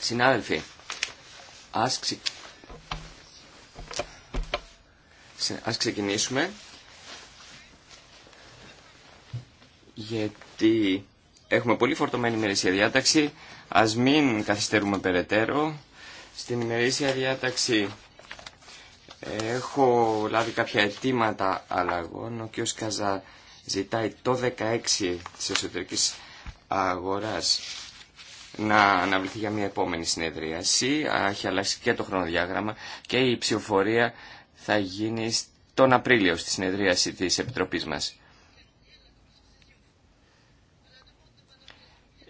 Συνάδελφοι, ας, ξεκινήσουμε γιατί έχουμε πολύ φορτωμένη ημερήσια διάταξη. Ας μην καθυστερούμε περαιτέρω. Στην ημερήσια διάταξη έχω λάβει κάποια αιτήματα αλλαγών. Ο κ. Καζά ζητάει το 16 της εσωτερικής αγοράς να αναβληθεί για μια επόμενη συνεδρίαση. Έχει αλλάξει και το χρονοδιάγραμμα και η ψηφοφορία θα γίνει τον Απρίλιο στη συνεδρίαση της Επιτροπής μας.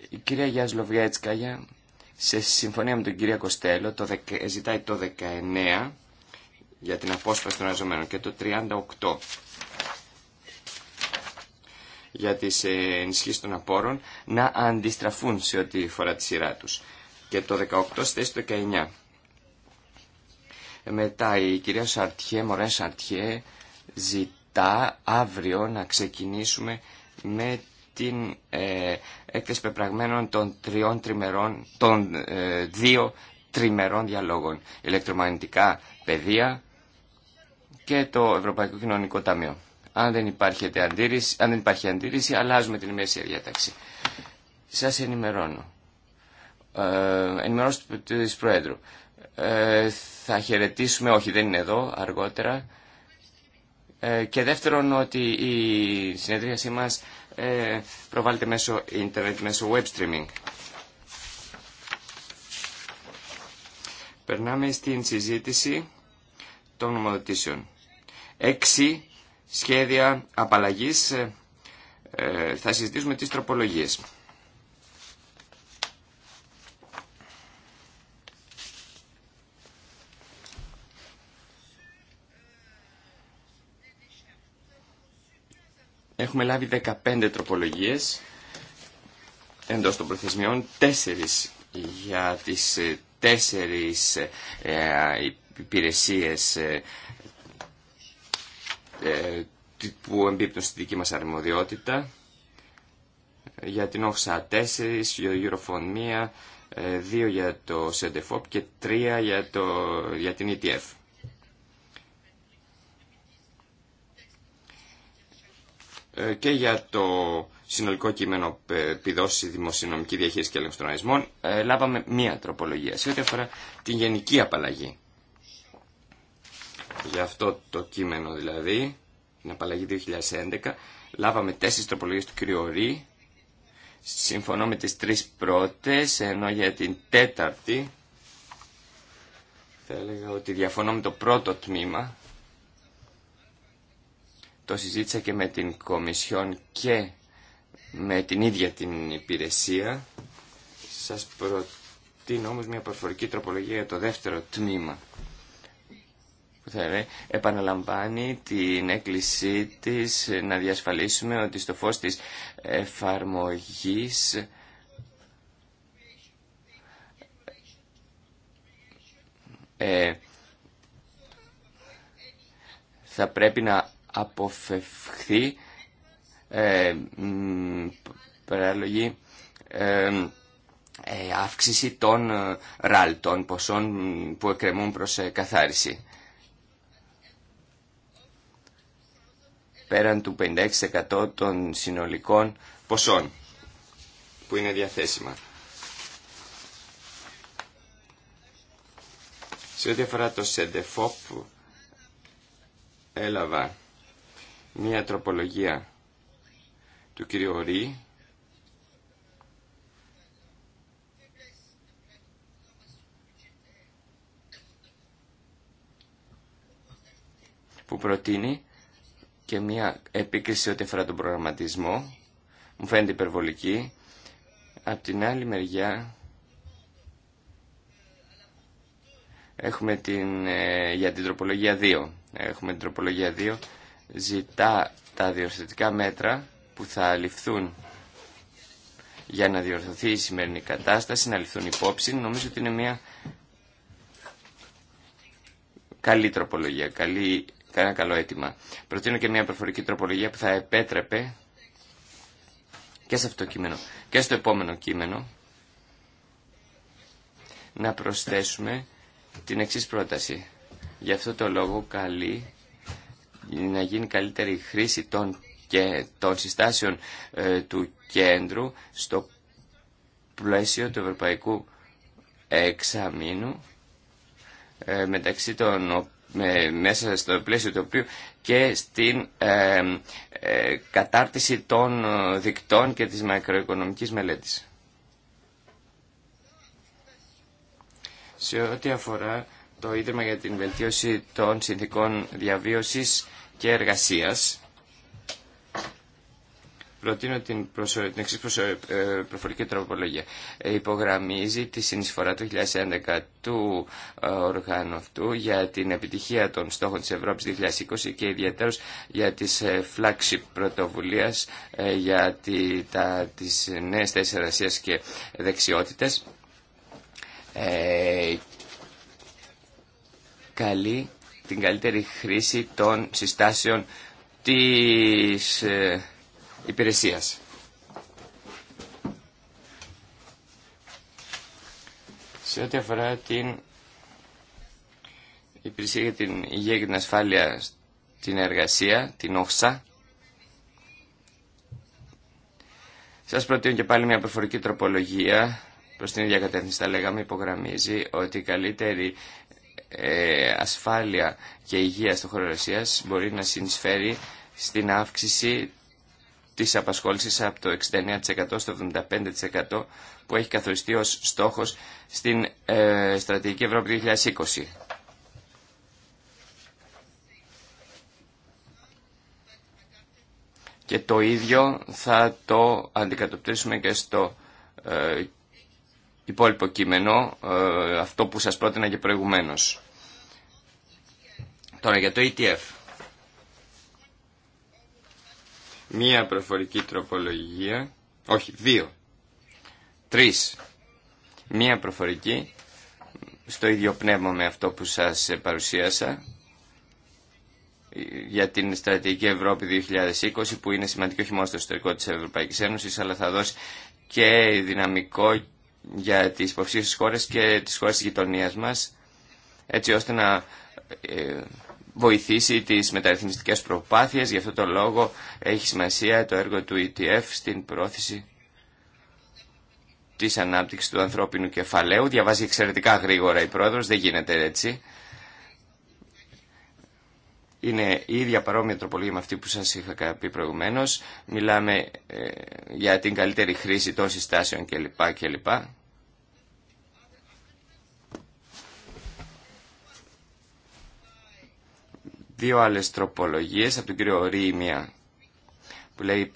Η κυρία Γιάννη Λοβιέτσκαγια σε συμφωνία με τον κύριο Κοστέλο το ζητάει το 19 για την απόσπαση των εργαζομένων και το 38 για τις ε, ενισχύσεις των απόρων να αντιστραφούν σε ό,τι φορά τη σειρά τους. Και το 18 στις το 19. Μετά η κυρία Σαρτιέ, Μωρέν Σαρτιέ, ζητά αύριο να ξεκινήσουμε με την ε, έκθεση πεπραγμένων των τριών τριμερών, των ε, δύο τριμερών διαλόγων. Ηλεκτρομαγνητικά πεδία και το Ευρωπαϊκό Κοινωνικό Ταμείο. Αν δεν, υπάρχει αντίρρηση, αν δεν υπάρχει αντίρρηση, αλλάζουμε την μέση διάταξη. Σας ενημερώνω. Ε, ενημερώνω της Προέδρου. Ε, θα χαιρετήσουμε, όχι δεν είναι εδώ, αργότερα. Ε, και δεύτερον ότι η συνεδρίασή μας ε, προβάλλεται μέσω ίντερνετ, μέσω web streaming. Περνάμε στην συζήτηση των νομοδοτήσεων. Έξι σχέδια απαλλαγής ε, ε, θα συζητήσουμε τις τροπολογίες. Έχουμε λάβει 15 τροπολογίες εντός των προθεσμιών, 4 για τις τέσσερις ε, υπηρεσίες ε, που εμπίπτουν στη δική μας αρμοδιότητα ε, για την OFSA 4, για Eurofond 1, 2 για το SEDEFOP ε, και 3 για, το, για την ETF. Και για το συνολικό κείμενο επιδόσεις δημοσιονομική διαχείριση και έλεγχο των αρισμών λάβαμε μία τροπολογία σε ό,τι αφορά την γενική απαλλαγή για αυτό το κείμενο δηλαδή, την απαλλαγή 2011, λάβαμε τέσσερις τροπολογίες του κύριου Ρή, συμφωνώ με τις τρεις πρώτες, ενώ για την τέταρτη θα έλεγα ότι διαφωνώ με το πρώτο τμήμα. Το συζήτησα και με την Κομισιόν και με την ίδια την υπηρεσία. Σας προτείνω όμως μια προφορική τροπολογία για το δεύτερο τμήμα επαναλαμβάνει την έκκλησή της να διασφαλίσουμε ότι στο φως της εφαρμογής ε, θα πρέπει να αποφευχθεί ε, ε, ε αύξηση των ράλτων, των ποσών που εκκρεμούν προς καθάριση. πέραν του 56% των συνολικών ποσών που είναι διαθέσιμα. Σε ό,τι αφορά το ΣΕΝΤΕΦΟΠ έλαβα μία τροπολογία του κυρίου Ρή που προτείνει και μια επίκριση ό,τι αφορά τον προγραμματισμό. Μου φαίνεται υπερβολική. Απ' την άλλη μεριά έχουμε την, ε, για την τροπολογία 2. Έχουμε την τροπολογία 2. Ζητά τα διορθωτικά μέτρα που θα ληφθούν για να διορθωθεί η σημερινή κατάσταση, να ληφθούν υπόψη. Νομίζω ότι είναι μια καλή τροπολογία, καλή Κανένα καλό αίτημα. Προτείνω και μια προφορική τροπολογία που θα επέτρεπε και σε αυτό το κείμενο και στο επόμενο κείμενο να προσθέσουμε την εξής πρόταση. Γι' αυτό το λόγο καλή να γίνει καλύτερη χρήση των, και, των συστάσεων ε, του κέντρου στο πλαίσιο του Ευρωπαϊκού Εξαμήνου ε, μεταξύ των οποίων με, μέσα στο πλαίσιο του οποίου και στην ε, ε, κατάρτιση των ε, δικτών και της μακροοικονομικής μελέτης. Σε ό,τι αφορά το Ίδρυμα για την Βελτίωση των Συνθήκων Διαβίωσης και Εργασίας, προτείνω την, προσω... εξή προσω... Ε, προφορική τροπολογία. Ε, υπογραμμίζει τη συνεισφορά του 2011 του ε, οργάνου αυτού για την επιτυχία των στόχων της Ευρώπης 2020 και ιδιαίτερα για τις ε, πρωτοβουλία πρωτοβουλίας για τη, τα, τις νέες θέσεις εργασίας και δεξιότητες. Ε, καλή την καλύτερη χρήση των συστάσεων της υπηρεσίας. Σε ό,τι αφορά την υπηρεσία για την υγεία και την ασφάλεια στην εργασία, την ΟΧΣΑ, σας προτείνω και πάλι μια προφορική τροπολογία προς την ίδια κατεύθυνση. Τα λέγαμε υπογραμμίζει ότι η καλύτερη ε, ασφάλεια και υγεία στο χώρο μπορεί να συνεισφέρει στην αύξηση της απασχόλησης από το 69% στο 75% που έχει καθοριστεί ως στόχος στην ε, Στρατηγική Ευρώπη 2020. Και το ίδιο θα το αντικατοπτρίσουμε και στο ε, υπόλοιπο κείμενο, ε, αυτό που σας πρότεινα και προηγουμένως. Τώρα για το ETF. μία προφορική τροπολογία, όχι δύο, τρεις, μία προφορική, στο ίδιο πνεύμα με αυτό που σας παρουσίασα, για την στρατηγική Ευρώπη 2020 που είναι σημαντικό όχι μόνο στο εσωτερικό της Ευρωπαϊκής Ένωσης αλλά θα δώσει και δυναμικό για τις υποψήφιες χώρες και τις χώρες της γειτονίας μας έτσι ώστε να ε, βοηθήσει τις μεταρρυθμιστικές προπάθειες. Γι' αυτό το λόγο έχει σημασία το έργο του ETF στην πρόθεση της ανάπτυξης του ανθρώπινου κεφαλαίου. Διαβάζει εξαιρετικά γρήγορα η πρόεδρος, δεν γίνεται έτσι. Είναι η ίδια παρόμοια τροπολογία με αυτή που σας είχα πει προηγουμένως. Μιλάμε ε, για την καλύτερη χρήση των συστάσεων κλπ. κλπ. δύο άλλες τροπολογίες από τον κύριο Ρήμια που λέει,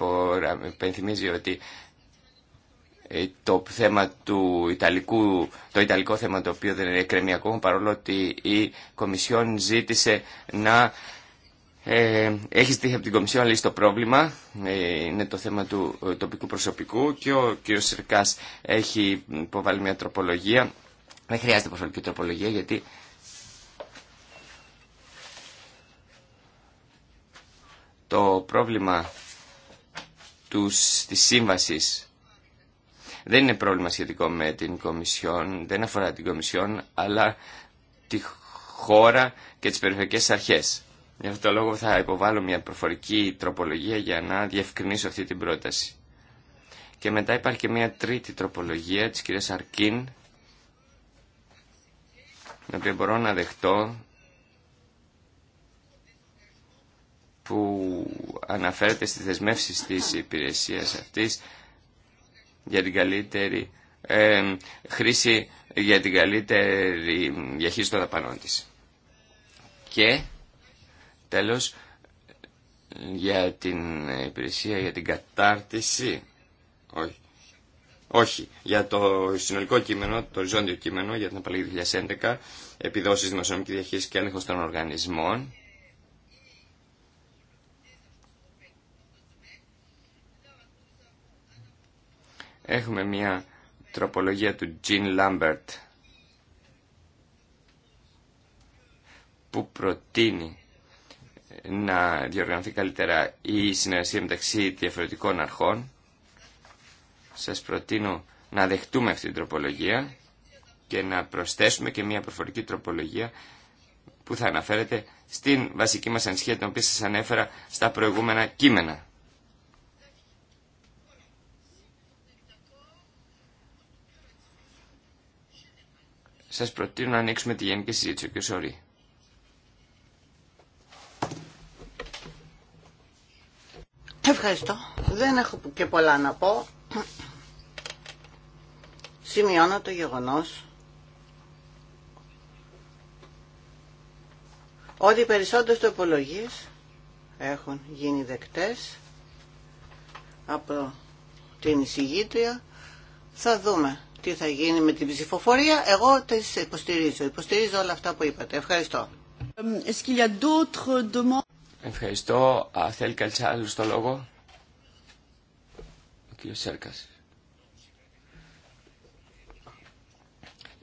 υπενθυμίζει ότι ε, το θέμα του Ιταλικού, το Ιταλικό θέμα το οποίο δεν είναι ακόμα, παρόλο ότι η Κομισιόν ζήτησε να ε, έχει στηθεί από την Κομισιόν λύσει το πρόβλημα, ε, είναι το θέμα του ε, τοπικού προσωπικού και ο κ. Συρκά έχει υποβάλει μια τροπολογία. Δεν χρειάζεται προσωπική τροπολογία γιατί το πρόβλημα τους, της σύμβασης δεν είναι πρόβλημα σχετικό με την Κομισιόν, δεν αφορά την Κομισιόν, αλλά τη χώρα και τις περιφερειακές αρχές. Γι' αυτό το λόγο θα υποβάλω μια προφορική τροπολογία για να διευκρινίσω αυτή την πρόταση. Και μετά υπάρχει και μια τρίτη τροπολογία της κυρίας Αρκίν, την οποία μπορώ να δεχτώ που αναφέρεται στις δεσμεύσεις της υπηρεσίας αυτής για την καλύτερη χρήση, για την καλύτερη διαχείριση των δαπανών της. Και τέλος για την υπηρεσία για την κατάρτιση, όχι, όχι, για το συνολικό κείμενο, το οριζόντιο κείμενο για την απαλλαγή 2011, επιδόσεις δημοσιονομική διαχείριση και έλεγχο των οργανισμών, Έχουμε μια τροπολογία του Jean Lambert που προτείνει να διοργανωθεί καλύτερα η συνεργασία μεταξύ διαφορετικών αρχών. Σας προτείνω να δεχτούμε αυτή την τροπολογία και να προσθέσουμε και μια προφορική τροπολογία που θα αναφέρεται στην βασική μας ανησυχία την οποία σας ανέφερα στα προηγούμενα κείμενα. Σας προτείνω να ανοίξουμε τη γενική συζήτηση, ο κ. Σωρή. Ευχαριστώ. Δεν έχω και πολλά να πω. Σημειώνω το γεγονός ότι οι περισσότερες τοπολογίες έχουν γίνει δεκτές από την εισηγήτρια. Θα δούμε τι θα γίνει με την ψηφοφορία. Εγώ τις υποστηρίζω. Υποστηρίζω όλα αυτά που είπατε. Ευχαριστώ. Ε, Ευχαριστώ. Α, θέλει καλή άλλο το λόγο. Ο κύριος Σέρκας.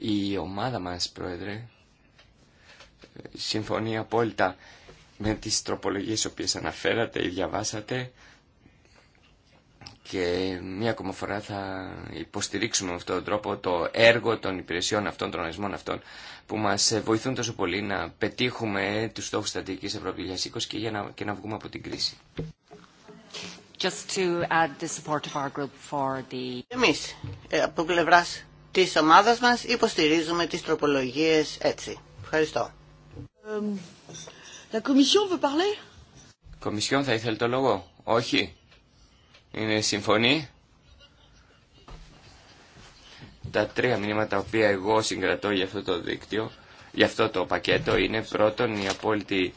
Η ομάδα μας, Πρόεδρε, συμφωνεί απόλυτα με τις τροπολογίες οποίες αναφέρατε ή διαβάσατε. Και μία ακόμα φορά θα υποστηρίξουμε με αυτόν τον τρόπο το έργο των υπηρεσιών αυτών, των οργανισμών αυτών, που μα βοηθούν τόσο πολύ να πετύχουμε του στόχου τη στρατηγικής Ευρώπη 2020 και, να, βγούμε από την κρίση. από πλευρά τη ομάδα μας, υποστηρίζουμε τις τροπολογίες έτσι. Ευχαριστώ. Κομισιόν θα ήθελε το λόγο. Όχι. Είναι συμφωνή. Τα τρία μηνύματα τα οποία εγώ συγκρατώ για αυτό το δίκτυο, για αυτό το πακέτο, είναι πρώτον η απόλυτη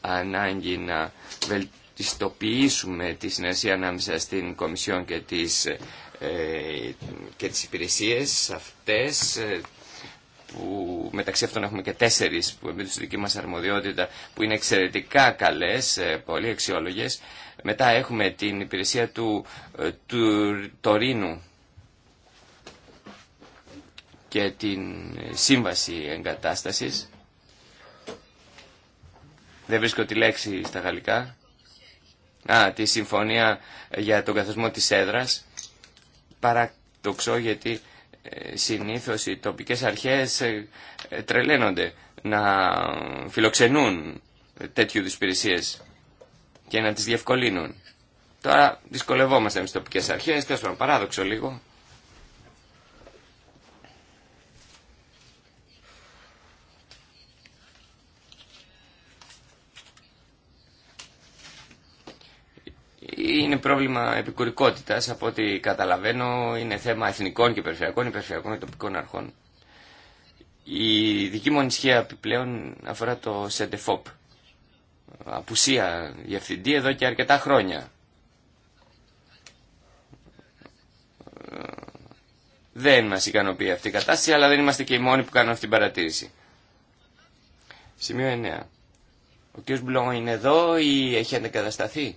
ανάγκη να βελτιστοποιήσουμε τη συνεργασία ανάμεσα στην Κομισιόν και τις, ε, και τις υπηρεσίες αυτές, ε, που μεταξύ αυτών έχουμε και τέσσερις που εμείς στη δική μας αρμοδιότητα, που είναι εξαιρετικά καλές, ε, πολύ αξιόλογες, μετά έχουμε την υπηρεσία του, ε, του Τωρίνου και την ε, σύμβαση εγκατάστασης. Δεν βρίσκω τη λέξη στα γαλλικά. Α, τη συμφωνία ε, για τον καθοσμό της έδρας. Παρακτοξώ γιατί συνήθως οι τοπικές αρχές τρελαίνονται να φιλοξενούν τέτοιου είδους υπηρεσίες και να τις διευκολύνουν. Τώρα δυσκολευόμαστε με τις τοπικές αρχές, τέλος πάντων παράδοξο λίγο. Είναι πρόβλημα επικουρικότητας, από ό,τι καταλαβαίνω είναι θέμα εθνικών και περιφερειακών, υπερφερειακών και τοπικών αρχών. Η δική μου ανησυχία επιπλέον αφορά το ΣΕΝΤΕΦΟΠ απουσία διευθυντή εδώ και αρκετά χρόνια. Δεν μας ικανοποιεί αυτή η κατάσταση, αλλά δεν είμαστε και οι μόνοι που κάνουν αυτή την παρατήρηση. Σημείο 9. Ο κ. Μπλόγο είναι εδώ ή έχει αντεκατασταθεί.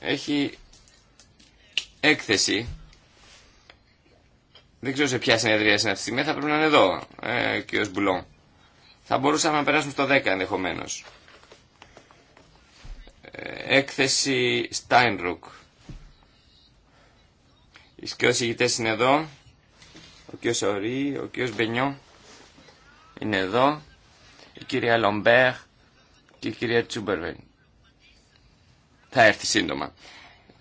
Έχει έκθεση. Δεν ξέρω σε ποια συνεδρία είναι αυτή τη στιγμή, θα πρέπει να είναι εδώ ε, ο κ. Μπουλόν. Θα μπορούσαμε να περάσουμε στο 10 ενδεχομένω. Ε, έκθεση Steinruck. Οι σκιώσεις ηγητές είναι εδώ. Ο κ. Σωρή, ο κ. Μπενιό είναι εδώ. Η κυρία Λομπέρ και η κυρία Τσούμπερβεν. Θα έρθει σύντομα.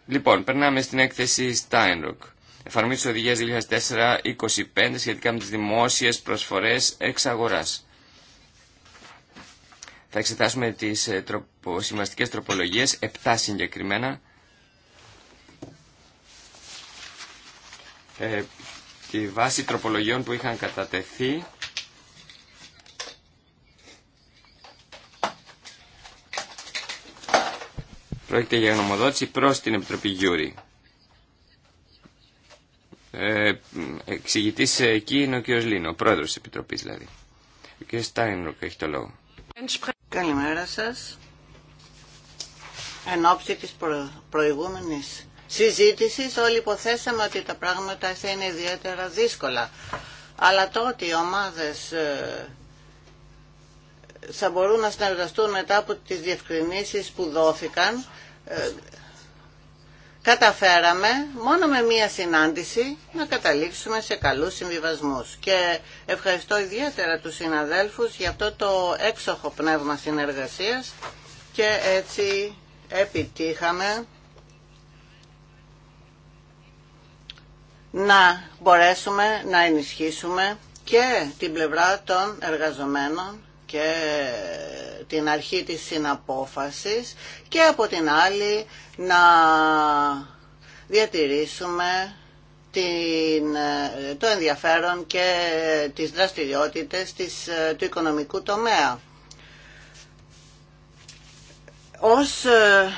Λοιπόν, περνάμε στην έκθεση Steinruck. Εφαρμογή τη οδηγία 2004-25 σχετικά με τι δημόσιε προσφορέ εξ αγοράς. Θα εξετάσουμε τις ε, τροπο, τροπολογίες, 7 συγκεκριμένα. Ε, τη βάση τροπολογιών που είχαν κατατεθεί Πρόκειται για γνωμοδότηση προς την Επιτροπή Γιούρη. Ε, εξηγητής εκεί είναι ο κ. Λίνο, ο πρόεδρος της Επιτροπής δηλαδή. Ο κ. Στάινρουκ έχει το λόγο. Καλημέρα σας. Εν ώψη της προ... προηγούμενης συζήτησης όλοι υποθέσαμε ότι τα πράγματα θα είναι ιδιαίτερα δύσκολα. Αλλά το ότι οι ομάδες ε, θα μπορούν να συνεργαστούν μετά από τις διευκρινήσεις που δόθηκαν ε, καταφέραμε μόνο με μία συνάντηση να καταλήξουμε σε καλούς συμβιβασμούς. Και ευχαριστώ ιδιαίτερα τους συναδέλφους για αυτό το έξοχο πνεύμα συνεργασίας και έτσι επιτύχαμε να μπορέσουμε να ενισχύσουμε και την πλευρά των εργαζομένων και την αρχή της συναπόφασης και από την άλλη να διατηρήσουμε την, το ενδιαφέρον και τις δραστηριότητες της, του οικονομικού τομέα. Ως ε,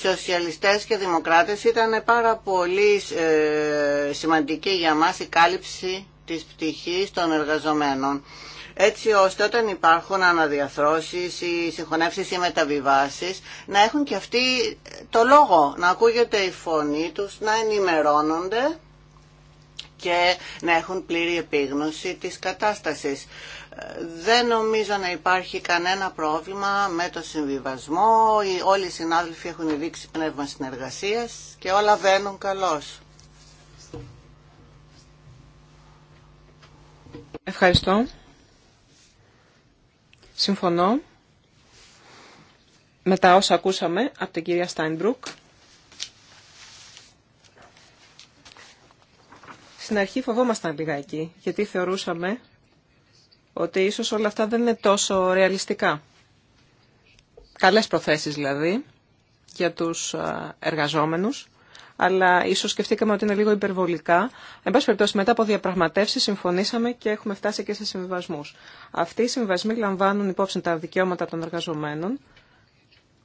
σοσιαλιστές και δημοκράτες ήταν πάρα πολύ ε, σημαντική για μας η κάλυψη της πτυχής των εργαζομένων έτσι ώστε όταν υπάρχουν αναδιαθρώσεις ή συγχωνεύσεις ή μεταβιβάσεις να έχουν και αυτοί το λόγο, να ακούγεται η φωνή τους, να ενημερώνονται και να έχουν πλήρη επίγνωση της κατάστασης. Δεν νομίζω να υπάρχει κανένα πρόβλημα με το συμβιβασμό. Όλοι οι συνάδελφοι έχουν δείξει πνεύμα συνεργασίας και όλα βαίνουν καλώς. Ευχαριστώ. Συμφωνώ με τα όσα ακούσαμε από την κυρία Στάινμπρουκ. Στην αρχή φοβόμασταν λιγάκι, γιατί θεωρούσαμε ότι ίσως όλα αυτά δεν είναι τόσο ρεαλιστικά. Καλές προθέσεις δηλαδή για τους εργαζόμενους αλλά ίσως σκεφτήκαμε ότι είναι λίγο υπερβολικά. Εν πάση περιπτώσει, μετά από διαπραγματεύσει συμφωνήσαμε και έχουμε φτάσει και σε συμβιβασμού. Αυτοί οι συμβιβασμοί λαμβάνουν υπόψη τα δικαιώματα των εργαζομένων,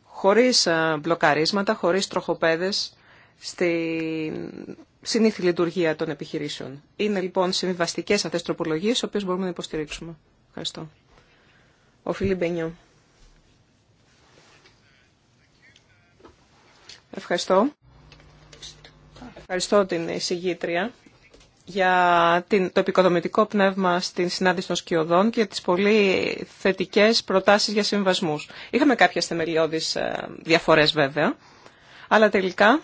χωρί ε, μπλοκαρίσματα, χωρί τροχοπέδε στη συνήθη λειτουργία των επιχειρήσεων. Είναι λοιπόν συμβιβαστικέ αυτέ τροπολογίε, τι οποίε μπορούμε να υποστηρίξουμε. Ευχαριστώ. Ο Φιλιμπένιο. Ευχαριστώ. Ευχαριστώ την εισηγήτρια για το επικοδομητικό πνεύμα στην συνάντηση των σκιωδών και τις πολύ θετικές προτάσεις για συμβασμούς. Είχαμε κάποιες θεμελιώδεις ε, διαφορές βέβαια, αλλά τελικά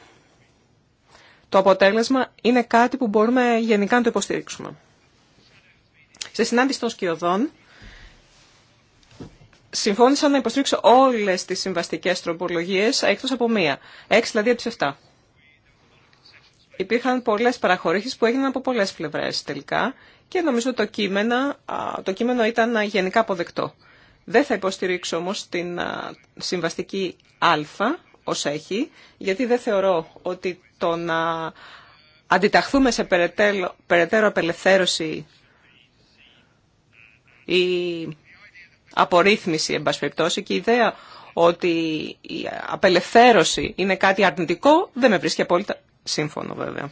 το αποτέλεσμα είναι κάτι που μπορούμε γενικά να το υποστηρίξουμε. Στη συνάντηση των σκιωδών συμφώνησα να υποστηρίξω όλες τις συμβαστικές τροπολογίες εκτός από μία, έξι δηλαδή από τις 7 υπήρχαν πολλές παραχωρήσεις που έγιναν από πολλές πλευρές τελικά και νομίζω το κείμενο, το κείμενο ήταν γενικά αποδεκτό. Δεν θα υποστηρίξω όμως την συμβαστική Α ως έχει, γιατί δεν θεωρώ ότι το να αντιταχθούμε σε περαιτέρω, απελευθέρωση ή απορρίθμιση, εν και η ιδέα ότι η απελευθέρωση είναι κάτι αρνητικό, δεν με βρίσκει απόλυτα σύμφωνο βέβαια.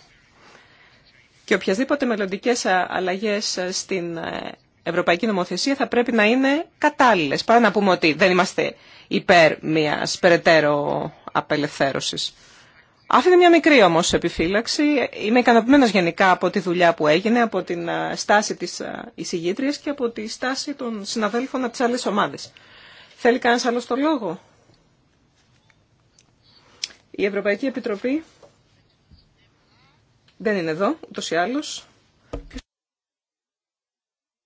Και οποιασδήποτε μελλοντικέ αλλαγέ στην ευρωπαϊκή νομοθεσία θα πρέπει να είναι κατάλληλε. Παρά να πούμε ότι δεν είμαστε υπέρ μια περαιτέρω απελευθέρωση. Αυτή είναι μια μικρή όμω επιφύλαξη. Είμαι ικανοποιημένο γενικά από τη δουλειά που έγινε, από την ε, στάση τη ε, εισηγήτρια και από τη στάση των συναδέλφων από τι άλλε ομάδε. Θέλει κανένα άλλο το λόγο. Η Ευρωπαϊκή Επιτροπή δεν είναι εδώ, ούτως ή άλλως.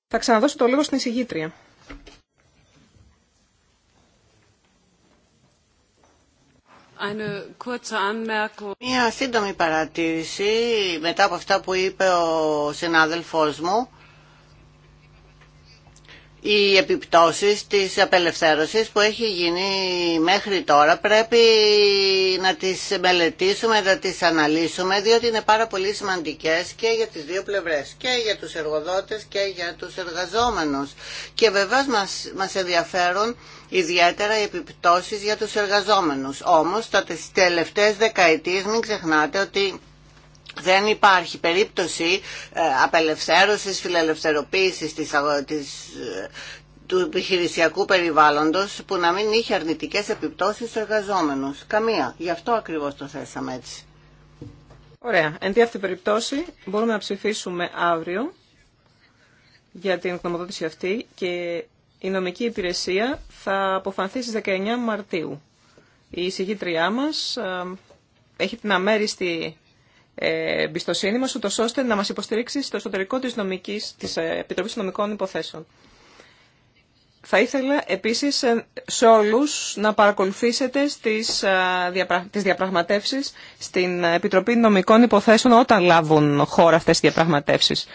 Θα ξαναδώσω το λόγο στην εισηγήτρια. Μια σύντομη παρατήρηση μετά από αυτά που είπε ο συνάδελφός μου οι επιπτώσεις της απελευθέρωσης που έχει γίνει μέχρι τώρα πρέπει να τις μελετήσουμε, να τις αναλύσουμε διότι είναι πάρα πολύ σημαντικές και για τις δύο πλευρές και για τους εργοδότες και για τους εργαζόμενους και βεβαίως μας, μας ενδιαφέρουν ιδιαίτερα οι επιπτώσεις για τους εργαζόμενους όμως τα τελευταίες δεκαετίες μην ξεχνάτε ότι δεν υπάρχει περίπτωση ε, απελευθέρωσης, φιλελευθεροποίησης της, ε, του επιχειρησιακού περιβάλλοντος που να μην είχε αρνητικές επιπτώσεις στους εργαζόμενους. Καμία. Γι' αυτό ακριβώς το θέσαμε έτσι. Ωραία. Εν τη αυτή περίπτωση, μπορούμε να ψηφίσουμε αύριο για την εκνομοδότηση αυτή και η νομική υπηρεσία θα αποφανθεί στις 19 Μαρτίου. Η εισηγήτριά μας ε, έχει την αμέριστη εμπιστοσύνη μας, ούτως ώστε να μας υποστηρίξει στο εσωτερικό της, νομικής, της ε, Επιτροπής Νομικών Υποθέσεων. Θα ήθελα επίσης ε, σε όλους να παρακολουθήσετε τι ε, τις διαπραγματεύσεις στην Επιτροπή Νομικών Υποθέσεων όταν λάβουν χώρα αυτές τις διαπραγματεύσεις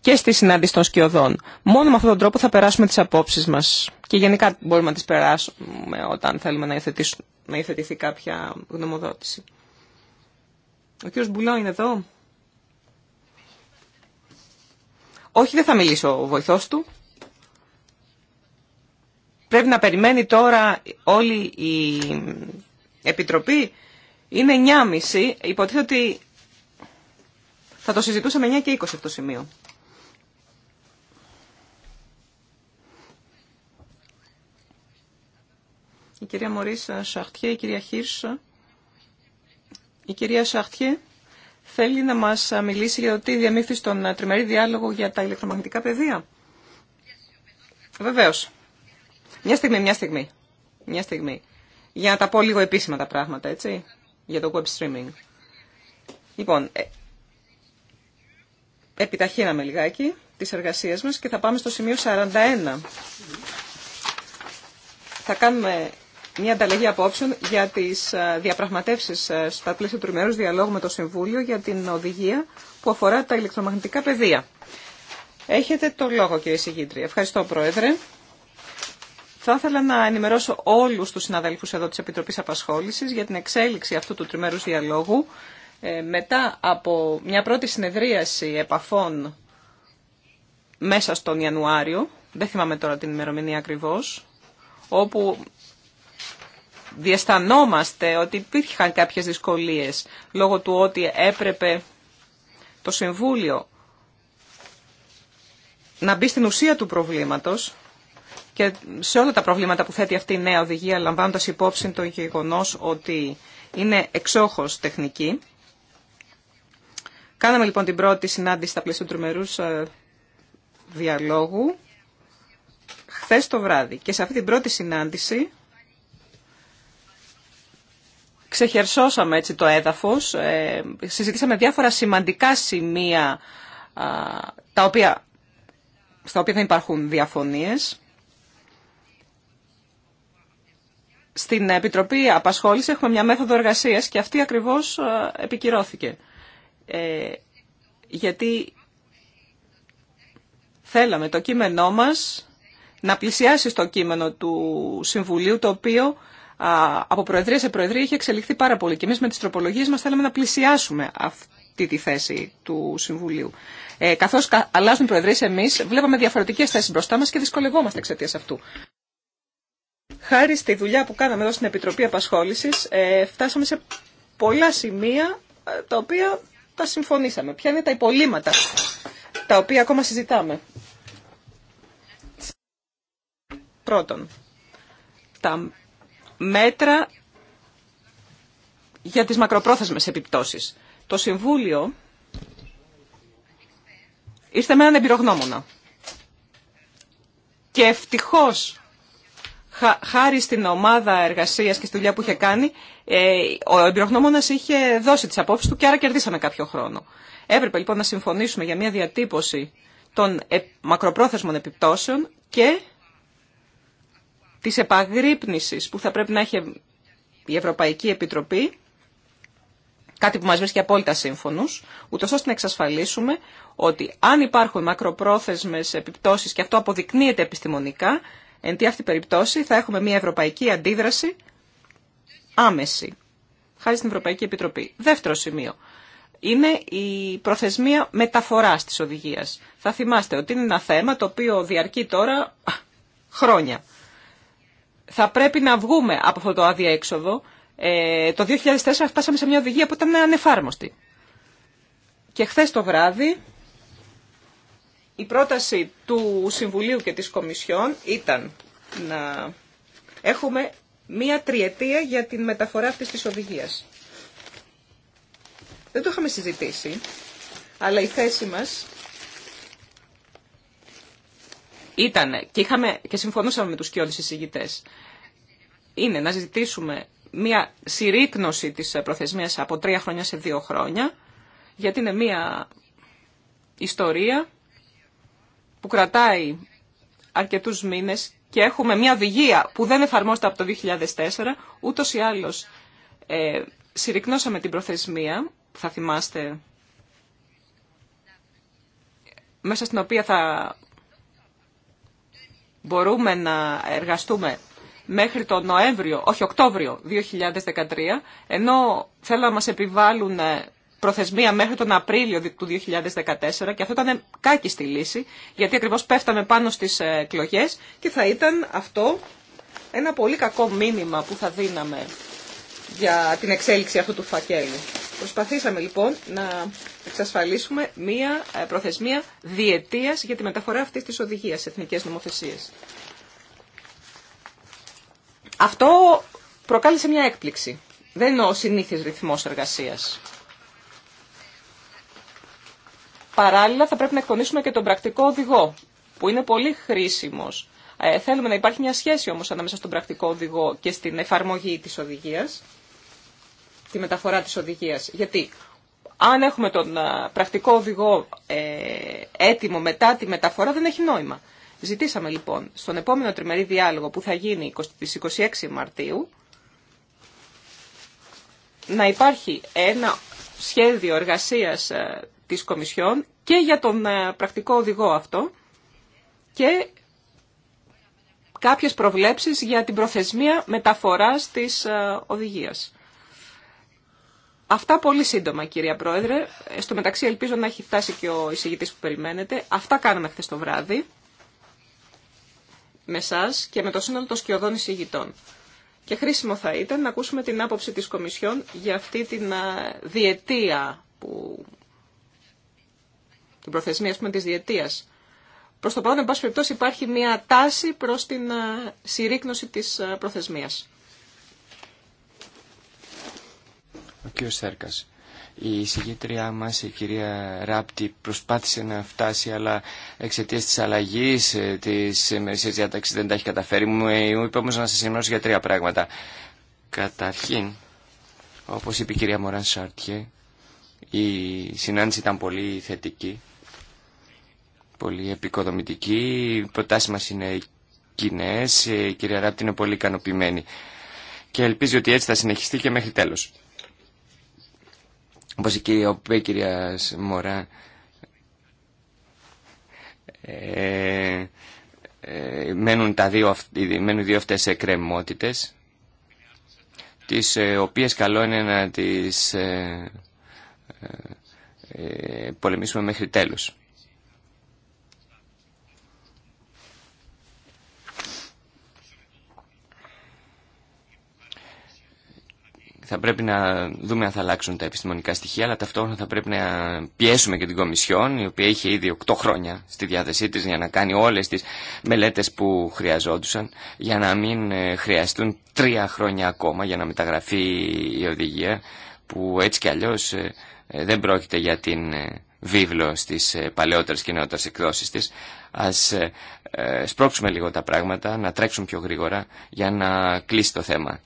και στη συνάντηση των σκιωδών. Μόνο με αυτόν τον τρόπο θα περάσουμε τις απόψεις μας και γενικά μπορούμε να τις περάσουμε όταν θέλουμε να, να υιοθετηθεί κάποια γνωμοδότηση. Ο κύριος Μπουλό είναι εδώ. Όχι, δεν θα μιλήσω ο βοηθός του. Πρέπει να περιμένει τώρα όλη η Επιτροπή. Είναι 9.30. Υποτίθεται ότι θα το συζητούσαμε 9 και 20 αυτό το σημείο. Η κυρία Μωρίς Σαχτιέ, η κυρία Χίρσα. Η κυρία Σαχτιέ θέλει να μας μιλήσει για το τι διαμήθη στον ε, τριμερή διάλογο για τα ηλεκτρομαγνητικά πεδία. Βεβαίως. Μια στιγμή, μια στιγμή. Μια στιγμή. Για να τα πω λίγο επίσημα τα πράγματα, έτσι, για το web streaming. Λοιπόν, ε, επιταχύναμε λιγάκι τις εργασίες μας και θα πάμε στο σημείο 41. Θα κάνουμε μια ανταλλαγή απόψεων για τι ε, διαπραγματεύσει ε, στα πλαίσια του τριμερούς διαλόγου με το Συμβούλιο για την οδηγία που αφορά τα ηλεκτρομαγνητικά πεδία. Έχετε το λόγο κύριε Συγήτρη. Ευχαριστώ Πρόεδρε. Θα ήθελα να ενημερώσω όλους τους συναδέλφους εδώ της Επιτροπής Απασχόλησης για την εξέλιξη αυτού του τριμέρου διαλόγου ε, μετά από μια πρώτη συνεδρίαση επαφών μέσα στον Ιανουάριο, δεν θυμάμαι τώρα την ημερομηνία ακριβώς, όπου διαισθανόμαστε ότι υπήρχαν κάποιες δυσκολίες λόγω του ότι έπρεπε το Συμβούλιο να μπει στην ουσία του προβλήματος και σε όλα τα προβλήματα που θέτει αυτή η νέα οδηγία λαμβάνοντας υπόψη το γεγονός ότι είναι εξόχως τεχνική. Κάναμε λοιπόν την πρώτη συνάντηση στα πλαίσια του ε, διαλόγου χθες το βράδυ και σε αυτή την πρώτη συνάντηση ξεχερσώσαμε έτσι το έδαφος, ε, συζητήσαμε διάφορα σημαντικά σημεία τα οποία, στα οποία δεν υπάρχουν διαφωνίες. Στην Επιτροπή Απασχόληση έχουμε μια μέθοδο εργασίας και αυτή ακριβώς επικυρώθηκε. Ε, γιατί θέλαμε το κείμενό μας να πλησιάσει στο κείμενο του Συμβουλίου, το οποίο από προεδρία σε προεδρία είχε εξελιχθεί πάρα πολύ και εμεί με τις τροπολογίες μας θέλαμε να πλησιάσουμε αυτή τη θέση του Συμβουλίου. Ε, καθώς αλλάζουν Προεδρίε, εμείς, βλέπαμε διαφορετικέ θέσει μπροστά μας και δυσκολευόμαστε εξαιτία αυτού. Χάρη στη δουλειά που κάναμε εδώ στην Επιτροπή Απασχόληση ε, φτάσαμε σε πολλά σημεία ε, τα οποία τα συμφωνήσαμε. Ποια είναι τα υπολείμματα τα οποία ακόμα συζητάμε. Πρώτον, μέτρα για τις μακροπρόθεσμες επιπτώσεις. Το Συμβούλιο ήρθε με έναν εμπειρογνώμονα. Και ευτυχώς, χάρη στην ομάδα εργασίας και στη δουλειά που είχε κάνει, ε, ο εμπειρογνώμονας είχε δώσει τις απόψεις του και άρα κερδίσαμε κάποιο χρόνο. Έπρεπε λοιπόν να συμφωνήσουμε για μια διατύπωση των ε, μακροπρόθεσμων επιπτώσεων και της επαγρύπνησης που θα πρέπει να έχει η Ευρωπαϊκή Επιτροπή, κάτι που μας βρίσκει απόλυτα σύμφωνους, ούτως ώστε να εξασφαλίσουμε ότι αν υπάρχουν μακροπρόθεσμες επιπτώσεις και αυτό αποδεικνύεται επιστημονικά, εν τη αυτή περιπτώσει θα έχουμε μια ευρωπαϊκή αντίδραση άμεση, χάρη στην Ευρωπαϊκή Επιτροπή. Δεύτερο σημείο είναι η προθεσμία μεταφοράς της οδηγίας. Θα θυμάστε ότι είναι ένα θέμα το οποίο διαρκεί τώρα χρόνια θα πρέπει να βγούμε από αυτό το άδεια έξοδο. Ε, το 2004 φτάσαμε σε μια οδηγία που ήταν ανεφάρμοστη. Και χθες το βράδυ η πρόταση του Συμβουλίου και της Κομισιόν ήταν να έχουμε μία τριετία για την μεταφορά αυτής της οδηγίας. Δεν το είχαμε συζητήσει, αλλά η θέση μας ήταν και, είχαμε, και συμφωνούσαμε με τους κοιόδης εισηγητές είναι να ζητήσουμε μια συρρήκνωση της προθεσμίας από τρία χρόνια σε δύο χρόνια γιατί είναι μια ιστορία που κρατάει αρκετούς μήνες και έχουμε μια οδηγία που δεν εφαρμόζεται από το 2004 ούτως ή άλλως ε, την προθεσμία που θα θυμάστε μέσα στην οποία θα μπορούμε να εργαστούμε μέχρι τον Νοέμβριο, όχι Οκτώβριο 2013, ενώ θέλουν να μας επιβάλλουν ε, προθεσμία μέχρι τον Απρίλιο του 2014 και αυτό ήταν στη λύση, γιατί ακριβώς πέφταμε πάνω στις ε, εκλογέ και θα ήταν αυτό ένα πολύ κακό μήνυμα που θα δίναμε για την εξέλιξη αυτού του φακέλου. Προσπαθήσαμε λοιπόν να εξασφαλίσουμε μία ε, προθεσμία διετίας για τη μεταφορά αυτής της οδηγίας σε εθνικές νομοθεσίες. Αυτό προκάλεσε μια έκπληξη. Δεν είναι ο συνήθις ρυθμός εργασίας. Παράλληλα θα πρέπει να εκπονήσουμε και τον πρακτικό οδηγό, που είναι πολύ χρήσιμος. Ε, θέλουμε να υπάρχει μια σχέση όμως ανάμεσα στον πρακτικό οδηγό και στην εφαρμογή της οδηγίας, τη μεταφορά της οδηγίας. Γιατί αν έχουμε τον ε, πρακτικό οδηγό ε, έτοιμο μετά τη μεταφορά δεν έχει νόημα. Ζητήσαμε λοιπόν στον επόμενο τριμερή διάλογο που θα γίνει στις 26 Μαρτίου να υπάρχει ένα σχέδιο εργασίας ε, της Κομισιόν και για τον πρακτικό οδηγό αυτό και κάποιες προβλέψεις για την προθεσμία μεταφοράς της οδηγίας. Αυτά πολύ σύντομα, κυρία Πρόεδρε. Στο μεταξύ ελπίζω να έχει φτάσει και ο εισηγητής που περιμένετε. Αυτά κάναμε χθε το βράδυ με εσά και με το σύνολο των σκιωδών εισηγητών. Και χρήσιμο θα ήταν να ακούσουμε την άποψη της Κομισιόν για αυτή την διετία, που... την προθεσμία ας πούμε, της διετίας. Προς το παρόν, εν πάση περιπτώσει, υπάρχει μια τάση προς την συρρήκνωση της προθεσμίας. Ο κ. Σέρκας. Η συγγήτριά μας, η κυρία Ράπτη, προσπάθησε να φτάσει, αλλά εξαιτία της αλλαγής ε, της ημερησίας διάταξης δεν τα έχει καταφέρει. Ε, μου είπε όμως να σας ενημερώσω για τρία πράγματα. Καταρχήν, όπως είπε η κυρία Μωράν Σάρτιε, η συνάντηση ήταν πολύ θετική, πολύ επικοδομητική. Οι προτάσεις μας είναι κοινέ. η κυρία Ράπτη είναι πολύ ικανοποιημένη και ελπίζει ότι έτσι θα συνεχιστεί και μέχρι τέλος όπως η κυρία Μωρά, ε, ε, μένουν, τα δύο, μένουν δύο αυτές εκκρεμότητες, τις ε, οποίες καλό είναι να τις ε, ε, πολεμήσουμε μέχρι τέλους. θα πρέπει να δούμε αν θα αλλάξουν τα επιστημονικά στοιχεία, αλλά ταυτόχρονα θα πρέπει να πιέσουμε και την Κομισιόν, η οποία είχε ήδη 8 χρόνια στη διάθεσή τη για να κάνει όλε τι μελέτε που χρειαζόντουσαν, για να μην ε, χρειαστούν τρία χρόνια ακόμα για να μεταγραφεί η οδηγία, που έτσι κι αλλιώ ε, ε, δεν πρόκειται για την βίβλο στις παλαιότερες και νεότερες εκδόσεις της. Ας σπρώξουμε λίγο τα πράγματα, να τρέξουν πιο γρήγορα για να κλείσει το θέμα.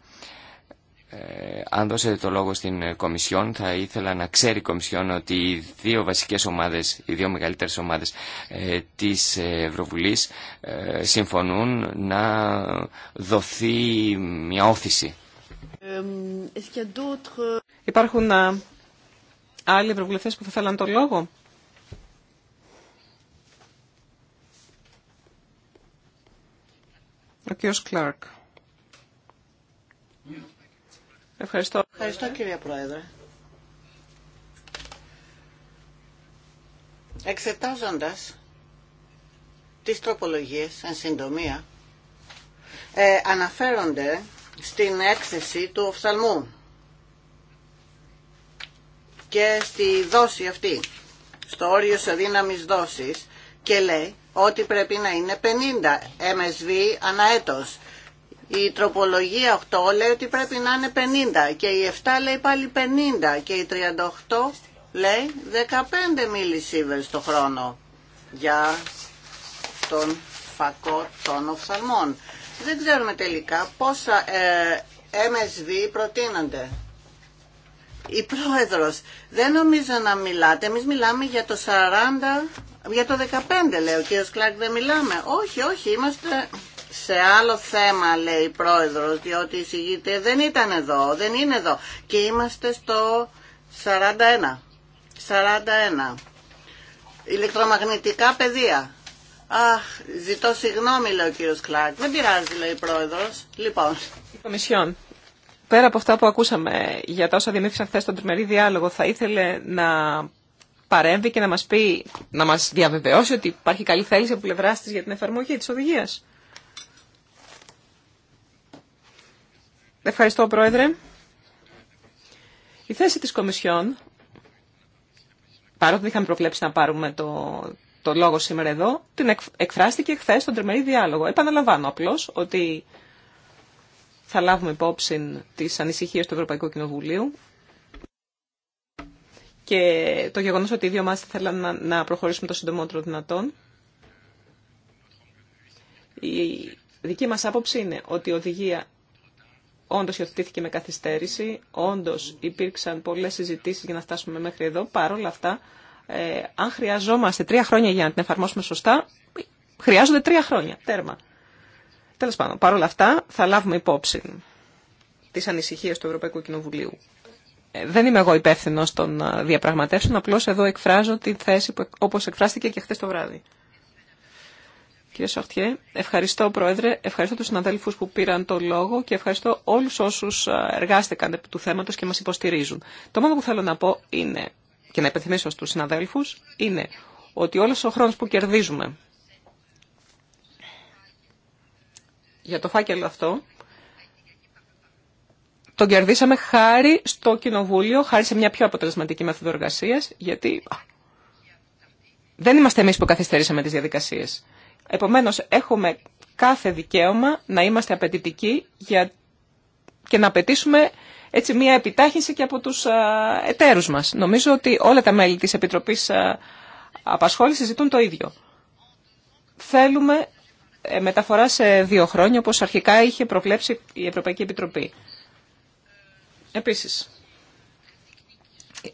Ε, αν δώσετε το λόγο στην ε, Κομισιόν θα ήθελα να ξέρει η Κομισιόν ότι οι δύο βασικές ομάδες, οι δύο μεγαλύτερες ομάδες ε, της Ευρωβουλής ε, συμφωνούν να δοθεί μια όθηση. Υπάρχουν άλλοι ευρωβουλευτές που θα θέλαν το λόγο. Ο κ. Κλάρκ. Ευχαριστώ. Ευχαριστώ κυρία Πρόεδρε. Εξετάζοντας τις τροπολογίες, εν συντομία, ε, αναφέρονται στην έκθεση του οφθαλμού και στη δόση αυτή, στο όριο σε δύναμης δόσης και λέει ότι πρέπει να είναι 50 MSV ανά έτος. Η τροπολογία 8 λέει ότι πρέπει να είναι 50 και η 7 λέει πάλι 50 και η 38 λέει 15 μιλισίβερ το χρόνο για τον φακό των οφθαλμών. Δεν ξέρουμε τελικά πόσα MSV ε, προτείνονται. Η πρόεδρος, δεν νομίζω να μιλάτε, εμείς μιλάμε για το 40, για το 15 λέει ο κ. Κλάρκ δεν μιλάμε. Όχι, όχι, είμαστε σε άλλο θέμα λέει η πρόεδρος διότι η δεν ήταν εδώ, δεν είναι εδώ και είμαστε στο 41 41 ηλεκτρομαγνητικά πεδία Αχ, ζητώ συγγνώμη λέει ο κύριος Κλάκ. δεν πειράζει λέει η πρόεδρος λοιπόν η Κομισιόν Πέρα από αυτά που ακούσαμε για τα όσα δημιούργησαν χθε στον τριμερή διάλογο, θα ήθελε να παρέμβει και να μας πει, να μας διαβεβαιώσει ότι υπάρχει καλή θέληση από πλευρά της για την εφαρμογή της οδηγίας. Ευχαριστώ, Πρόεδρε. Η θέση της Κομισιόν, παρότι δεν είχαμε προβλέψει να πάρουμε το, το λόγο σήμερα εδώ, την εκφράστηκε χθε στον τριμερή διάλογο. Επαναλαμβάνω απλώ ότι θα λάβουμε υπόψη τις ανησυχίες του Ευρωπαϊκού Κοινοβουλίου και το γεγονός ότι οι δύο μας θέλαν να, προχωρήσουμε το συντομότερο δυνατόν. Η δική μας άποψη είναι ότι η οδηγία όντω υιοθετήθηκε με καθυστέρηση, όντω υπήρξαν πολλέ συζητήσει για να φτάσουμε μέχρι εδώ. Παρ' όλα αυτά, ε, αν χρειαζόμαστε τρία χρόνια για να την εφαρμόσουμε σωστά, χρειάζονται τρία χρόνια. Τέρμα. Τέλο πάντων, παρ' όλα αυτά, θα λάβουμε υπόψη τι ανησυχίε του Ευρωπαϊκού Κοινοβουλίου. Ε, δεν είμαι εγώ υπεύθυνο των ε, διαπραγματεύσεων, απλώ εδώ εκφράζω τη θέση όπω εκφράστηκε και χθε το βράδυ. Κύριε Σαχτιέ, ευχαριστώ Πρόεδρε, ευχαριστώ τους συναδέλφους που πήραν το λόγο και ευχαριστώ όλους όσους ε, εργάστηκαν επί του θέματος και μας υποστηρίζουν. Το μόνο που θέλω να πω είναι, και να υπενθυμίσω στους συναδέλφους, είναι ότι όλος ο χρόνος που κερδίζουμε για το φάκελο αυτό, το κερδίσαμε χάρη στο Κοινοβούλιο, χάρη σε μια πιο αποτελεσματική μέθοδο εργασία, γιατί δεν είμαστε εμείς που καθυστερήσαμε τις διαδικασίες. Επομένως, έχουμε κάθε δικαίωμα να είμαστε απαιτητικοί για... και να απαιτήσουμε έτσι μια επιτάχυνση και από τους εταίρους μας. Νομίζω ότι όλα τα μέλη της Επιτροπής Απασχόλησης ζητούν το ίδιο. Θέλουμε ε, μεταφορά σε δύο χρόνια, όπως αρχικά είχε προβλέψει η Ευρωπαϊκή Επιτροπή. Επίσης,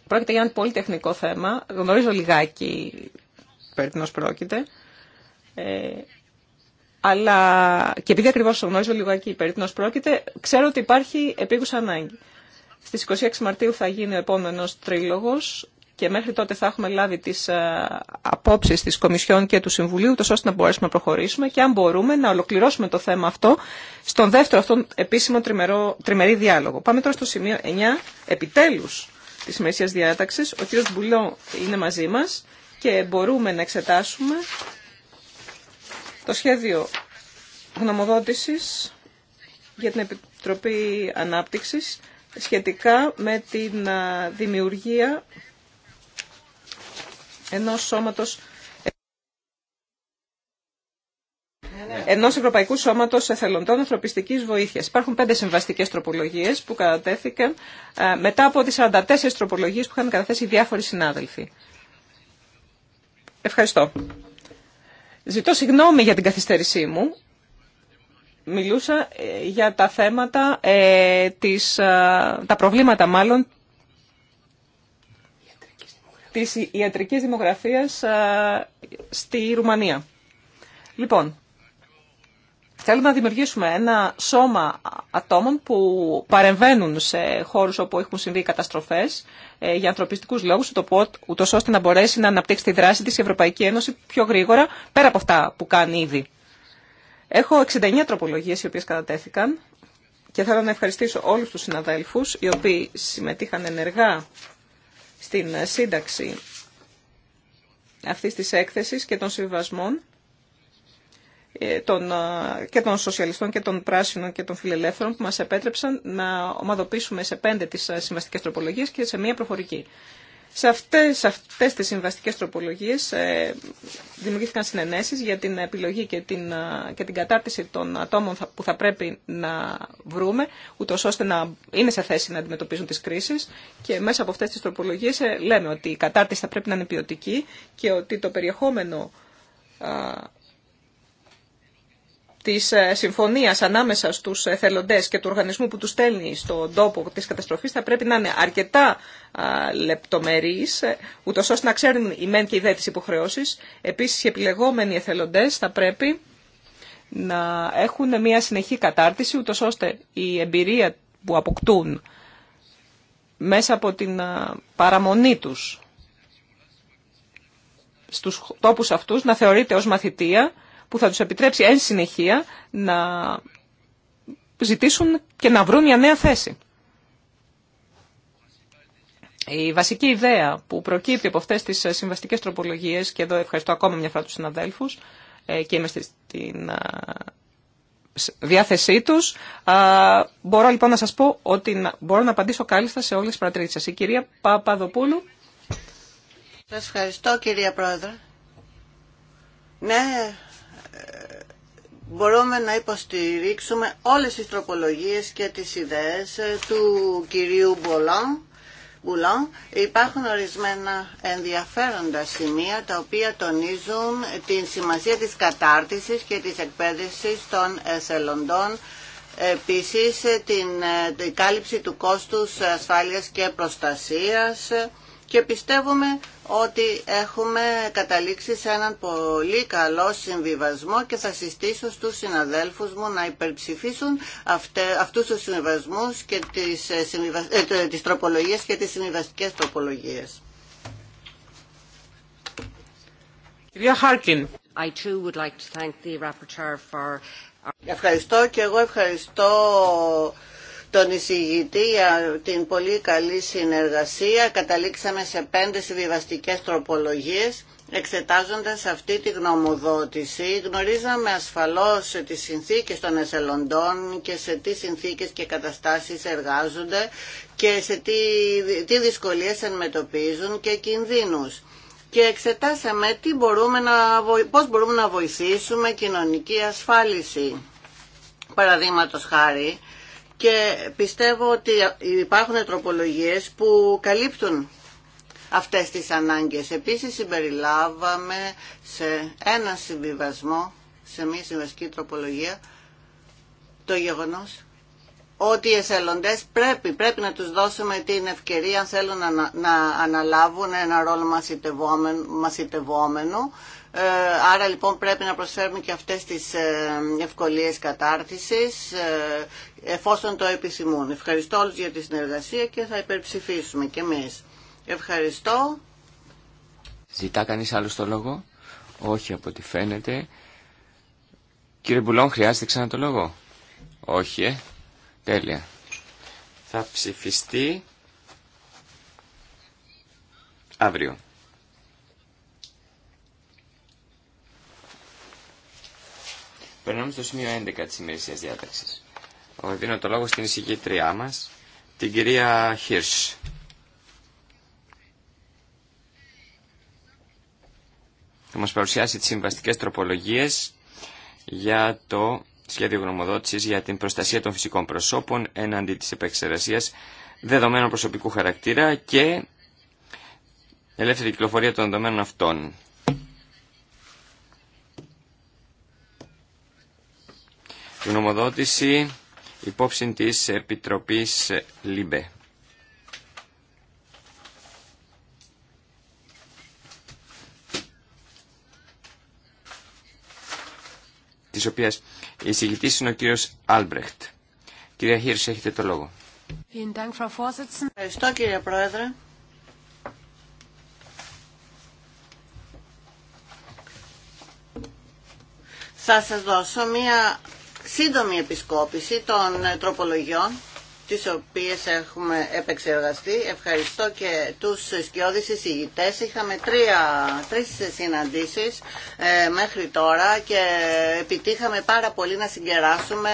πρόκειται για ένα πολύ τεχνικό θέμα. Γνωρίζω λιγάκι περί πρόκειται. Ε, αλλά και επειδή ακριβώ το γνωρίζω λίγο περί τίνο πρόκειται, ξέρω ότι υπάρχει επίγουσα ανάγκη. Στι 26 Μαρτίου θα γίνει ο επόμενο τρίλογο και μέχρι τότε θα έχουμε λάβει τι ε, απόψει τη Κομισιόν και του Συμβουλίου, τόσο ώστε να μπορέσουμε να προχωρήσουμε και αν μπορούμε να ολοκληρώσουμε το θέμα αυτό στον δεύτερο αυτόν επίσημο τριμερό, τριμερή διάλογο. Πάμε τώρα στο σημείο 9, επιτέλου τη ημερησία διάταξη. Ο κ. Μπουλό είναι μαζί μα και μπορούμε να εξετάσουμε το σχέδιο γνωμοδότησης για την Επιτροπή Ανάπτυξης σχετικά με την δημιουργία ενός σώματος ενό Ευρωπαϊκού Σώματο Εθελοντών Ανθρωπιστική Βοήθεια. Υπάρχουν πέντε συμβαστικέ τροπολογίε που κατατέθηκαν μετά από τι 44 τροπολογίε που είχαν καταθέσει διάφοροι συνάδελφοι. Ευχαριστώ. Ζητώ συγγνώμη για την καθυστέρησή μου. Μιλούσα ε, για τα θέματα, ε, ε, τα προβλήματα μάλλον της ιατρικής δημογραφίας ε, στη Ρουμανία. Λοιπόν, Θέλουμε να δημιουργήσουμε ένα σώμα ατόμων που παρεμβαίνουν σε χώρους όπου έχουν συμβεί καταστροφές ε, για ανθρωπιστικούς λόγους, ούτως ώστε να μπορέσει να αναπτύξει τη δράση της η Ευρωπαϊκή Ένωση πιο γρήγορα, πέρα από αυτά που κάνει ήδη. Έχω 69 τροπολογίες οι οποίες κατατέθηκαν και θέλω να ευχαριστήσω όλους τους συναδέλφους οι οποίοι συμμετείχαν ενεργά στην σύνταξη αυτής της έκθεσης και των συμβασμών. Ε, των, ε, και των σοσιαλιστών και των πράσινων και των φιλελεύθερων που μας επέτρεψαν να ομαδοποιήσουμε σε πέντε τις ε, συμβαστικές τροπολογίες και σε μία προφορική. Σε αυτές, σε αυτές τις συμβαστικές τροπολογίες δημιουργήθηκαν συνενέσεις για την επιλογή και την, και την κατάρτιση των ατόμων που θα πρέπει να βρούμε, ούτω ώστε να είναι σε θέση να αντιμετωπίζουν τις κρίσεις. Και μέσα από αυτές τις τροπολογίες ε, λέμε ότι η κατάρτιση θα πρέπει να είναι ποιοτική και ότι το περιεχόμενο της ε, συμφωνίας ανάμεσα στους εθελοντές και του οργανισμού που τους στέλνει στον τόπο της καταστροφής θα πρέπει να είναι αρκετά λεπτομερείς, ε, ούτως ώστε να ξέρουν οι μεν και οι δε υποχρεώσεις. Επίσης, οι επιλεγόμενοι εθελοντές θα πρέπει να έχουν μια συνεχή κατάρτιση, ούτως ώστε η εμπειρία που αποκτούν μέσα από την παραμονή τους στους τόπους αυτούς να θεωρείται ως μαθητεία που θα τους επιτρέψει εν συνεχεία να ζητήσουν και να βρουν μια νέα θέση. Η βασική ιδέα που προκύπτει από αυτές τις ε, συμβαστικές τροπολογίες και εδώ ευχαριστώ ακόμα μια φορά τους συναδέλφους ε, και είμαι στην ε, διάθεσή τους μπορώ λοιπόν να σας πω ότι μπορώ να απαντήσω κάλλιστα σε όλες τις παρατηρήσεις σας. Η κυρία Παπαδοπούλου. Σας ευχαριστώ κυρία Πρόεδρε. Ναι, μπορούμε να υποστηρίξουμε όλες τις τροπολογίες και τις ιδέες ε, του κυρίου Μπολάν. Μπουλάν, υπάρχουν ορισμένα ενδιαφέροντα σημεία τα οποία τονίζουν την σημασία της κατάρτισης και της εκπαίδευσης των εθελοντών επίσης ε, ε, την κάλυψη του κόστους ασφάλειας και προστασίας και πιστεύουμε ότι έχουμε καταλήξει σε έναν πολύ καλό συμβιβασμό και θα συστήσω στους συναδέλφους μου να υπερψηφίσουν αυτέ, αυτούς τους συμβιβασμούς και τις, ε, ε, τις τροπολογίες και τις συμβιβαστικές τροπολογίες. Κυρία Χάρκιν. I too would like to thank the rapporteur for... Ευχαριστώ και εγώ ευχαριστώ τον εισηγητή για την πολύ καλή συνεργασία. Καταλήξαμε σε πέντε συμβιβαστικές τροπολογίες εξετάζοντας αυτή τη γνωμοδότηση. Γνωρίζαμε ασφαλώς τις συνθήκες των εθελοντών και σε τι συνθήκες και καταστάσεις εργάζονται και σε τι, τι δυσκολίες αντιμετωπίζουν και κινδύνους και εξετάσαμε τι μπορούμε να, πώς μπορούμε να βοηθήσουμε κοινωνική ασφάλιση. Παραδείγματο χάρη, και πιστεύω ότι υπάρχουν τροπολογίες που καλύπτουν αυτές τις ανάγκες. Επίσης συμπεριλάβαμε σε ένα συμβιβασμό, σε μία συμβασική τροπολογία, το γεγονός ότι οι εθελοντές πρέπει, πρέπει να τους δώσουμε την ευκαιρία αν θέλουν να, να αναλάβουν ένα ρόλο μαθητευόμενο, μαθητευόμενο ε, άρα λοιπόν πρέπει να προσφέρουμε και αυτές τις ε, ευκολίες κατάρτισης ε, εφόσον το επιθυμούν. Ευχαριστώ όλους για τη συνεργασία και θα υπερψηφίσουμε και εμείς. Ευχαριστώ. Ζητά κανείς άλλο το λόγο. Όχι από ό,τι φαίνεται. Κύριε Μπουλόν, χρειάζεται ξανά το λόγο. Όχι, ε. Τέλεια. Θα ψηφιστεί αύριο. Περνάμε στο σημείο 11 της ημερησίας διάταξης. Δίνω το λόγο στην εισηγήτριά μας, την κυρία Χίρς. Θα μας παρουσιάσει τις συμβαστικές τροπολογίες για το σχέδιο γνωμοδότησης για την προστασία των φυσικών προσώπων έναντι της επεξεργασίας δεδομένων προσωπικού χαρακτήρα και ελεύθερη κυκλοφορία των δεδομένων αυτών. γνωμοδότηση υπόψη της Επιτροπής ΛΥΜΠΕ. της οποίας εισηγητής είναι ο κύριος Άλμπρεχτ. Κυρία Χίρς, έχετε το λόγο. Ευχαριστώ κύριε Πρόεδρε. Θα σας δώσω μία σύντομη επισκόπηση των ε, τροπολογιών τις οποίες έχουμε επεξεργαστεί. Ευχαριστώ και τους σκιώδεις εισηγητές. Είχαμε τρία, τρεις συναντήσεις ε, μέχρι τώρα και επιτύχαμε πάρα πολύ να συγκεράσουμε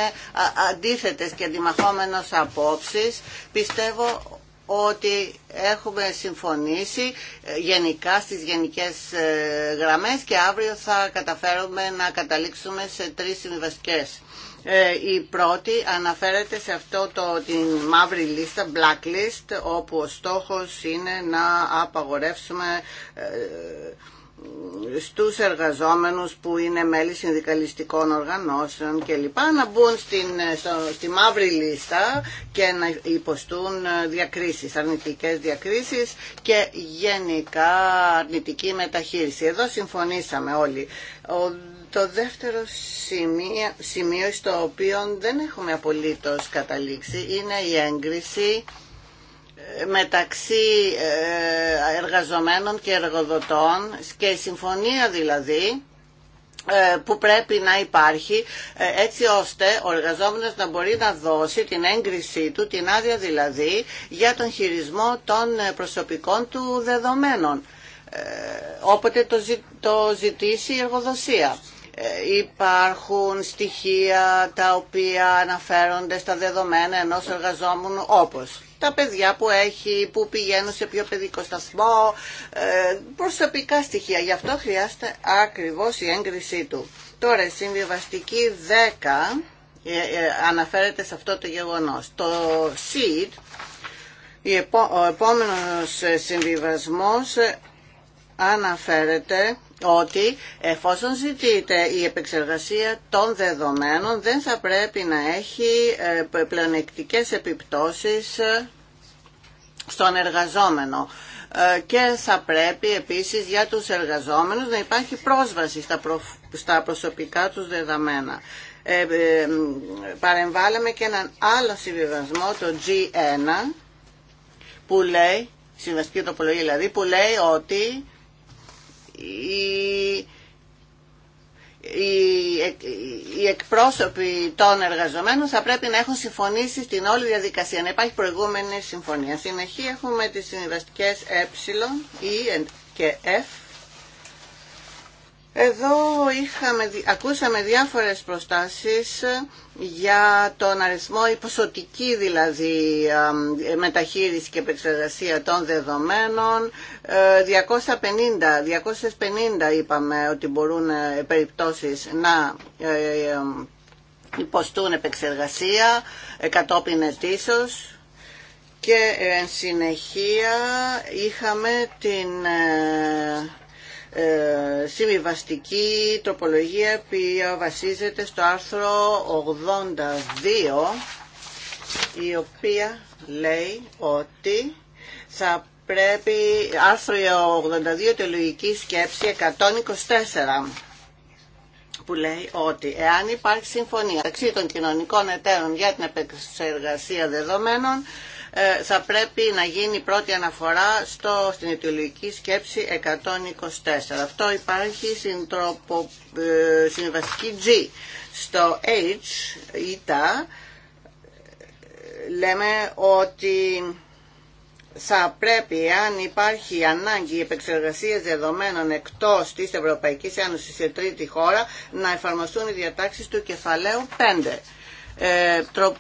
αντίθετες και αντιμαχόμενες απόψεις. Πιστεύω ότι έχουμε συμφωνήσει ε, γενικά στις γενικές γραμμές και αύριο θα καταφέρουμε να καταλήξουμε σε τρεις συμβασικές. Ε, η πρώτη αναφέρεται σε αυτό το, την μαύρη λίστα, blacklist, όπου ο στόχος είναι να απαγορεύσουμε ε, στους εργαζόμενους που είναι μέλη συνδικαλιστικών οργανώσεων και να μπουν στην, ε, στη μαύρη λίστα και να υποστούν διακρίσεις, αρνητικές διακρίσεις και γενικά αρνητική μεταχείριση. Εδώ συμφωνήσαμε όλοι. Το δεύτερο σημείο, σημείο στο οποίο δεν έχουμε απολύτως καταλήξει είναι η έγκριση ε, μεταξύ ε, εργαζομένων και εργοδοτών και η συμφωνία δηλαδή ε, που πρέπει να υπάρχει έτσι ώστε ο εργαζόμενος να μπορεί να δώσει την έγκρισή του, την άδεια δηλαδή, για τον χειρισμό των προσωπικών του δεδομένων, όποτε το ζητήσει η εργοδοσία. Ε, υπάρχουν στοιχεία τα οποία αναφέρονται στα δεδομένα ενός εργαζόμενου όπως τα παιδιά που έχει, που πηγαίνουν σε ποιο παιδικό σταθμό, ε, προσωπικά στοιχεία. Γι' αυτό χρειάζεται ακριβώς η έγκρισή του. Τώρα η συμβιβαστική 10 ε, αναφέρεται σε αυτό το γεγονός. Το SEED, ο επόμενος συμβιβασμός αναφέρεται ότι εφόσον ζητείται η επεξεργασία των δεδομένων δεν θα πρέπει να έχει ε, πλεονεκτικές επιπτώσεις ε, στον εργαζόμενο ε, και θα πρέπει επίσης για τους εργαζόμενους να υπάρχει πρόσβαση στα προσωπικά τους δεδομένα. Παρεμβάλαμε και έναν άλλο συμβιβασμό, το G1, που λέει, συμβαστική τοπολογία δηλαδή, που λέει ότι οι εκπρόσωποι των εργαζομένων θα πρέπει να έχουν συμφωνήσει στην όλη διαδικασία. Να υπάρχει προηγούμενη συμφωνία. Συνεχή έχουμε τις συμβαστικές ε ε και F εδώ είχαμε, ακούσαμε διάφορες προστάσεις για τον αριθμό, η δηλαδή μεταχείριση και επεξεργασία των δεδομένων. 250, ε, 250 είπαμε ότι μπορούν ε, περιπτώσεις να ε, υποστούν επεξεργασία κατόπιν ετήσως και εν συνεχεία είχαμε την ε, συμβιβαστική τροπολογία που βασίζεται στο άρθρο 82 η οποία λέει ότι θα πρέπει άρθρο 82 λογική σκέψη 124 που λέει ότι εάν υπάρχει συμφωνία μεταξύ των κοινωνικών εταίρων για την επεξεργασία δεδομένων ε, θα πρέπει να γίνει πρώτη αναφορά στο, στην αιτιολογική σκέψη 124. Αυτό υπάρχει στην τροπο, ε, συμβαστική G. Στο H, ήτα, λέμε ότι θα πρέπει, αν υπάρχει ανάγκη επεξεργασίας δεδομένων εκτός της Ευρωπαϊκής Ένωσης σε τρίτη χώρα, να εφαρμοστούν οι διατάξεις του κεφαλαίου 5 ε, τρο,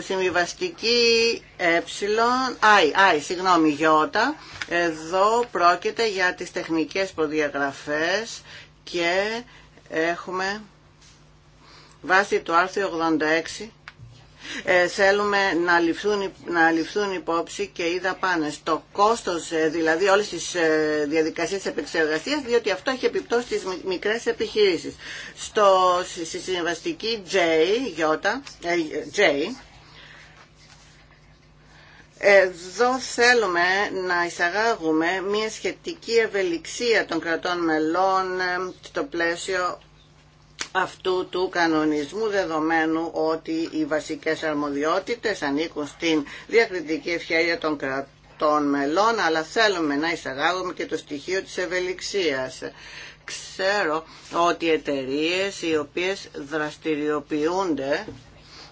συμβιβαστική ε, I, συγγνώμη, γιώτα. Εδώ πρόκειται για τις τεχνικές προδιαγραφές και έχουμε βάσει του άρθρο 86 ε, θέλουμε να ληφθούν, να ληφθούν υπόψη και οι δαπάνε. Το κόστος ε, δηλαδή όλες τις ε, διαδικασίες επεξεργασίας, διότι αυτό έχει επιπτώσει στις μικρές επιχειρήσεις. Στο, στη συμβαστική J, J εδώ θέλουμε να εισαγάγουμε μια σχετική ευελιξία των κρατών μελών στο πλαίσιο αυτού του κανονισμού δεδομένου ότι οι βασικές αρμοδιότητες ανήκουν στην διακριτική ευχαίρεια των κρατών μελών αλλά θέλουμε να εισαγάγουμε και το στοιχείο της ευελιξίας. Ξέρω ότι εταιρείες οι οποίες δραστηριοποιούνται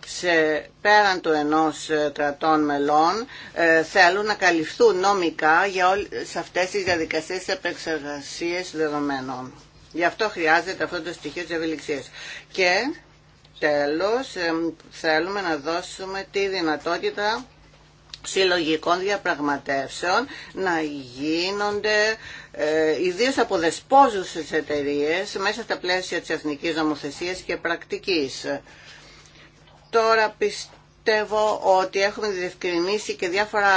σε πέραν του ενός ε, κρατών μελών ε, θέλουν να καλυφθούν νομικά για όλες αυτές τις διαδικασίες δεδομένων. Γι' αυτό χρειάζεται αυτό το στοιχείο της ευελιξίας. Και τέλος θέλουμε να δώσουμε τη δυνατότητα συλλογικών διαπραγματεύσεων να γίνονται ε, ιδίως από δεσπόζουσες εταιρείε μέσα στα πλαίσια της εθνικής νομοθεσίας και πρακτικής. Τώρα πιστεύω πιστεύω ότι έχουμε διευκρινίσει και διάφορα,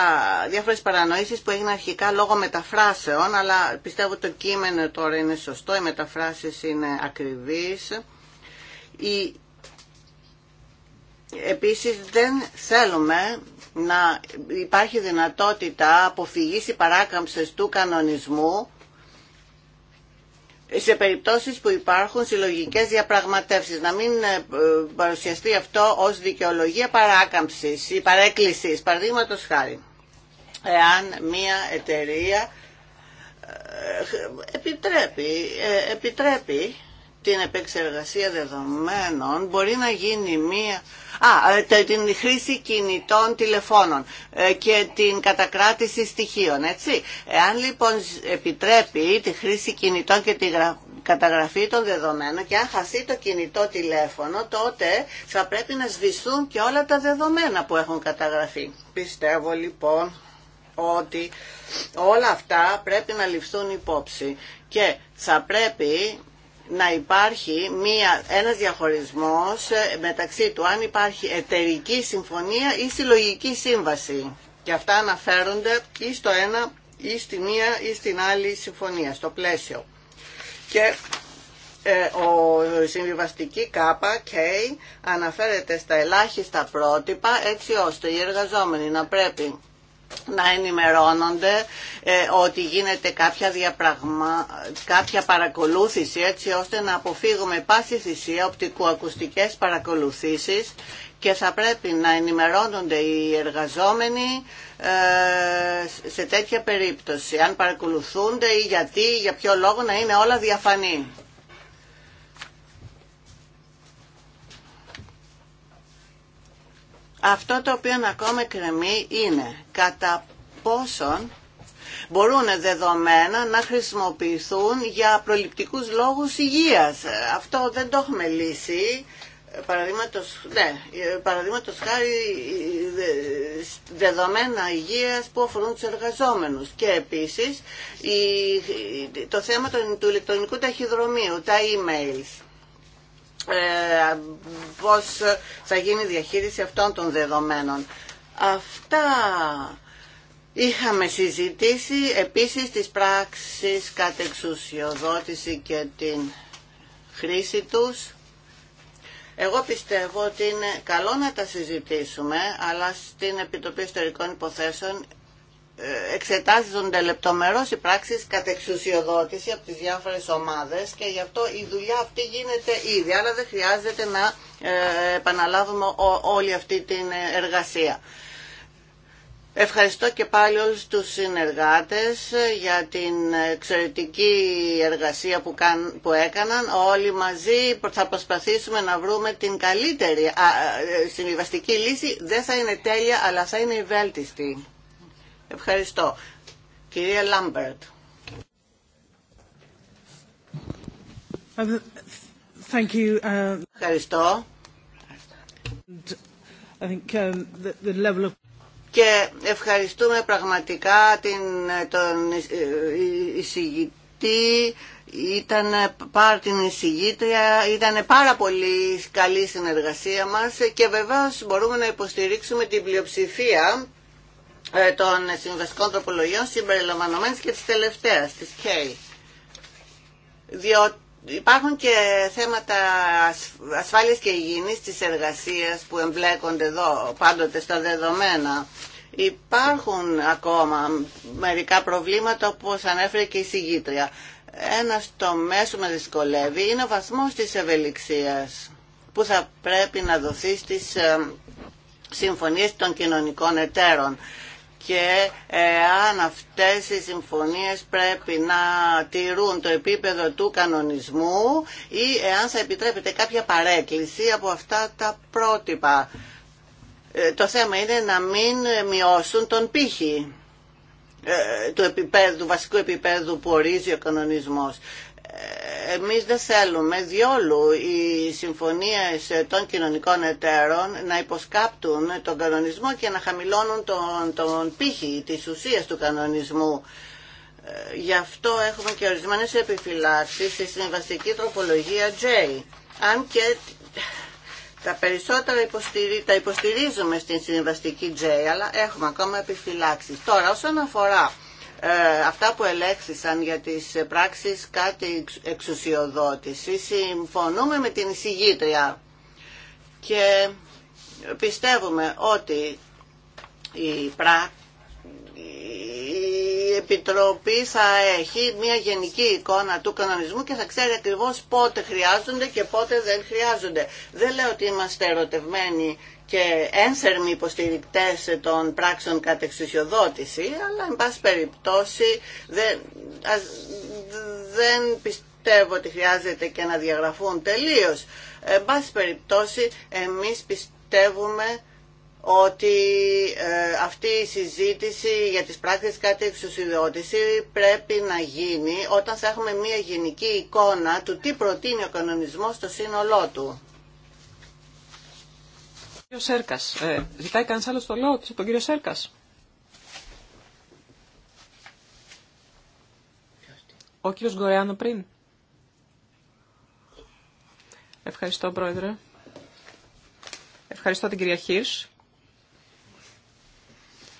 διάφορες παρανοήσεις που έγιναν αρχικά λόγω μεταφράσεων, αλλά πιστεύω το κείμενο τώρα είναι σωστό, οι μεταφράσεις είναι ακριβείς. Η... Επίσης δεν θέλουμε να υπάρχει δυνατότητα αποφυγής ή παράκαμψης του κανονισμού σε περιπτώσεις που υπάρχουν συλλογικές διαπραγματεύσεις. Να μην ε, παρουσιαστεί αυτό ως δικαιολογία παράκαμψης ή παρέκκλησης. Παραδείγματο χάρη, εάν μία εταιρεία ε, επιτρέπει, ε, επιτρέπει την επεξεργασία δεδομένων μπορεί να γίνει μία... Α, ε, την χρήση κινητών τηλεφώνων ε, και την κατακράτηση στοιχείων, έτσι. Εάν λοιπόν επιτρέπει τη χρήση κινητών και τη καταγραφή των δεδομένων και αν χαθεί το κινητό τηλέφωνο, τότε θα πρέπει να σβηστούν και όλα τα δεδομένα που έχουν καταγραφεί. Πιστεύω λοιπόν ότι όλα αυτά πρέπει να ληφθούν υπόψη και θα πρέπει να υπάρχει μία, ένας διαχωρισμός ε, μεταξύ του αν υπάρχει εταιρική συμφωνία ή συλλογική σύμβαση. Και αυτά αναφέρονται ή στο ένα ή στη μία ή στην άλλη συμφωνία, στο πλαίσιο. Και ε, ο συμβιβαστική ΚΑΠΑ, K, αναφέρεται στα ελάχιστα πρότυπα έτσι ώστε οι εργαζόμενοι να πρέπει να ενημερώνονται ε, ότι γίνεται κάποια, διαπραγμα... κάποια παρακολούθηση έτσι ώστε να αποφύγουμε πάση θυσία οπτικοακουστικές παρακολουθήσεις και θα πρέπει να ενημερώνονται οι εργαζόμενοι ε, σε τέτοια περίπτωση αν παρακολουθούνται ή γιατί, για ποιο λόγο να είναι όλα διαφανή. Αυτό το οποίο ακόμα κρεμεί είναι κατά πόσον μπορούν δεδομένα να χρησιμοποιηθούν για προληπτικούς λόγους υγείας. Αυτό δεν το έχουμε λύσει. Παραδείγματος, ναι, παραδείγματος χάρη δεδομένα υγείας που αφορούν τους εργαζόμενους και επίσης η, το θέμα του ηλεκτρονικού ταχυδρομείου, τα emails ε, πώς θα γίνει η διαχείριση αυτών των δεδομένων. Αυτά είχαμε συζητήσει επίσης τις πράξεις εξουσιοδότηση και την χρήση τους. Εγώ πιστεύω ότι είναι καλό να τα συζητήσουμε, αλλά στην Επιτροπή Ιστορικών Υποθέσεων εξετάζονται λεπτομερώς οι πράξεις εξουσιοδότηση από τις διάφορες ομάδες και γι' αυτό η δουλειά αυτή γίνεται ήδη, αλλά δεν χρειάζεται να ε, επαναλάβουμε όλη αυτή την εργασία. Ευχαριστώ και πάλι όλους τους συνεργάτες για την εξαιρετική εργασία που, που έκαναν. Όλοι μαζί θα προσπαθήσουμε να βρούμε την καλύτερη ε, συμβιβαστική λύση. Δεν θα είναι τέλεια, αλλά θα είναι η βέλτιστη. Ευχαριστώ. Κυρία Λάμπερτ. Uh, uh, Ευχαριστώ. Um, και ευχαριστούμε πραγματικά την, τον ε, εισηγητή, ήταν, την εισηγήτρια, ήταν πάρα πολύ καλή συνεργασία μας και βεβαίως μπορούμε να υποστηρίξουμε την πλειοψηφία ε, των συμβαστικών τροπολογιών συμπεριλαμβανομένης και της τελευταίας, της K. Διότι υπάρχουν και θέματα ασφάλειας και υγιεινής της εργασίας που εμπλέκονται εδώ πάντοτε στα δεδομένα. Υπάρχουν ακόμα μερικά προβλήματα όπως ανέφερε και η συγγήτρια. Ένα το μέσο με δυσκολεύει είναι ο βαθμός της ευελιξίας που θα πρέπει να δοθεί στις ε, συμφωνίες των κοινωνικών εταίρων και εάν αυτές οι συμφωνίες πρέπει να τηρούν το επίπεδο του κανονισμού ή εάν θα επιτρέπεται κάποια παρέκκληση από αυτά τα πρότυπα. Ε, το θέμα είναι να μην μειώσουν τον πύχη ε, του, επίπεδου, του βασικού επίπεδου που ορίζει ο κανονισμός εμείς δεν θέλουμε διόλου οι συμφωνίες των κοινωνικών εταίρων να υποσκάπτουν τον κανονισμό και να χαμηλώνουν τον, τον πύχη της ουσίας του κανονισμού. Ε, γι' αυτό έχουμε και ορισμένες επιφυλάξεις στη συμβαστική τροπολογία J. Αν και τα περισσότερα τα υποστηρίζουμε στην συμβαστική J, αλλά έχουμε ακόμα επιφυλάξεις. Τώρα, όσον αφορά ε, αυτά που ελέγχθησαν για τις πράξεις κάτι εξουσιοδότηση. Συμφωνούμε με την εισηγήτρια και πιστεύουμε ότι η, πρα... η Επιτροπή θα έχει μια γενική εικόνα του κανονισμού και θα ξέρει ακριβώς πότε χρειάζονται και πότε δεν χρειάζονται. Δεν λέω ότι είμαστε ερωτευμένοι και ένσερμοι υποστηρικτέ των πράξεων κατεξουσιοδότηση εξουσιοδότηση, αλλά εν πάση περιπτώσει δεν, δεν πιστεύω ότι χρειάζεται και να διαγραφούν τελείω. Εν πάση περιπτώσει εμείς πιστεύουμε ότι ε, αυτή η συζήτηση για τις πράξεις κάτι εξουσιοδότηση πρέπει να γίνει όταν θα έχουμε μια γενική εικόνα του τι προτείνει ο κανονισμός στο σύνολό του. Ε, ζητάει κανεί το λόγο τον κύριο Σέρκα. Ο κύριο Γκορεάνο πριν. Ευχαριστώ, Πρόεδρε. Ευχαριστώ την κυρία Χίρς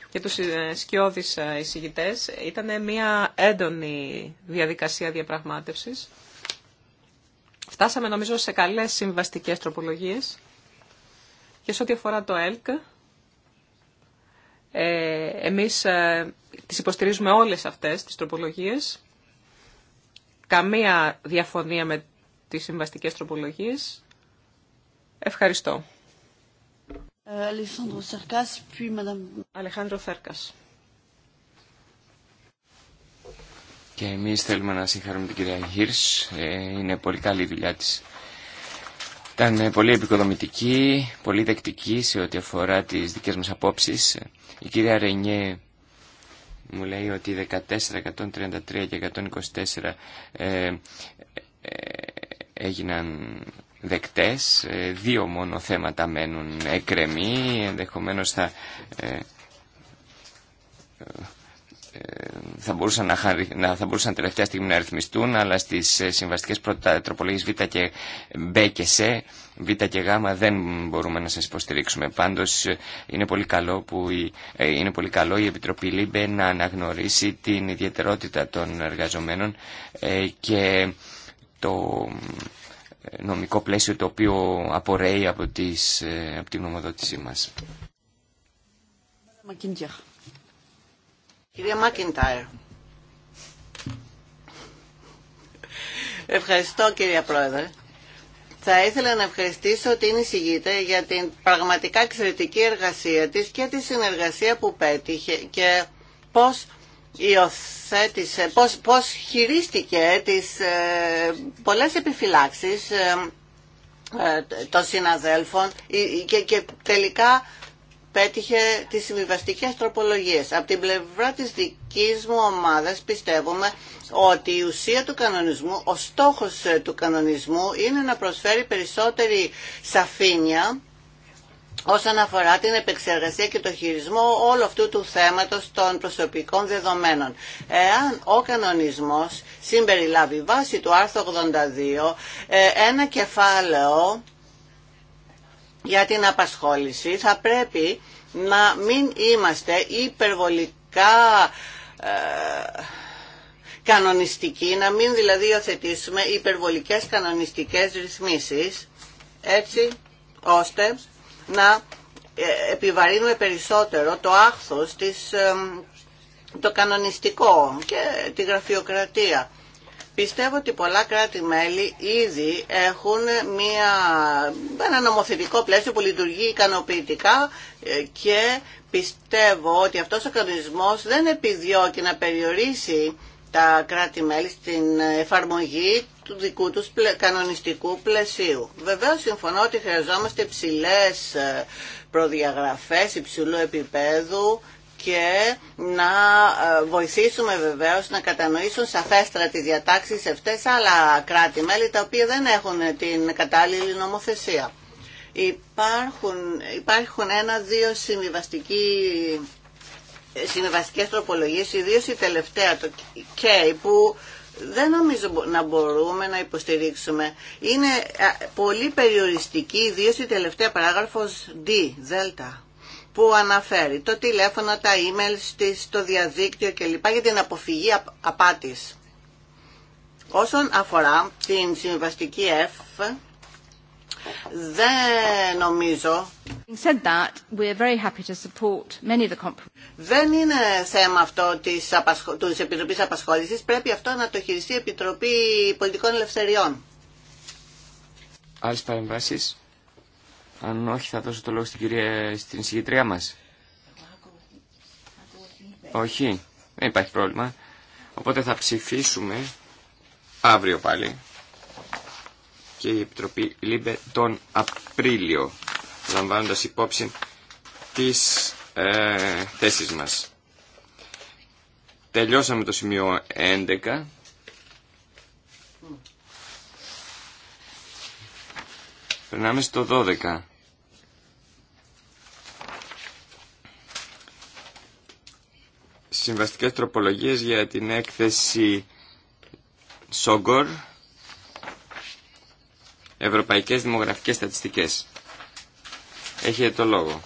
και τους ε, σκιώδεις ε, εισηγητές. Ήταν μια έντονη διαδικασία διαπραγμάτευσης. Φτάσαμε νομίζω σε καλές συμβαστικές τροπολογίες. Και σε ό,τι αφορά το ΕΛΚ, ε, εμείς ε, τις υποστηρίζουμε όλες αυτές τις τροπολογίες. Καμία διαφωνία με τις συμβαστικές τροπολογίες. Ευχαριστώ. Αλεχάνδρο Θέρκας. Και εμείς θέλουμε να συγχαρούμε την κυρία Χίρς. Ε, είναι πολύ καλή η δουλειά της. Ήταν πολύ επικοδομητική, πολύ δεκτική σε ό,τι αφορά τις δικές μας απόψεις. Η κυρία Ρενιέ μου λέει ότι 14, 133 και 124 ε, ε, έγιναν δεκτές. Ε, δύο μόνο θέματα μένουν εκρεμή Ενδεχομένως θα... Ε, θα μπορούσαν, να, να, θα μπορούσαν τελευταία στιγμή να ρυθμιστούν, αλλά στις ε, συμβαστικέ τροπολογίε Β και Μ και Σ, Β και Γ δεν μπορούμε να σας υποστηρίξουμε. Πάντως ε, είναι πολύ καλό, που η, ε, είναι πολύ καλό η Επιτροπή ΛΥΜΠΕ να αναγνωρίσει την ιδιαιτερότητα των εργαζομένων και το νομικό πλαίσιο το οποίο απορρέει από, τις, από την νομοδότησή μας. Κυρία Μάκιντάιρ. Ευχαριστώ κυρία Πρόεδρε. Θα ήθελα να ευχαριστήσω την εισηγήτρια για την πραγματικά εξαιρετική εργασία της και τη συνεργασία που πέτυχε και πώς υιοθέτησε, πώς, πώς χειρίστηκε τις ε, πολλές επιφυλάξεις ε, ε των συναδέλφων ε, ε, και, και τελικά πέτυχε τις συμβιβαστικές τροπολογίες. Από την πλευρά της δικής μου ομάδας πιστεύουμε ότι η ουσία του κανονισμού, ο στόχος ε, του κανονισμού είναι να προσφέρει περισσότερη σαφήνεια όσον αφορά την επεξεργασία και το χειρισμό όλου αυτού του θέματος των προσωπικών δεδομένων. Εάν ο κανονισμός συμπεριλάβει βάση του άρθρου 82 ε, ένα κεφάλαιο για την απασχόληση θα πρέπει να μην είμαστε υπερβολικά ε, κανονιστικοί, να μην δηλαδή υιοθετήσουμε υπερβολικές κανονιστικές ρυθμίσεις έτσι ώστε να ε, επιβαρύνουμε περισσότερο το άχθος της, ε, το κανονιστικό και τη γραφειοκρατία. Πιστεύω ότι πολλά κράτη-μέλη ήδη έχουν μια, ένα νομοθετικό πλαίσιο που λειτουργεί ικανοποιητικά ε, και πιστεύω ότι αυτός ο κανονισμός δεν επιδιώκει να περιορίσει τα κράτη-μέλη στην εφαρμογή του δικού τους κανονιστικού πλαισίου. Βεβαίως συμφωνώ ότι χρειαζόμαστε ψηλές ε, προδιαγραφές υψηλού επίπεδου και να ε, βοηθήσουμε βεβαίως να κατανοήσουν σαφέστρα τις διατάξεις αυτές άλλα κράτη-μέλη τα οποία δεν έχουν την κατάλληλη νομοθεσία. Υπάρχουν, υπάρχουν ένα-δύο συμβιβαστικοί τροπολογίε, τροπολογίες, ιδίως η τελευταία, το K, που δεν νομίζω να μπορούμε να υποστηρίξουμε. Είναι ε, πολύ περιοριστική, ιδίως η τελευταία παράγραφος D, δέλτα που αναφέρει το τηλέφωνο, τα email, το διαδίκτυο κλπ. για την αποφυγή απάτης. Όσον αφορά την συμβαστική F, δεν νομίζω. Δεν είναι θέμα αυτό της, απασχο... της Επιτροπής Απασχόλησης. Πρέπει αυτό να το χειριστεί η Επιτροπή Πολιτικών Ελευθεριών. Άλλες παρεμβάσεις. Αν όχι θα δώσω το λόγο στην κυρία, στην συγκεκριά μας. Όχι, δεν υπάρχει πρόβλημα. Οπότε θα ψηφίσουμε αύριο πάλι και η Επιτροπή ΛΥΜΠΕ τον Απρίλιο, λαμβάνοντας υπόψη τις ε, θέσεις μας. Τελειώσαμε το σημείο 11. Περνάμε στο 12. συμβαστικές τροπολογίες για την έκθεση Σόγκορ Ευρωπαϊκές Δημογραφικές Στατιστικές. Έχετε το λόγο.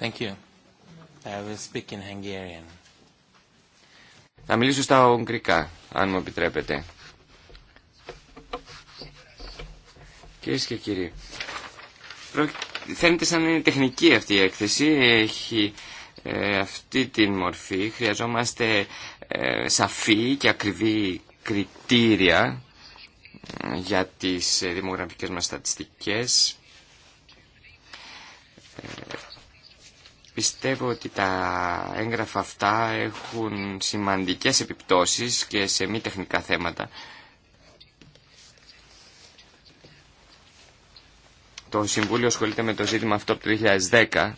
Thank you. I will speak in Hungarian. Θα μιλήσω στα ογκρικά, αν μου επιτρέπετε. Κυρίε και κύριοι, φαίνεται σαν είναι τεχνική αυτή η έκθεση, έχει ε, αυτή την μορφή, χρειαζόμαστε ε, σαφή και ακριβή κριτήρια ε, για τις δημογραφικές μας στατιστικές. πιστεύω ότι τα έγγραφα αυτά έχουν σημαντικές επιπτώσεις και σε μη τεχνικά θέματα. το Συμβούλιο ασχολείται με το ζήτημα αυτό από το 2010.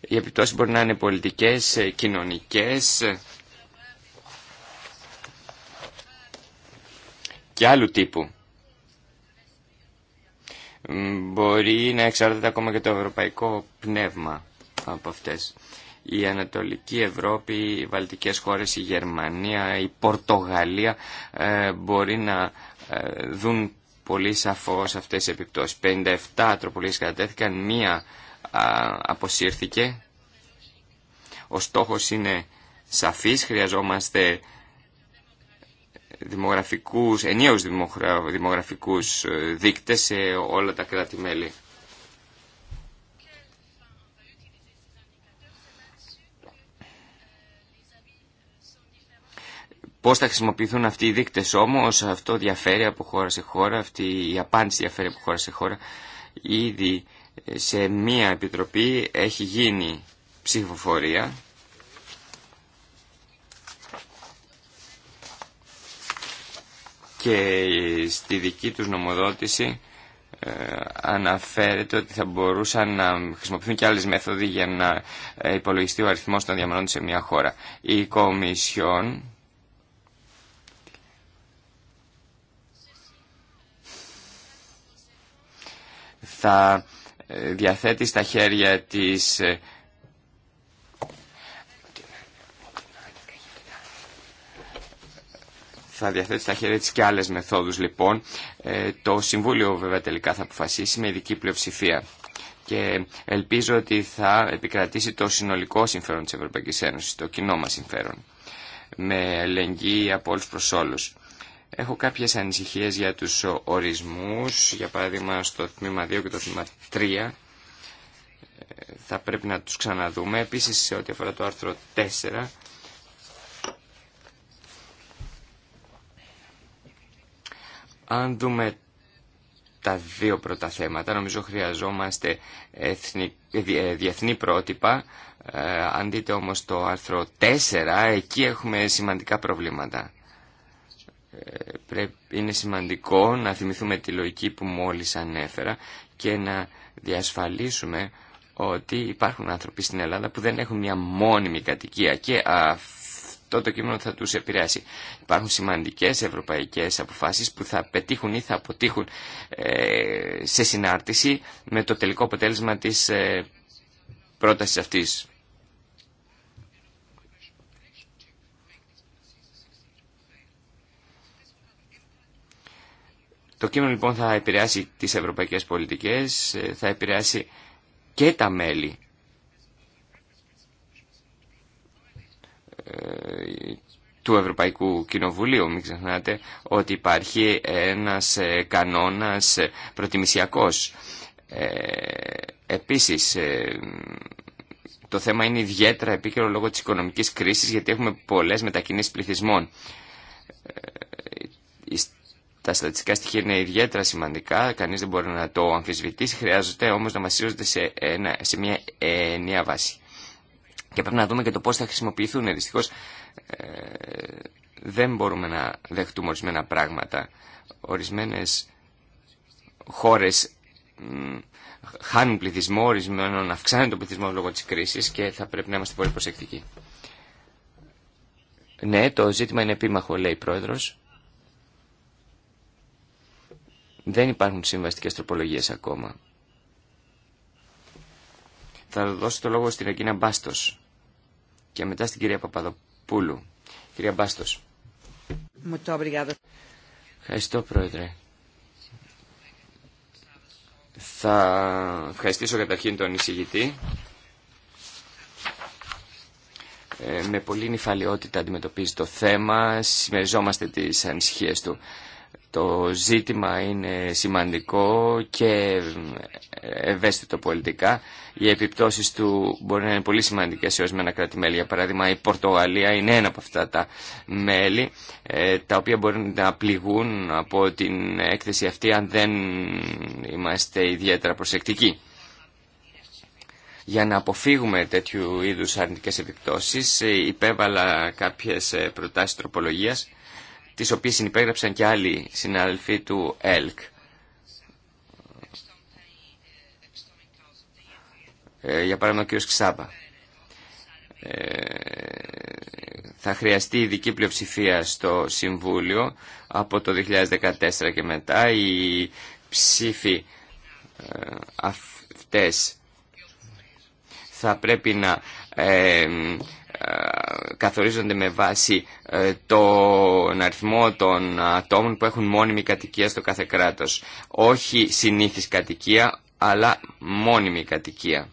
Οι επιπτώσεις μπορεί να είναι πολιτικές, κοινωνικές και άλλου τύπου. Μπορεί να εξαρτάται ακόμα και το ευρωπαϊκό πνεύμα από αυτές. Η Ανατολική Ευρώπη, οι Βαλτικές χώρες, η Γερμανία, η Πορτογαλία ε, μπορεί να ε, δουν πολύ σαφώς αυτές οι επιπτώσεις. 57 τροπολογίες κατατέθηκαν, μία αποσύρθηκε. Ο στόχος είναι σαφής, χρειαζόμαστε δημογραφικούς, ενιαίους δημογραφικούς ε, δείκτες σε όλα τα κράτη-μέλη. Πώ θα χρησιμοποιηθούν αυτοί οι δείκτες όμω αυτό διαφέρει από χώρα σε χώρα, αυτή η απάντηση διαφέρει από χώρα σε χώρα. Ήδη ε, σε μία επιτροπή έχει γίνει ψηφοφορία και ε, στη δική τους νομοδότηση ε, αναφέρεται ότι θα μπορούσαν να χρησιμοποιηθούν και άλλες μέθοδοι για να υπολογιστεί ο αριθμός των διαμονών σε μια χώρα. Η Κομισιόν θα ε, διαθέτει στα χέρια της ε, θα διαθέτει στα χέρια της και άλλες μεθόδους λοιπόν. Ε, το Συμβούλιο βέβαια τελικά θα αποφασίσει με ειδική πλειοψηφία και ελπίζω ότι θα επικρατήσει το συνολικό συμφέρον της Ευρωπαϊκής Ένωσης, το κοινό μας συμφέρον, με ελεγγύη από όλους προς όλους. Έχω κάποιες ανησυχίες για τους ορισμούς, για παράδειγμα στο τμήμα 2 και το τμήμα 3 ε, θα πρέπει να τους ξαναδούμε. Επίσης σε ό,τι αφορά το άρθρο 4 αν δούμε τα δύο πρώτα θέματα νομίζω χρειαζόμαστε ε, ε, διεθνή πρότυπα αν δείτε όμως το άρθρο 4 εκεί έχουμε σημαντικά προβλήματα πρέπει είναι σημαντικό να θυμηθούμε τη λογική που μόλις ανέφερα και να διασφαλίσουμε ότι υπάρχουν άνθρωποι στην Ελλάδα που δεν έχουν μια μόνιμη κατοικία και αυτό το κείμενο θα τους επηρεάσει. Υπάρχουν σημαντικές ευρωπαϊκές αποφάσεις που θα πετύχουν ή θα αποτύχουν ε, σε συνάρτηση με το τελικό αποτέλεσμα της ε, πρότασης αυτής. Το κείμενο λοιπόν θα επηρεάσει τις ευρωπαϊκές πολιτικές, ε, θα επηρεάσει και τα μέλη ε, του Ευρωπαϊκού Κοινοβουλίου. Μην ξεχνάτε ότι υπάρχει ένας ε, κανόνας προτιμησιακός. Επίσης, το θέμα είναι ιδιαίτερα επίκαιρο λόγω της οικονομικής κρίσης γιατί έχουμε πολλές μετακινήσεις πληθυσμών τα στατιστικά στοιχεία είναι ιδιαίτερα σημαντικά, κανείς δεν μπορεί να το αμφισβητήσει, χρειάζεται όμως να βασίζονται σε, ένα, σε μια ενιαία βάση. Και πρέπει να δούμε και το πώς θα χρησιμοποιηθούν. Ε, δυστυχώς ε, δεν μπορούμε να δεχτούμε ορισμένα πράγματα. Ορισμένες χώρες χάνουν πληθυσμό, ορισμένων αυξάνουν τον πληθυσμό λόγω της κρίσης και θα πρέπει να είμαστε πολύ προσεκτικοί. Ναι, το ζήτημα είναι επίμαχο, λέει η Πρόεδρος. Δεν υπάρχουν συμβαστικές τροπολογίες ακόμα. Θα δώσω το λόγο στην Αγγίνα Μπάστος και μετά στην κυρία Παπαδοπούλου. Κυρία Μπάστος. Ευχαριστώ Πρόεδρε. Θα ευχαριστήσω καταρχήν τον εισηγητή. Ε, με πολλή νυφαλιότητα αντιμετωπίζει το θέμα, συμμεριζόμαστε τις ανησυχίες του. Το ζήτημα είναι σημαντικό και ευαίσθητο πολιτικά. Οι επιπτώσεις του μπορεί να είναι πολύ σημαντικές σε ορισμένα κράτη-μέλη. Για παράδειγμα, η Πορτογαλία είναι ένα από αυτά τα μέλη, ε, τα οποία μπορεί να πληγούν από την έκθεση αυτή αν δεν είμαστε ιδιαίτερα προσεκτικοί. Για να αποφύγουμε τέτοιου είδους αρνητικές επιπτώσεις, ε, υπέβαλα κάποιες ε, προτάσεις τροπολογίας τις οποίες συνυπέγραψαν και άλλοι συναδελφοί του ΕΛΚ. Ε, για παράδειγμα ο κ. Ξάμπα. Ε, θα χρειαστεί ειδική πλειοψηφία στο Συμβούλιο από το 2014 και μετά. Οι ψήφοι ε, αυτές θα πρέπει να καθορίζονται με βάση ε, τον αριθμό των ατόμων που έχουν μόνιμη κατοικία στο κάθε κράτος. Όχι συνήθις κατοικία, αλλά μόνιμη κατοικία.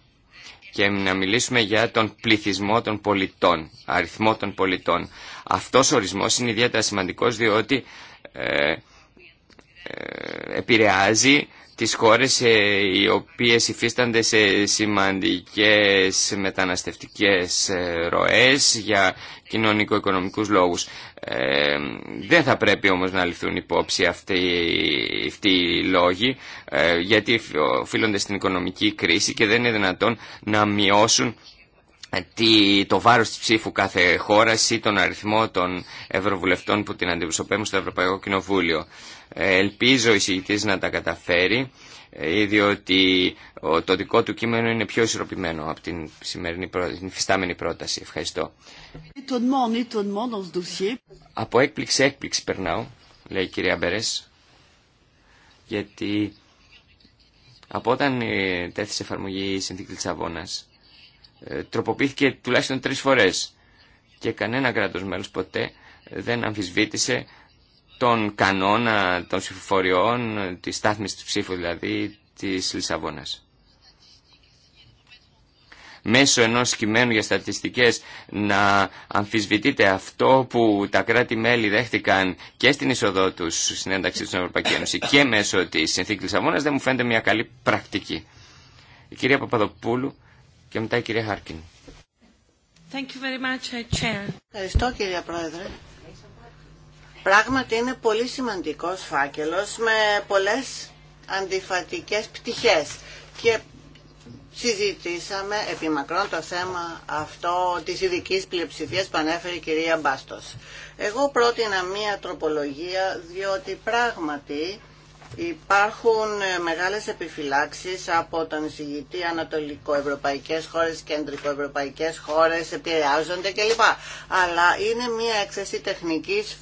Και να μιλήσουμε για τον πληθυσμό των πολιτών, αριθμό των πολιτών. Αυτός ο ορισμός είναι ιδιαίτερα σημαντικός διότι... Ε, ε, επηρεάζει τις χώρες ε, οι οποίες υφίστανται σε σημαντικές μεταναστευτικές ε, ροές για κοινωνικο-οικονομικούς λόγους. δεν θα πρέπει όμως να ληφθούν υπόψη αυτοί, αυτοί οι λόγοι γιατί οφείλονται στην οικονομική κρίση και δεν είναι δυνατόν να μειώσουν το βάρος της ψήφου κάθε χώρας ή τον αριθμό των ευρωβουλευτών που την αντιπροσωπεύουν στο Ευρωπαϊκό Κοινοβούλιο. Ελπίζω ο εισηγητής να τα καταφέρει, ε, διότι το δικό του κείμενο είναι πιο ισορροπημένο από την σημερινή φυστάμενη πρόταση. Ευχαριστώ. Από έκπληξη έκπληξη περνάω, λέει η κυρία Μπερές, γιατί από όταν ε, τέθησε εφαρμογή η συνθήκη της Αβώνας, ε, τροποποιήθηκε τουλάχιστον τρεις φορές και κανένα κράτος μέλος ποτέ δεν αμφισβήτησε τον κανόνα των ψηφοφοριών, τη στάθμης του ψήφου δηλαδή, της Λισαβόνας. Μέσω ενός κειμένου για στατιστικές να αμφισβητείται αυτό που τα κράτη-μέλη δέχτηκαν και στην είσοδό τους στην ένταξη της Ευρωπαϊκή Ένωση και μέσω της συνθήκης Λισαβόνας δεν μου φαίνεται μια καλή πρακτική. Η κυρία Παπαδοπούλου και μετά η κυρία Χάρκιν. Uh, Ευχαριστώ κυρία Πρόεδρε. Πράγματι είναι πολύ σημαντικός φάκελος με πολλές αντιφατικές πτυχές και συζητήσαμε επί μακρόν το θέμα αυτό της ειδική πλειοψηφίας που ανέφερε η κυρία Μπάστος. Εγώ πρότεινα μία τροπολογία διότι πράγματι Υπάρχουν μεγάλες επιφυλάξεις από τον εισηγητή ανατολικοευρωπαϊκές χώρες, κεντρικοευρωπαϊκές χώρες, επηρεάζονται κλπ. Αλλά είναι μια έκθεση τεχνικής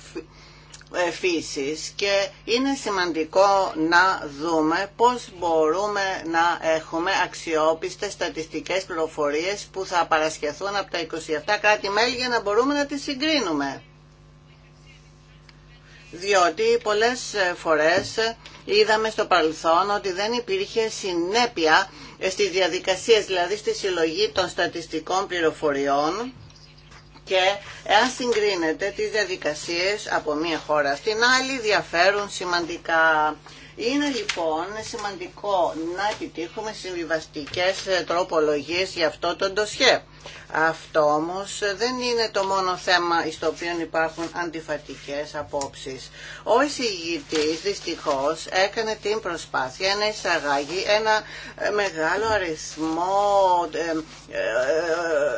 ε, φύσης και είναι σημαντικό να δούμε πώς μπορούμε να έχουμε αξιόπιστες στατιστικές πληροφορίες που θα παρασχεθούν από τα 27 κράτη-μέλη για να μπορούμε να τις συγκρίνουμε. Διότι πολλές φορές είδαμε στο παρελθόν ότι δεν υπήρχε συνέπεια στις διαδικασίες, δηλαδή στη συλλογή των στατιστικών πληροφοριών και εάν συγκρίνεται τις διαδικασίες από μία χώρα στην άλλη διαφέρουν σημαντικά. Είναι λοιπόν σημαντικό να επιτύχουμε συμβιβαστικέ ε, τροπολογίες για αυτό το ντοσιέ. Αυτό όμως δεν είναι το μόνο θέμα στο οποίο υπάρχουν αντιφατικές απόψεις. Ο εισηγητής δυστυχώς έκανε την προσπάθεια να εισαγάγει ένα ε, μεγάλο αριθμό ε,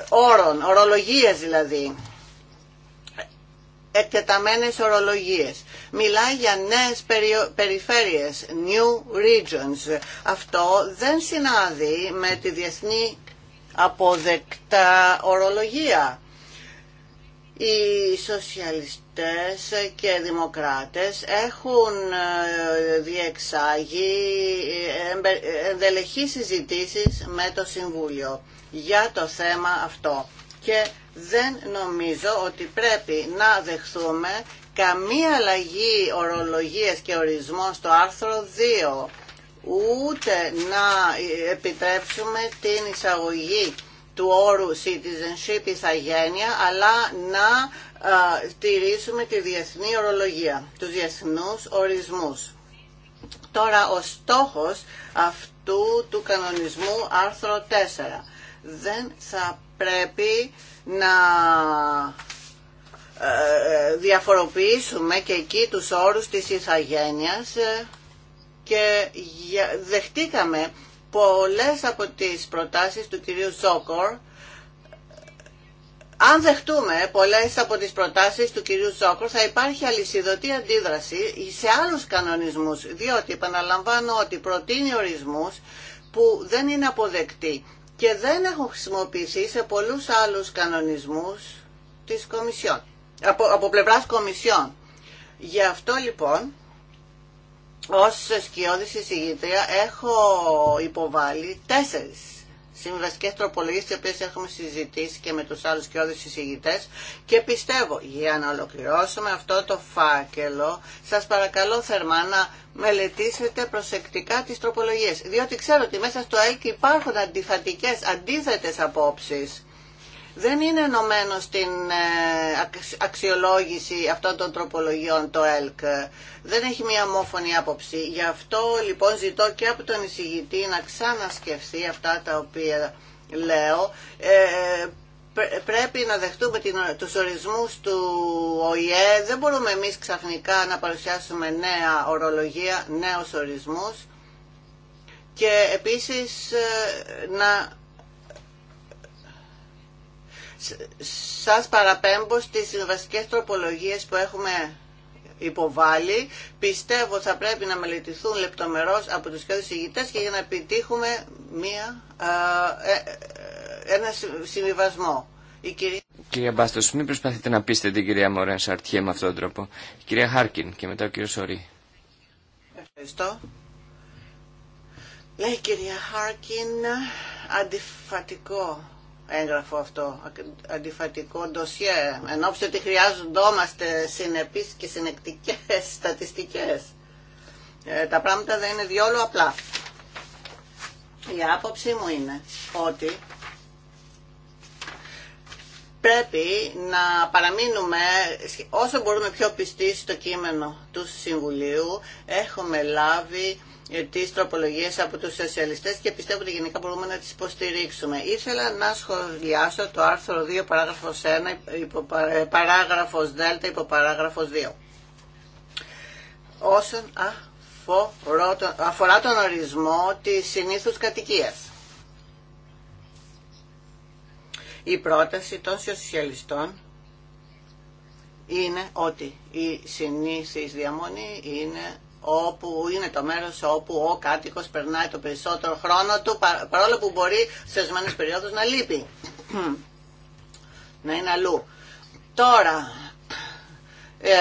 όρων, ορολογίες δηλαδή εκτεταμένες ορολογίες. Μιλάει για νέες περιφέρειες, new regions. Αυτό δεν συνάδει με τη διεθνή αποδεκτά ορολογία. Οι σοσιαλιστές και δημοκράτες έχουν ε, διεξάγει ε, ε, ενδελεχείς συζητήσεις με το Συμβούλιο για το θέμα αυτό και δεν νομίζω ότι πρέπει να δεχθούμε καμία αλλαγή ορολογίας και ορισμών στο άρθρο 2 ούτε να επιτρέψουμε την εισαγωγή του όρου citizenship ηθαγένεια, αλλά να τηρήσουμε τη διεθνή ορολογία, τους διεθνούς ορισμούς. Τώρα ο στόχος αυτού του κανονισμού άρθρο 4 δεν θα πρέπει να ε, διαφοροποιήσουμε και εκεί τους όρους της ηθαγένειας ε, και δεχτήκαμε πολλές από τις προτάσεις του κυρίου Σόκορ αν δεχτούμε πολλές από τις προτάσεις του κυρίου Σόκορ θα υπάρχει αλυσιδωτή αντίδραση σε άλλους κανονισμούς διότι επαναλαμβάνω ότι προτείνει ορισμούς που δεν είναι αποδεκτοί και δεν έχουν χρησιμοποιηθεί σε πολλούς άλλους κανονισμούς της Κομισιόν, από, από πλευράς Κομισιόν. Γι' αυτό λοιπόν, ως σκιώδης εισηγήτρια, έχω υποβάλει τέσσερις συμβαστικές τροπολογίε τις οποίε έχουμε συζητήσει και με τους άλλους και του συζητητές και πιστεύω για να ολοκληρώσουμε αυτό το φάκελο σας παρακαλώ θερμά να μελετήσετε προσεκτικά τις τροπολογίες διότι ξέρω ότι μέσα στο ΑΕΚ υπάρχουν αντιφατικές, αντίθετες απόψεις δεν είναι ενωμένο στην ε, αξιολόγηση αυτών των τροπολογιών το ΕΛΚ. Δεν έχει μία μόφωνη άποψη. Γι' αυτό λοιπόν ζητώ και από τον εισηγητή να ξανασκεφτεί αυτά τα οποία λέω. Ε, πρέπει να δεχτούμε την, τους ορισμούς του ΟΗΕ. Δεν μπορούμε εμείς ξαφνικά να παρουσιάσουμε νέα ορολογία, νέους ορισμούς. Και επίσης ε, να σας παραπέμπω στις βασικές τροπολογίες που έχουμε υποβάλει. Πιστεύω θα πρέπει να μελετηθούν λεπτομερώς από τους κέντρους ηγητές και για να επιτύχουμε μία, ε, ε, ένα συμβιβασμό. Η κυρία... Κυρία Μπάστος, μην προσπαθείτε να πείστε την κυρία Μωρέν Σαρτιέ με αυτόν τον τρόπο. Η κυρία Χάρκιν και μετά ο κύριος Σωρή. Ευχαριστώ. Λέει ναι, κυρία Χάρκιν, αντιφατικό έγγραφο αυτό, αντιφατικό ντοσιέ, ενώ ότι χρειάζονται συνεπείς και συνεκτικές στατιστικές. Ε, τα πράγματα δεν είναι διόλου απλά. Η άποψή μου είναι ότι πρέπει να παραμείνουμε όσο μπορούμε πιο πιστοί στο κείμενο του Συμβουλίου. Έχουμε λάβει ε, τις τροπολογίες από τους σοσιαλιστές και πιστεύω ότι γενικά μπορούμε να τις υποστηρίξουμε. Ήθελα να σχολιάσω το άρθρο 2 παράγραφος 1 υπο, ε, παράγραφος Δ υπό 2. Όσον αφορά τον ορισμό της συνήθους κατοικίας. Η πρόταση των σοσιαλιστών είναι ότι η συνήθις διαμονή είναι όπου είναι το μέρος όπου ο κάτοικο περνάει το περισσότερο χρόνο του, παρόλο που μπορεί σε ορισμένε περιόδους να λείπει, να είναι αλλού. Τώρα, ε,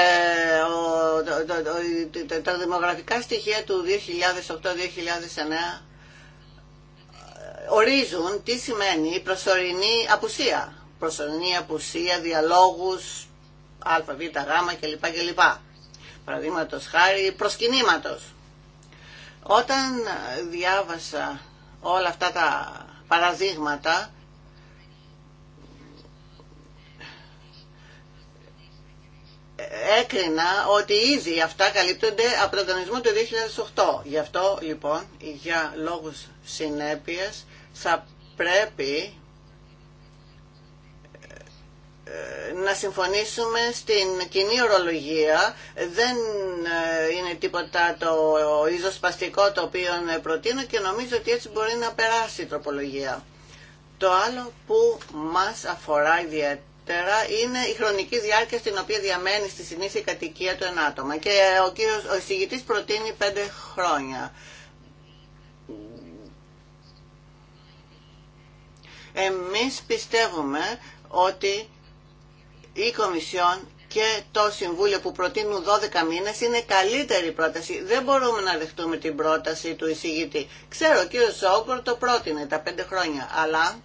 τα δημογραφικά στοιχεία του 2008-2009 ε, ορίζουν τι σημαίνει προσωρινή απουσία. Προσωρινή απουσία, διαλόγους, α, β, γ κλπ παραδείγματο χάρη προσκυνήματος. Όταν διάβασα όλα αυτά τα παραδείγματα, έκρινα ότι ήδη αυτά καλύπτονται από τον κανονισμό του 2008. Γι' αυτό λοιπόν, για λόγους συνέπειας, θα πρέπει να συμφωνήσουμε στην κοινή ορολογία δεν ε, είναι τίποτα το ριζοσπαστικό το οποίο ε, προτείνω και νομίζω ότι έτσι μπορεί να περάσει η τροπολογία. Το άλλο που μας αφορά ιδιαίτερα είναι η χρονική διάρκεια στην οποία διαμένει στη συνήθεια κατοικία του ένα άτομα και ο, κύριος, ο εισηγητής προτείνει πέντε χρόνια. Εμείς πιστεύουμε ότι η Κομισιόν και το Συμβούλιο που προτείνουν 12 μήνες είναι καλύτερη πρόταση. Δεν μπορούμε να δεχτούμε την πρόταση του εισηγητή. Ξέρω, ο κ. Σόγκορ το πρότεινε τα 5 χρόνια, αλλά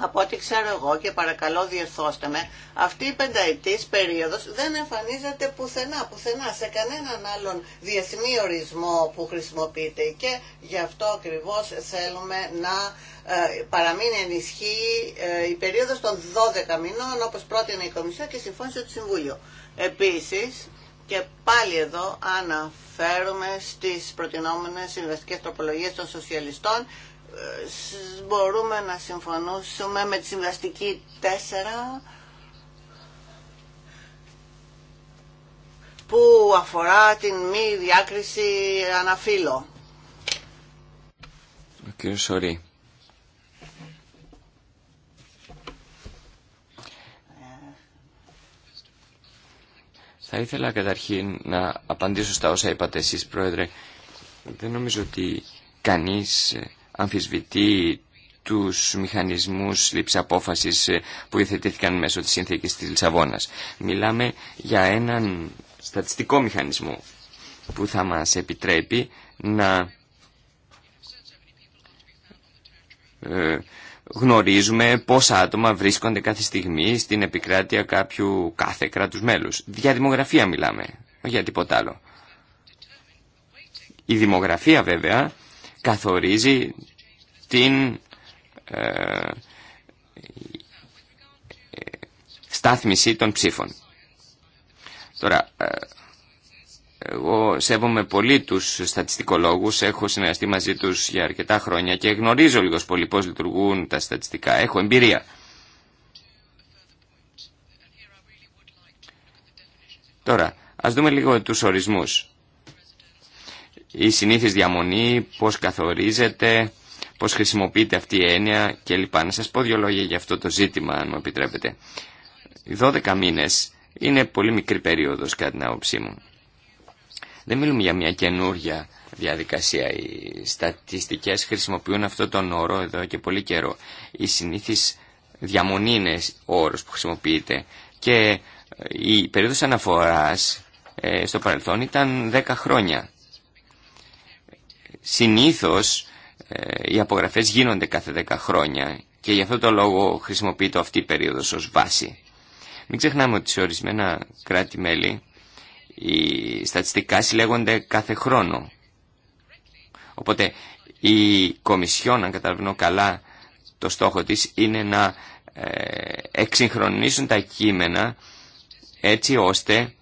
από ό,τι ξέρω εγώ και παρακαλώ διορθώστε με, αυτή η πενταετής περίοδος δεν εμφανίζεται πουθενά, πουθενά σε κανέναν άλλον διεθνή ορισμό που χρησιμοποιείται και γι' αυτό ακριβώς θέλουμε να ε, παραμείνει ενισχύ ε, η περίοδος των 12 μηνών όπως πρότεινε η Κομισιό και συμφώνησε το Συμβούλιο. Επίσης, και πάλι εδώ αναφέρουμε στις προτινόμενες συμβαστικές τροπολογίες των σοσιαλιστών μπορούμε να συμφωνούσουμε με τη συμβαστική 4 που αφορά την μη διάκριση αναφύλω. Ο κύριος Σωρή. Θα ήθελα καταρχήν να απαντήσω στα όσα είπατε εσείς, Πρόεδρε. Δεν νομίζω ότι κανείς ε, αμφισβητεί τους μηχανισμούς λήψη απόφασης ε, που υιοθετήθηκαν μέσω της Σύνθηκης της Λισαβόνας. Μιλάμε για έναν στατιστικό μηχανισμό που θα μας επιτρέπει να ε, γνωρίζουμε πόσα άτομα βρίσκονται κάθε στιγμή στην επικράτεια κάποιου κάθε κράτους μέλους. Για δημογραφία μιλάμε, όχι για τίποτα άλλο. Η δημογραφία βέβαια καθορίζει την ε, στάθμιση των ψήφων. Τώρα, ε, εγώ σέβομαι πολύ τους στατιστικολόγους, έχω συνεργαστεί μαζί τους για αρκετά χρόνια και γνωρίζω λίγο πολύ πώς λειτουργούν τα στατιστικά, έχω εμπειρία. Τώρα, ας δούμε λίγο τους ορισμούς η συνήθις διαμονή, πώς καθορίζεται, πώς χρησιμοποιείται αυτή η έννοια κλπ. Να σας πω δύο λόγια για αυτό το ζήτημα, αν μου επιτρέπετε. Οι 12 μήνες είναι πολύ μικρή περίοδος κατά την άποψή μου. Δεν μιλούμε για μια καινούργια διαδικασία. Οι στατιστικές χρησιμοποιούν αυτό τον όρο εδώ και πολύ καιρό. Η συνήθις διαμονή είναι ο όρος που χρησιμοποιείται και η περίοδος αναφοράς ε, στο παρελθόν ήταν 10 χρόνια. Συνήθως ε, οι απογραφές γίνονται κάθε 10 χρόνια και γι' αυτό το λόγο χρησιμοποιείται αυτή η περίοδος ως βάση. Μην ξεχνάμε ότι σε ορισμένα κράτη-μέλη οι στατιστικά συλλέγονται κάθε χρόνο. Οπότε η Κομισιόν, αν καταλαβαίνω καλά το στόχο της, είναι να ε, εξυγχρονίσουν τα κείμενα έτσι ώστε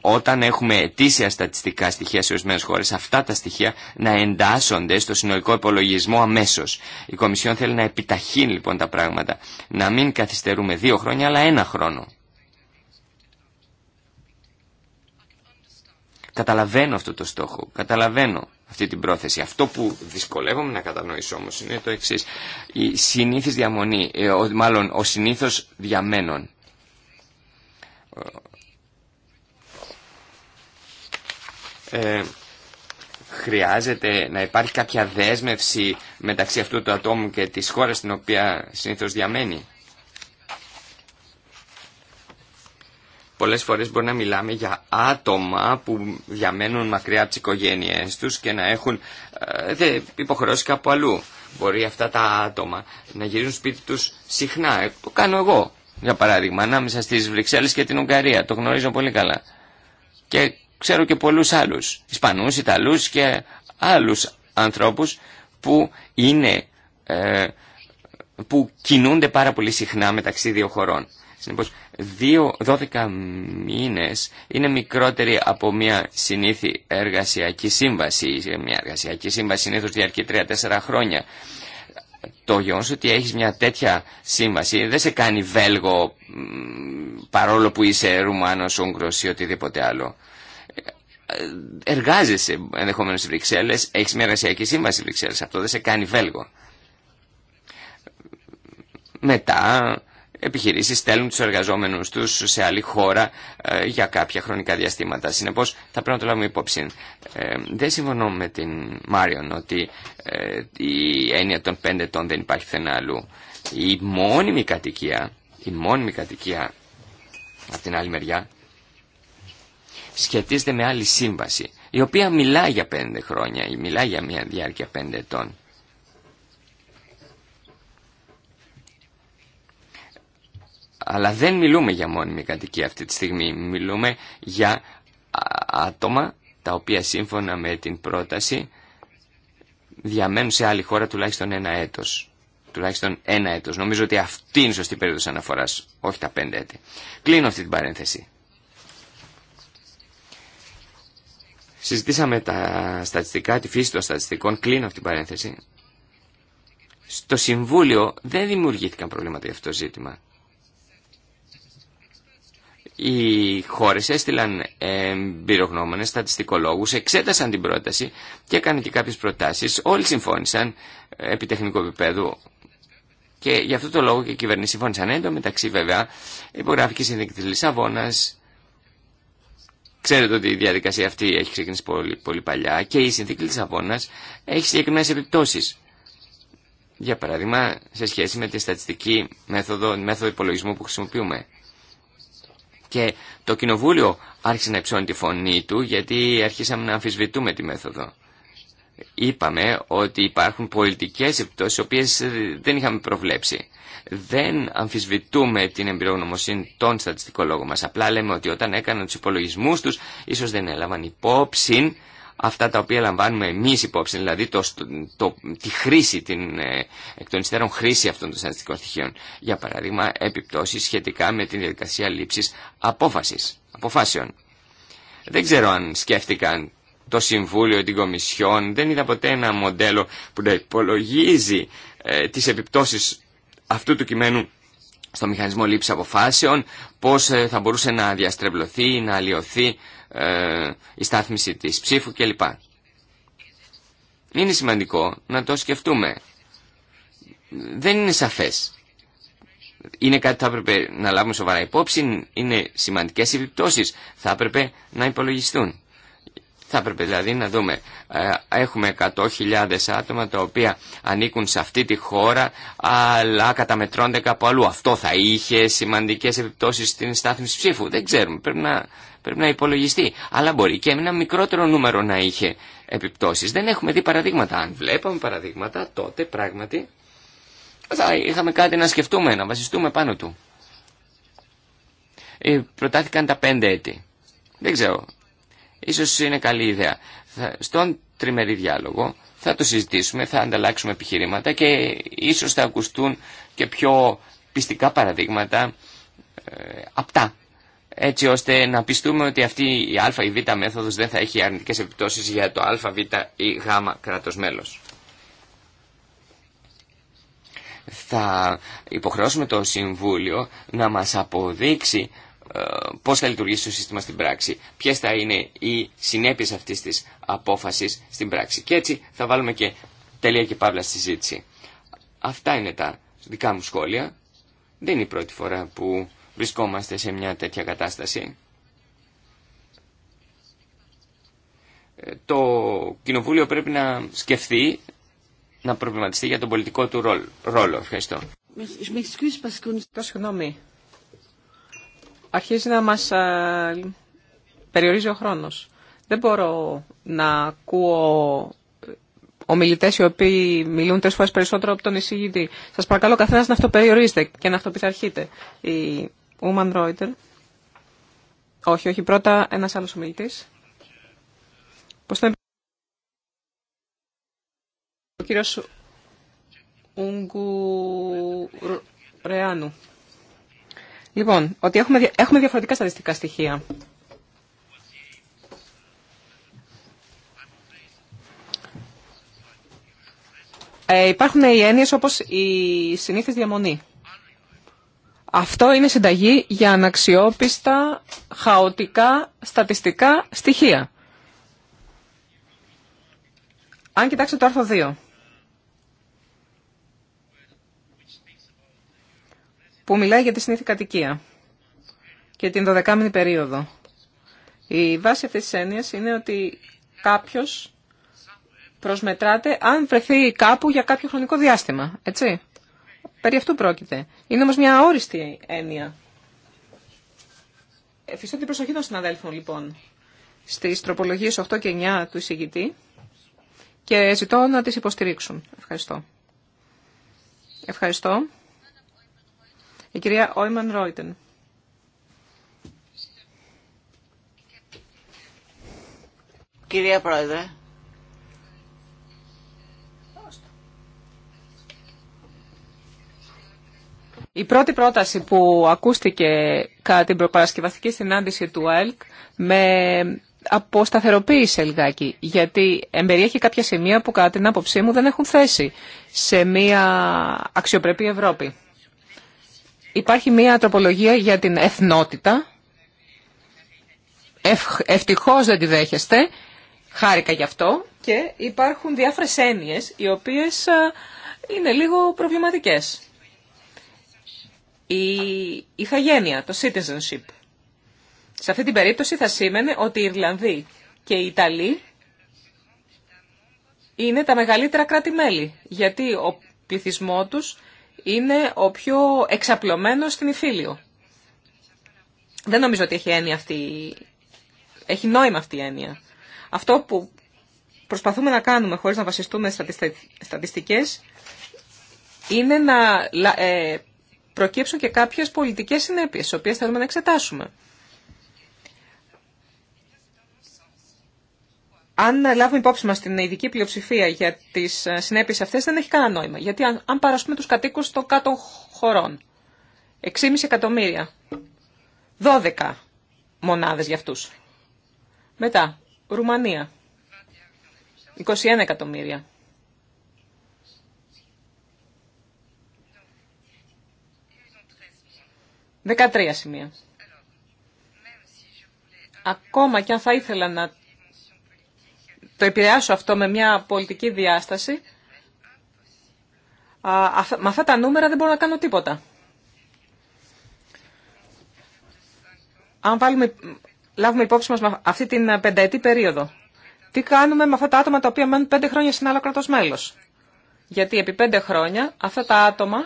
όταν έχουμε ετήσια στατιστικά στοιχεία σε ορισμένε χώρε, αυτά τα στοιχεία να εντάσσονται στο συνολικό υπολογισμό αμέσω. Η Κομισιόν θέλει να επιταχύνει λοιπόν τα πράγματα. Να μην καθυστερούμε δύο χρόνια, αλλά ένα χρόνο. Καταλαβαίνω αυτό το στόχο, καταλαβαίνω αυτή την πρόθεση. Αυτό που δυσκολεύομαι να κατανοήσω όμω είναι το εξή. Η διαμονή, ε, μάλλον ο συνήθω διαμένων ε, χρειάζεται να υπάρχει κάποια δέσμευση μεταξύ αυτού του ατόμου και της χώρας στην οποία συνήθως διαμένει. Πολλές φορές μπορεί να μιλάμε για άτομα που διαμένουν μακριά από τις οικογένειές τους και να έχουν ε, υποχρεώσει κάπου αλλού. Μπορεί αυτά τα άτομα να γυρίζουν σπίτι τους συχνά. Ε, το κάνω εγώ, για παράδειγμα, ανάμεσα στις Βρυξέλλες και την Ουγγαρία. Το γνωρίζω πολύ καλά. Και ξέρω και πολλούς άλλους, Ισπανούς, Ιταλούς και άλλους ανθρώπους που είναι, ε, που κινούνται πάρα πολύ συχνά μεταξύ δύο χωρών. Συνεπώς, δύο, 12 μήνες είναι μικρότεροι από μια συνήθι εργασιακή σύμβαση. Ε, μια εργασιακή σύμβαση συνήθως διαρκεί 3-4 χρόνια. Το γεγονός ότι έχεις μια τέτοια σύμβαση δεν σε κάνει Βέλγο παρόλο που είσαι Ρουμάνος, Ούγκρος ή οτιδήποτε άλλο εργάζεσαι ενδεχομένω στι Βρυξέλλε, έχει μια εργασιακή σύμβαση στι Βρυξέλλε. Αυτό δεν σε κάνει Βέλγο. Μετά, επιχειρήσει στέλνουν του εργαζόμενου του σε άλλη χώρα ε, για κάποια χρονικά διαστήματα. Συνεπώ, θα πρέπει να το λάβουμε υπόψη. Ε, δεν συμφωνώ με την Μάριον ότι ε, η έννοια των πέντε ετών δεν υπάρχει πουθενά αλλού. Η μόνιμη κατοικία, η μόνιμη κατοικία από την άλλη μεριά, σχετίζεται με άλλη σύμβαση, η οποία μιλά για πέντε χρόνια ή μιλά για μια διάρκεια πέντε ετών. Αλλά δεν μιλούμε για μόνιμη κατοικία αυτή τη στιγμή. Μιλούμε για άτομα τα οποία σύμφωνα με την πρόταση διαμένουν σε άλλη χώρα τουλάχιστον ένα έτος. Τουλάχιστον ένα έτος. Νομίζω ότι αυτή είναι η σωστή περίοδος αναφοράς, όχι τα πέντε έτη. Κλείνω αυτή την παρένθεση. Συζητήσαμε τα στατιστικά, τη φύση των στατιστικών, κλείνω αυτή την παρένθεση. Στο Συμβούλιο δεν δημιουργήθηκαν προβλήματα για αυτό το ζήτημα. Οι χώρες έστειλαν εμπειρογνώμονες, στατιστικολόγους, εξέτασαν την πρόταση και έκανε και κάποιες προτάσεις. Όλοι συμφώνησαν επί τεχνικού επίπεδου και γι' αυτό το λόγο και οι κυβερνήσεις συμφώνησαν. Εν τω μεταξύ βέβαια υπογράφηκε η συνδίκη της Λισαβόνας, Ξέρετε ότι η διαδικασία αυτή έχει ξεκινήσει πολύ, πολύ παλιά και η συνθήκη της Αβώνας έχει συγκεκριμένε επιπτώσεις. Για παράδειγμα, σε σχέση με τη στατιστική μέθοδο, μέθοδο υπολογισμού που χρησιμοποιούμε. Και το Κοινοβούλιο άρχισε να υψώνει τη φωνή του γιατί αρχίσαμε να αμφισβητούμε τη μέθοδο. Είπαμε ότι υπάρχουν πολιτικές επιπτώσεις, οι οποίες δεν είχαμε προβλέψει δεν αμφισβητούμε την εμπειρογνωμοσύνη των στατιστικών λόγων μας. Απλά λέμε ότι όταν έκαναν τους υπολογισμούς τους, ίσως δεν έλαβαν υπόψη αυτά τα οποία λαμβάνουμε εμείς υπόψη, δηλαδή το, το, τη χρήση, την ε, εκ των υστέρων χρήση αυτών των στατιστικών στοιχείων. Για παράδειγμα, επιπτώσεις σχετικά με τη διαδικασία λήψης απόφασης, αποφάσεων. Δεν ξέρω αν σκέφτηκαν το Συμβούλιο, την Κομισιόν, δεν είδα ποτέ ένα μοντέλο που να υπολογίζει ε, τις επιπτώσεις αυτού του κειμένου στο μηχανισμό λήψη αποφάσεων, πώς ε, θα μπορούσε να διαστρεβλωθεί να αλλοιωθεί ε, η στάθμιση της ψήφου κλπ. Είναι σημαντικό να το σκεφτούμε. Δεν είναι σαφές. Είναι κάτι που θα έπρεπε να λάβουμε σοβαρά υπόψη, είναι σημαντικές επιπτώσεις, θα έπρεπε να υπολογιστούν. Θα έπρεπε δηλαδή να δούμε, ε, έχουμε 100.000 άτομα τα οποία ανήκουν σε αυτή τη χώρα αλλά καταμετρώνται κάπου αλλού. Αυτό θα είχε σημαντικές επιπτώσεις στην στάθμιση ψήφου. Δεν ξέρουμε, πρέπει να, πρέπει να υπολογιστεί. Αλλά μπορεί και ένα μικρότερο νούμερο να είχε επιπτώσεις. Δεν έχουμε δει παραδείγματα. Αν βλέπαμε παραδείγματα τότε πράγματι θα είχαμε κάτι να σκεφτούμε, να βασιστούμε πάνω του. Ε, προτάθηκαν τα πέντε έτη. Δεν ξέρω Ίσως είναι καλή ιδέα. στον τριμερή διάλογο θα το συζητήσουμε, θα ανταλλάξουμε επιχειρήματα και ίσως θα ακουστούν και πιο πιστικά παραδείγματα ε, απτά. Έτσι ώστε να πιστούμε ότι αυτή η α ή β μέθοδος δεν θα έχει αρνητικές επιπτώσεις για το α, β ή γ κράτος μέλος. Θα υποχρεώσουμε το Συμβούλιο να μας αποδείξει ε, πώς θα λειτουργήσει το σύστημα στην πράξη, ποιες θα είναι οι συνέπειες αυτής της απόφασης στην πράξη. Και έτσι θα βάλουμε και τελεία και παύλα στη συζήτηση. Αυτά είναι τα δικά μου σχόλια. Δεν είναι η πρώτη φορά που βρισκόμαστε σε μια τέτοια κατάσταση. Ε, το Κοινοβούλιο πρέπει να σκεφτεί, να προβληματιστεί για τον πολιτικό του ρόλο. Ευχαριστώ αρχίζει να μας περιορίζει ο χρόνος. Δεν μπορώ να ακούω ομιλητέ οι οποίοι μιλούν τρει φορέ περισσότερο από τον εισηγητή. Σα παρακαλώ καθένα να αυτοπεριορίζετε και να αυτοπιθαρχείτε. Η Ούμαν Ρόιτερ. Όχι, όχι, πρώτα ένα άλλο ομιλητή. Πώ θα. Ο κύριο Ούγκου Ρεάνου. Λοιπόν, ότι έχουμε, έχουμε διαφορετικά στατιστικά στοιχεία. Ε, υπάρχουν οι έννοιες όπως η συνήθις διαμονή. Αυτό είναι συνταγή για αναξιόπιστα, χαοτικά, στατιστικά στοιχεία. Αν κοιτάξετε το άρθρο 2 που μιλάει για τη συνήθεια κατοικία και την 12 περίοδο. Η βάση αυτής της έννοιας είναι ότι κάποιος προσμετράται αν βρεθεί κάπου για κάποιο χρονικό διάστημα, έτσι. Περί αυτού πρόκειται. Είναι όμως μια αόριστη έννοια. Εφιστώ την προσοχή των συναδέλφων, λοιπόν, στις τροπολογίες 8 και 9 του εισηγητή και ζητώ να τις υποστηρίξουν. Ευχαριστώ. Ευχαριστώ. Η κυρία Όιμαν Κυρία Πρόεδρε. Η πρώτη πρόταση που ακούστηκε κατά την προπαρασκευαστική συνάντηση του ΑΕΛΚ με αποσταθεροποίησε λιγάκι, γιατί εμπεριέχει κάποια σημεία που κατά την άποψή μου δεν έχουν θέση σε μια αξιοπρεπή Ευρώπη. Υπάρχει μία τροπολογία για την εθνότητα. Ευτυχώς δεν τη δέχεστε. Χάρηκα γι' αυτό. Και υπάρχουν διάφορες έννοιες οι οποίες είναι λίγο προβληματικές. Η ηθαγένεια, το citizenship. Σε αυτή την περίπτωση θα σήμαινε ότι οι Ιρλανδοί και οι Ιταλοί είναι τα μεγαλύτερα κράτη-μέλη, γιατί ο πληθυσμό τους είναι ο πιο εξαπλωμένος στην Ιφίλιο. Δεν νομίζω ότι έχει έννοια αυτή, έχει νόημα αυτή η έννοια. Αυτό που προσπαθούμε να κάνουμε χωρίς να βασιστούμε στατιστικές είναι να ε, προκύψουν και κάποιες πολιτικές συνέπειες, τις οποίες θέλουμε να εξετάσουμε. αν λάβουμε υπόψη μα την ειδική πλειοψηφία για τι ε, συνέπειε αυτέ, δεν έχει κανένα νόημα. Γιατί αν, αν παρασπούμε του κατοίκου των κάτω χωρών, 6,5 εκατομμύρια, 12 μονάδε για αυτού. Μετά, Ρουμανία, 21 εκατομμύρια. 13 σημεία. Ακόμα και αν θα ήθελα να το επηρεάσω αυτό με μια πολιτική διάσταση, με αυτά τα νούμερα δεν μπορώ να κάνω τίποτα. Αν βάλουμε, λάβουμε υπόψη μας αυτή την πενταετή περίοδο, τι κάνουμε με αυτά τα άτομα τα οποία μένουν πέντε χρόνια στην άλλο κρατός μέλος. Γιατί επί πέντε χρόνια αυτά τα άτομα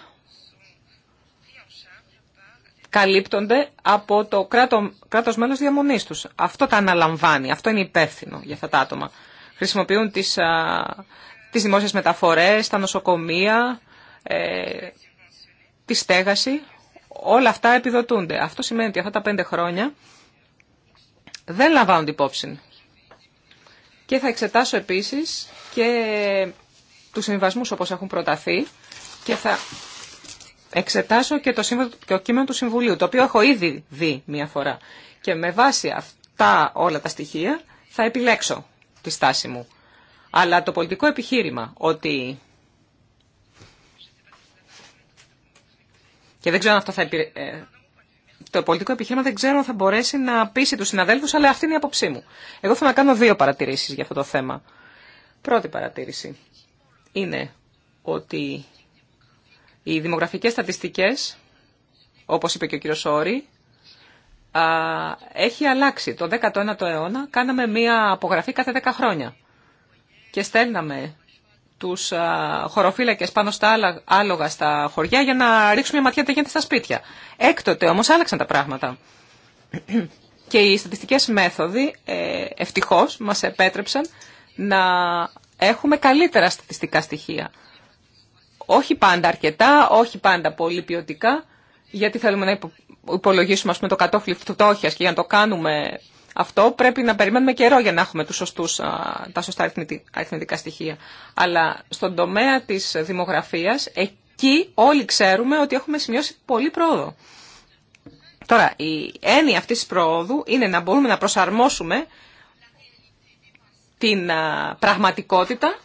καλύπτονται από το κράτο, κράτος μέλος διαμονής τους. Αυτό τα αναλαμβάνει, αυτό είναι υπεύθυνο για αυτά τα άτομα χρησιμοποιούν τις, τις δημόσιες μεταφορές, τα νοσοκομεία, ε, τη στέγαση. Όλα αυτά επιδοτούνται. Αυτό σημαίνει ότι αυτά τα πέντε χρόνια δεν λαμβάνουν υπόψη. Και θα εξετάσω επίσης και τους συμβασμούς όπως έχουν προταθεί και θα εξετάσω και το, και το κείμενο του Συμβουλίου, το οποίο έχω ήδη δει μία φορά. Και με βάση αυτά όλα τα στοιχεία θα επιλέξω τη στάση μου. Αλλά το πολιτικό επιχείρημα ότι... Και δεν ξέρω αν αυτό θα ε, Το πολιτικό επιχείρημα δεν ξέρω αν θα μπορέσει να πείσει τους συναδέλφους, αλλά αυτή είναι η απόψή μου. Εγώ θέλω να κάνω δύο παρατηρήσεις για αυτό το θέμα. Πρώτη παρατήρηση είναι ότι οι δημογραφικές στατιστικές, όπως είπε και ο κύριος Σόρη, έχει αλλάξει. Το 19ο αιώνα κάναμε μία απογραφή κάθε 10 χρόνια και στέλναμε τους χωροφύλακες πάνω στα άλογα στα χωριά για να ρίξουμε μια ματιά τι γίνεται στα σπίτια. Έκτοτε όμως άλλαξαν τα πράγματα. Και οι στατιστικές μέθοδοι ε, ευτυχώς μας επέτρεψαν να έχουμε καλύτερα στατιστικά στοιχεία. Όχι πάντα αρκετά, όχι πάντα πολύ ποιοτικά, γιατί θέλουμε να υπολογίσουμε πούμε, το κατόφλι φτώχεια και για να το κάνουμε αυτό πρέπει να περιμένουμε καιρό για να έχουμε τους σωστούς, τα σωστά αριθμητικά στοιχεία. Αλλά στον τομέα της δημογραφίας, εκεί όλοι ξέρουμε ότι έχουμε σημειώσει πολύ πρόοδο. Τώρα, η έννοια αυτής της πρόοδου είναι να μπορούμε να προσαρμόσουμε την πραγματικότητα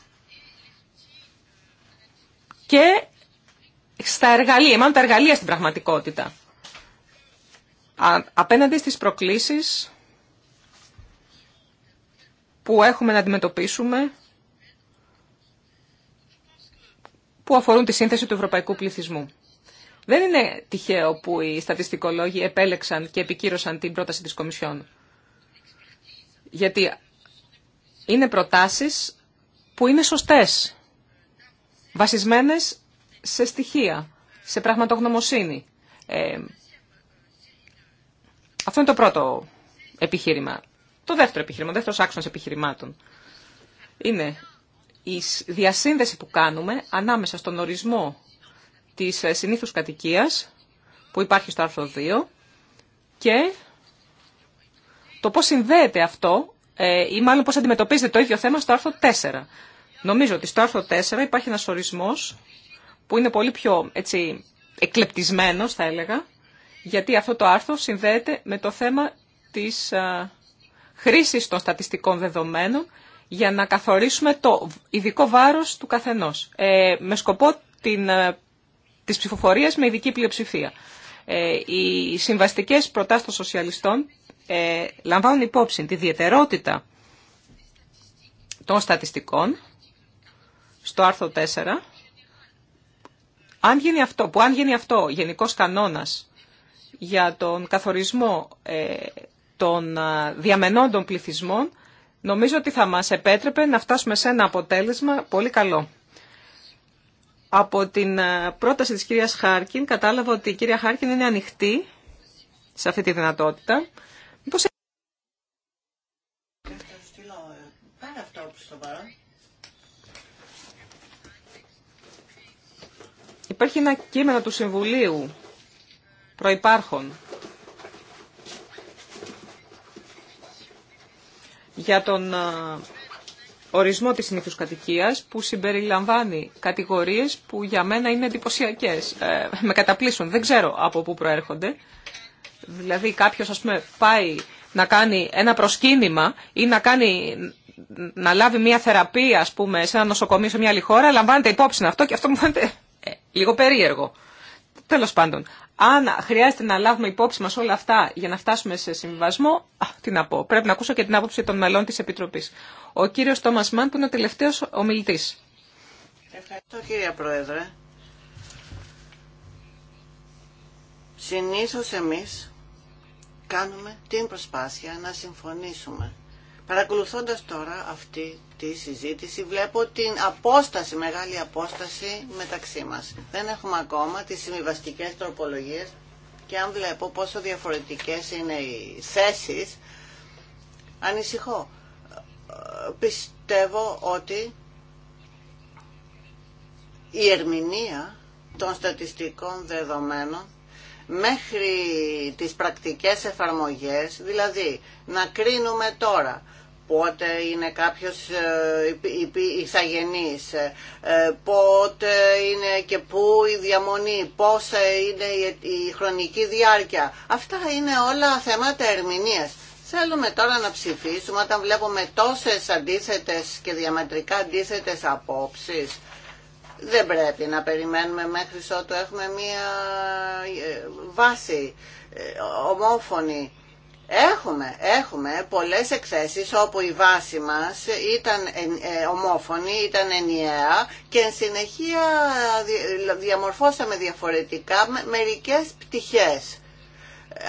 και στα εργαλεία, μάλλον τα εργαλεία στην πραγματικότητα. Απέναντι στις προκλήσεις που έχουμε να αντιμετωπίσουμε, που αφορούν τη σύνθεση του ευρωπαϊκού πληθυσμού. Δεν είναι τυχαίο που οι στατιστικολόγοι επέλεξαν και επικύρωσαν την πρόταση της Κομισιόν. Γιατί είναι προτάσεις που είναι σωστές, βασισμένες σε στοιχεία, σε πραγματογνωμοσύνη. Ε, αυτό είναι το πρώτο επιχείρημα. Το δεύτερο επιχείρημα, ο δεύτερος άξονας επιχειρημάτων είναι η διασύνδεση που κάνουμε ανάμεσα στον ορισμό τη ε, συνήθου κατοικία που υπάρχει στο άρθρο 2 και το πώ συνδέεται αυτό ε, ή μάλλον πώ αντιμετωπίζεται το ίδιο θέμα στο άρθρο 4. Νομίζω ότι στο άρθρο 4 υπάρχει ένα ορισμό που είναι πολύ πιο έτσι, εκλεπτισμένος θα έλεγα, γιατί αυτό το άρθρο συνδέεται με το θέμα της χρήσης των στατιστικών δεδομένων για να καθορίσουμε το ειδικό βάρος του καθενός, ε, με σκοπό την, της ψηφοφορίας με ειδική πλειοψηφία. Ε, οι συμβαστικές προτάσεις των σοσιαλιστών ε, λαμβάνουν υπόψη τη διαιτερότητα των στατιστικών στο άρθρο 4 αν γίνει αυτό, που αν γίνει αυτό γενικός κανόνας για τον καθορισμό ε, των διαμενών των πληθυσμών, νομίζω ότι θα μας επέτρεπε να φτάσουμε σε ένα αποτέλεσμα πολύ καλό. Από την πρόταση της κυρίας Χάρκιν κατάλαβα ότι η κυρία Χάρκιν είναι ανοιχτή σε αυτή τη δυνατότητα. Μήπως... Ε, Υπάρχει ένα κείμενο του Συμβουλίου προϋπάρχων για τον ε, ορισμό της συνήθους κατοικίας που συμπεριλαμβάνει κατηγορίες που για μένα είναι εντυπωσιακέ. Ε, με καταπλήσουν, δεν ξέρω από πού προέρχονται. Δηλαδή κάποιος ας πούμε πάει να κάνει ένα προσκύνημα ή να, κάνει, να λάβει μια θεραπεία ας πούμε σε ένα νοσοκομείο σε μια άλλη χώρα, λαμβάνεται υπόψη αυτό και αυτό μου φαίνεται ε, λίγο περίεργο. Τέλος πάντων, αν χρειάζεται να λάβουμε υπόψη μα όλα αυτά για να φτάσουμε σε συμβιβασμό, α, τι να πω, πρέπει να ακούσω και την άποψη των μελών τη Επιτροπής. Ο κύριος Τόμα Μαν που είναι ο τελευταίος ομιλητής. Ευχαριστώ κύριε Πρόεδρε. Συνήθως εμεί κάνουμε την προσπάθεια να συμφωνήσουμε. Παρακολουθώντας τώρα αυτή τη συζήτηση βλέπω την απόσταση, μεγάλη απόσταση μεταξύ μας. Δεν έχουμε ακόμα τις συμβιβαστικέ τροπολογίες και αν βλέπω πόσο διαφορετικές είναι οι θέσεις, ανησυχώ. Πιστεύω ότι η ερμηνεία των στατιστικών δεδομένων μέχρι τις πρακτικές εφαρμογές, δηλαδή να κρίνουμε τώρα πότε είναι κάποιος ε, ηθαγενής, ε, ε, πότε είναι και πού η διαμονή, πόσα είναι η χρονική διάρκεια. Αυτά είναι όλα θέματα ερμηνείας. Θέλουμε τώρα να ψηφίσουμε όταν βλέπουμε τόσες αντίθετες και διαμετρικά αντίθετες απόψεις. Δεν πρέπει να περιμένουμε μέχρι ότου έχουμε μία βάση ομόφωνη Έχουμε, έχουμε πολλές εκθέσεις όπου η βάση μας ήταν ε, ομόφωνη, ήταν ενιαία και εν συνεχεία διαμορφώσαμε διαφορετικά μερικές πτυχές.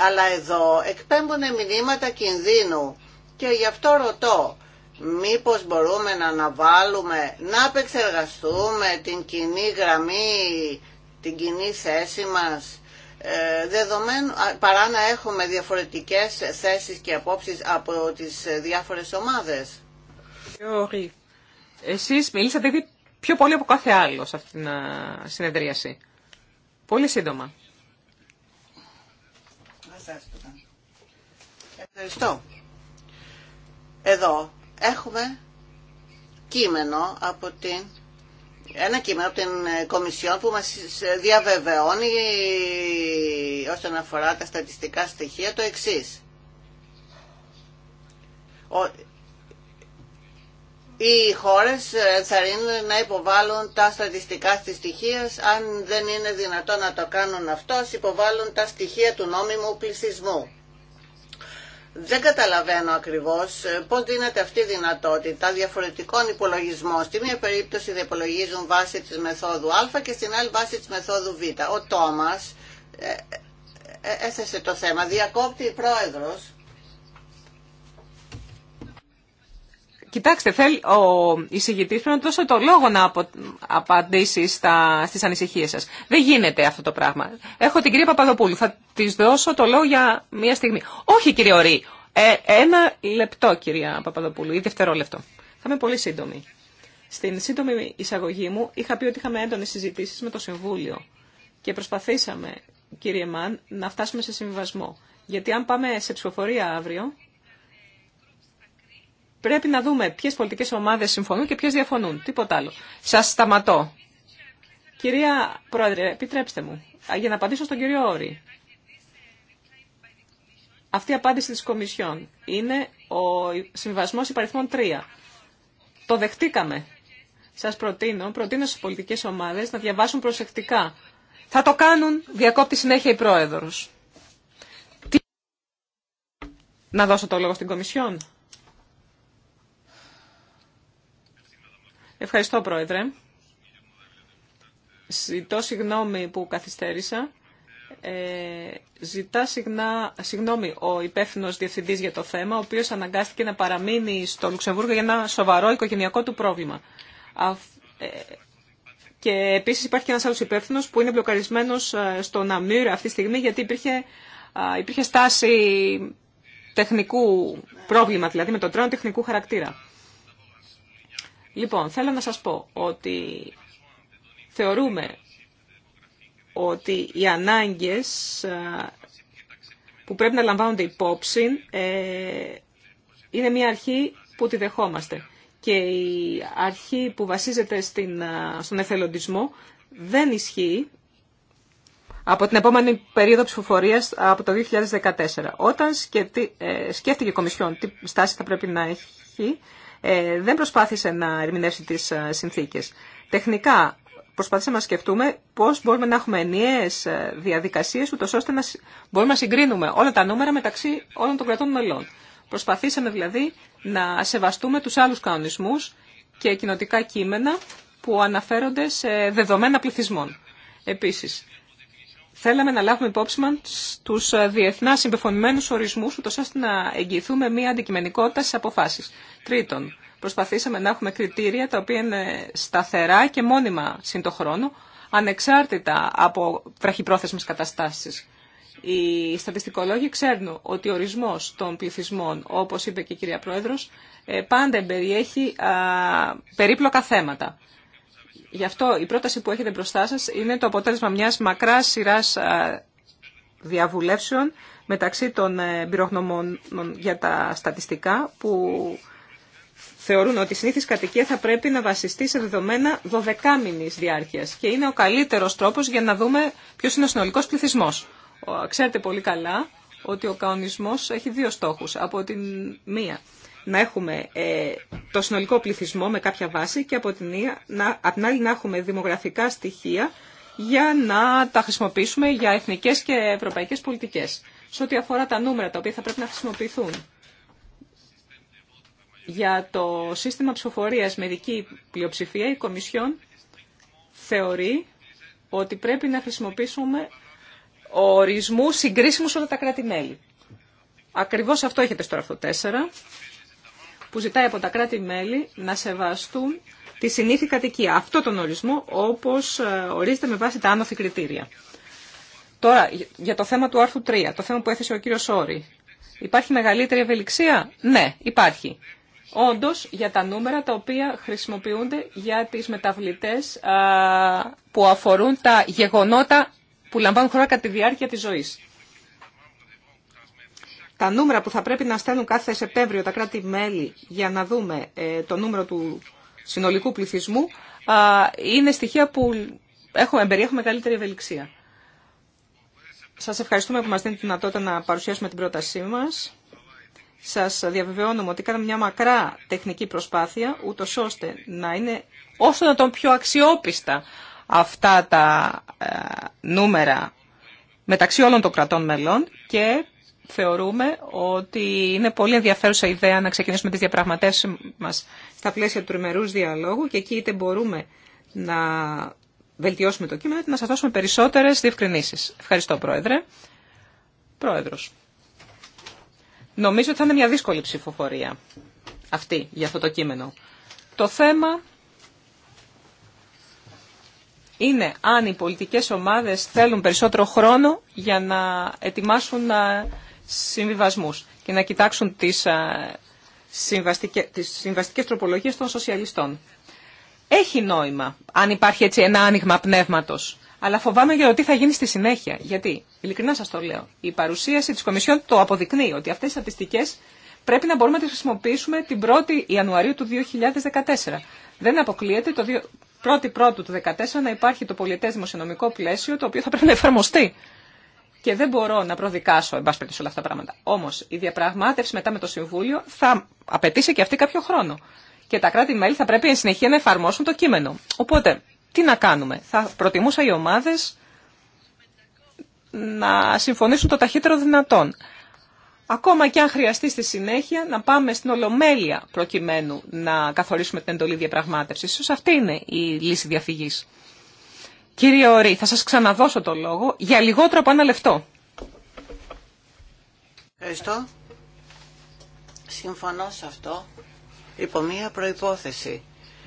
Αλλά εδώ εκπέμπουνε μηνύματα κινδύνου και γι' αυτό ρωτώ μήπως μπορούμε να αναβάλουμε, να απεξεργαστούμε την κοινή γραμμή, την κοινή θέση μας ε, δεδομένου, παρά να έχουμε διαφορετικές θέσεις και απόψεις από τις διάφορες ομάδες. Εσείς μιλήσατε ήδη πιο πολύ από κάθε άλλο σε αυτήν την συνεδρίαση. Πολύ σύντομα. Ευχαριστώ. Εδώ έχουμε κείμενο από την ένα κείμενο από την ε, Κομισιόν που μας ε, διαβεβαιώνει όσον αφορά τα στατιστικά στοιχεία το εξής. Οι χώρες ενθαρρύνουν να υποβάλουν τα στατιστικά στις στοιχεία. Αν δεν είναι δυνατό να το κάνουν αυτό, υποβάλλουν τα στοιχεία του νόμιμου πληθυσμού. Δεν καταλαβαίνω ακριβώς ε, πώς δίνεται αυτή η δυνατότητα διαφορετικών υπολογισμών. Στη μία περίπτωση δεν υπολογίζουν βάση της μεθόδου α και στην άλλη βάση της μεθόδου β. Ο Τόμας ε, ε, έθεσε το θέμα, διακόπτει η πρόεδρος Κοιτάξτε, θέλει, ο εισηγητής πρέπει να δώσει το λόγο να απαντήσει στι ανησυχίε σα. Δεν γίνεται αυτό το πράγμα. Έχω την κυρία Παπαδοπούλου, θα τη δώσω το λόγο για μία στιγμή. Όχι κύριε Ορή, ε, ένα λεπτό κυρία Παπαδοπούλου ή δευτερόλεπτο. Θα είμαι πολύ σύντομη. Στην σύντομη εισαγωγή μου είχα πει ότι είχαμε έντονες συζητήσει με το Συμβούλιο και προσπαθήσαμε, κύριε Μαν, να φτάσουμε σε συμβιβασμό. Γιατί αν πάμε σε ψηφοφορία αύριο, πρέπει να δούμε ποιες πολιτικές ομάδες συμφωνούν και ποιες διαφωνούν. Τίποτα άλλο. Σας σταματώ. Κυρία Πρόεδρε, επιτρέψτε μου, για να απαντήσω στον κύριο Όρη. Αυτή η απάντηση της Κομισιόν είναι ο συμβασμός υπαριθμών 3. Το δεχτήκαμε. Σας προτείνω, προτείνω στις πολιτικές ομάδες να διαβάσουν προσεκτικά. Θα το κάνουν, διακόπτει συνέχεια η Πρόεδρος. Να δώσω το λόγο στην Κομισιόν. Ευχαριστώ, Πρόεδρε. Ζητώ συγγνώμη που καθυστέρησα. Ε, ζητά συγγνώμη ο υπεύθυνο διευθυντή για το θέμα, ο οποίο αναγκάστηκε να παραμείνει στο Λουξεμβούργο για ένα σοβαρό οικογενειακό του πρόβλημα. Α, ε, και επίση υπάρχει και ένα άλλο υπεύθυνο που είναι μπλοκαρισμένο ε, στο Ναμύρ αυτή τη στιγμή, γιατί υπήρχε, υπήρχε στάση τεχνικού πρόβλημα, δηλαδή με τον τρένο τεχνικού χαρακτήρα. Λοιπόν, θέλω να σας πω ότι θεωρούμε ότι οι ανάγκες ε, που πρέπει να λαμβάνονται υπόψη ε, είναι μια αρχή που τη δεχόμαστε. Και η αρχή που βασίζεται στην, ε, στον εθελοντισμό δεν ισχύει από την επόμενη περίοδο ψηφοφορία από το 2014. Όταν σκέφτηκε η Κομισιόν τι στάση θα πρέπει να έχει, ε, δεν προσπάθησε να ερμηνεύσει τις ε, συνθήκες. Τεχνικά προσπαθήσαμε να σκεφτούμε πώς μπορούμε να έχουμε ενιαίες ε, διαδικασίες, ούτως ώστε να μπορούμε να συγκρίνουμε όλα τα νούμερα μεταξύ όλων των κρατών μελών. Προσπαθήσαμε δηλαδή να σεβαστούμε τους άλλους κανονισμούς και κοινοτικά κείμενα που αναφέρονται σε δεδομένα πληθυσμών. Επίσης, Θέλαμε να λάβουμε υπόψη μα του ε, διεθνά συμπεφωνημένου ορισμού, ούτω ώστε να εγγυηθούμε μία αντικειμενικότητα στι αποφάσει. Τρίτον, προσπαθήσαμε να έχουμε κριτήρια τα οποία είναι σταθερά και μόνιμα συν το χρόνο, ανεξάρτητα από βραχυπρόθεσμε καταστάσεις. Οι στατιστικολόγοι ξέρουν ότι ο ορισμός των πληθυσμών, όπω είπε και η κυρία Πρόεδρο, ε, πάντα περιέχει περίπλοκα θέματα. Γι' αυτό η πρόταση που έχετε μπροστά σας είναι το αποτέλεσμα μιας μακράς σειράς διαβουλεύσεων μεταξύ των ε, πυρογνωμών για τα στατιστικά που θεωρούν ότι η συνήθις κατοικία θα πρέπει να βασιστεί σε δεδομένα 12 μήνες διάρκειας και είναι ο καλύτερος τρόπος για να δούμε ποιος είναι ο συνολικός πληθυσμός. Ξέρετε πολύ καλά ότι ο καονισμός έχει δύο στόχους. Από την μία, να έχουμε ε, το συνολικό πληθυσμό με κάποια βάση και από την, να, άλλη να έχουμε δημογραφικά στοιχεία για να τα χρησιμοποιήσουμε για εθνικές και ευρωπαϊκές πολιτικές. Σε ό,τι αφορά τα νούμερα τα οποία θα πρέπει να χρησιμοποιηθούν για το σύστημα ψηφοφορίας με δική πλειοψηφία, η Κομισιόν θεωρεί ότι πρέπει να χρησιμοποιήσουμε ορισμού συγκρίσιμου όλα τα κράτη-μέλη. Ακριβώς αυτό έχετε στο άρθρο που ζητάει από τα κράτη-μέλη να σεβαστούν τη συνήθη κατοικία. Αυτό τον ορισμό όπως ε, ορίζεται με βάση τα άνωθη κριτήρια. Τώρα, για το θέμα του άρθρου 3, το θέμα που έθεσε ο κύριος Σόρη. Υπάρχει μεγαλύτερη ευελιξία? Ναι, υπάρχει. Όντω, για τα νούμερα τα οποία χρησιμοποιούνται για τις μεταβλητές που αφορούν τα γεγονότα που λαμβάνουν χώρα κατά τη διάρκεια της ζωής τα νούμερα που θα πρέπει να στέλνουν κάθε Σεπτέμβριο τα κράτη-μέλη για να δούμε ε, το νούμερο του συνολικού πληθυσμού είναι στοιχεία που έχουμε, έχουμε καλύτερη ευελιξία. Σας ευχαριστούμε που μας δίνετε τη δυνατότητα να παρουσιάσουμε την πρότασή μας. Σας διαβεβαιώνουμε ότι κάναμε μια μακρά τεχνική προσπάθεια, ούτω ώστε να είναι όσο να τον πιο αξιόπιστα αυτά τα ε, νούμερα μεταξύ όλων των κρατών μελών και θεωρούμε ότι είναι πολύ ενδιαφέρουσα ιδέα να ξεκινήσουμε τις διαπραγματεύσεις μας στα πλαίσια του τριμερούς διαλόγου και εκεί είτε μπορούμε να βελτιώσουμε το κείμενο είτε να σας δώσουμε περισσότερες διευκρινήσεις. Ευχαριστώ Πρόεδρε. Πρόεδρος. Νομίζω ότι θα είναι μια δύσκολη ψηφοφορία αυτή για αυτό το κείμενο. Το θέμα είναι αν οι πολιτικές ομάδες θέλουν περισσότερο χρόνο για να ετοιμάσουν συμβιβασμούς και να κοιτάξουν τις, συμβαστικέ, τις συμβαστικές τροπολογίες των σοσιαλιστών. Έχει νόημα αν υπάρχει έτσι ένα άνοιγμα πνεύματος. Αλλά φοβάμαι για το τι θα γίνει στη συνέχεια. Γιατί, ειλικρινά σας το λέω, η παρουσίαση της Κομισιόν το αποδεικνύει ότι αυτές οι στατιστικές πρέπει να μπορούμε να τις χρησιμοποιήσουμε την 1η Ιανουαρίου του 2014. Δεν αποκλείεται το 1η Πρώτου του 2014 να υπάρχει το πολιτές δημοσιονομικό πλαίσιο το οποίο θα πρέπει να εφαρμοστεί και δεν μπορώ να προδικάσω, εν πάση όλα αυτά τα πράγματα. Όμω η διαπραγμάτευση μετά με το Συμβούλιο θα απαιτήσει και αυτή κάποιο χρόνο. Και τα κράτη-μέλη θα πρέπει εν συνεχεία να εφαρμόσουν το κείμενο. Οπότε, τι να κάνουμε. Θα προτιμούσα οι ομάδε να συμφωνήσουν το ταχύτερο δυνατόν. Ακόμα και αν χρειαστεί στη συνέχεια να πάμε στην Ολομέλεια προκειμένου να καθορίσουμε την εντολή διαπραγμάτευση. σω αυτή είναι η λύση διαφυγή. Κύριε Ωρή, θα σας ξαναδώσω το λόγο για λιγότερο από ένα λεπτό. Ευχαριστώ. Συμφωνώ σε αυτό υπό μία προϋπόθεση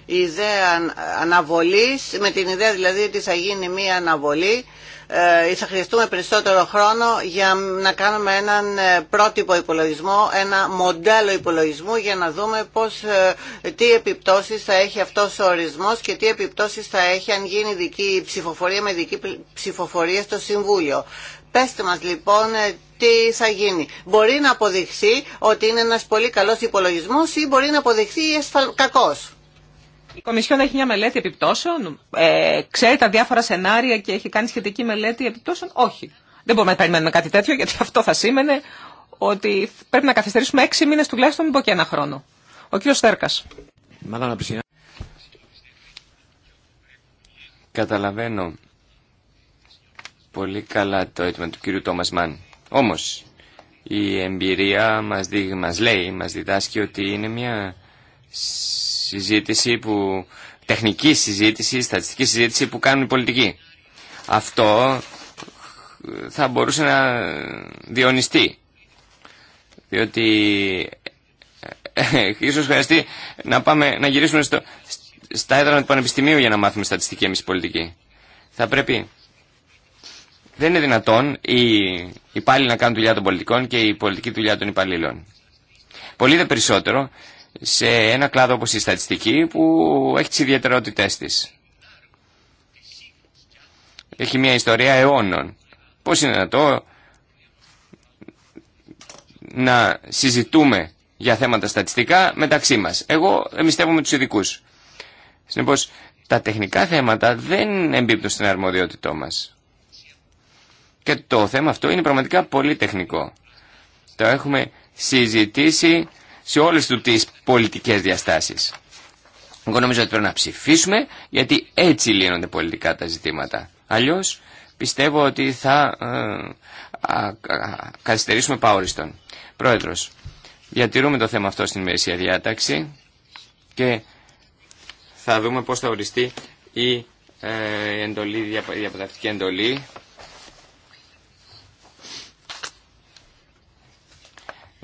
ιδέα αναβολής, με την ιδέα δηλαδή ότι θα γίνει μία αναβολή ε, ή θα χρειαστούμε περισσότερο χρόνο για να κάνουμε έναν ε, πρότυπο υπολογισμό, ένα μοντέλο υπολογισμού για να δούμε πώς, ε, τι επιπτώσεις θα έχει αυτός ο ορισμός και τι επιπτώσεις θα έχει αν γίνει δική ψηφοφορία με δική ψηφοφορία στο Συμβούλιο. Πέστε μας λοιπόν τι θα γίνει. Μπορεί να αποδειχθεί ότι είναι ένας πολύ καλός υπολογισμός ή μπορεί να αποδειχθεί κακός. Η Κομισιόν έχει μια μελέτη επιπτώσεων, ε, ξέρει τα διάφορα σενάρια και έχει κάνει σχετική μελέτη επιπτώσεων. Όχι. Δεν μπορούμε να περιμένουμε κάτι τέτοιο, γιατί αυτό θα σήμαινε ότι πρέπει να καθυστερήσουμε έξι μήνε τουλάχιστον, μην πω και ένα χρόνο. Ο κύριο Στέρκα. Καταλαβαίνω πολύ καλά το αίτημα του κύριου Τόμας Μαν. Όμως, η εμπειρία μας, μας λέει, μας διδάσκει ότι είναι μια συζήτηση που, τεχνική συζήτηση, στατιστική συζήτηση που κάνουν οι πολιτικοί. Αυτό θα μπορούσε να διονυστεί. Διότι ε, ίσως χρειαστεί να, πάμε, να γυρίσουμε στο, στα έδρανα του Πανεπιστημίου για να μάθουμε στατιστική εμείς πολιτική. Θα πρέπει... Δεν είναι δυνατόν οι υπάλληλοι να κάνουν δουλειά των πολιτικών και η πολιτική δουλειά των υπαλλήλων. Πολύ δε περισσότερο σε ένα κλάδο όπως η στατιστική που έχει τις ιδιαιτερότητές της. Έχει μια ιστορία αιώνων. Πώς είναι να το να συζητούμε για θέματα στατιστικά μεταξύ μας. Εγώ εμπιστεύομαι τους ειδικούς. Συνεπώς τα τεχνικά θέματα δεν εμπίπτουν στην αρμοδιότητό μας. Και το θέμα αυτό είναι πραγματικά πολύ τεχνικό. Το έχουμε συζητήσει σε όλες του τις πολιτικές διαστάσεις. Εγώ νομίζω ότι πρέπει να ψηφίσουμε γιατί έτσι λύνονται πολιτικά τα ζητήματα. Αλλιώς πιστεύω ότι θα ε, καθυστερήσουμε παόριστον. Πρόεδρος, διατηρούμε το θέμα αυτό στην ημερησία διάταξη και θα δούμε πώς θα οριστεί η ε, εντολή, η εντολή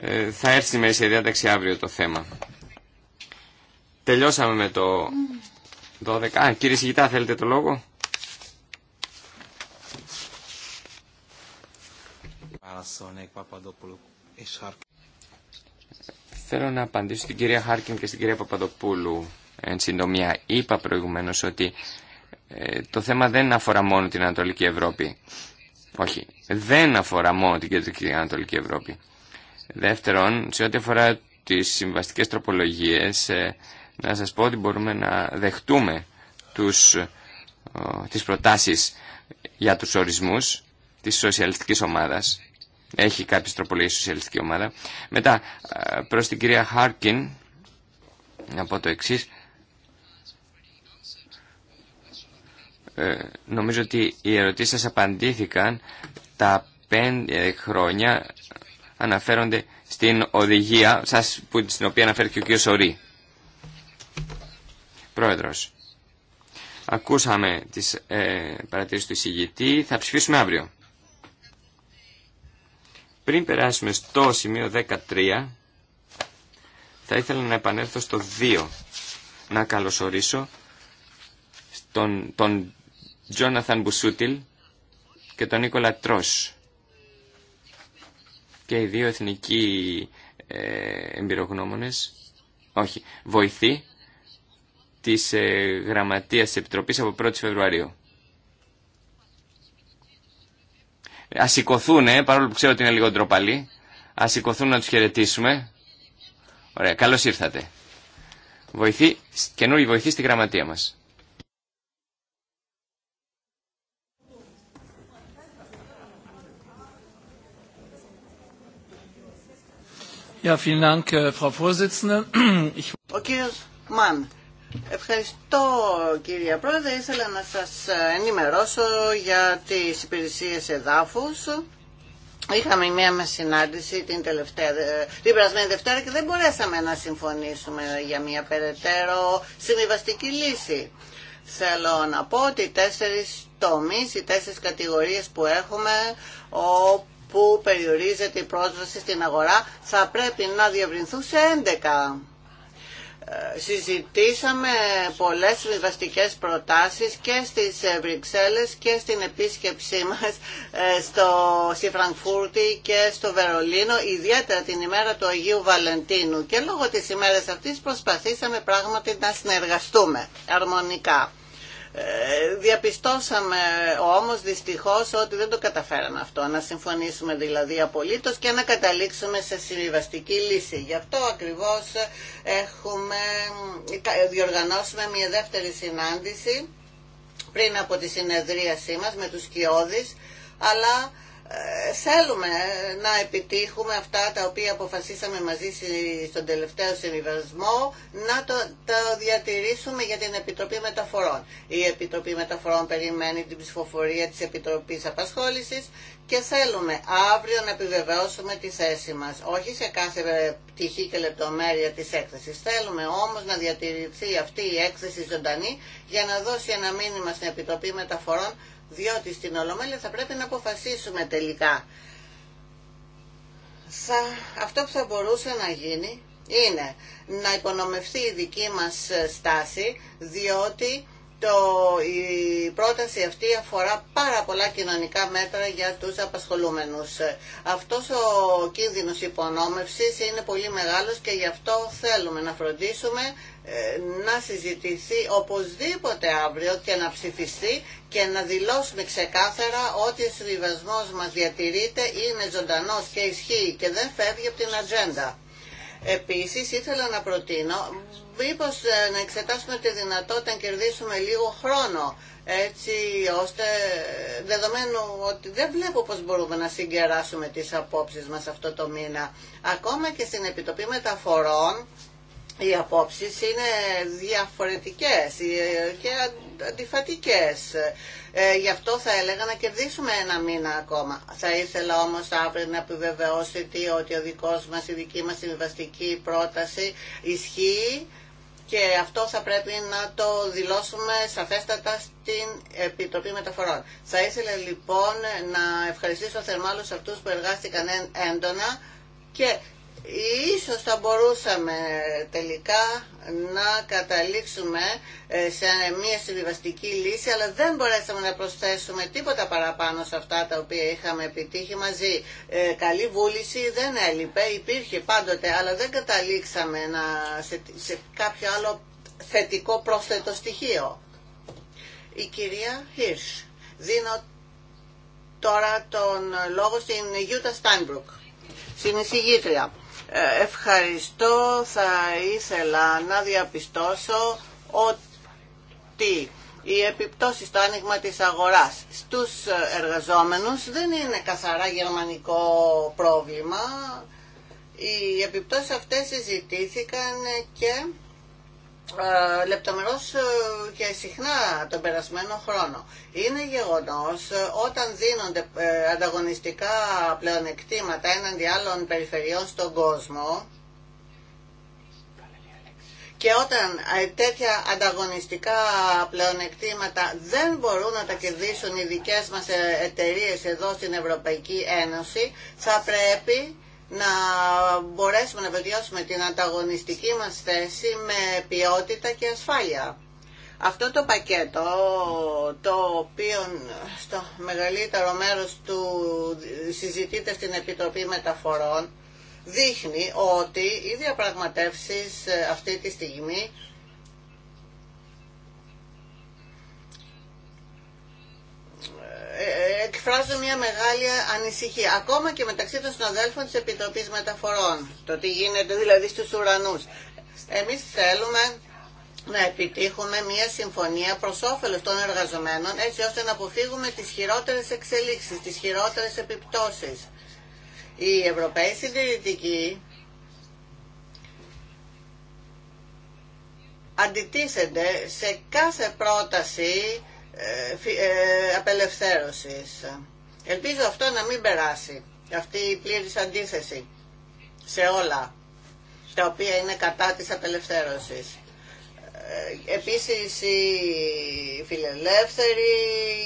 Ε, θα έρθει στη μέση διάταξη αύριο το θέμα. Τελειώσαμε με το 12. κύριε Σιγητά, θέλετε το λόγο. Θέλω να απαντήσω στην κυρία Χάρκιν και στην κυρία Παπαδοπούλου εν συντομία. Είπα προηγουμένως ότι ε, το θέμα δεν αφορά μόνο την Ανατολική Ευρώπη. Όχι, δεν αφορά μόνο την Κεντρική Ανατολική Ευρώπη. Δεύτερον, σε ό,τι αφορά τις συμβαστικές τροπολογίες, ε, να σας πω ότι μπορούμε να δεχτούμε τους, ε, τις προτάσεις για τους ορισμούς της σοσιαλιστικής ομάδας. Έχει κάποιες τροπολογίες η σοσιαλιστική ομάδα. Μετά, ε, προς την κυρία Χάρκιν, να πω το εξής. νομίζω ότι οι ερωτήσεις σας απαντήθηκαν τα πέντε χρόνια αναφέρονται στην οδηγία σας, που, στην οποία αναφέρθηκε ο κ. Σωρή. Πρόεδρος, ακούσαμε τις ε, παρατηρήσεις του εισηγητή, θα ψηφίσουμε αύριο. Πριν περάσουμε στο σημείο 13, θα ήθελα να επανέλθω στο 2, να καλωσορίσω τον, τον Τζόναθαν Μπουσούτιλ και τον Νίκολα Τρόσ και οι δύο εθνικοί ε, εμπειρογνώμονες, όχι, βοηθή της ε, Γραμματείας της Επιτροπής από 1η Φεβρουαρίου. Α σηκωθούν, ε, παρόλο που ξέρω ότι είναι λίγο ντροπαλοί, α σηκωθούν να τους χαιρετήσουμε. Ωραία, καλώς ήρθατε. Βοηθή, καινούργη βοηθή στη γραμματεία μας. Dank, äh, Ο κύριος Μαν. Ευχαριστώ κύριε Πρόεδρε. Ήθελα να σας ε, ενημερώσω για τις υπηρεσίες εδάφους. Είχαμε μία με συνάντηση την, τελευταία, την περασμένη Δευτέρα και δεν μπορέσαμε να συμφωνήσουμε για μία περαιτέρω συμβιβαστική λύση. Θέλω να πω ότι οι τέσσερις τομείς, οι τέσσερις κατηγορίες που έχουμε, όπου που περιορίζεται η πρόσβαση στην αγορά θα πρέπει να διευρυνθούν σε 11. Ε, συζητήσαμε πολλές συμβαστικές προτάσεις και στις Βρυξέλλες και στην επίσκεψή μας ε, στο, στη Φραγκφούρτη και στο Βερολίνο, ιδιαίτερα την ημέρα του Αγίου Βαλεντίνου. Και λόγω της ημέρας αυτής προσπαθήσαμε πράγματι να συνεργαστούμε αρμονικά. Ε, διαπιστώσαμε όμως δυστυχώς ότι δεν το καταφέραμε αυτό, να συμφωνήσουμε δηλαδή απολύτως και να καταλήξουμε σε συμβιβαστική λύση. Γι' αυτό ακριβώς έχουμε, διοργανώσουμε μια δεύτερη συνάντηση πριν από τη συνεδρίασή μας με τους Κιώδης, αλλά ε, θέλουμε να επιτύχουμε αυτά τα οποία αποφασίσαμε μαζί στον τελευταίο συμβιβασμό να το, διατηρήσουμε για την Επιτροπή Μεταφορών. Η Επιτροπή Μεταφορών περιμένει την ψηφοφορία της Επιτροπής Απασχόλησης και θέλουμε αύριο να επιβεβαιώσουμε τη θέση μας. Όχι σε κάθε πτυχή και λεπτομέρεια της έκθεσης. Θέλουμε όμως να διατηρηθεί αυτή η έκθεση ζωντανή για να δώσει ένα μήνυμα στην Επιτροπή Μεταφορών διότι στην Ολομέλεια θα πρέπει να αποφασίσουμε τελικά. αυτό που θα μπορούσε να γίνει είναι να υπονομευθεί η δική μας στάση, διότι το, η πρόταση αυτή αφορά πάρα πολλά κοινωνικά μέτρα για τους απασχολούμενους. Αυτός ο κίνδυνος υπονόμευσης είναι πολύ μεγάλος και γι' αυτό θέλουμε να φροντίσουμε ε, να συζητηθεί οπωσδήποτε αύριο και να ψηφιστεί και να δηλώσουμε ξεκάθαρα ότι ο συμβιβασμό μας διατηρείται, είναι ζωντανός και ισχύει και δεν φεύγει από την ατζέντα. Επίσης ήθελα να προτείνω μήπως ε, να εξετάσουμε τη δυνατότητα να κερδίσουμε λίγο χρόνο έτσι ώστε ε, δεδομένου ότι δεν βλέπω πώς μπορούμε να συγκεράσουμε τις απόψεις μας αυτό το μήνα ακόμα και στην επιτοπή Μεταφορών οι απόψεις είναι διαφορετικές ε, και αντιφατικές. Ε, γι' αυτό θα έλεγα να κερδίσουμε ένα μήνα ακόμα. Θα ήθελα όμως αύριο να επιβεβαιώσετε ότι ο δικός μας, η δική μας συμβαστική πρόταση ισχύει και αυτό θα πρέπει να το δηλώσουμε σαφέστατα στην Επιτροπή Μεταφορών. Θα ήθελα λοιπόν να ευχαριστήσω θερμά αυτούς που εργάστηκαν έντονα και Ίσως θα μπορούσαμε τελικά να καταλήξουμε ε, σε μια συμβιβαστική λύση, αλλά δεν μπορέσαμε να προσθέσουμε τίποτα παραπάνω σε αυτά τα οποία είχαμε επιτύχει μαζί. Ε, καλή βούληση δεν έλειπε, υπήρχε πάντοτε, αλλά δεν καταλήξαμε να, σε, σε κάποιο άλλο θετικό πρόσθετο στοιχείο. Η κυρία Χίρς. Δίνω τώρα τον λόγο στην Γιούτα Στάνμπρουκ, στην ε, ευχαριστώ. Θα ήθελα να διαπιστώσω ότι οι επιπτώσει στο άνοιγμα της αγοράς στους εργαζόμενους δεν είναι καθαρά γερμανικό πρόβλημα. Οι επιπτώσεις αυτές συζητήθηκαν και ε, λεπτομερώς ε, και συχνά τον περασμένο χρόνο. Είναι γεγονός ε, όταν δίνονται ανταγωνιστικά πλεονεκτήματα έναντι άλλων περιφερειών στον κόσμο και όταν τέτοια ανταγωνιστικά πλεονεκτήματα δεν μπορούν να τα κερδίσουν οι δικές μας εταιρείες εδώ στην Ευρωπαϊκή Ένωση θα πρέπει να μπορέσουμε να βελτιώσουμε την ανταγωνιστική μας θέση με ποιότητα και ασφάλεια. Αυτό το πακέτο, το οποίο στο μεγαλύτερο μέρος του συζητείται στην Επιτροπή Μεταφορών, δείχνει ότι οι διαπραγματεύσεις ε, αυτή τη στιγμή εκφράζω μια μεγάλη ανησυχία, ακόμα και μεταξύ των συναδέλφων της Επιτροπής Μεταφορών, το τι γίνεται δηλαδή στους ουρανούς. Εμείς θέλουμε να επιτύχουμε μια συμφωνία προ όφελο των εργαζομένων, έτσι ώστε να αποφύγουμε τις χειρότερες εξελίξεις, τις χειρότερες επιπτώσεις. Οι Ευρωπαίοι συντηρητικοί αντιτίθενται σε κάθε πρόταση ε, ε, απελευθέρωσης. Ελπίζω αυτό να μην περάσει, αυτή η πλήρης αντίθεση σε όλα τα οποία είναι κατά της απελευθέρωσης. Ε, επίσης οι φιλελεύθεροι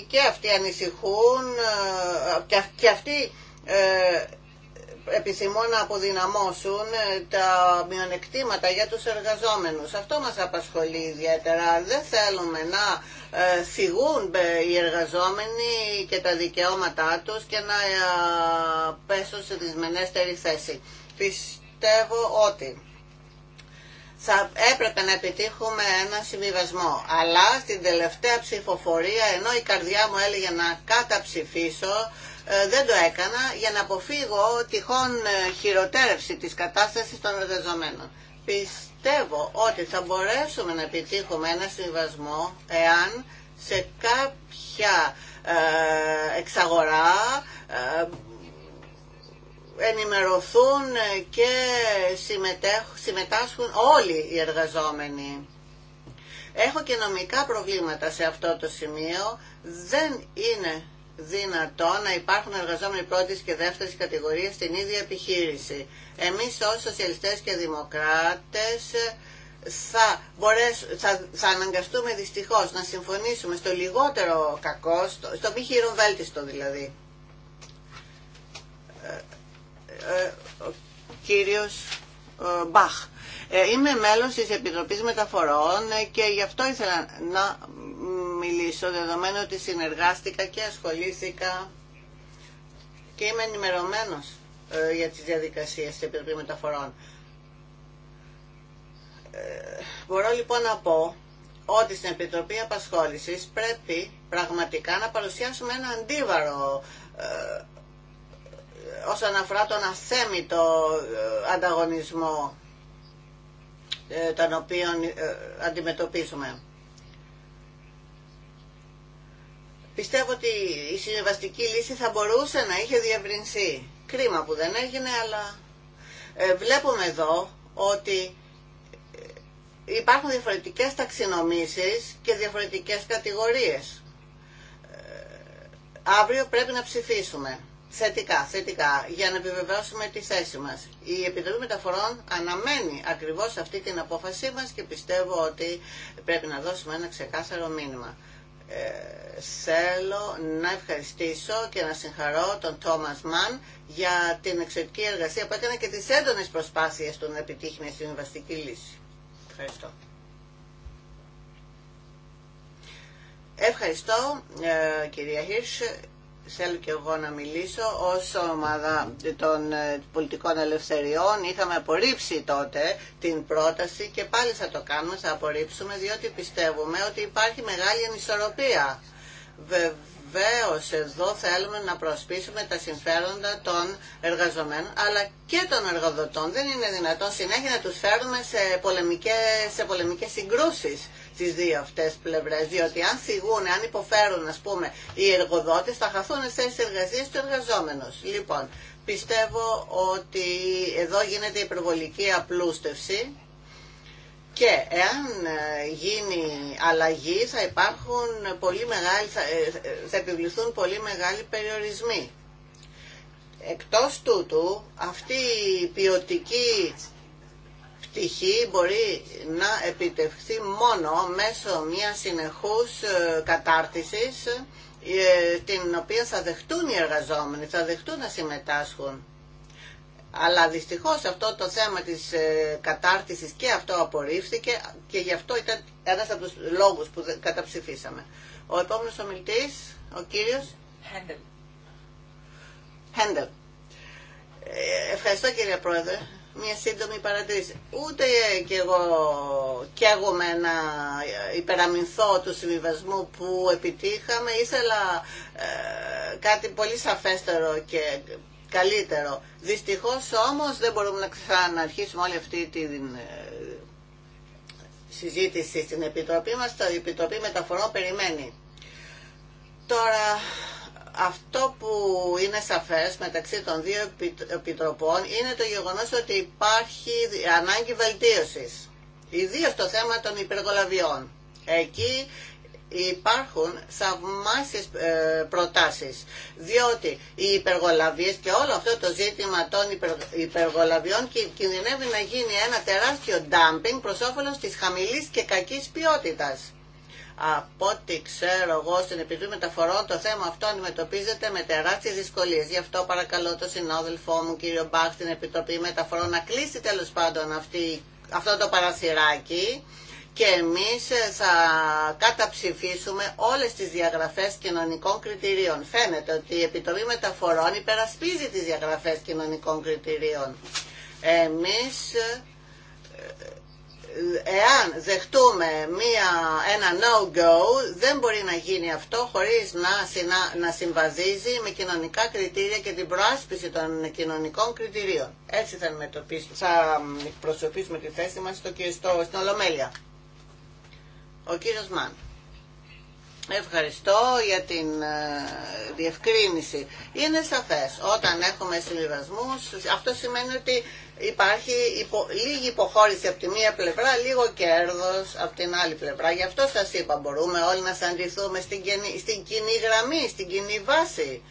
και αυτοί ανησυχούν και αυτοί επιθυμώ να αποδυναμώσουν ε, τα μειονεκτήματα για τους εργαζόμενους. Αυτό μας απασχολεί ιδιαίτερα. Δεν θέλουμε να φυγούν ε, ε, οι εργαζόμενοι και τα δικαιώματά τους και να πέσουν σε δυσμενέστερη θέση. Πιστεύω ότι θα έπρεπε να επιτύχουμε ένα συμβιβασμό. Αλλά στην τελευταία ψηφοφορία, ενώ η καρδιά μου έλεγε να καταψηφίσω, ε, δεν το έκανα για να αποφύγω τυχόν ε, χειροτέρευση της κατάστασης των εργαζομένων. Πιστεύω ότι θα μπορέσουμε να επιτύχουμε ένα συμβασμό εάν σε κάποια ε, εξαγορά ενημερωθούν και συμμετάσχουν όλοι οι εργαζόμενοι. Έχω και νομικά προβλήματα σε αυτό το σημείο. Δεν είναι δυνατό να υπάρχουν εργαζόμενοι πρώτης και δεύτερης κατηγορίας στην ίδια επιχείρηση. Εμείς ως σοσιαλιστές και δημοκράτες θα, μπορέσουμε θα, θα αναγκαστούμε δυστυχώς να συμφωνήσουμε στο λιγότερο κακό, στο, στο μη δηλαδή. Ε, ε, ο κύριος ε, Μπαχ. Ε, είμαι μέλος της Επιτροπής Μεταφορών ε, και γι' αυτό ήθελα να μιλήσω, δεδομένου ότι συνεργάστηκα και ασχολήθηκα και είμαι ενημερωμένος ε, για τις διαδικασίες της Επιτροπής Μεταφορών. Μπορώ λοιπόν να πω ότι στην Επιτροπή Απασχόλησης πρέπει πραγματικά να παρουσιάσουμε ένα αντίβαρο όσον αφορά τον αθέμητο ανταγωνισμό ε, των οποίων ε, αντιμετωπίζουμε. Πιστεύω ότι η συνεβαστική λύση θα μπορούσε να είχε διευρυνθεί. Κρίμα που δεν έγινε, αλλά ε, βλέπουμε εδώ ότι υπάρχουν διαφορετικές ταξινομήσεις και διαφορετικές κατηγορίες. Αύριο πρέπει να ψηφίσουμε. Θετικά, θετικά, για να επιβεβαιώσουμε τη θέση μα. Η Επιτροπή Μεταφορών αναμένει ακριβώς αυτή την απόφασή μας και πιστεύω ότι πρέπει να δώσουμε ένα ξεκάθαρο μήνυμα. Ε, θέλω να ευχαριστήσω και να συγχαρώ τον Τόμας Μαν για την εξαιρετική εργασία που έκανε και τις έντονες προσπάθειες του να επιτύχει μια συμβαστική λύση. Ευχαριστώ. Ευχαριστώ, ε, κυρία Χίρσ θέλω και εγώ να μιλήσω ως ομάδα των ε, πολιτικών ελευθεριών είχαμε απορρίψει τότε την πρόταση και πάλι θα το κάνουμε, θα απορρίψουμε διότι πιστεύουμε ότι υπάρχει μεγάλη ανισορροπία. Βεβαίως εδώ θέλουμε να προσπίσουμε τα συμφέροντα των εργαζομένων αλλά και των εργοδοτών. Δεν είναι δυνατόν συνέχεια να τους φέρουμε σε πολεμικές, σε πολεμικές συγκρούσεις. Τι δύο αυτές πλευρές. Διότι αν φυγούν, αν υποφέρουν ας πούμε οι εργοδότες θα χαθούν σε εργασίε του εργαζόμενο. Λοιπόν, πιστεύω ότι εδώ γίνεται υπερβολική απλούστευση και εάν ε, γίνει αλλαγή θα υπάρχουν πολύ μεγάλοι, θα, ε, θα επιβληθούν πολύ μεγάλοι περιορισμοί. Εκτός τούτου, αυτή η ποιοτική πτυχή μπορεί να επιτευχθεί μόνο μέσω μιας συνεχούς ε, κατάρτισης ε, την οποία θα δεχτούν οι εργαζόμενοι, θα δεχτούν να συμμετάσχουν. Αλλά δυστυχώς αυτό το θέμα της ε, κατάρτισης και αυτό απορρίφθηκε και γι' αυτό ήταν ένας από τους λόγους που καταψηφίσαμε. Ο επόμενος ομιλητής, ο κύριος Χέντελ. Χέντελ. Ευχαριστώ κύριε Πρόεδρε μια σύντομη παρατήρηση. Ούτε και εγώ καίγομαι να υπεραμυνθώ του συμβιβασμού που επιτύχαμε. Ήθελα ε, κάτι πολύ σαφέστερο και καλύτερο. Δυστυχώς όμως δεν μπορούμε να ξαναρχίσουμε όλη αυτή τη ε, συζήτηση στην Επιτροπή μας. Η Επιτροπή Μεταφορών περιμένει. Τώρα, αυτό που είναι σαφές μεταξύ των δύο επιτροπών είναι το γεγονός ότι υπάρχει ανάγκη βελτίωσης. Ιδίω το θέμα των υπεργολαβιών. Εκεί υπάρχουν θαυμάσιες ε, προτάσεις, διότι οι υπεργολαβίες και όλο αυτό το ζήτημα των υπεργολαβιών κινδυνεύει να γίνει ένα τεράστιο dumping προς όφελος της χαμηλής και κακής ποιότητας. Από ό,τι ξέρω εγώ στην Επιτροπή Μεταφορών το θέμα αυτό αντιμετωπίζεται με τεράστιες δυσκολίες. Γι' αυτό παρακαλώ τον συνόδελφο μου κύριο Μπαχ στην Επιτροπή Μεταφορών να κλείσει τέλος πάντων αυτή, αυτό το παρασυράκι και εμείς ε, θα καταψηφίσουμε όλες τις διαγραφές κοινωνικών κριτηρίων. Φαίνεται ότι η Επιτροπή Μεταφορών υπερασπίζει τις διαγραφές κοινωνικών κριτηρίων. Εμείς ε, εάν δεχτούμε μία, ένα no-go, δεν μπορεί να γίνει αυτό χωρίς να, να με κοινωνικά κριτήρια και την προάσπιση των κοινωνικών κριτηρίων. Έτσι θα, θα προσωπήσουμε τη θέση μας στο, στο, στην Ολομέλεια. Ο κύριος Μάν. Ευχαριστώ για την ε, διευκρίνηση. Είναι σαφές, όταν έχουμε συμβιβασμούς, αυτό σημαίνει ότι υπάρχει λίγη υποχώρηση από τη μία πλευρά, λίγο κέρδος από την άλλη πλευρά. Γι' αυτό σας είπα, μπορούμε όλοι να συναντηθούμε στην, κοινή, γραμμή, στην κοινή βάση.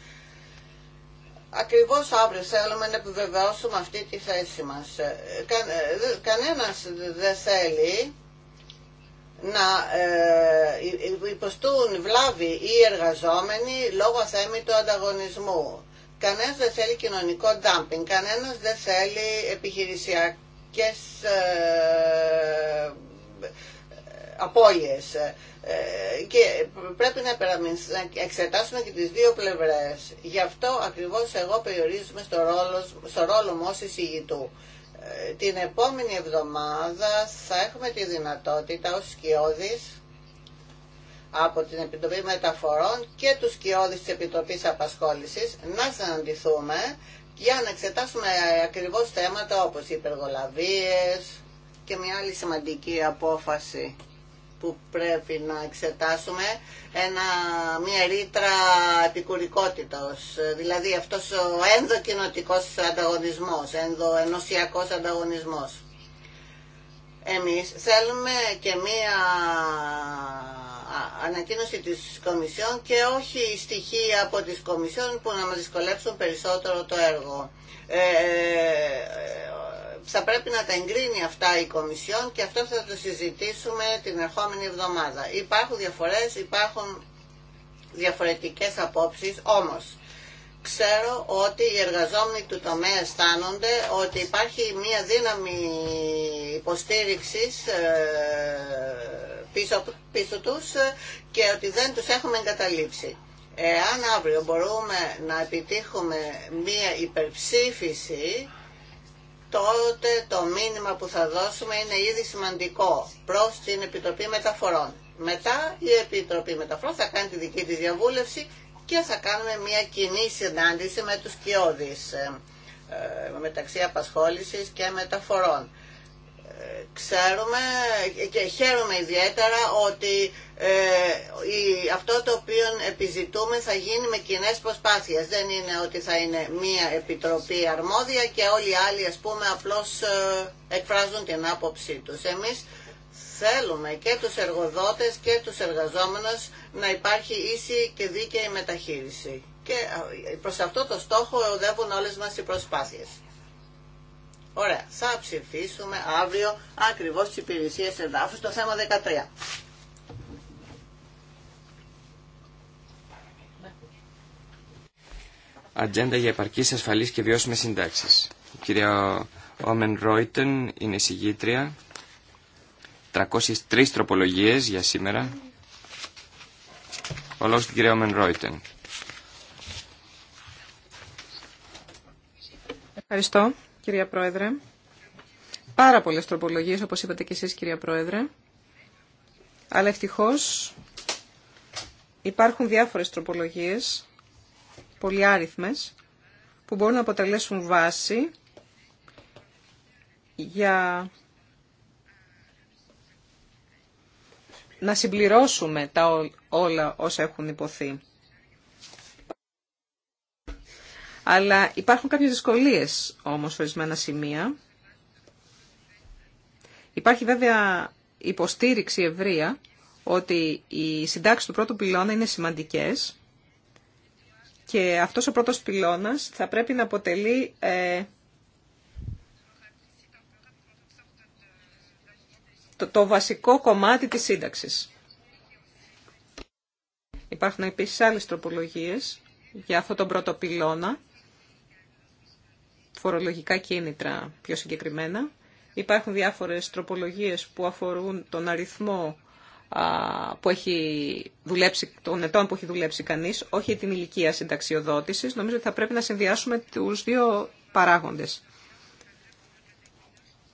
Ακριβώς αύριο θέλουμε να επιβεβαιώσουμε αυτή τη θέση μας. Ε, Κα, ε, κανένας δεν θέλει να ε, υποστούν βλάβη οι εργαζόμενοι λόγω θέμη του ανταγωνισμού. Κανένας δεν θέλει κοινωνικό dumping, κανένας δεν θέλει επιχειρησιακές ε, απώλειες ε, και πρέπει να, εξετάσουμε και τις δύο πλευρές. Γι' αυτό ακριβώς εγώ περιορίζουμε στο ρόλο, στο ρόλο μου ως εισηγητού. Ε, την επόμενη εβδομάδα θα έχουμε τη δυνατότητα ως σκιώδης από την Επιτροπή Μεταφορών και τους κοιόδης της Επιτροπής Απασχόλησης να συναντηθούμε για να εξετάσουμε ακριβώς θέματα όπως οι υπεργολαβίες και μια άλλη σημαντική απόφαση που πρέπει να εξετάσουμε ένα, μια ρήτρα επικουρικότητας, δηλαδή αυτός ο ενδοκοινοτικός ανταγωνισμός, ενδοενωσιακός ανταγωνισμός. Εμείς θέλουμε και μία ανακοίνωση της Κομισιόν και όχι στοιχεία από τις Κομισιόν που να μας δυσκολέψουν περισσότερο το έργο. Ε, ε, ε, θα πρέπει να τα εγκρίνει αυτά η Κομισιόν και αυτό θα το συζητήσουμε την ερχόμενη εβδομάδα. Υπάρχουν διαφορές, υπάρχουν διαφορετικές απόψεις, όμως ξέρω ότι οι εργαζόμενοι του τομέα αισθάνονται ότι υπάρχει μια δύναμη υποστήριξης ε, πίσω, πίσω τους ε, και ότι δεν τους έχουμε εγκαταλείψει. Εάν αύριο μπορούμε να επιτύχουμε μία υπερψήφιση, τότε το μήνυμα που θα δώσουμε είναι ήδη σημαντικό προς την Επιτροπή Μεταφορών. Μετά η Επιτροπή Μεταφορών θα κάνει τη δική της διαβούλευση και θα κάνουμε μια κοινή συνάντηση με τους κοιόδης ε, ε, μεταξύ απασχόλησης και μεταφορών ξέρουμε και χαίρομαι ιδιαίτερα ότι ε, αυτό το οποίο επιζητούμε θα γίνει με κοινέ προσπάθειες. Δεν είναι ότι θα είναι μία επιτροπή αρμόδια και όλοι οι άλλοι ας πούμε απλώς ε, εκφράζουν την άποψή τους. Εμείς θέλουμε και τους εργοδότες και τους εργαζόμενους να υπάρχει ίση και δίκαιη μεταχείριση. Και ε, προς αυτό το στόχο οδεύουν όλες μας οι προσπάθειες. Ωραία, θα ψηφίσουμε αύριο ακριβώς τις υπηρεσίες εδάφους, στο θέμα 13. Ατζέντα για επαρκή ασφαλείς και βιώσιμες συντάξεις. Η κυρία Όμεν Ρόιτεν είναι συγγήτρια. 303 τροπολογίες για σήμερα. Ο λόγος του κυρία Όμεν Ρόιτεν. Ευχαριστώ κυρία Πρόεδρε. Πάρα πολλέ τροπολογίες, όπως είπατε και εσείς, κυρία Πρόεδρε. Αλλά ευτυχώ υπάρχουν διάφορες τροπολογίες, πολυάριθμε, που μπορούν να αποτελέσουν βάση για να συμπληρώσουμε τα όλα όσα έχουν υποθεί. Αλλά υπάρχουν κάποιες δυσκολίες όμως ορισμένα σημεία. Υπάρχει βέβαια υποστήριξη ευρεία ότι οι συντάξει του πρώτου πυλώνα είναι σημαντικές και αυτός ο πρώτος πυλώνας θα πρέπει να αποτελεί ε, το, το βασικό κομμάτι της σύνταξης. Υπάρχουν επίσης άλλες τροπολογίες για αυτό τον πρώτο πυλώνα φορολογικά κίνητρα πιο συγκεκριμένα. Υπάρχουν διάφορες τροπολογίες που αφορούν τον αριθμό που έχει δουλέψει, των ετών που έχει δουλέψει κανείς, όχι την ηλικία συνταξιοδότησης. Νομίζω ότι θα πρέπει να συνδυάσουμε τους δύο παράγοντες.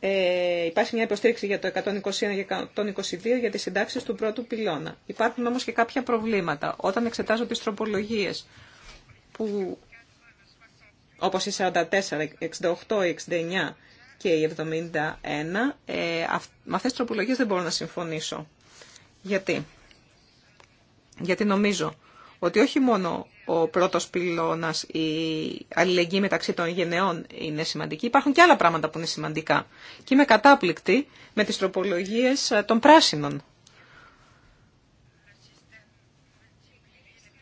Ε, υπάρχει μια υποστήριξη για το 121 και 122 για τις συντάξεις του πρώτου πυλώνα. Υπάρχουν όμως και κάποια προβλήματα. Όταν εξετάζω τις τροπολογίες που όπως η 44, 68, 69 και η 71, ε, αυ, με αυτές τις τροπολογίες δεν μπορώ να συμφωνήσω. Γιατί? Γιατί νομίζω ότι όχι μόνο ο πρώτος πυλώνας, η αλληλεγγύη μεταξύ των γενεών είναι σημαντική, υπάρχουν και άλλα πράγματα που είναι σημαντικά. Και είμαι κατάπληκτη με τις τροπολογίες ε, των πράσινων.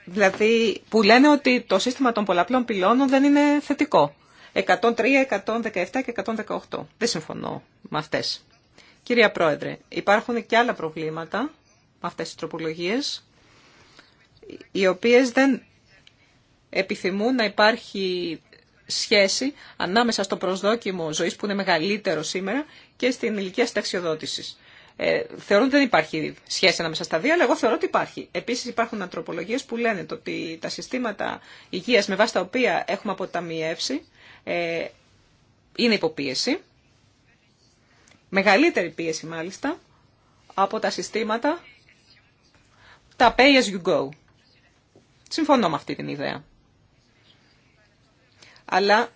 δηλαδή που λένε ότι το σύστημα των πολλαπλών πυλώνων δεν είναι θετικό. 103, 117 και 118. Δεν συμφωνώ με αυτές. Κυρία Πρόεδρε, υπάρχουν και άλλα προβλήματα με αυτές τις τροπολογίες, οι οποίες δεν επιθυμούν να υπάρχει σχέση ανάμεσα στο προσδόκιμο ζωής που είναι μεγαλύτερο σήμερα και στην ηλικία ταξιοδότησης ε, θεωρούν ότι δεν υπάρχει σχέση ανάμεσα στα δύο, αλλά εγώ θεωρώ ότι υπάρχει. Επίση υπάρχουν ανθρωπολογίε που λένε ότι τα συστήματα υγεία με βάση τα οποία έχουμε αποταμιεύσει ε, είναι υποπίεση. Μεγαλύτερη πίεση μάλιστα από τα συστήματα τα pay as you go. Συμφωνώ με αυτή την ιδέα. Αλλά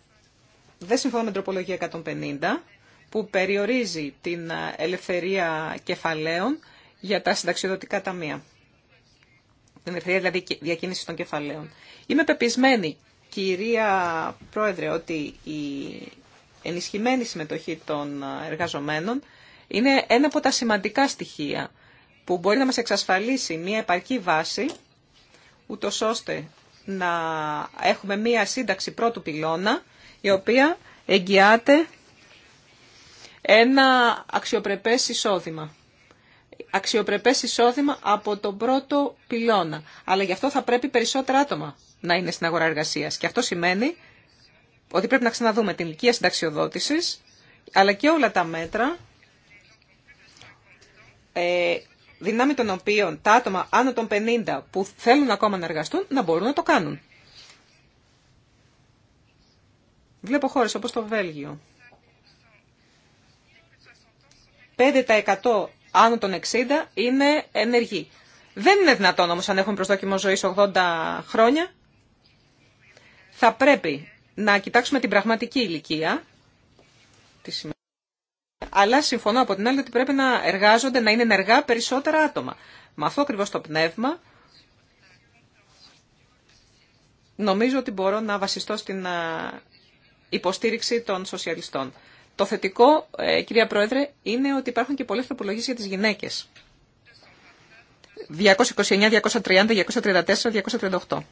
δεν συμφωνώ με την τροπολογία 150 που περιορίζει την ε, ελευθερία κεφαλαίων για τα συνταξιδοτικά ταμεία. Την ελευθερία δηλαδή διακίνηση των κεφαλαίων. Είμαι πεπισμένη, κυρία Πρόεδρε, ότι η ενισχυμένη συμμετοχή των ε, εργαζομένων είναι ένα από τα σημαντικά στοιχεία που μπορεί να μας εξασφαλίσει μια επαρκή βάση, ούτω ώστε να έχουμε μια σύνταξη πρώτου πυλώνα, η οποία εγγυάται ένα αξιοπρεπές εισόδημα. Αξιοπρεπές εισόδημα από τον πρώτο πυλώνα. Αλλά γι' αυτό θα πρέπει περισσότερα άτομα να είναι στην αγορά εργασία. Και αυτό σημαίνει ότι πρέπει να ξαναδούμε την ηλικία συνταξιοδότησης, αλλά και όλα τα μέτρα ε, δυνάμει των οποίων τα άτομα άνω των 50 που θέλουν ακόμα να εργαστούν να μπορούν να το κάνουν. Βλέπω χώρες όπως το Βέλγιο, 5% άνω των 60 είναι ενεργοί. Δεν είναι δυνατόν όμως αν έχουν προσδόκιμο ζωής 80 χρόνια. Θα πρέπει να κοιτάξουμε την πραγματική ηλικία, αλλά συμφωνώ από την άλλη ότι πρέπει να εργάζονται, να είναι ενεργά περισσότερα άτομα. Με αυτό ακριβώ το πνεύμα νομίζω ότι μπορώ να βασιστώ στην υποστήριξη των σοσιαλιστών. Το θετικό, ε, κυρία Πρόεδρε, είναι ότι υπάρχουν και πολλές τροπολογίες για τις γυναίκες. 229, 230, 234, 238.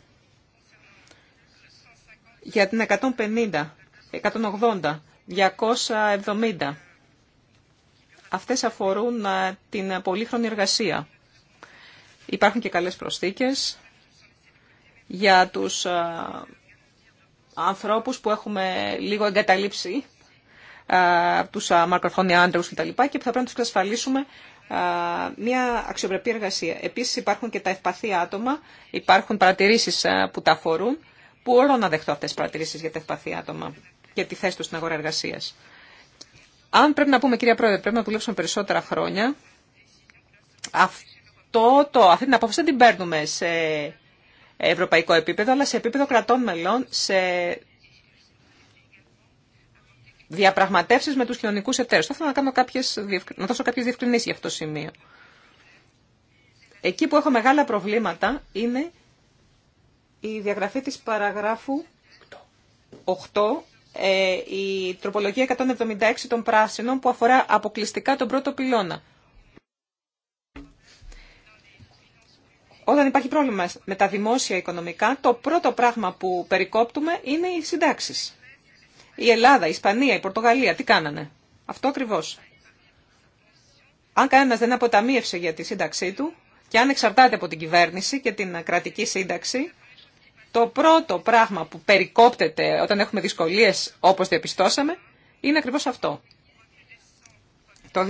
Για την 150, 180, 270. Αυτές αφορούν ε, την πολύχρονη εργασία. Υπάρχουν και καλές προσθήκες για τους ε, ανθρώπους που έχουμε λίγο εγκαταλείψει τους μακροχρόνια άντρους κτλ. και που θα πρέπει να τους εξασφαλίσουμε μια αξιοπρεπή εργασία. Επίσης υπάρχουν και τα ευπαθή άτομα, υπάρχουν παρατηρήσεις που τα αφορούν, που όλο να δεχτώ αυτές τις παρατηρήσεις για τα ευπαθή άτομα και τη θέση τους στην αγορά εργασίας. Αν πρέπει να πούμε, κυρία Πρόεδρε, πρέπει να δουλέψουμε περισσότερα χρόνια, αυτό το, αυτή την απόφαση δεν την παίρνουμε σε ευρωπαϊκό επίπεδο, αλλά σε επίπεδο κρατών μελών, σε Διαπραγματεύσει με του κοινωνικού εταίρου. Θα ήθελα να, κάνω κάποιες, να δώσω κάποιε διευκρινήσει για αυτό το σημείο. Εκεί που έχω μεγάλα προβλήματα είναι η διαγραφή της παραγράφου 8, ε, η τροπολογία 176 των πράσινων που αφορά αποκλειστικά τον πρώτο πυλώνα. Όταν υπάρχει πρόβλημα με τα δημόσια οικονομικά, το πρώτο πράγμα που περικόπτουμε είναι οι συντάξεις. Η Ελλάδα, η Ισπανία, η Πορτογαλία, τι κάνανε. Αυτό ακριβώ. Αν κανένα δεν αποταμίευσε για τη σύνταξή του και αν εξαρτάται από την κυβέρνηση και την κρατική σύνταξη, το πρώτο πράγμα που περικόπτεται όταν έχουμε δυσκολίες όπως διαπιστώσαμε είναι ακριβώς αυτό. Το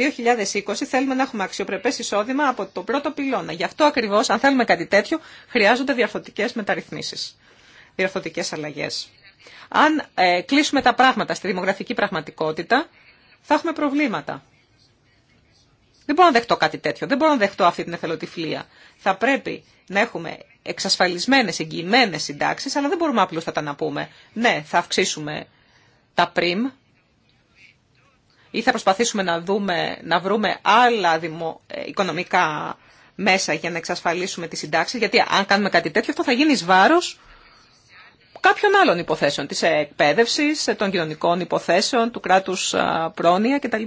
2020 θέλουμε να έχουμε αξιοπρεπές εισόδημα από το πρώτο πυλώνα. Γι' αυτό ακριβώς, αν θέλουμε κάτι τέτοιο, χρειάζονται διαρθωτικές μεταρρυθμίσεις, διαρθωτικές αλλαγές. Αν ε, κλείσουμε τα πράγματα στη δημογραφική πραγματικότητα, θα έχουμε προβλήματα. Δεν μπορώ να δεχτώ κάτι τέτοιο. Δεν μπορώ να δεχτώ αυτή την εθελοτυφλία. Θα πρέπει να έχουμε εξασφαλισμένε, εγγυημένε συντάξει, αλλά δεν μπορούμε απλώ να τα αναπούμε. Ναι, θα αυξήσουμε τα πριμ ή θα προσπαθήσουμε να, δούμε, να βρούμε άλλα ε, οικονομικά μέσα για να εξασφαλίσουμε τη συντάξη. Γιατί αν κάνουμε κάτι τέτοιο, αυτό θα γίνει εις βάρος κάποιων άλλων υποθέσεων, της εκπαίδευσης, των κοινωνικών υποθέσεων, του κράτους πρόνοια κτλ.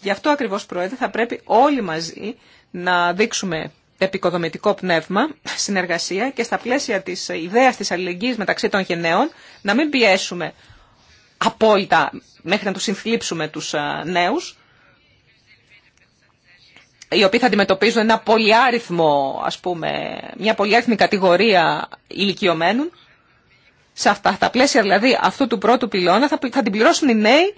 Γι' αυτό ακριβώς, Πρόεδρε, θα πρέπει όλοι μαζί να δείξουμε επικοδομητικό πνεύμα, συνεργασία και στα πλαίσια της ιδέας της αλληλεγγύης μεταξύ των γενναίων να μην πιέσουμε απόλυτα μέχρι να τους συνθλίψουμε τους νέους οι οποίοι θα αντιμετωπίζουν ένα πολυάριθμο, ας πούμε, μια πολυάριθμη κατηγορία ηλικιωμένων σε αυτά τα πλαίσια δηλαδή αυτού του πρώτου πυλώνα θα, θα την πληρώσουν οι νέοι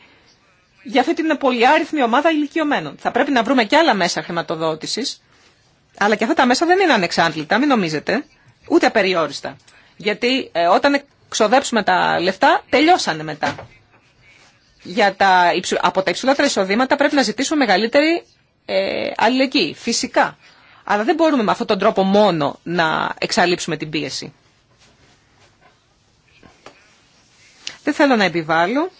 για αυτή την πολυάριθμη ομάδα ηλικιωμένων. Θα πρέπει να βρούμε και άλλα μέσα χρηματοδότηση. αλλά και αυτά τα μέσα δεν είναι ανεξάντλητα, μην νομίζετε, ούτε απεριόριστα. Γιατί ε, όταν ξοδέψουμε τα λεφτά, τελειώσανε μετά. Για τα, από τα υψηλότερα εισοδήματα πρέπει να ζητήσουμε μεγαλύτερη ε, αλληλεγγύη, φυσικά. Αλλά δεν μπορούμε με αυτόν τον τρόπο μόνο να εξαλείψουμε την πίεση. Δεν θέλω να επιβάλλω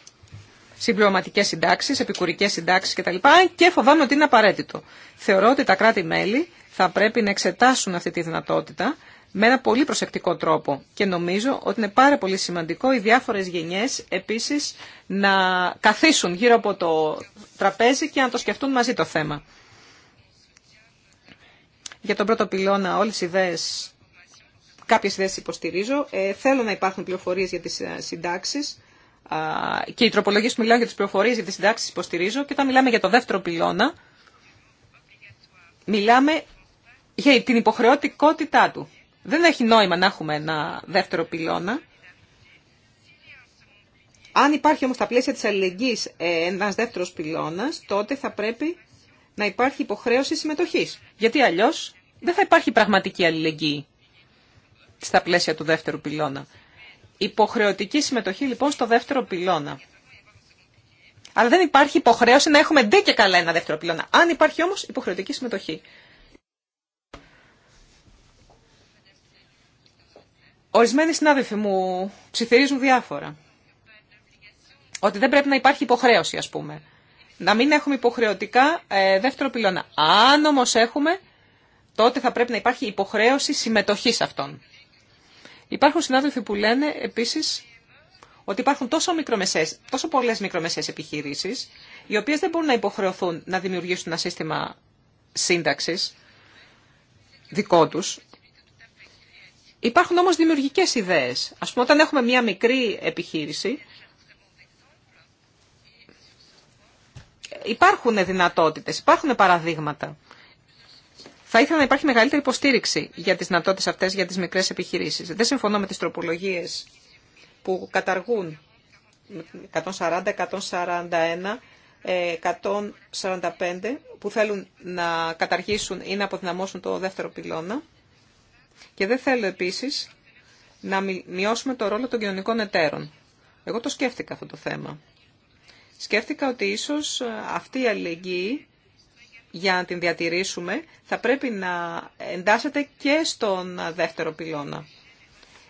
συμπληρωματικέ συντάξει, επικουρικέ συντάξει κτλ. Και φοβάμαι ότι είναι απαραίτητο. Θεωρώ ότι τα κράτη-μέλη θα πρέπει να εξετάσουν αυτή τη δυνατότητα με ένα πολύ προσεκτικό τρόπο. Και νομίζω ότι είναι πάρα πολύ σημαντικό οι διάφορες γενιέ επίσης να καθίσουν γύρω από το τραπέζι και να το σκεφτούν μαζί το θέμα. Για τον πρώτο πυλώνα όλες οι ιδέες Κάποιες ιδέες υποστηρίζω. Ε, θέλω να υπάρχουν πληροφορίες για τις ε, συντάξεις και οι τροπολογίες που μιλάω για τις πληροφορίες για τις συντάξεις υποστηρίζω και όταν μιλάμε για το δεύτερο πυλώνα μιλάμε για την υποχρεωτικότητά του. Δεν έχει νόημα να έχουμε ένα δεύτερο πυλώνα. Αν υπάρχει όμως τα πλαίσια της αλληλεγγύης ε, ένας δεύτερος πυλώνας, τότε θα πρέπει να υπάρχει υποχρέωση συμμετοχής. Γιατί αλλιώς δεν θα υπάρχει πραγματική αλληλεγγύη στα πλαίσια του δεύτερου πυλώνα. Υποχρεωτική συμμετοχή λοιπόν στο δεύτερο πυλώνα. Αλλά δεν υπάρχει υποχρέωση να έχουμε ντε και καλά ένα δεύτερο πυλώνα. Αν υπάρχει όμως υποχρεωτική συμμετοχή. Ορισμένοι συνάδελφοι μου ψιθυρίζουν διάφορα. Ότι δεν πρέπει να υπάρχει υποχρέωση, ας πούμε. Να μην έχουμε υποχρεωτικά ε, δεύτερο πυλώνα. Αν όμως έχουμε, τότε θα πρέπει να υπάρχει υποχρέωση συμμετοχής αυτών. Υπάρχουν συνάδελφοι που λένε επίσης ότι υπάρχουν τόσο, μικρομεσές, τόσο πολλές μικρομεσαίες επιχειρήσεις, οι οποίες δεν μπορούν να υποχρεωθούν να δημιουργήσουν ένα σύστημα σύνταξη δικό τους. Υπάρχουν όμως δημιουργικές ιδέες. Ας πούμε, όταν έχουμε μία μικρή επιχείρηση, υπάρχουν δυνατότητες, υπάρχουν παραδείγματα. Θα ήθελα να υπάρχει μεγαλύτερη υποστήριξη για τις δυνατότητε αυτές για τις μικρές επιχειρήσεις. Δεν συμφωνώ με τις τροπολογίες που καταργούν 140, 141, 145 που θέλουν να καταργήσουν ή να αποδυναμώσουν το δεύτερο πυλώνα. Και δεν θέλω επίσης να μειώσουμε το ρόλο των κοινωνικών εταίρων. Εγώ το σκέφτηκα αυτό το θέμα. Σκέφτηκα ότι ίσως ε, αυτή η αλληλεγγύη για να την διατηρήσουμε θα πρέπει να εντάσσεται και στον δεύτερο πυλώνα.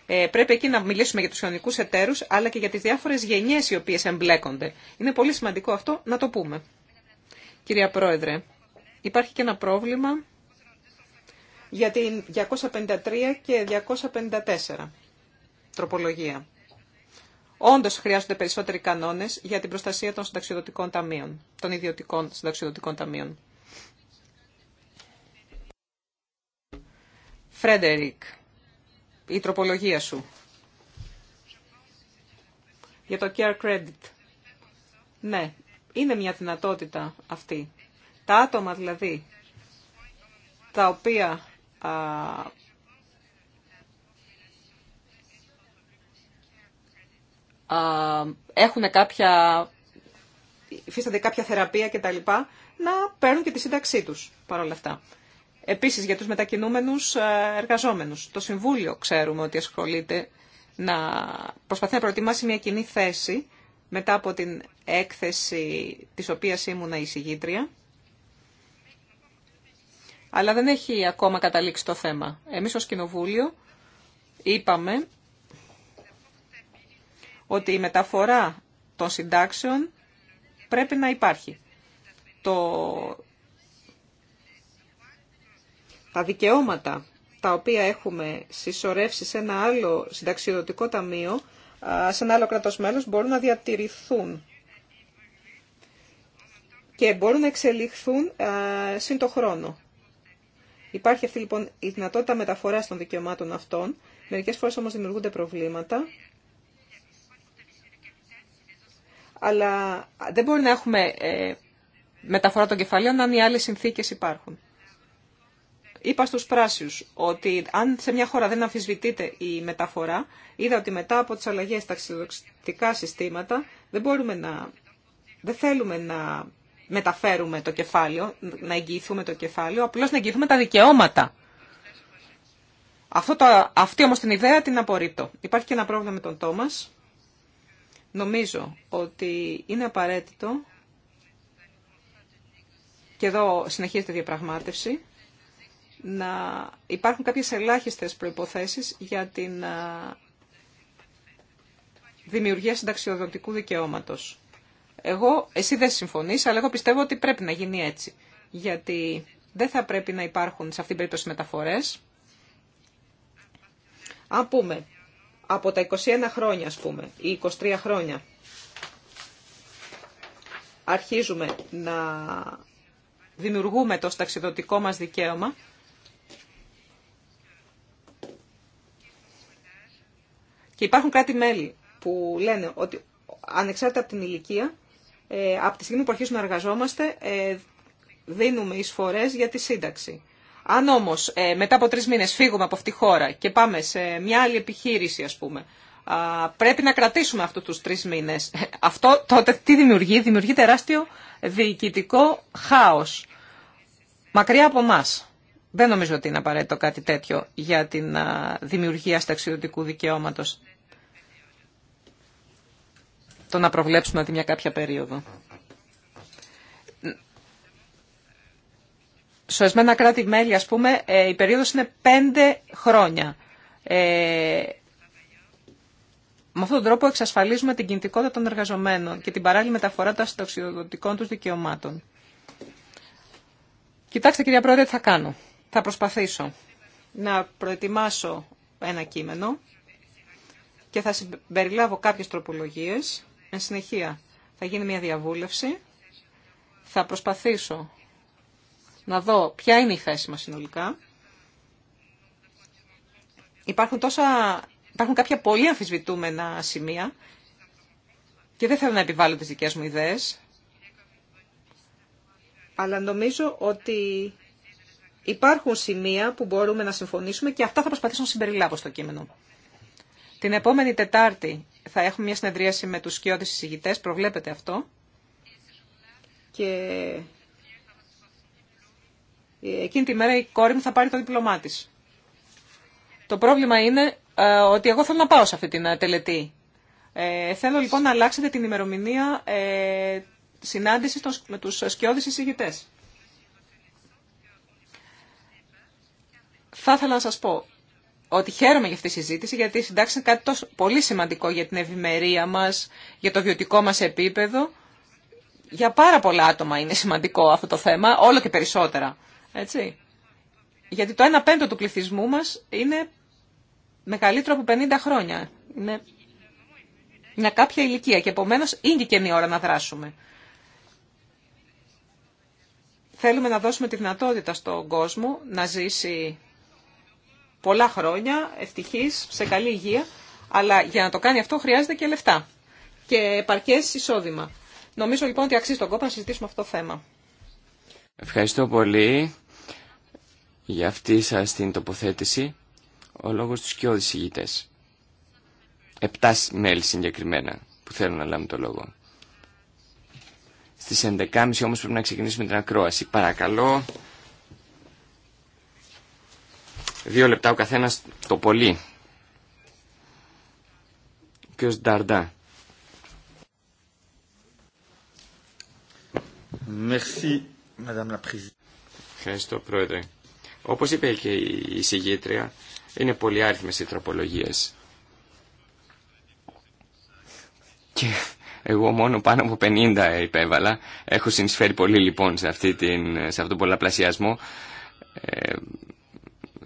Ε, πρέπει εκεί να μιλήσουμε για τους κοινωνικούς εταίρους, αλλά και για τις διάφορες γενιές οι οποίες εμπλέκονται. Είναι πολύ σημαντικό αυτό να το πούμε. Κυρία Πρόεδρε, υπάρχει και ένα πρόβλημα για την 253 και 254 τροπολογία. Όντω χρειάζονται περισσότεροι κανόνε για την προστασία των συνταξιδοτικών ταμείων, των ιδιωτικών συνταξιδοτικών ταμείων. Φρέντερικ, η τροπολογία σου για το care credit. Ναι, είναι μια δυνατότητα αυτή. Τα άτομα δηλαδή τα οποία α, έχουν κάποια, κάποια θεραπεία κτλ. να παίρνουν και τη σύνταξή τους παρόλα αυτά. Επίσης για τους μετακινούμενους ε, εργαζόμενους. Το Συμβούλιο ξέρουμε ότι ασχολείται να προσπαθεί να προετοιμάσει μια κοινή θέση μετά από την έκθεση της οποίας ήμουνα εισηγήτρια. Αλλά δεν έχει ακόμα καταλήξει το θέμα. Εμείς ως Κοινοβούλιο είπαμε ότι η μεταφορά των συντάξεων πρέπει να υπάρχει. Το τα δικαιώματα τα οποία έχουμε συσσωρεύσει σε ένα άλλο συνταξιοδοτικό ταμείο, σε ένα άλλο κρατος μπορούν να διατηρηθούν και μπορούν να εξελιχθούν σύν το χρόνο. Υπάρχει αυτή λοιπόν η δυνατότητα μεταφοράς των δικαιωμάτων αυτών. Μερικές φορές όμως δημιουργούνται προβλήματα. Αλλά δεν μπορεί να έχουμε ε, μεταφορά των κεφαλαίων αν οι άλλες συνθήκες υπάρχουν. Είπα στους πράσιους ότι αν σε μια χώρα δεν αμφισβητείται η μεταφορά, είδα ότι μετά από τις αλλαγές στα συστήματα δεν, μπορούμε να, δεν θέλουμε να μεταφέρουμε το κεφάλαιο, να εγγυηθούμε το κεφάλαιο, απλώς να εγγυηθούμε τα δικαιώματα. Αυτό το, αυτή όμως την ιδέα την απορρίπτω. Υπάρχει και ένα πρόβλημα με τον Τόμας. Νομίζω ότι είναι απαραίτητο και εδώ συνεχίζεται η διαπραγμάτευση να υπάρχουν κάποιες ελάχιστες προϋποθέσεις για την δημιουργία συνταξιοδοτικού δικαιώματος. Εγώ, εσύ δεν συμφωνείς, αλλά εγώ πιστεύω ότι πρέπει να γίνει έτσι. Γιατί δεν θα πρέπει να υπάρχουν σε αυτήν την περίπτωση μεταφορές. Αν πούμε, από τα 21 χρόνια, ας πούμε, ή 23 χρόνια, αρχίζουμε να δημιουργούμε το συνταξιδοτικό μας δικαίωμα, Και υπαρχουν κάτι κράτη-μέλη που λένε ότι ανεξάρτητα από την ηλικία, ε, από τη στιγμή που αρχίζουμε να εργαζόμαστε, ε, δίνουμε εισφορέ για τη σύνταξη. Αν όμως ε, μετά από τρει μήνε φύγουμε από αυτή τη χώρα και πάμε σε μια άλλη επιχείρηση, α πούμε, πρέπει να κρατήσουμε αυτού τους τρεις μήνες. Αυτό τότε τι δημιουργεί, δημιουργεί τεράστιο διοικητικό χάος. Μακριά από εμά. Δεν νομίζω ότι είναι απαραίτητο κάτι τέτοιο για την δημιουργία σταξιδιωτικού δικαιώματος το να προβλέψουμε αντί μια κάποια περίοδο. Σε ορισμένα κράτη-μέλη, ας πούμε, ε, η περίοδος είναι πέντε χρόνια. Ε, με αυτόν τον τρόπο εξασφαλίζουμε την κινητικότητα των εργαζομένων και την παράλληλη μεταφορά των συνταξιοδοτικών τους δικαιωμάτων. Κοιτάξτε κυρία Πρόεδρε τι θα κάνω. Θα προσπαθήσω να προετοιμάσω ένα κείμενο και θα συμπεριλάβω κάποιες τροπολογίες Εν συνεχεία, θα γίνει μια διαβούλευση. Θα προσπαθήσω να δω ποια είναι η θέση μας συνολικά. Υπάρχουν, τόσα, υπάρχουν κάποια πολύ αμφισβητούμενα σημεία και δεν θέλω να επιβάλλω τις δικές μου ιδέες, αλλά νομίζω ότι υπάρχουν σημεία που μπορούμε να συμφωνήσουμε και αυτά θα προσπαθήσω να συμπεριλάβω στο κείμενο. Την επόμενη Τετάρτη θα έχουμε μια συνεδρίαση με τους σκιώδεις συζητητές, προβλέπετε αυτό. Και εκείνη τη μέρα η κόρη μου θα πάρει το διπλωμά της. Το πρόβλημα είναι ε, ότι εγώ θέλω να πάω σε αυτή την ε, τελετή. Ε, θέλω λοιπόν να αλλάξετε την ημερομηνία ε, συνάντηση με τους σκιώδεις εισηγητές. Θα ήθελα να σας πω ότι χαίρομαι για αυτή τη συζήτηση, γιατί η συντάξη είναι κάτι τόσο πολύ σημαντικό για την ευημερία μα για το βιωτικό μα επίπεδο. Για πάρα πολλά άτομα είναι σημαντικό αυτό το θέμα, όλο και περισσότερα. Έτσι. Γιατί το 1 πέμπτο του πληθυσμού μα είναι μεγαλύτερο από 50 χρόνια. Είναι μια κάποια ηλικία και επομένω είναι και η ώρα να δράσουμε. Θέλουμε να δώσουμε τη δυνατότητα στον κόσμο να ζήσει πολλά χρόνια, ευτυχής, σε καλή υγεία, αλλά για να το κάνει αυτό χρειάζεται και λεφτά και επαρκές εισόδημα. Νομίζω λοιπόν ότι αξίζει τον κόπο να συζητήσουμε αυτό το θέμα. Ευχαριστώ πολύ για αυτή σας την τοποθέτηση. Ο λόγο τους και οδησηγητές. Επτά μέλη συγκεκριμένα που θέλουν να λάβουν το λόγο. Στις 11.30 όμως πρέπει να ξεκινήσουμε την ακρόαση. Παρακαλώ Δύο λεπτά ο καθένας το πολύ. Ο Νταρντά. Merci, Madame la Ευχαριστώ, Πρόεδρε. Όπως είπε και η συγγήτρια, είναι πολύ άριθμες οι τροπολογίες. Και εγώ μόνο πάνω από 50 υπέβαλα. Έχω συνεισφέρει πολύ λοιπόν σε, αυτή την, σε αυτόν τον πολλαπλασιασμό. Ε,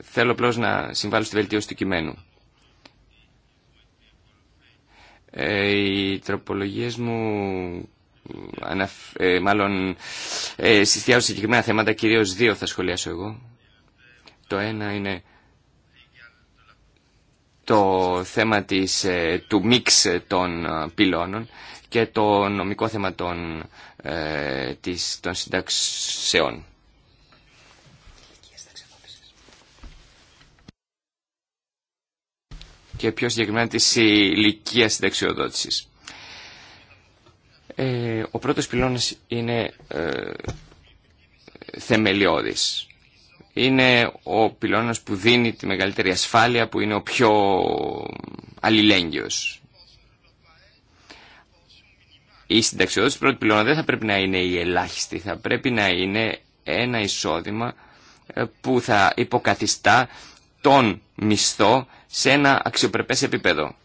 Θέλω απλώ να συμβάλλω στη βελτίωση του κειμένου. Ε, οι τροπολογίες μου ε, μάλλον ε, συστιάζουν συγκεκριμένα θέματα, κυρίως δύο θα σχολιάσω εγώ. Το ένα είναι το θέμα της, ε, του μίξ των ε, πυλώνων και το νομικό θέμα των, ε, της, των συνταξεών. και πιο συγκεκριμένα της ηλικίας συνταξιοδότησης. Ε, ο πρώτος πυλώνας είναι ε, θεμελιώδης. Είναι ο πυλώνας που δίνει τη μεγαλύτερη ασφάλεια, που είναι ο πιο αλληλέγγυος. Η συνταξιοδότηση πρώτη πυλώνα δεν θα πρέπει να είναι η ελάχιστη, θα πρέπει να είναι ένα εισόδημα ε, που θα υποκαθιστά τον μισθό σε ένα αξιοπρεπές επίπεδο.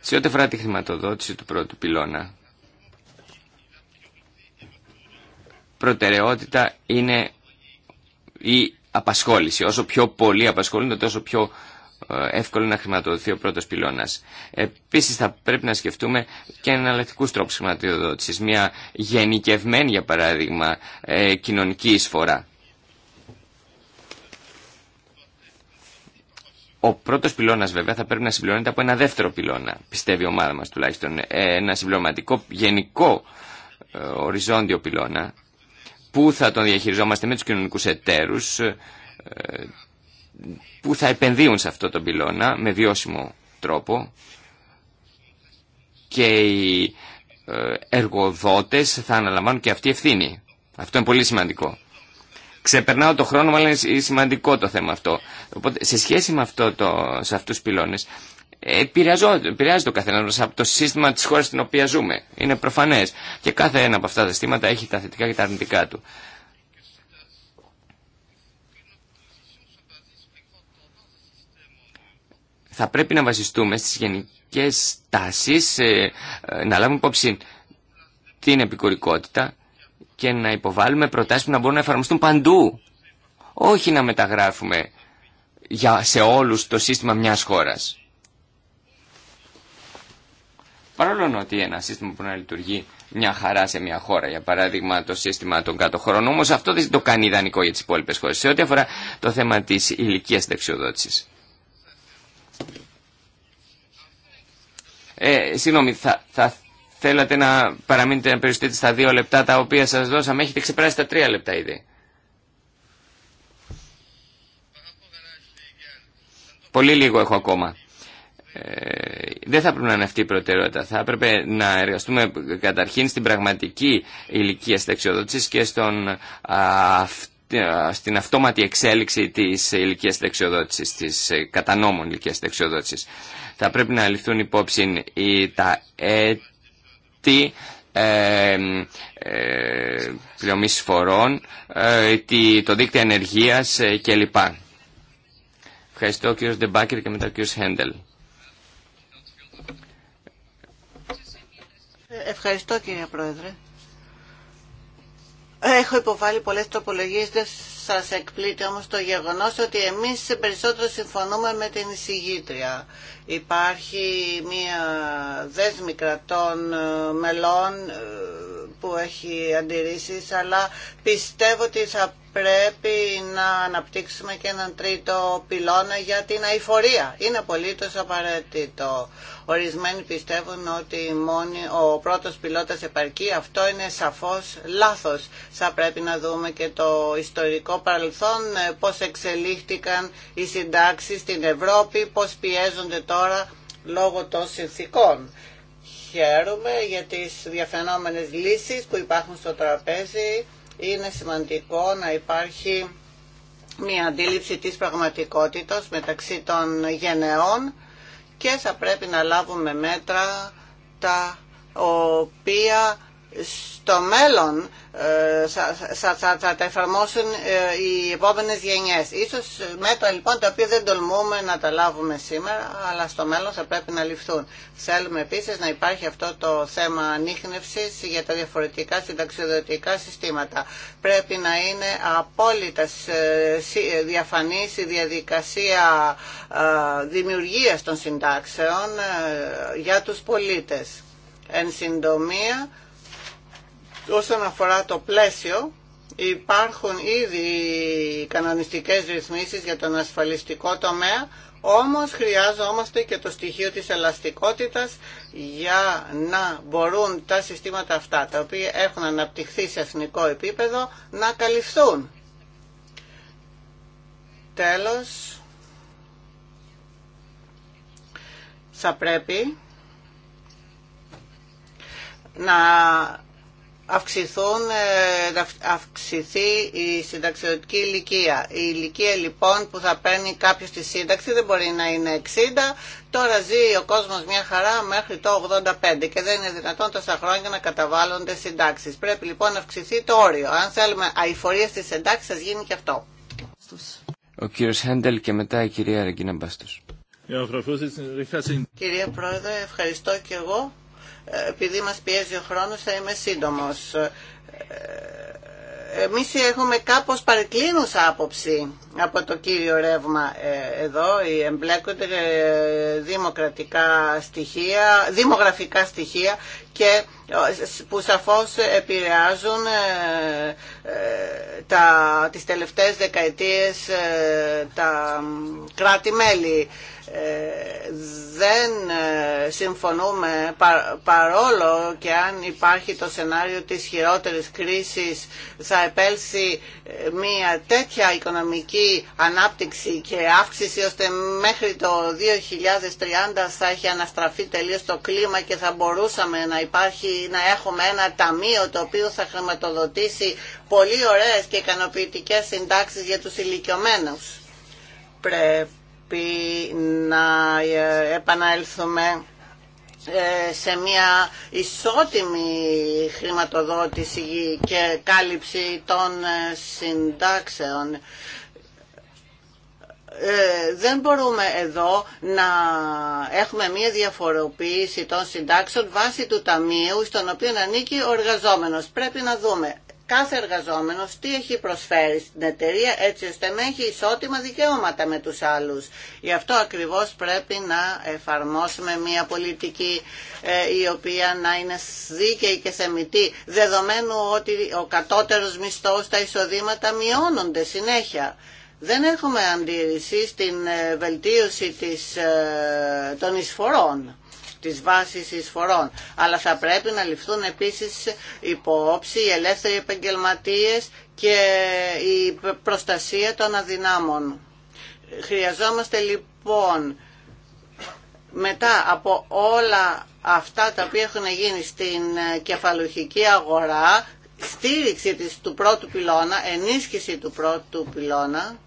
Σε ό,τι αφορά τη χρηματοδότηση του πρώτου πυλώνα, προτεραιότητα είναι η απασχόληση. Όσο πιο πολύ απασχολούνται, τόσο πιο εύκολο να χρηματοδοτηθεί ο πρώτο πυλώνα. Επίση θα πρέπει να σκεφτούμε και εναλλακτικού τρόπου χρηματοδότηση. Μια γενικευμένη, για παράδειγμα, ε, κοινωνική εισφορά. Ο πρώτο πυλώνα, βέβαια θα πρέπει να συμπληρώνεται από ένα δεύτερο πυλώνα, πιστεύει η ομάδα μα τουλάχιστον. Ε, ένα συμπληρωματικό γενικό ε, οριζόντιο πυλώνα που θα τον διαχειριζόμαστε με τους κοινωνικούς εταίρους που θα επενδύουν σε αυτό το πυλώνα με βιώσιμο τρόπο και οι ε, εργοδότες θα αναλαμβάνουν και αυτή ευθύνη. Αυτό είναι πολύ σημαντικό. Ξεπερνάω το χρόνο, αλλά είναι σημαντικό το θέμα αυτό. Οπότε, σε σχέση με αυτό το, σε αυτούς τους πυλώνες, επηρεάζεται ο καθένα από το σύστημα της χώρας στην οποία ζούμε. Είναι προφανές. Και κάθε ένα από αυτά τα συστήματα έχει τα θετικά και τα αρνητικά του. θα πρέπει να βασιστούμε στις γενικές τάσεις, ε, ε, να λάβουμε υπόψη την επικουρικότητα και να υποβάλουμε προτάσεις που να μπορούν να εφαρμοστούν παντού. Όχι να μεταγράφουμε για, σε όλους το σύστημα μιας χώρας. Παρόλο ότι ένα σύστημα που να λειτουργεί μια χαρά σε μια χώρα, για παράδειγμα το σύστημα των κάτω χωρών, όμω αυτό δεν το κάνει ιδανικό για τι υπόλοιπε χώρε. Σε ό,τι αφορά το θέμα τη ηλικία δεξιοδότησης. Ε, συγγνώμη, θα, θέλατε να παραμείνετε να περιουστείτε στα δύο λεπτά τα οποία σας δώσαμε. Έχετε ξεπεράσει τα τρία λεπτά ήδη. Πολύ λίγο έχω ακόμα. Ε, δεν θα πρέπει να είναι αυτή η προτεραιότητα. Θα έπρεπε να εργαστούμε καταρχήν στην πραγματική ηλικία συνταξιοδότηση και στον αυτό. Ε, στην αυτόματη εξέλιξη της ηλικίας δεξιοδότησης, της ε, κατανόμων ηλικίας δεξιοδότησης. Θα πρέπει να ληφθούν υπόψη τα έτη ε, ε, φορών, ε, το δίκτυο ενεργείας κλπ. Ευχαριστώ ο κύριος Ντεμπάκερ και μετά κύριος Χέντελ. Ευχαριστώ κύριε Πρόεδρε. Έχω υποβάλει πολλέ τροπολογίε. δεν σα εκπλήττει όμω το γεγονός ότι εμείς περισσότερο συμφωνούμε με την εισηγήτρια. Υπάρχει μία δέσμη κρατών ε, μελών ε, που έχει αντιρρήσεις, αλλά πιστεύω ότι θα πρέπει να αναπτύξουμε και έναν τρίτο πυλώνα για την αηφορία. Είναι απολύτως απαραίτητο. Ορισμένοι πιστεύουν ότι μόνοι, ο πρώτος πιλότας επαρκεί. Αυτό είναι σαφώς λάθος. Θα πρέπει να δούμε και το ιστορικό παρελθόν, πώς εξελίχθηκαν οι συντάξεις στην Ευρώπη, πώς πιέζονται τώρα λόγω των συνθήκων χαίρομαι για τις διαφαινόμενες λύσεις που υπάρχουν στο τραπέζι. Είναι σημαντικό να υπάρχει μια αντίληψη της πραγματικότητας μεταξύ των γενεών και θα πρέπει να λάβουμε μέτρα τα οποία στο μέλλον ε, θα τα εφαρμόσουν ε, οι επόμενες γενιές. Ίσως μέτρα λοιπόν τα οποία δεν τολμούμε να τα λάβουμε σήμερα, αλλά στο μέλλον θα πρέπει να ληφθούν. Θέλουμε επίσης να υπάρχει αυτό το θέμα ανείχνευσης για τα διαφορετικά συνταξιοδοτικά συστήματα. Πρέπει να είναι απόλυτα ε, διαφανής η διαδικασία δημιουργίας των συντάξεων για τους πολίτες. Εν συντομία, Όσον αφορά το πλαίσιο, υπάρχουν ήδη κανονιστικές ρυθμίσεις για τον ασφαλιστικό τομέα, όμως χρειάζομαστε και το στοιχείο της ελαστικότητας για να μπορούν τα συστήματα αυτά, τα οποία έχουν αναπτυχθεί σε εθνικό επίπεδο, να καλυφθούν. Τέλος, θα πρέπει να αυξηθούν, ε, αυξηθεί η συνταξιωτική ηλικία. Η ηλικία λοιπόν που θα παίρνει κάποιος τη σύνταξη δεν μπορεί να είναι 60. Τώρα ζει ο κόσμος μια χαρά μέχρι το 85 και δεν είναι δυνατόν τόσα χρόνια να καταβάλλονται συντάξεις. Πρέπει λοιπόν να αυξηθεί το όριο. Αν θέλουμε αηφορία στις συντάξεις θα γίνει και αυτό. Ο Χέντελ και μετά η κυρία Ρεγκίνα Μπάστος. Κυρία Πρόεδρε, ευχαριστώ και εγώ επειδή μας πιέζει ο χρόνος θα είμαι σύντομος. Ε, εμείς έχουμε κάπως παρεκκλίνουσα άποψη από το κύριο ρεύμα ε, εδώ εμπλέκονται ε, δημοκρατικά στοιχεία, δημογραφικά στοιχεία και που σαφώς επηρεάζουν ε, τα, τις τελευταίες δεκαετίες τα κράτη-μέλη. δεν συμφωνούμε παρόλο και αν υπάρχει το σενάριο της χειρότερης κρίσης θα επέλθει μια τέτοια οικονομική ανάπτυξη και αύξηση ώστε μέχρι το 2030 θα έχει αναστραφεί τελείως το κλίμα και θα μπορούσαμε να υπάρχει, να έχουμε ένα ταμείο το οποίο θα χρηματοδοτήσει πολύ ωραίες και ικανοποιητικές συντάξεις για τους ηλικιωμένους. Πρέπει να ε, επαναέλθουμε ε, σε μια ισότιμη χρηματοδότηση και κάλυψη των ε, συντάξεων. Ε, δεν μπορούμε εδώ να έχουμε μία διαφοροποίηση των συντάξεων βάσει του ταμείου στον οποίο ανήκει ο εργαζόμενος. Πρέπει να δούμε κάθε εργαζόμενος τι έχει προσφέρει στην εταιρεία έτσι ώστε να έχει ισότιμα δικαιώματα με τους άλλους. Γι' αυτό ακριβώς πρέπει να εφαρμόσουμε μια πολιτική ε, η οποία να είναι δίκαιη και θεμητή δεδομένου ότι ο κατώτερος μισθός, τα εισοδήματα μειώνονται συνέχεια. Δεν έχουμε αντίρρηση στην ε, βελτίωση της, ε, των εισφορών της βάσης εισφορών. Αλλά θα πρέπει να ληφθούν επίσης υπόψη οι ελεύθεροι επαγγελματίες και η προστασία των αδυνάμων. Χρειαζόμαστε λοιπόν μετά από όλα αυτά τα οποία έχουν γίνει στην ε, κεφαλουχική αγορά, στήριξη της, του πρώτου πυλώνα, ενίσχυση του πρώτου πυλώνα,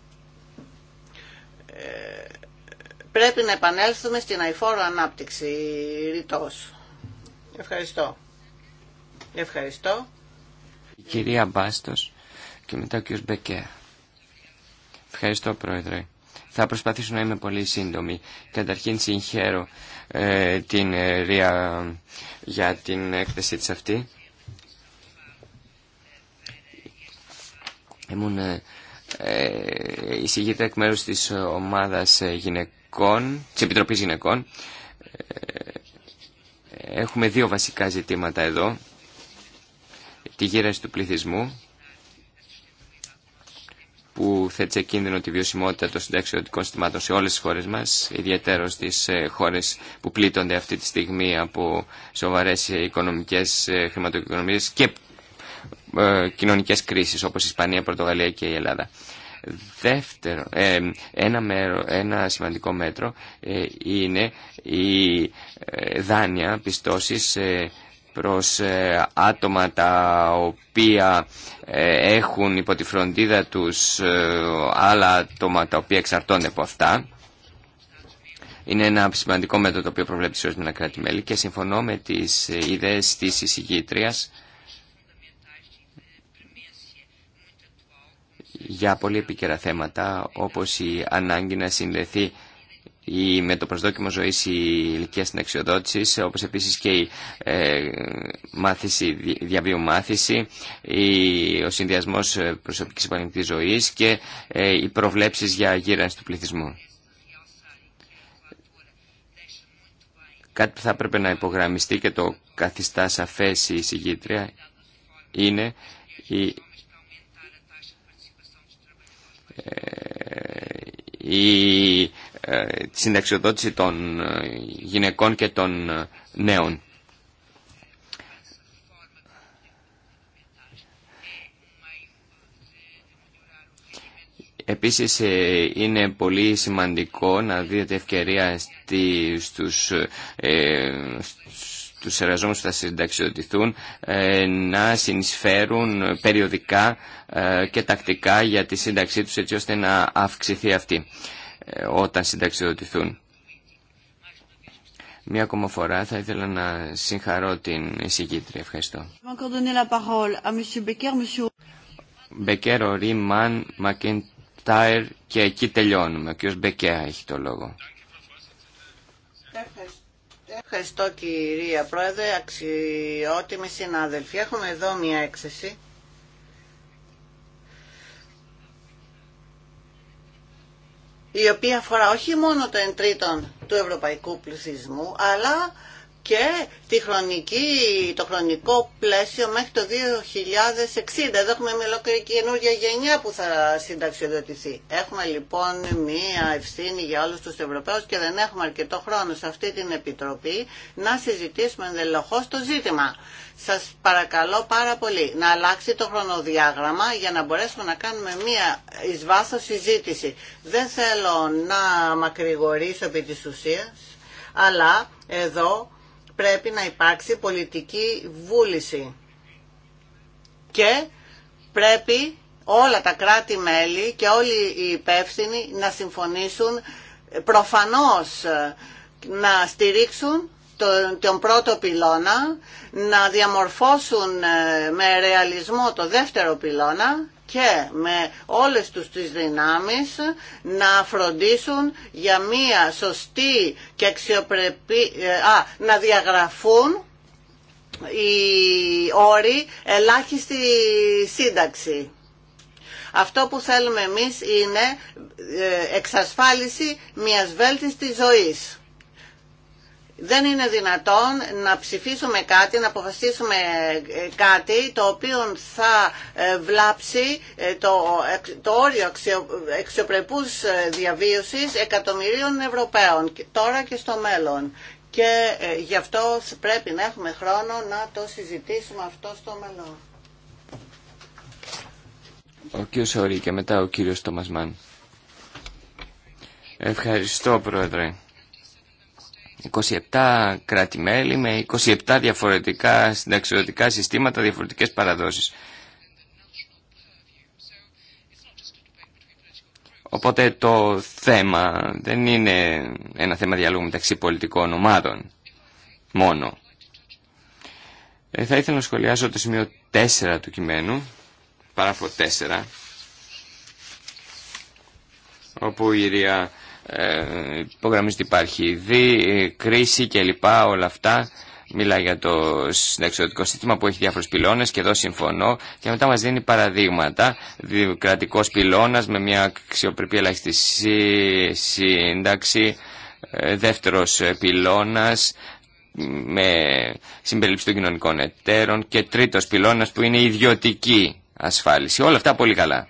πρέπει να επανέλθουμε στην αηφόρο ανάπτυξη ρητός. Ευχαριστώ. Ευχαριστώ. Η κυρία Μπάστος και μετά ο κύριος Μπεκέα. Ευχαριστώ πρόεδρε. Θα προσπαθήσω να είμαι πολύ σύντομη. Καταρχήν συγχαίρω ε, την ε, Ρία για την έκθεση της αυτή. Ήμουν ε, ε, εισηγείται εκ μέρους της ομάδας ε, γυναικών, της Επιτροπής Γυναικών. Ε, έχουμε δύο βασικά ζητήματα εδώ. Τη γύρανση του πληθυσμού, που θέτει σε κίνδυνο τη βιωσιμότητα των συνταξιωτικών συστημάτων σε όλες τις χώρες μας, ιδιαίτερα στις χώρες που πλήττονται αυτή τη στιγμή από σοβαρές οικονομικές χρηματοοικονομίες και Κοινωνικέ ε, κοινωνικές κρίσεις όπως η Ισπανία, η Πορτογαλία και η Ελλάδα. Δεύτερο, ε, ένα, μέρο, ένα σημαντικό μέτρο ε, είναι η δάνεια, πιστώσεις προς άτομα τα οποία έχουν υπό τη φροντίδα τους άλλα άτομα τα οποία εξαρτώνται από αυτά. Είναι ένα σημαντικό μέτρο το οποίο προβλέπει σε ορισμένα κράτη-μέλη και συμφωνώ με τις ιδέες της εισηγήτριας για πολύ επικαιρά θέματα όπως η ανάγκη να συνδεθεί με το προσδόκιμο ζωής η ηλικία στην αξιοδότηση, όπως επίσης και η ε, μάθηση, διαβίου μάθηση, η, ο συνδυασμός ε, προσωπικής επαγγελματικής ζωής και ε, οι προβλέψεις για γύρανση του πληθυσμού. Κάτι που θα έπρεπε να υπογραμμιστεί και το καθιστά σαφές η συγκήτρια είναι η ε, η ε, συνταξιοδότηση των ε, γυναικών και των νέων. Επίσης είναι πολύ σημαντικό να δείτε ευκαιρία στους, στους τους εργαζόμενους που θα συνταξιοδοτηθούν ε, να συνεισφέρουν περιοδικά ε, και τακτικά για τη σύνταξή τους έτσι ώστε να αυξηθεί αυτή ε, όταν συνταξιοδοτηθούν. Μία ακόμα φορά θα ήθελα να συγχαρώ την εισηγήτρια. Ευχαριστώ. Μπεκέρ, ο Ρίμαν, Μακεντάιρ και εκεί τελειώνουμε. Ο κ. Μπεκέρ έχει το λόγο. Ευχαριστώ. Ευχαριστώ κυρία Πρόεδρε, αξιότιμοι συνάδελφοι. Έχουμε εδώ μια έκθεση. η οποία αφορά όχι μόνο το εν τρίτον του ευρωπαϊκού πληθυσμού, αλλά και τη χρονική, το χρονικό πλαίσιο μέχρι το 2060. Εδώ έχουμε μια ολόκληρη καινούργια γενιά που θα συνταξιοδοτηθεί. Έχουμε λοιπόν μια ευθύνη για όλους τους Ευρωπαίους και δεν έχουμε αρκετό χρόνο σε αυτή την Επιτροπή να συζητήσουμε ενδελοχώς το ζήτημα. Σας παρακαλώ πάρα πολύ να αλλάξει το χρονοδιάγραμμα για να μπορέσουμε να κάνουμε μία εις βάθος συζήτηση. Δεν θέλω να μακρηγορήσω επί της ουσίας, αλλά εδώ πρέπει να υπάρξει πολιτική βούληση και πρέπει όλα τα κράτη-μέλη και όλοι οι υπεύθυνοι να συμφωνήσουν προφανώς να στηρίξουν τον πρώτο πυλώνα, να διαμορφώσουν ε, με ρεαλισμό το δεύτερο πυλώνα και με όλες τους τις δυνάμεις να φροντίσουν για μία σωστή και αξιοπρεπή... Ε, α, να διαγραφούν οι όροι ελάχιστη σύνταξη. Αυτό που θέλουμε εμείς είναι ε, εξασφάλιση μιας βέλτιστης ζωής. Δεν είναι δυνατόν να ψηφίσουμε κάτι, να αποφασίσουμε ε, κάτι το οποίο θα ε, βλάψει ε, το, το όριο αξιο, αξιοπρεπούς διαβίωσης εκατομμυρίων Ευρωπαίων τώρα και στο μέλλον. Και γι' αυτό πρέπει να έχουμε χρόνο να το συζητήσουμε αυτό στο μέλλον. Ο κ. Σωρή και μετά ο κύριος Τομασμάν. Ευχαριστώ πρόεδρε. 27 κράτη-μέλη με 27 διαφορετικά συνταξιδοτικά συστήματα, διαφορετικές παραδόσεις. Οπότε το θέμα δεν είναι ένα θέμα διαλόγου μεταξύ πολιτικών ομάδων μόνο. Ε, θα ήθελα να σχολιάσω το σημείο 4 του κειμένου, παράγραφο 4, όπου η Ρία υπογραμμίζει υπογραμμίζεται υπάρχει δι, ε, κρίση κλπ. Όλα αυτά. Μιλά για το συνταξιωτικό σύστημα που έχει διάφορους πυλώνες και εδώ συμφωνώ και μετά μας δίνει παραδείγματα. Δημοκρατικό πυλώνας με μια αξιοπρεπή ελάχιστη σύνταξη, ε, δεύτερος ε, πυλώνας με συμπερίληψη των κοινωνικών εταίρων και τρίτος πυλώνας που είναι ιδιωτική ασφάλιση. Όλα αυτά πολύ καλά.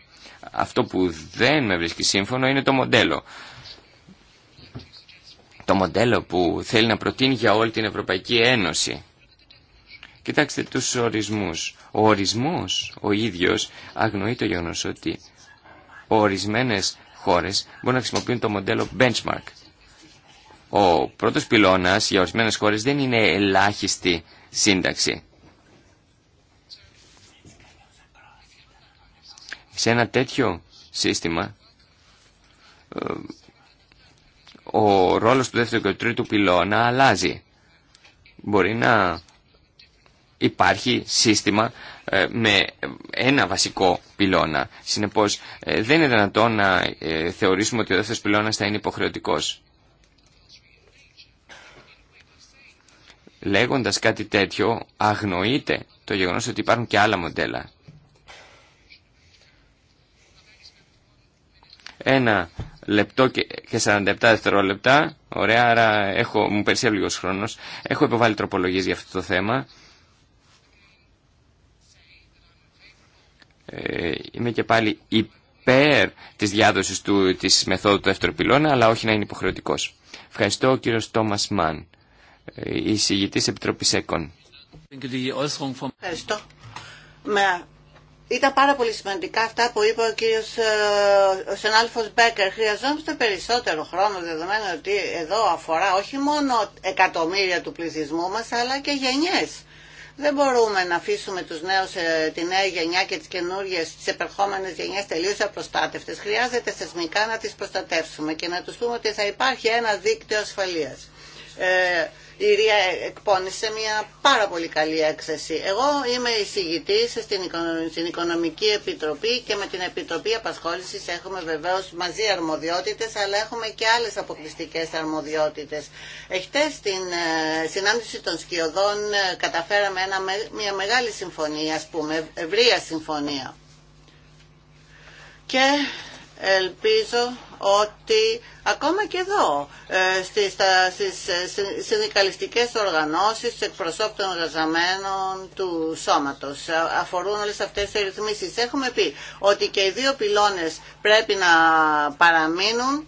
Αυτό που δεν με βρίσκει σύμφωνο είναι το μοντέλο το μοντέλο που θέλει να προτείνει για όλη την Ευρωπαϊκή Ένωση. Κοιτάξτε τους ορισμούς. Ο ορισμός ο ίδιος αγνοεί το γεγονό ότι ορισμένες χώρες μπορούν να χρησιμοποιούν το μοντέλο benchmark. Ο πρώτος πυλώνας για ορισμένες χώρες δεν είναι ελάχιστη σύνταξη. Σε ένα τέτοιο σύστημα ε, ο ρόλος του δεύτερου και του τρίτου πυλώνα αλλάζει. Μπορεί να υπάρχει σύστημα ε, με ένα βασικό πυλώνα. Συνεπώς ε, δεν είναι δυνατόν να ε, θεωρήσουμε ότι ο δεύτερος πυλώνας θα είναι υποχρεωτικός. Λέγοντας κάτι τέτοιο αγνοείται το γεγονός ότι υπάρχουν και άλλα μοντέλα. Ένα λεπτό και 47 δευτερόλεπτα. Ωραία, άρα έχω, μου περισσεύει λίγος χρόνος. Έχω υποβάλει τροπολογίες για αυτό το θέμα. Ε, είμαι και πάλι υπέρ της διάδοση του, της μεθόδου του δεύτερου πυλώνα, αλλά όχι να είναι υποχρεωτικός. Ευχαριστώ ο κύριος Τόμας Μαν, ε, εισηγητή Επιτροπής ΕΚΟΝ. Ευχαριστώ. Με ήταν πάρα πολύ σημαντικά αυτά που είπε ο κύριος ε, ο Σενάλφος Μπέκερ. Χρειαζόμαστε περισσότερο χρόνο δεδομένου ότι εδώ αφορά όχι μόνο εκατομμύρια του πληθυσμού μας αλλά και γενιές. Δεν μπορούμε να αφήσουμε τους νέους, ε, τη νέα γενιά και τις καινούργιες, τις επερχόμενες γενιές τελείως απροστάτευτες. Χρειάζεται θεσμικά να τις προστατεύσουμε και να τους πούμε ότι θα υπάρχει ένα δίκτυο ασφαλείας. Ε, η Ρία εκπώνησε μια πάρα πολύ καλή έκθεση. Εγώ είμαι εισηγητή στην Οικονομική Επιτροπή και με την Επιτροπή Απασχόλησης έχουμε βεβαίως μαζί αρμοδιότητες αλλά έχουμε και άλλες αποκλειστικέ αρμοδιότητες. Εχθέ στην ε, συνάντηση των σκιωδών ε, καταφέραμε μια μεγάλη συμφωνία, α πούμε, ευρεία συμφωνία. Και ελπίζω ότι ακόμα και εδώ ε, στις, στα, στις ε, συνδικαλιστικές οργανώσεις εκπροσώπων των εργαζαμένων του σώματος ε, αφορούν όλες αυτές τις ρυθμίσεις. Έχουμε πει ότι και οι δύο πυλώνες πρέπει να παραμείνουν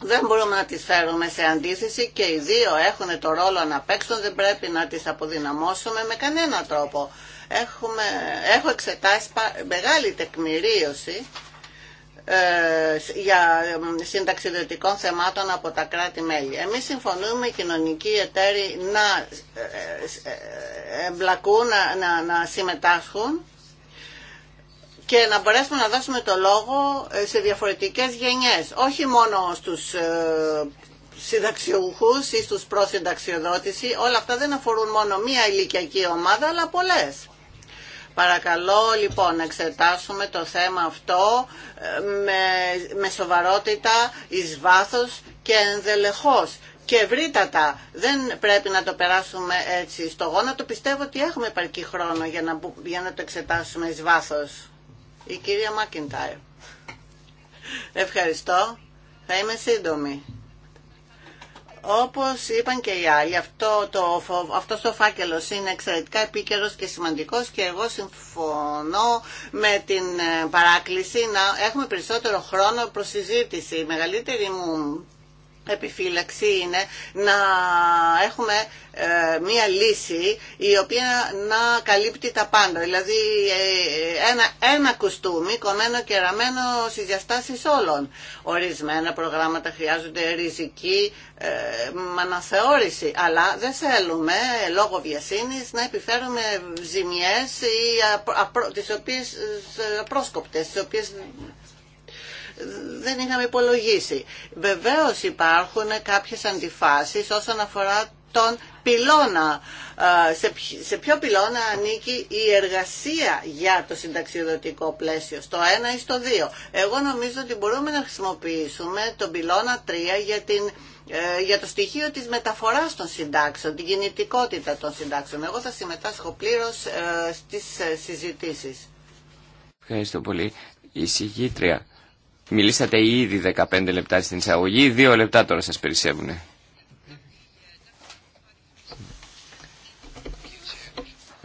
δεν μπορούμε να τις φέρουμε σε αντίθεση και οι δύο έχουν το ρόλο να παίξουν, δεν πρέπει να τις αποδυναμώσουμε με κανένα τρόπο. Έχουμε, έχω εξετάσει μεγάλη τεκμηρίωση ε, για συνταξιδετικών θεμάτων από τα κράτη-μέλη. Εμείς συμφωνούμε οι κοινωνικοί εταίροι να ε, ε, εμπλακούν, να, να συμμετάσχουν και να μπορέσουμε να δώσουμε το λόγο σε διαφορετικές γενιές, όχι μόνο στους συνταξιούχους ή στους προσυνταξιοδότηση. Όλα αυτά δεν αφορούν μόνο μία ηλικιακή ομάδα, αλλά πολλές. Παρακαλώ λοιπόν να εξετάσουμε το θέμα αυτό ε, με, σοβαρότητα, εις βάθος και ενδελεχώς και ευρύτατα. Δεν πρέπει να το περάσουμε έτσι στο γόνατο. Πιστεύω ότι έχουμε επαρκή χρόνο για να, για να το εξετάσουμε εις βάθος. Η κυρία Μάκιντάιρ. Ευχαριστώ. Θα είμαι σύντομη. Όπως είπαν και οι άλλοι, αυτό το, αυτός το φάκελος είναι εξαιρετικά επίκαιρος και σημαντικός και εγώ συμφωνώ με την ε, παράκληση να έχουμε περισσότερο χρόνο προς συζήτηση. μεγαλύτερη μου επιφύλαξη είναι να έχουμε ε, μία λύση η οποία να καλύπτει τα πάντα. Δηλαδή ε, ένα, ένα κουστούμι κομμένο και ραμμένο στις διαστάσεις όλων. Ορισμένα προγράμματα χρειάζονται ριζική ε, αναθεώρηση, αλλά δεν θέλουμε ε, λόγω βιασύνης να επιφέρουμε ζημιές ή τις οποίες απρόσκοπτες, δεν είχαμε υπολογίσει. Βεβαίως υπάρχουν κάποιες αντιφάσεις όσον αφορά τον πυλώνα. Σε ποιο πυλώνα ανήκει η εργασία για το συνταξιδοτικό πλαίσιο, στο 1 ή στο 2. Εγώ νομίζω ότι μπορούμε να χρησιμοποιήσουμε τον πυλώνα 3 για την ε, για το στοιχείο της μεταφοράς των συντάξεων, την κινητικότητα των συντάξεων. Εγώ θα συμμετάσχω πλήρως ε, στις ε, συζητήσεις. Ευχαριστώ πολύ. Η συγγήτρια Μιλήσατε ήδη 15 λεπτά στην εισαγωγή, Δύο λεπτά τώρα σας περισσεύουν.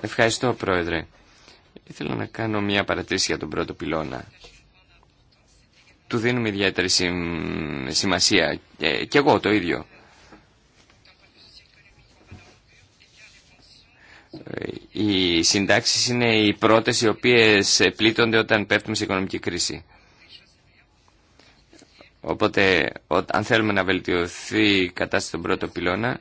Ευχαριστώ, Πρόεδρε. Ήθελα να κάνω μια παρατήρηση για τον πρώτο πυλώνα. Του δίνουμε ιδιαίτερη σημασία. Ε, κι εγώ το ίδιο. Ε, οι συντάξεις είναι οι πρώτες οι οποίες ε, πλήττονται όταν πέφτουμε σε οικονομική κρίση. Οπότε, αν θέλουμε να βελτιωθεί η κατάσταση στον πρώτο πυλώνα,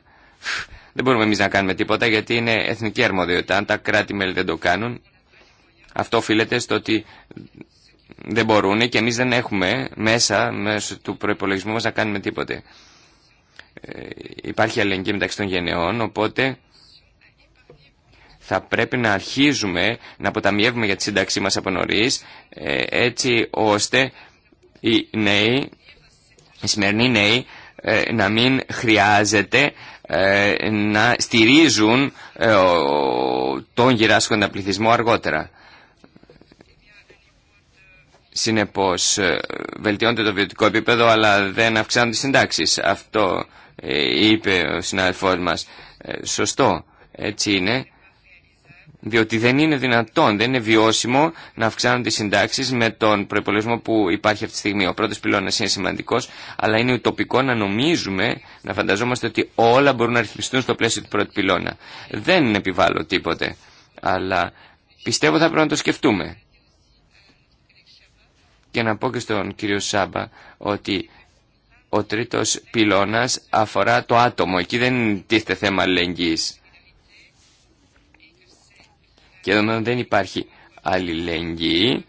δεν μπορούμε εμεί να κάνουμε τίποτα γιατί είναι εθνική αρμοδιότητα. Αν τα κράτη-μέλη δεν το κάνουν, αυτό οφείλεται στο ότι δεν μπορούν και εμεί δεν έχουμε μέσα, μέσω του προπολογισμού μα, να κάνουμε τίποτε. Ε, υπάρχει αλληλεγγύη μεταξύ των γενεών, οπότε θα πρέπει να αρχίζουμε να αποταμιεύουμε για τη σύνταξή μας από ε, έτσι ώστε οι νέοι οι σημερινοί νέοι ε, να μην χρειάζεται ε, να στηρίζουν ε, τον γυράσκοντα πληθυσμό αργότερα. Συνεπώς, βελτιώνεται το βιωτικό επίπεδο, αλλά δεν αυξάνονται οι συντάξεις. Αυτό είπε ο συνάδελφός μας. Σωστό, έτσι είναι. Διότι δεν είναι δυνατόν, δεν είναι βιώσιμο να αυξάνονται οι συντάξει με τον προπολογισμό που υπάρχει αυτή τη στιγμή. Ο πρώτο πυλώνα είναι σημαντικό, αλλά είναι ουτοπικό να νομίζουμε, να φανταζόμαστε ότι όλα μπορούν να ρυθμιστούν στο πλαίσιο του πρώτου πυλώνα. Δεν επιβάλλω τίποτε, αλλά πιστεύω θα πρέπει να το σκεφτούμε. Και να πω και στον κύριο Σάμπα ότι ο τρίτος πυλώνας αφορά το άτομο. Εκεί δεν τίθεται θέμα αλληλεγγύης. Και δεδομένου δεν υπάρχει αλληλεγγύη,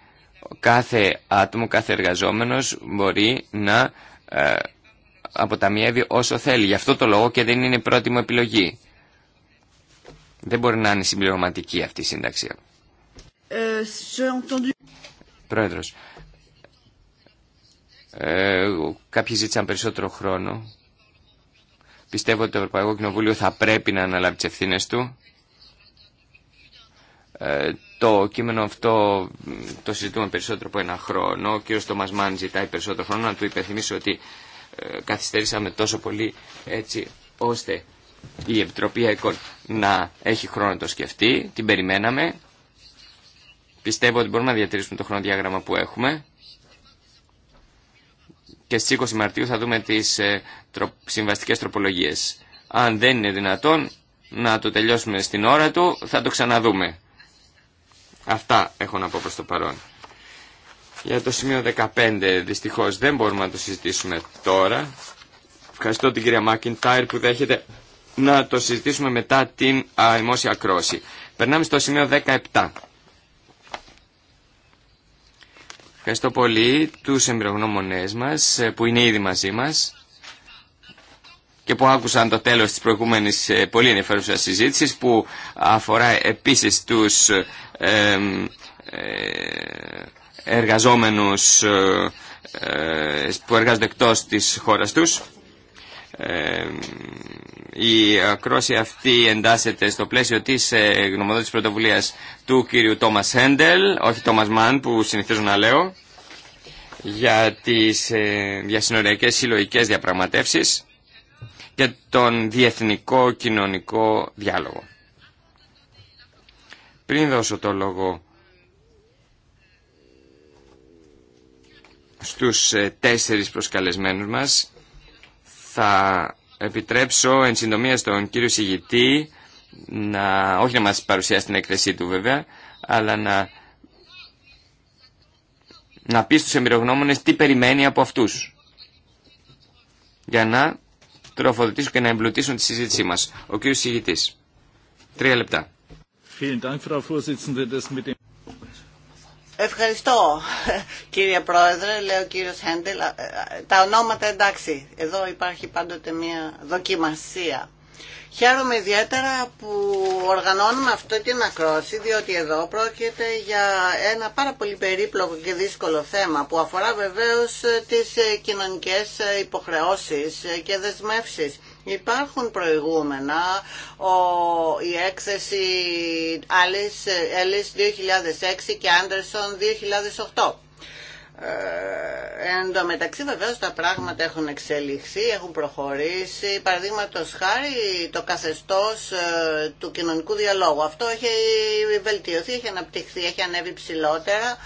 κάθε άτομο, κάθε εργαζόμενος μπορεί να ε, αποταμιεύει όσο θέλει. Γι' αυτό το λόγο και δεν είναι πρώτη μου επιλογή. Δεν μπορεί να είναι συμπληρωματική αυτή η σύνταξη. Ε, Πρόεδρος, ε, κάποιοι ζήτησαν περισσότερο χρόνο. Πιστεύω ότι το Ευρωπαϊκό Κοινοβούλιο θα πρέπει να αναλάβει τι ευθύνε του. Ε, το κείμενο αυτό το συζητούμε περισσότερο από ένα χρόνο. Ο κ. Τομασμάν ζητάει περισσότερο χρόνο να του υπενθυμίσω ότι ε, καθυστερήσαμε τόσο πολύ έτσι ώστε η Επιτροπή ΕΚΟΝ να έχει χρόνο να το σκεφτεί. Την περιμέναμε. Πιστεύω ότι μπορούμε να διατηρήσουμε το χρονοδιάγραμμα που έχουμε. Και στις 20 Μαρτίου θα δούμε τις ε, συμβαστικές τροπολογίες. Αν δεν είναι δυνατόν να το τελειώσουμε στην ώρα του, θα το ξαναδούμε. Αυτά έχω να πω προς το παρόν. Για το σημείο 15 δυστυχώς δεν μπορούμε να το συζητήσουμε τώρα. Ευχαριστώ την κυρία Μάκιντάιρ που δέχεται να το συζητήσουμε μετά την αημόσια κρόση. Περνάμε στο σημείο 17. Ευχαριστώ πολύ τους εμπειρογνώμονές μας ε, που είναι ήδη μαζί μας και που άκουσαν το τέλος της προηγούμενης ε, πολύ ενδιαφέρουσα συζήτησης που αφορά επίσης τους ε, ε, εργαζόμενους που εργάζονται εκτός της χώρας τους. Η ακρόση αυτή εντάσσεται στο πλαίσιο της γνωμοδότης πρωτοβουλίας του κύριου Τόμας Χέντελ, όχι Τόμας Μαν που συνηθίζω να λέω, για τις διασυνοριακές συλλογικές διαπραγματεύσεις για τον διεθνικό κοινωνικό διάλογο. Πριν δώσω το λόγο στους ε, τέσσερις προσκαλεσμένους μας, θα επιτρέψω εν συντομία στον κύριο Σιγητή να, όχι να μας παρουσιάσει την έκθεσή του βέβαια, αλλά να, να πει στους εμπειρογνώμονες τι περιμένει από αυτούς για να τροφοδοτήσουν και να εμπλουτίσουν τη συζήτησή μα, Ο κ. Συγητή. Τρία λεπτά. Ευχαριστώ κύριε Πρόεδρε, λέει ο κύριος Χέντελ. Τα ονόματα εντάξει, εδώ υπάρχει πάντοτε μια δοκιμασία. Χαίρομαι ιδιαίτερα που οργανώνουμε αυτό την ακρόση, διότι εδώ πρόκειται για ένα πάρα πολύ περίπλοκο και δύσκολο θέμα που αφορά βεβαίως ε, τις ε, κοινωνικές ε, υποχρεώσεις και δεσμεύσεις. Υπάρχουν προηγούμενα, ο, η έκθεση Alice, 2006 και Anderson 2008. Ε, εν τω μεταξύ βεβαίως τα πράγματα έχουν εξελιχθεί, έχουν προχωρήσει. Παραδείγματο χάρη το καθεστώς ε, του κοινωνικού διαλόγου. Αυτό έχει βελτιωθεί, έχει αναπτυχθεί, έχει ανέβει ψηλότερα.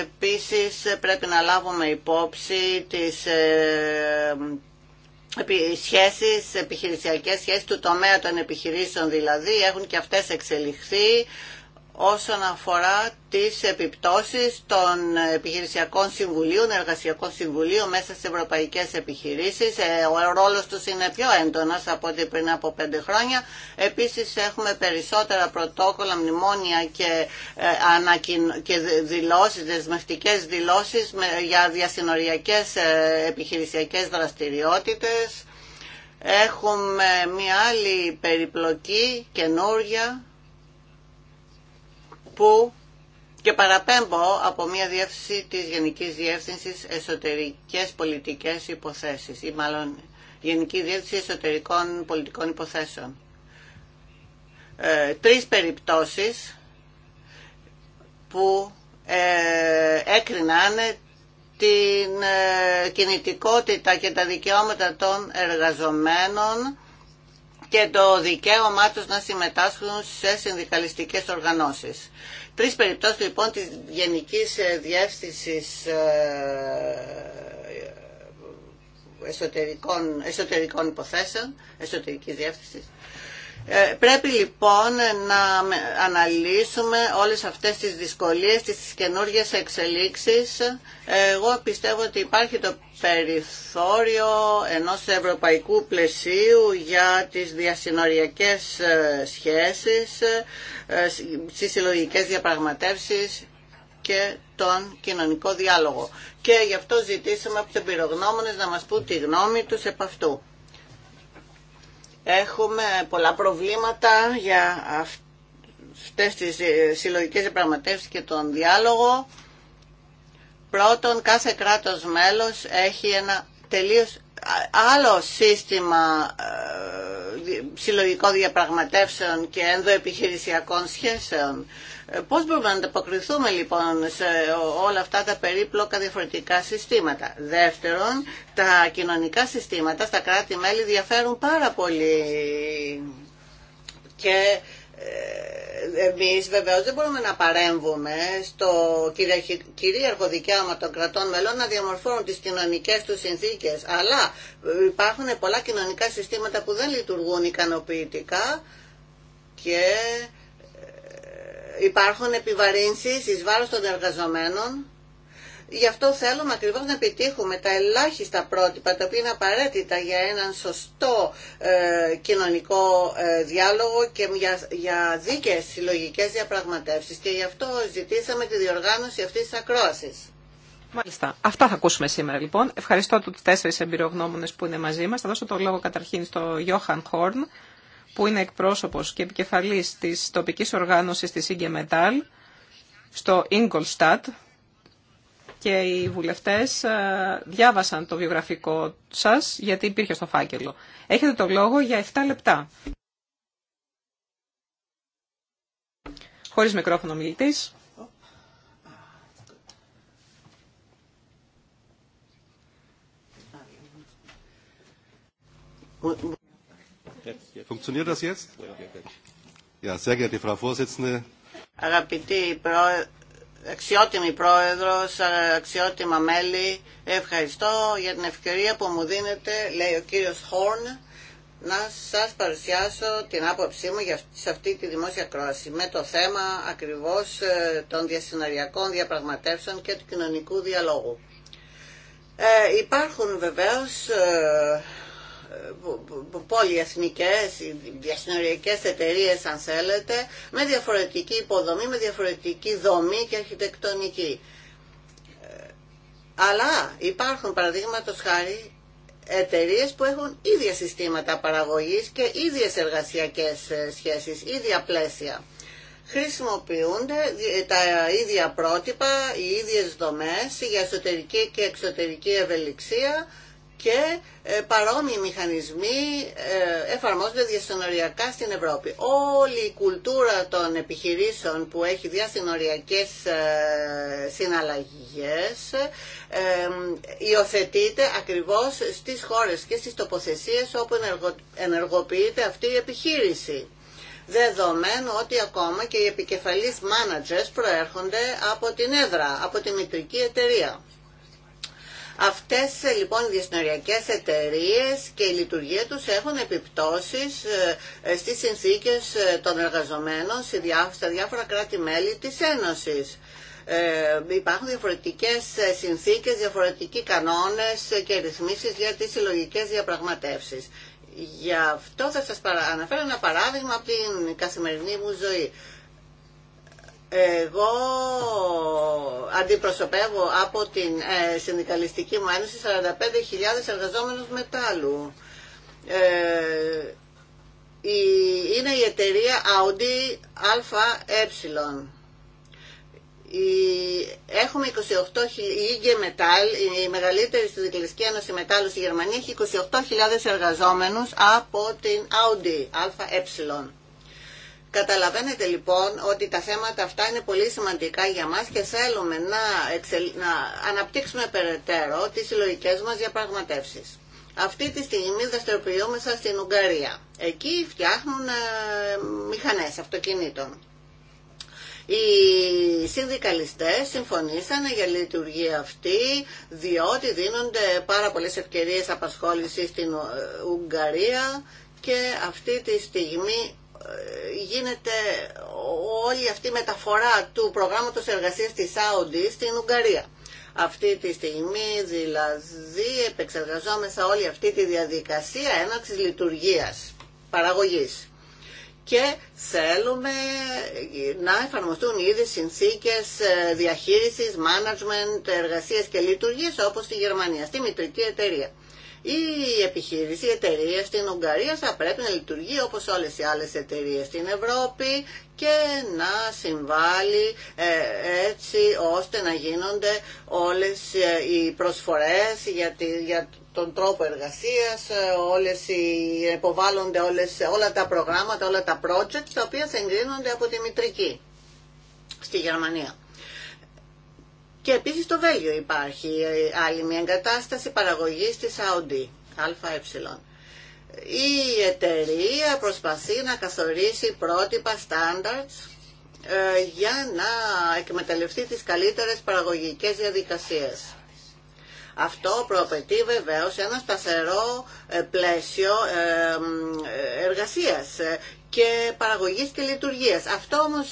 Επίσης πρέπει να λάβουμε υπόψη τις ε, σχέσεις, επιχειρησιακές σχέσεις του τομέα των επιχειρήσεων δηλαδή. Έχουν και αυτές εξελιχθεί όσον αφορά τις επιπτώσεις των επιχειρησιακών συμβουλίων, εργασιακών συμβουλίων μέσα στις ευρωπαϊκές επιχειρήσεις. Ε, ο ρόλος τους είναι πιο έντονος από ό,τι πριν από πέντε χρόνια. Επίσης έχουμε περισσότερα πρωτόκολλα, μνημόνια και, ε, και δηλώσεις, δεσμευτικές δηλώσεις για διασυνοριακές ε, επιχειρησιακές δραστηριότητες. Έχουμε μια άλλη περιπλοκή, καινούρια, που και παραπέμπω από μια διεύθυνση της Γενικής Διεύθυνσης Εσωτερικές Πολιτικές Υποθέσεις ή μάλλον Γενική Διεύθυνση Εσωτερικών Πολιτικών Υποθέσεων. Ε, τρεις περιπτώσεις που ε, έκριναν την ε, κινητικότητα και τα δικαιώματα των εργαζομένων και το δικαίωμά τους να συμμετάσχουν σε συνδικαλιστικές οργανώσεις. Τρεις περιπτώσεις λοιπόν της Γενικής Διεύθυνσης ε, ε, εσωτερικών, εσωτερικών υποθέσεων, εσωτερικής διεύθυνσης, ε, πρέπει λοιπόν να αναλύσουμε όλες αυτές τις δυσκολίες, τις καινούργιες εξελίξεις. Εγώ πιστεύω ότι υπάρχει το περιθώριο ενός ευρωπαϊκού πλαισίου για τις διασυνοριακές ε, σχέσεις, ε, τις συλλογικές διαπραγματεύσεις και τον κοινωνικό διάλογο. Και γι' αυτό ζητήσαμε από τους εμπειρογνώμονες να μας πούν τη γνώμη τους επ' αυτού. Έχουμε πολλά προβλήματα για αυτές τις ε, συλλογικές διαπραγματεύσεις και τον διάλογο. Πρώτον, κάθε κράτος μέλος έχει ένα τελείως άλλο σύστημα ε, συλλογικών διαπραγματεύσεων και ενδοεπιχειρησιακών σχέσεων. Ε, πώς μπορούμε να ανταποκριθούμε λοιπόν σε όλα αυτά τα περίπλοκα διαφορετικά συστήματα. Δεύτερον, τα κοινωνικά συστήματα στα κράτη-μέλη διαφέρουν πάρα πολύ και ε, Εμεί βεβαίω δεν μπορούμε να παρέμβουμε στο κυρίαρχο δικαίωμα των κρατών μελών να διαμορφώνουν τι κοινωνικέ του συνθήκες. Αλλά ε, υπάρχουν πολλά κοινωνικά συστήματα που δεν λειτουργούν ικανοποιητικά και ε, υπάρχουν επιβαρύνσεις ει βάρο των εργαζομένων Γι' αυτό θέλουμε ακριβώς να επιτύχουμε τα ελάχιστα πρότυπα τα οποία είναι απαραίτητα για έναν σωστό ε, κοινωνικό ε, διάλογο και για, για δίκαιες συλλογικέ διαπραγματεύσεις και γι' αυτό ζητήσαμε τη διοργάνωση αυτής της ακρόασης. Μάλιστα. Αυτά θα ακούσουμε σήμερα λοιπόν. Ευχαριστώ του τέσσερι εμπειρογνώμονε που είναι μαζί μα. Θα δώσω το λόγο καταρχήν στο Γιώχαν Χόρν, που είναι εκπρόσωπος και επικεφαλής της τοπικής οργάνωσης της Ingemetal στο Ingolstadt, και οι βουλευτές ε, διάβασαν το βιογραφικό σας γιατί υπήρχε στο φάκελο. Έχετε το λόγο για 7 λεπτά. Χωρίς μικρόφωνο μιλητής. Funktioniert das αξιότιμη πρόεδρος, αξιότιμα μέλη, ευχαριστώ για την ευκαιρία που μου δίνετε, λέει ο κύριος Χόρν, να σας παρουσιάσω την άποψή μου σε αυτή τη δημόσια κρόαση με το θέμα ακριβώς ε, των διασυναριακών διαπραγματεύσεων και του κοινωνικού διαλόγου. Ε, υπάρχουν βεβαίως ε, πολυεθνικές, διασυνοριακές εταιρείες αν θέλετε, με διαφορετική υποδομή, με διαφορετική δομή και αρχιτεκτονική. Ε, αλλά υπάρχουν παραδείγματο χάρη εταιρείε που έχουν ίδια συστήματα παραγωγής και ίδιες εργασιακές ε, σχέσεις, ίδια πλαίσια. Χρησιμοποιούνται τα ίδια πρότυπα, οι ίδιες δομές για εσωτερική και εξωτερική ευελιξία και ε, παρόμοιοι μηχανισμοί ε, εφαρμόζονται διασυνοριακά στην Ευρώπη. Όλη η κουλτούρα των επιχειρήσεων που έχει διασυνοριακές ε, συναλλαγές υιοθετείται ακριβώς στις χώρες και στις τοποθεσίες όπου ενεργοποιείται αυτή η επιχείρηση δεδομένου ότι ακόμα και οι επικεφαλής managers προέρχονται από την έδρα, από τη μητρική εταιρεία. Αυτές ε, λοιπόν οι εταιρίες εταιρείες και η λειτουργία τους έχουν επιπτώσεις ε, ε, στις συνθήκες των εργαζομένων στα διάφορα κράτη-μέλη της Ένωσης. Ε, υπάρχουν διαφορετικές συνθήκες, διαφορετικοί κανόνες και ρυθμίσεις για τις συλλογικέ διαπραγματεύσεις. Γι' αυτό θα σας αναφέρω ένα παράδειγμα από την καθημερινή μου ζωή. Εγώ αντιπροσωπεύω από την ε, συνδικαλιστική μου ένωση 45.000 εργαζόμενους μετάλλου. Ε, είναι η εταιρεία Audi ΑΕ. έχουμε 28.000, η IG Metal, η μεγαλύτερη συνδικαλιστική ένωση μετάλλου στη Γερμανία, έχει 28.000 εργαζόμενους από την Audi ΑΕ. Καταλαβαίνετε λοιπόν ότι τα θέματα αυτά είναι πολύ σημαντικά για μας και θέλουμε να, να αναπτύξουμε περαιτέρω τις συλλογικέ μας διαπραγματεύσεις. Αυτή τη στιγμή δραστηριοποιούμεθα στην Ουγγαρία. Εκεί φτιάχνουν ε, μηχανές αυτοκινήτων. Οι συνδικαλιστές συμφωνήσαν για λειτουργία αυτή διότι δίνονται πάρα πολλές ευκαιρίες απασχόλησης στην ε, Ουγγαρία και αυτή τη στιγμή ε, γίνεται όλη αυτή η μεταφορά του προγράμματος εργασίας της Σάουντι στην Ουγγαρία. Αυτή τη στιγμή δηλαδή επεξεργαζόμαστε όλη αυτή τη διαδικασία έναρξης λειτουργίας, παραγωγής. Και θέλουμε να εφαρμοστούν ήδη συνθήκες ε, διαχείρισης, management, εργασίας και λειτουργίας όπως στη Γερμανία, στη μητρική εταιρεία η επιχείρηση, η εταιρεία στην Ουγγαρία θα πρέπει να λειτουργεί όπως όλες οι άλλες εταιρείες στην Ευρώπη και να συμβάλλει ε, έτσι ώστε να γίνονται όλες ε, οι προσφορές για, για τον τρόπο εργασίας, ε, όλες οι, υποβάλλονται όλα τα προγράμματα, όλα τα project τα οποία θα εγκρίνονται από τη Μητρική στη Γερμανία. Και επίσης στο Βέλγιο υπάρχει άλλη μια εγκατάσταση παραγωγής της Audi ΑΕ. Η εταιρεία προσπαθεί να καθορίσει πρότυπα standards ε, για να εκμεταλλευτεί τις καλύτερες παραγωγικές διαδικασίες. Αυτό προαπαιτεί βεβαίως ένα σταθερό ε, πλαίσιο ε, ε, εργασίας και παραγωγής και λειτουργίας. Αυτό όμως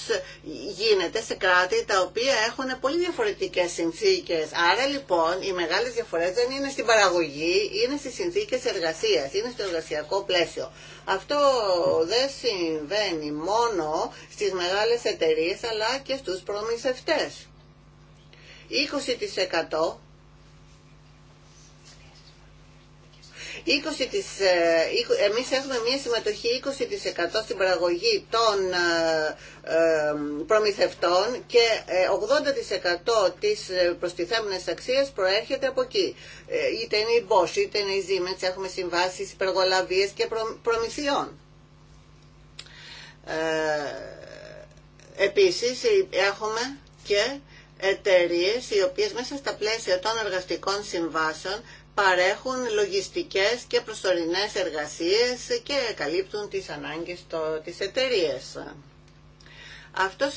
γίνεται σε κράτη τα οποία έχουν πολύ διαφορετικές συνθήκες. Άρα λοιπόν οι μεγάλες διαφορές δεν είναι στην παραγωγή, είναι στις συνθήκες εργασίας, είναι στο εργασιακό πλαίσιο. Αυτό δεν συμβαίνει μόνο στις μεγάλες εταιρείες αλλά και στους προμηθευτές. 20% Εμεί ε, εμείς έχουμε μια συμμετοχή 20% στην παραγωγή των ε, ε, προμηθευτών και 80% της προστιθέμενης αξίας προέρχεται από εκεί. Είτε είναι η Bosch, είτε είναι η Siemens, έχουμε συμβάσεις υπεργολαβίες και προμηθειών. Επίσης έχουμε και εταιρείε οι οποίες μέσα στα πλαίσια των εργαστικών συμβάσεων παρέχουν λογιστικές και προσωρινές εργασίες και καλύπτουν τις ανάγκες της εταιρείας. Αυτό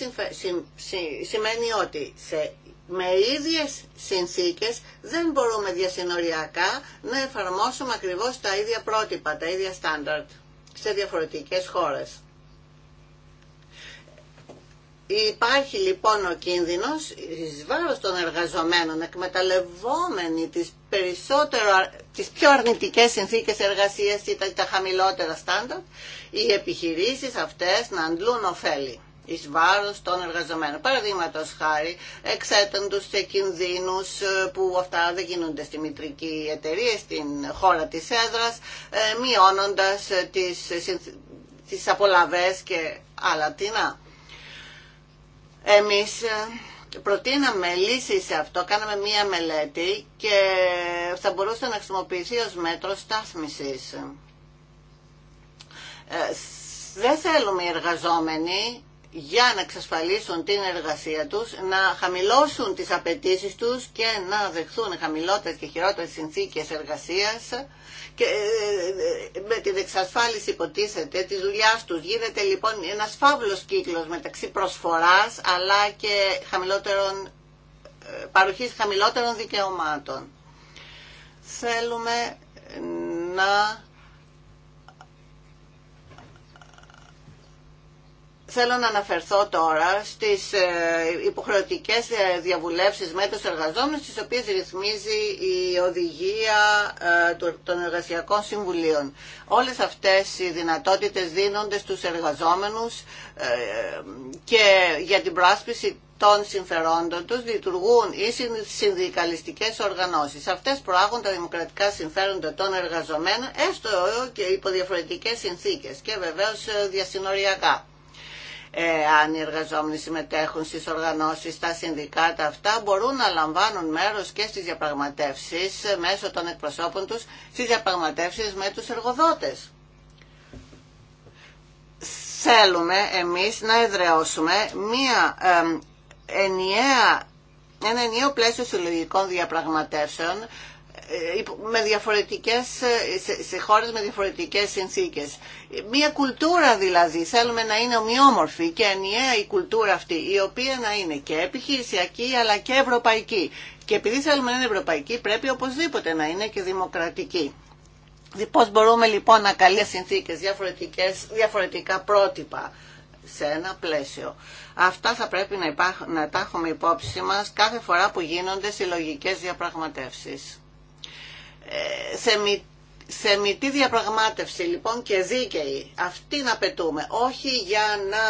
σημαίνει ότι σε, με ίδιες συνθήκες δεν μπορούμε διασυνοριακά να εφαρμόσουμε ακριβώς τα ίδια πρότυπα, τα ίδια στάνταρτ σε διαφορετικές χώρες. Υπάρχει λοιπόν ο κίνδυνος εις βάρος των εργαζομένων εκμεταλλευόμενοι τις, περισσότερο, τις πιο αρνητικές συνθήκες εργασίας ή τα, χαμηλότερα στάνταρτ οι επιχειρήσεις αυτές να αντλούν ωφέλη εις βάρος των εργαζομένων. Παραδείγματο χάρη, εξέτοντους σε κινδύνους ε, που αυτά δεν γίνονται στη μητρική εταιρεία, στην χώρα της έδρας, ε, μειώνοντας ε, τις, τις απολαβές και άλλα τινά. Εμείς ε, προτείναμε λύσεις σε αυτό, κάναμε μία μελέτη και θα μπορούσε να χρησιμοποιηθεί ως μέτρο στάθμισης. Ε, δεν θέλουμε οι εργαζόμενοι για να εξασφαλίσουν την εργασία τους, να χαμηλώσουν τις απαιτήσεις τους και να δεχθούν χαμηλότερες και χειρότερες συνθήκες εργασίας και ε, ε, με την εξασφάλιση υποτίθεται της δουλειά τους. Γίνεται λοιπόν ένας φαύλος κύκλος μεταξύ προσφοράς αλλά και χαμηλότερων, ε, παροχής χαμηλότερων δικαιωμάτων. Θέλουμε να Θέλω να αναφερθώ τώρα στις ε, υποχρεωτικές ε, διαβουλεύσεις με τους εργαζόμενους, τις οποίες ρυθμίζει η οδηγία ε, των εργασιακών συμβουλίων. Όλες αυτές οι δυνατότητες δίνονται στους εργαζόμενους και για την πράσπιση των συμφερόντων τους λειτουργούν οι συνδικαλιστικές οργανώσεις. Αυτές προάγουν τα δημοκρατικά συμφέροντα των εργαζομένων, έστω και υπό διαφορετικές συνθήκες και βεβαίως διασυνοριακά. Ε, αν οι εργαζόμενοι συμμετέχουν στις οργανώσεις, στα συνδικάτα αυτά, μπορούν να λαμβάνουν μέρος και στις διαπραγματεύσεις μέσω των εκπροσώπων τους, στις διαπραγματεύσεις με τους εργοδότες. Θέλουμε εμείς να εδραιώσουμε μία ενιαία, ένα ενιαίο πλαίσιο συλλογικών διαπραγματεύσεων με διαφορετικές, ε, σε χώρες με διαφορετικές συνθήκες. Μία κουλτούρα δηλαδή, θέλουμε να είναι ομοιόμορφη και ενιαία η κουλτούρα αυτή, η οποία να είναι και επιχειρησιακή αλλά και ευρωπαϊκή. Και επειδή θέλουμε να είναι ευρωπαϊκή πρέπει οπωσδήποτε να είναι και δημοκρατική. Πώς μπορούμε λοιπόν να καλεί συνθήκες διαφορετικά πρότυπα σε ένα πλαίσιο. Αυτά θα πρέπει να, υπά... να τα έχουμε υπόψη μας κάθε φορά που γίνονται συλλογικές διαπραγματεύσεις. Θεμητή διαπραγμάτευση λοιπόν και δίκαιη. Αυτή να πετούμε. Όχι για να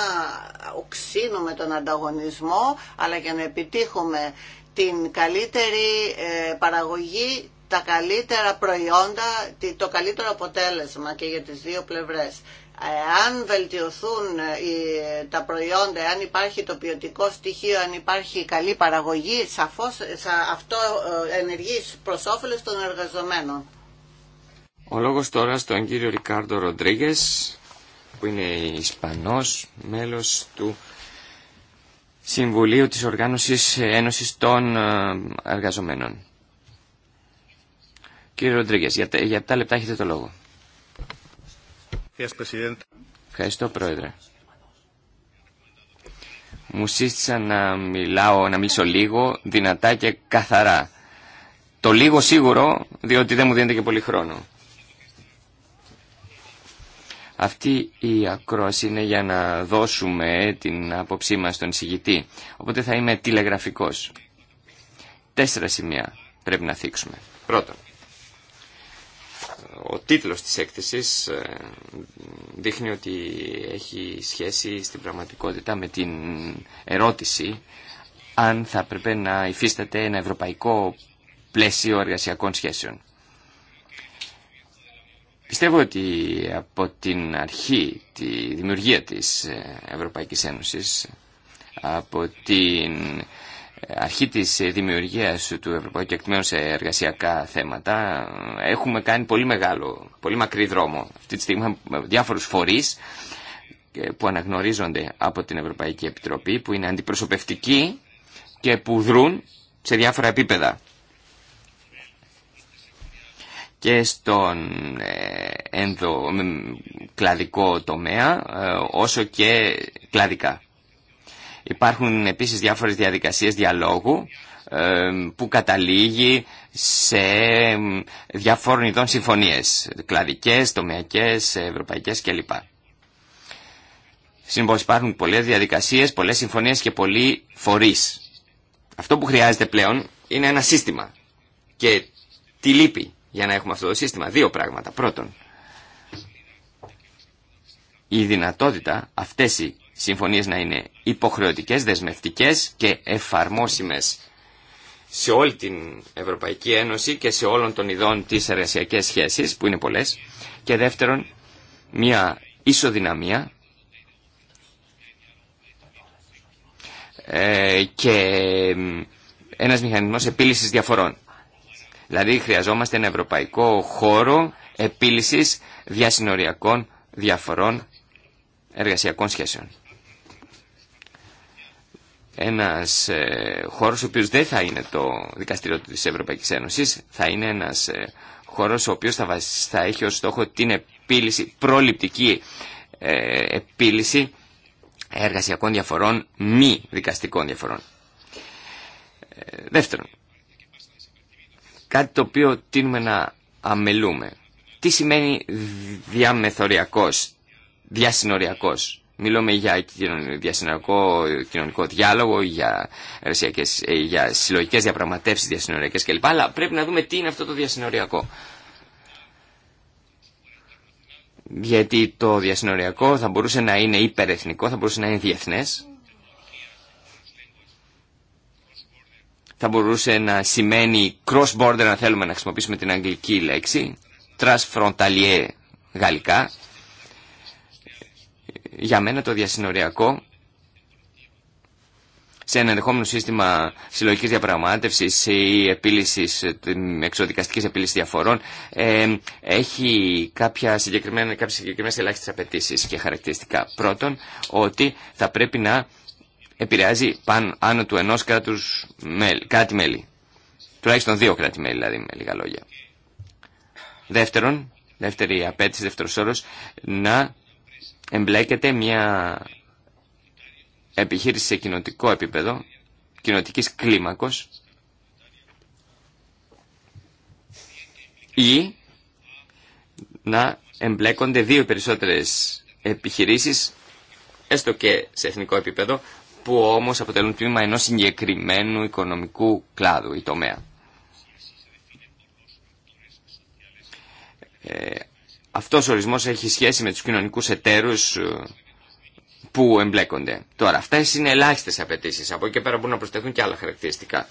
οξύνουμε τον ανταγωνισμό, αλλά για να επιτύχουμε την καλύτερη ε, παραγωγή, τα καλύτερα προϊόντα, το καλύτερο αποτέλεσμα και για τις δύο πλευρές αν βελτιωθούν ε, τα προϊόντα, αν υπάρχει το ποιοτικό στοιχείο, αν υπάρχει καλή παραγωγή, σαφώς αυτό ε, ενεργεί προς όφελος των εργαζομένων. Ο λόγος τώρα στον κύριο Ρικάρντο Ροντρίγκε, που είναι Ισπανός, μέλος του Συμβουλίου της Οργάνωσης Ένωσης των ε, Εργαζομένων. Κύριε Ροντρίγκε, για 7 λεπτά έχετε το λόγο. Ευχαριστώ, Πρόεδρε. Μου σύστησαν να μιλάω, να μιλήσω λίγο, δυνατά και καθαρά. Το λίγο σίγουρο, διότι δεν μου δίνεται και πολύ χρόνο. Αυτή η ακρόαση είναι για να δώσουμε την άποψή μας στον εισηγητή. Οπότε θα είμαι τηλεγραφικός. Τέσσερα σημεία πρέπει να θίξουμε. Πρώτον, ο τίτλος της έκθεσης ε, δείχνει ότι έχει σχέση στην πραγματικότητα με την ερώτηση αν θα πρέπει να υφίσταται ένα ευρωπαϊκό πλαίσιο εργασιακών σχέσεων. Πιστεύω ότι από την αρχή τη δημιουργία της ε, Ευρωπαϊκής Ένωσης, από την αρχή της δημιουργίας του Ευρωπαϊκού Εκτιμένου σε εργασιακά θέματα έχουμε κάνει πολύ μεγάλο, πολύ μακρύ δρόμο. Αυτή τη στιγμή έχουμε διάφορους φορείς που αναγνωρίζονται από την Ευρωπαϊκή Επιτροπή, που είναι αντιπροσωπευτικοί και που δρούν σε διάφορα επίπεδα. Και στον ε, κλαδικό τομέα, ε, όσο και κλαδικά. Υπάρχουν επίσης διάφορες διαδικασίες διαλόγου που καταλήγει σε διαφόρων ειδών συμφωνίες, κλαδικές, τομεακές, ευρωπαϊκές κλπ. Σύμβολα υπάρχουν πολλές διαδικασίες, πολλές συμφωνίες και πολλοί φορείς. Αυτό που χρειάζεται πλέον είναι ένα σύστημα. Και τι λείπει για να έχουμε αυτό το σύστημα. Δύο πράγματα. Πρώτον, η δυνατότητα αυτές οι συμφωνίες να είναι υποχρεωτικές, δεσμευτικές και εφαρμόσιμες σε όλη την Ευρωπαϊκή Ένωση και σε όλων των ειδών της εργασιακές σχέσεις, που είναι πολλές, και δεύτερον, μια ισοδυναμία ε, και ένας μηχανισμός επίλυσης διαφορών. Δηλαδή χρειαζόμαστε ένα ευρωπαϊκό χώρο επίλυσης διασυνοριακών διαφορών εργασιακών σχέσεων ένας ε, χώρος ο οποίος δεν θα είναι το δικαστήριο της Ευρωπαϊκής Ένωσης, θα είναι ένας ε, χώρος ο οποίος θα, έχει ως στόχο την επίλυση, προληπτική ε, επίλυση εργασιακών διαφορών, μη δικαστικών διαφορών. Ε, δεύτερον, κάτι το οποίο τίνουμε να αμελούμε. Τι σημαίνει διαμεθοριακός, διασυνοριακός. Μιλούμε για διασυνοριακό κοινωνικό διάλογο, για, ε, για συλλογικές διαπραγματεύσεις διασυνοριακές κλπ. Αλλά πρέπει να δούμε τι είναι αυτό το διασυνοριακό. Γιατί το διασυνοριακό θα μπορούσε να είναι υπερεθνικό, θα μπορούσε να είναι διεθνές. Θα μπορούσε να σημαίνει cross-border, αν θέλουμε να χρησιμοποιήσουμε την αγγλική λέξη, transfrontalier γαλλικά, για μένα το διασυνοριακό σε ένα ενδεχόμενο σύστημα συλλογική διαπραγμάτευση ή επίλυσης, εξοδικαστική επίλυση διαφορών ε, έχει κάποια συγκεκριμένα, κάποιες συγκεκριμένες ελάχιστε απαιτήσει και χαρακτηριστικά. Πρώτον, ότι θα πρέπει να επηρεάζει πάνω, άνω του ενό κράτη-μέλη. Τουλάχιστον δύο κράτη-μέλη, δηλαδή, με λίγα λόγια. Δεύτερον, δεύτερη απέτηση, δεύτερο όρο, να εμπλέκεται μια επιχείρηση σε κοινοτικό επίπεδο, κοινοτικής κλίμακος ή να εμπλέκονται δύο περισσότερες επιχειρήσεις, έστω και σε εθνικό επίπεδο, που όμως αποτελούν τμήμα ενός συγκεκριμένου οικονομικού κλάδου ή τομέα. Ε, αυτός ο ορισμός έχει σχέση με τους κοινωνικούς εταίρους ε, που εμπλέκονται. Τώρα, αυτές είναι ελάχιστες απαιτήσει. Από εκεί και πέρα μπορούν να προσθεθούν και άλλα χαρακτηριστικά.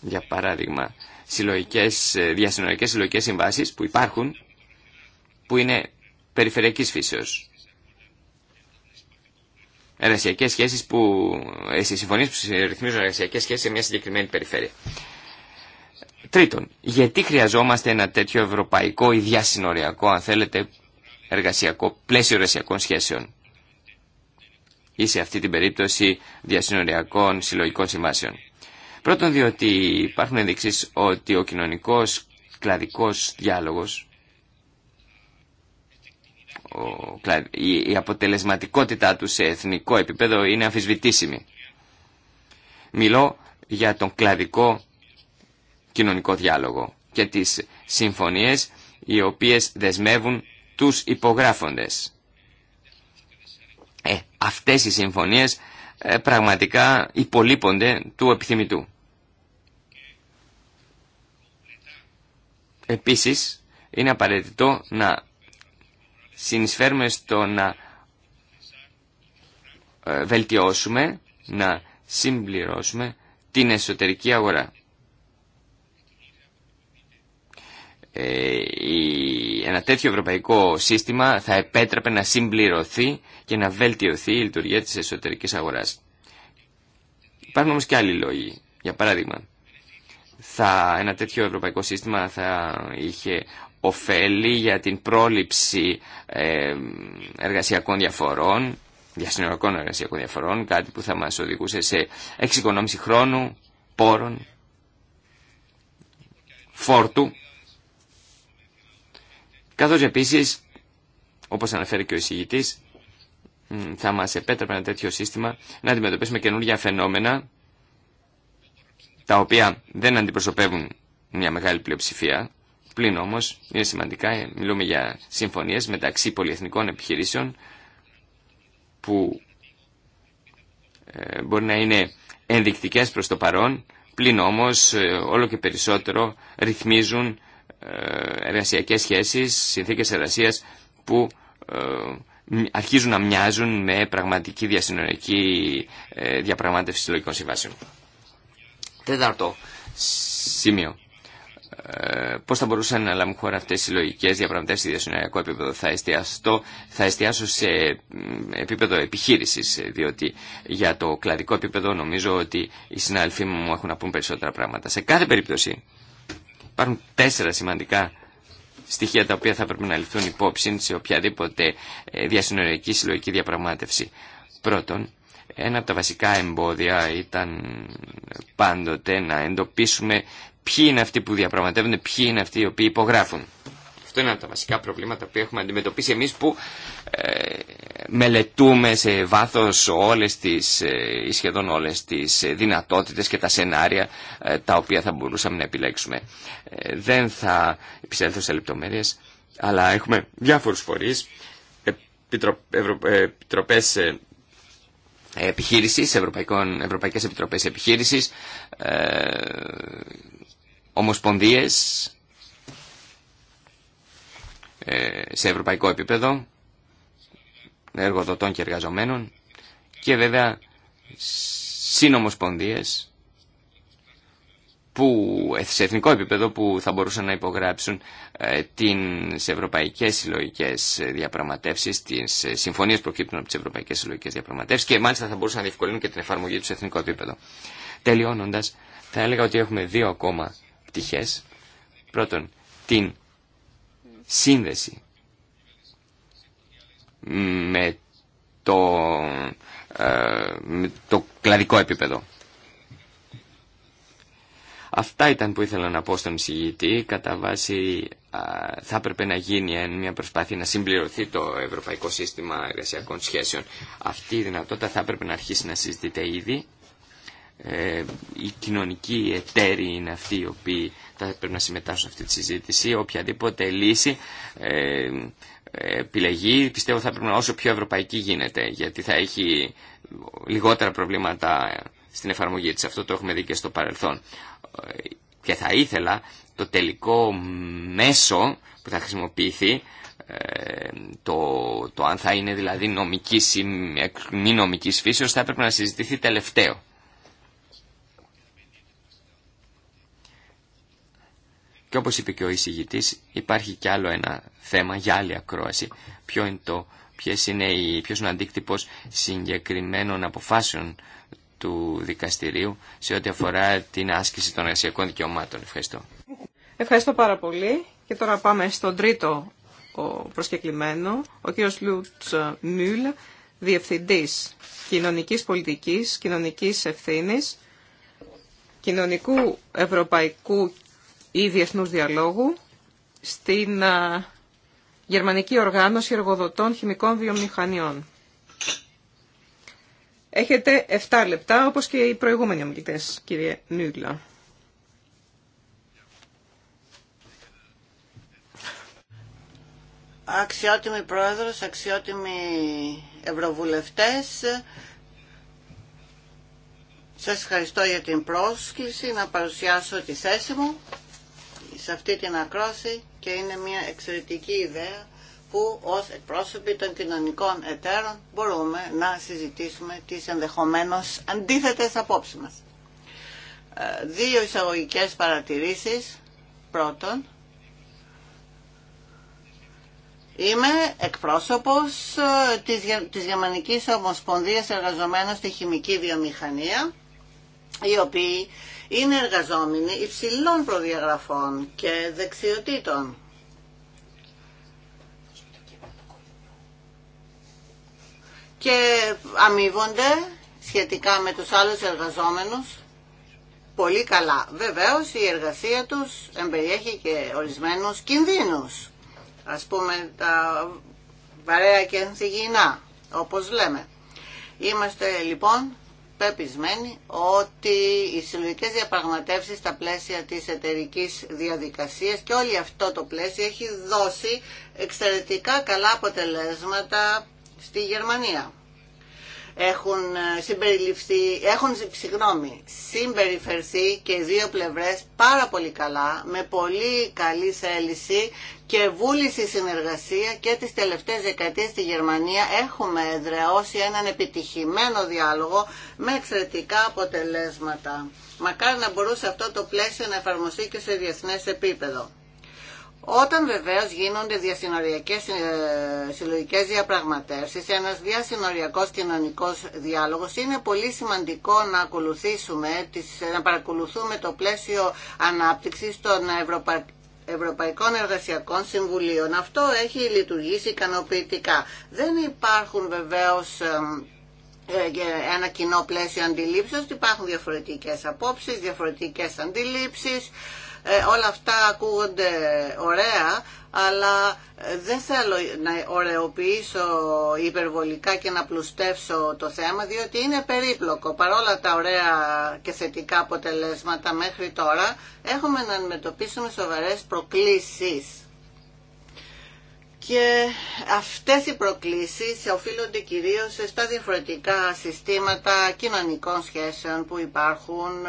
Για παράδειγμα, συλλογικές, ε, διασυνορικές συλλογικές συμβάσεις που υπάρχουν, που είναι περιφερειακής φύσεως. Εργασιακές σχέσεις που, ε, ρυθμίζουν εργασιακές σχέσεις σε μια συγκεκριμένη περιφέρεια. Τρίτον, γιατί χρειαζόμαστε ένα τέτοιο ευρωπαϊκό ή διασυνοριακό, αν θέλετε, εργασιακό, πλαίσιο εργασιακών σχέσεων ή σε αυτή την περίπτωση διασυνοριακών συλλογικών συμβάσεων. Πρώτον, διότι υπάρχουν ενδείξεις ότι ο κοινωνικός κλαδικός διάλογος, η διασυνοριακο αν θελετε εργασιακο πλαισιο εργασιακων σχεσεων η σε αυτη την περιπτωση διασυνοριακων συλλογικων συμβασεων πρωτον διοτι υπαρχουν ενδειξει οτι ο κοινωνικος κλαδικος διαλογος η αποτελεσματικοτητα του σε εθνικό επίπεδο είναι αμφισβητήσιμη. Μιλώ για τον κλαδικό κοινωνικό διάλογο και τις συμφωνίες οι οποίες δεσμεύουν τους υπογράφοντες. Ε, αυτές οι συμφωνίες ε, πραγματικά υπολείπονται του επιθυμητού. Επίσης, είναι απαραίτητο να συνεισφέρουμε στο να ε, βελτιώσουμε, να συμπληρώσουμε την εσωτερική αγορά. Ε, ένα τέτοιο ευρωπαϊκό σύστημα θα επέτρεπε να συμπληρωθεί και να βελτιωθεί η λειτουργία της εσωτερικής αγοράς. Υπάρχουν όμως και άλλοι λόγοι. Για παράδειγμα, θα, ένα τέτοιο ευρωπαϊκό σύστημα θα είχε ωφέλη για την πρόληψη ε, εργασιακών διαφορών, διασυνοριακών εργασιακών διαφορών, κάτι που θα μας οδηγούσε σε εξοικονόμηση χρόνου, πόρων, φόρτου Καθώς επίσης, όπως αναφέρει και ο εισηγητής, θα μας επέτρεπε ένα τέτοιο σύστημα να αντιμετωπίσουμε καινούργια φαινόμενα τα οποία δεν αντιπροσωπεύουν μια μεγάλη πλειοψηφία. Πλην όμως είναι σημαντικά, ε, μιλούμε για συμφωνίες μεταξύ πολυεθνικών επιχειρήσεων που ε, μπορεί να είναι ενδεικτικές προς το παρόν, πλην όμως ε, όλο και περισσότερο ρυθμίζουν ε, εργασιακές σχέσεις, συνθήκες εργασίας που ε, αρχίζουν να μοιάζουν με πραγματική διασυνορική ε, διαπραγμάτευση συλλογικών συμβάσεων. Τέταρτο σημείο. Ε, Πώ θα μπορούσαν να λάβουν χώρα αυτέ οι συλλογικέ διαπραγματεύσει σε διασυνοριακό επίπεδο. Θα, εστιαστώ, θα εστιάσω σε επίπεδο επιχείρηση, διότι για το κλαδικό επίπεδο νομίζω ότι οι συνάδελφοί μου έχουν να πούν περισσότερα πράγματα. Σε κάθε περίπτωση, Υπάρχουν τέσσερα σημαντικά στοιχεία τα οποία θα πρέπει να ληφθούν υπόψη σε οποιαδήποτε ε, διασυνοριακή συλλογική διαπραγμάτευση. Πρώτον, ένα από τα βασικά εμπόδια ήταν πάντοτε να εντοπίσουμε ποιοι είναι αυτοί που διαπραγματεύονται, ποιοι είναι αυτοί οι οποίοι υπογράφουν είναι ένα από τα βασικά προβλήματα που έχουμε αντιμετωπίσει εμείς που ε, μελετούμε σε βάθος όλες τις, ε, σχεδόν όλες τις δυνατότητες και τα σενάρια ε, τα οποία θα μπορούσαμε να επιλέξουμε. δεν θα επισέλθω σε λεπτομέρειες, αλλά έχουμε διάφορους φορείς, επιτρο, ευρω, επιτροπές επιχείρησης, Ευρωπαϊκών, Ευρωπαϊκές Επιτροπές Επιχείρησης, ομοσπονδίες ε, σε ευρωπαϊκό επίπεδο εργοδοτών και εργαζομένων και βέβαια συνομοσπονδίες που σε εθνικό επίπεδο που θα μπορούσαν να υπογράψουν ε, τις ευρωπαϊκές συλλογικές διαπραγματεύσεις, τις ε, συμφωνίες προκύπτουν από τις ευρωπαϊκές συλλογικές διαπραγματεύσεις και μάλιστα θα μπορούσαν να διευκολύνουν και την εφαρμογή του σε εθνικό επίπεδο. Τελειώνοντας, θα έλεγα ότι έχουμε δύο ακόμα πτυχές. Πρώτον, την σύνδεση με το, ε, το κλαδικό επίπεδο. Αυτά ήταν που ήθελα να πω στον εισηγητή. Κατά βάση θα έπρεπε να γίνει μια προσπάθεια να συμπληρωθεί το Ευρωπαϊκό Σύστημα Εργασιακών Σχέσεων. Αυτή η δυνατότητα θα έπρεπε να αρχίσει να συζητείται ήδη ε, οι κοινωνικοί εταίροι είναι αυτοί οι οποίοι θα πρέπει να συμμετάσχουν σε αυτή τη συζήτηση. Οποιαδήποτε λύση ε, επιλεγεί πιστεύω θα πρέπει να όσο πιο ευρωπαϊκή γίνεται γιατί θα έχει λιγότερα προβλήματα στην εφαρμογή της. Αυτό το έχουμε δει και στο παρελθόν. Ε, και θα ήθελα το τελικό μέσο που θα χρησιμοποιηθεί ε, το, το αν θα είναι δηλαδή νομικής ή μη νομικής φύσεως θα έπρεπε να συζητηθεί τελευταίο. Και όπως είπε και ο εισηγητής, υπάρχει κι άλλο ένα θέμα για άλλη ακρόαση. Ποιο είναι το, ποιες είναι οι, ποιος είναι ο αντίκτυπος συγκεκριμένων αποφάσεων του δικαστηρίου σε ό,τι αφορά την άσκηση των εργασιακών δικαιωμάτων. Ευχαριστώ. Ευχαριστώ πάρα πολύ. Και τώρα πάμε στον τρίτο προσκεκλημένο, ο κύριος λούτ Μιούλ, Διευθυντής Κοινωνικής Πολιτικής, Κοινωνικής Ευθύνης, Κοινωνικού Ευρωπαϊκού ή διεθνούς διαλόγου στην Γερμανική Οργάνωση Εργοδοτών Χημικών Βιομηχανιών. Έχετε 7 λεπτά, όπως και οι προηγούμενοι ομιλητές, κύριε Νούγλα. Αξιότιμοι πρόεδρος, αξιότιμοι ευρωβουλευτές, σας ευχαριστώ για την πρόσκληση να παρουσιάσω τη θέση μου σε αυτή την ακρόση και είναι μια εξαιρετική ιδέα που ως εκπρόσωποι των κοινωνικών εταίρων μπορούμε να συζητήσουμε τις ενδεχομένως αντίθετες απόψεις μας. Ε, δύο εισαγωγικές παρατηρήσεις. Πρώτον, είμαι εκπρόσωπος ε, της, της Γερμανικής Ομοσπονδίας εργαζομένων στη χημική βιομηχανία, οι οποίοι είναι εργαζόμενοι υψηλών προδιαγραφών και δεξιοτήτων. Και αμείβονται σχετικά με τους άλλους εργαζόμενους πολύ καλά. Βεβαίως η εργασία τους εμπεριέχει και ορισμένους κινδύνους. Ας πούμε τα βαρέα και ενθυγιεινά, όπως λέμε. Είμαστε λοιπόν πεπισμένη ότι οι συλλογικές διαπραγματεύσεις στα πλαίσια της εταιρική διαδικασίας και όλο αυτό το πλαίσιο έχει δώσει εξαιρετικά καλά αποτελέσματα στη Γερμανία έχουν ε, συμπεριληφθεί, έχουν συγγνώμη, συμπεριφερθεί και οι δύο πλευρές πάρα πολύ καλά, με πολύ καλή θέληση και βούληση συνεργασία και τις τελευταίες δεκαετίες στη Γερμανία έχουμε εδραιώσει έναν επιτυχημένο διάλογο με εξαιρετικά αποτελέσματα. Μακάρι να μπορούσε αυτό το πλαίσιο να εφαρμοστεί και σε διεθνές επίπεδο. Όταν βεβαίω γίνονται διασυνοριακέ ε, συλλογικέ διαπραγματεύσει, ένα διασυνοριακό κοινωνικό διάλογο, είναι πολύ σημαντικό να, ακολουθήσουμε, να παρακολουθούμε το πλαίσιο ανάπτυξη των ευρωπαϊκών Ευρωπαϊκών Εργασιακών Συμβουλίων. Αυτό έχει λειτουργήσει ικανοποιητικά. Δεν υπάρχουν βεβαίως ε, ε, ένα κοινό πλαίσιο αντιλήψεως, υπάρχουν διαφορετικές απόψεις, διαφορετικές αντιλήψεις. Ε, όλα αυτά ακούγονται ωραία, αλλά ε, δεν θέλω να ωρεοποιήσω υπερβολικά και να πλουστεύσω το θέμα, διότι είναι περίπλοκο. Παρόλα τα ωραία και θετικά αποτελέσματα μέχρι τώρα, έχουμε να αντιμετωπίσουμε σοβαρές προκλήσεις. Και αυτές οι προκλήσεις οφείλονται κυρίως στα διαφορετικά συστήματα κοινωνικών σχέσεων που υπάρχουν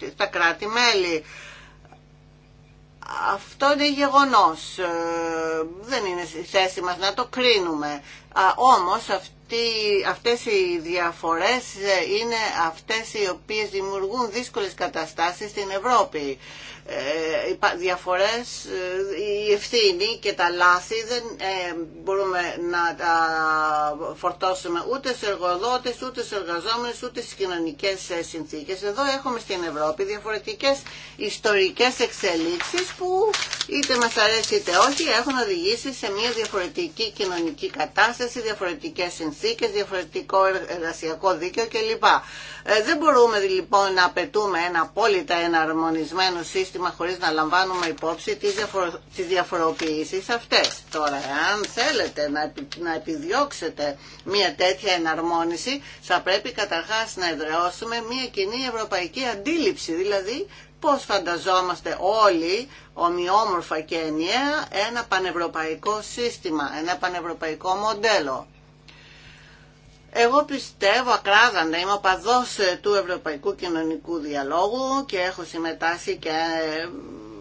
ε, στα κράτη-μέλη. Αυτό είναι γεγονός. Ε, δεν είναι η θέση μας να το κρίνουμε. Όμως αυτοί, αυτές οι διαφορές ε, είναι αυτές οι οποίες δημιουργούν δύσκολες καταστάσεις στην Ευρώπη. Ε, διαφορές, ε, η ευθύνη και τα λάθη δεν ε, μπορούμε να τα φορτώσουμε ούτε στους εργοδότες, ούτε στους εργαζόμενους, ούτε στις κοινωνικές συνθήκες. Εδώ έχουμε στην Ευρώπη διαφορετικές ιστορικές εξελίξεις που είτε μας αρέσει είτε όχι έχουν οδηγήσει σε μια διαφορετική κοινωνική κατάσταση, διαφορετικές συνθήκες, διαφορετικό εργασιακό δίκαιο κλπ. Δεν μπορούμε λοιπόν να απαιτούμε ένα απόλυτα εναρμονισμένο σύστημα σύστημα να λαμβάνουμε υπόψη τις, διαφορο... τις αυτές. Τώρα, αν θέλετε να, να επιδιώξετε μια τέτοια εναρμόνιση, θα πρέπει καταρχάς να εδραιώσουμε μια κοινή ευρωπαϊκή αντίληψη, δηλαδή πώς φανταζόμαστε όλοι ομοιόμορφα και ενιαία ένα πανευρωπαϊκό σύστημα, ένα πανευρωπαϊκό μοντέλο. Εγώ πιστεύω ακράδαντα, είμαι οπαδός ε, του Ευρωπαϊκού Κοινωνικού Διαλόγου και έχω συμμετάσχει και ε,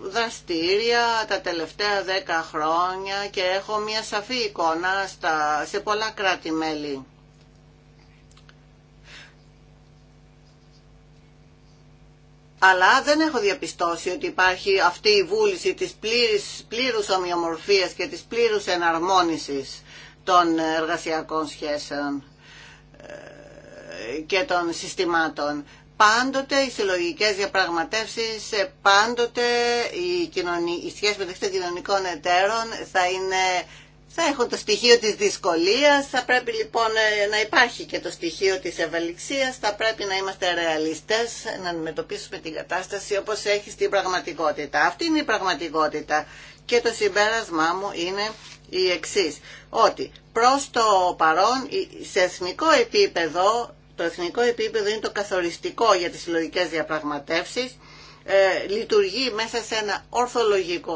δραστήρια τα τελευταία δέκα χρόνια και έχω μια σαφή εικόνα στα, σε πολλά κράτη-μέλη. Αλλά δεν έχω διαπιστώσει ότι υπάρχει αυτή η βούληση της πλήρης, πλήρους ομοιομορφίας και της πλήρους εναρμόνισης των εργασιακών σχέσεων και των συστημάτων. Πάντοτε οι συλλογικές διαπραγματεύσεις, πάντοτε οι, κοινωνι... οι σχέσεις μεταξύ των κοινωνικών εταίρων θα, είναι... θα έχουν το στοιχείο της δυσκολίας, θα πρέπει λοιπόν ε, να υπάρχει και το στοιχείο της ευελιξίας, θα πρέπει να είμαστε ρεαλιστές, να αντιμετωπίσουμε την κατάσταση όπως έχει στην πραγματικότητα. Αυτή είναι η πραγματικότητα και το συμπέρασμά μου είναι η εξής, ότι προς το παρόν σε εθνικό επίπεδο το εθνικό επίπεδο είναι το καθοριστικό για τις συλλογικέ διαπραγματεύσεις. Ε, λειτουργεί μέσα σε ένα ορθολογικό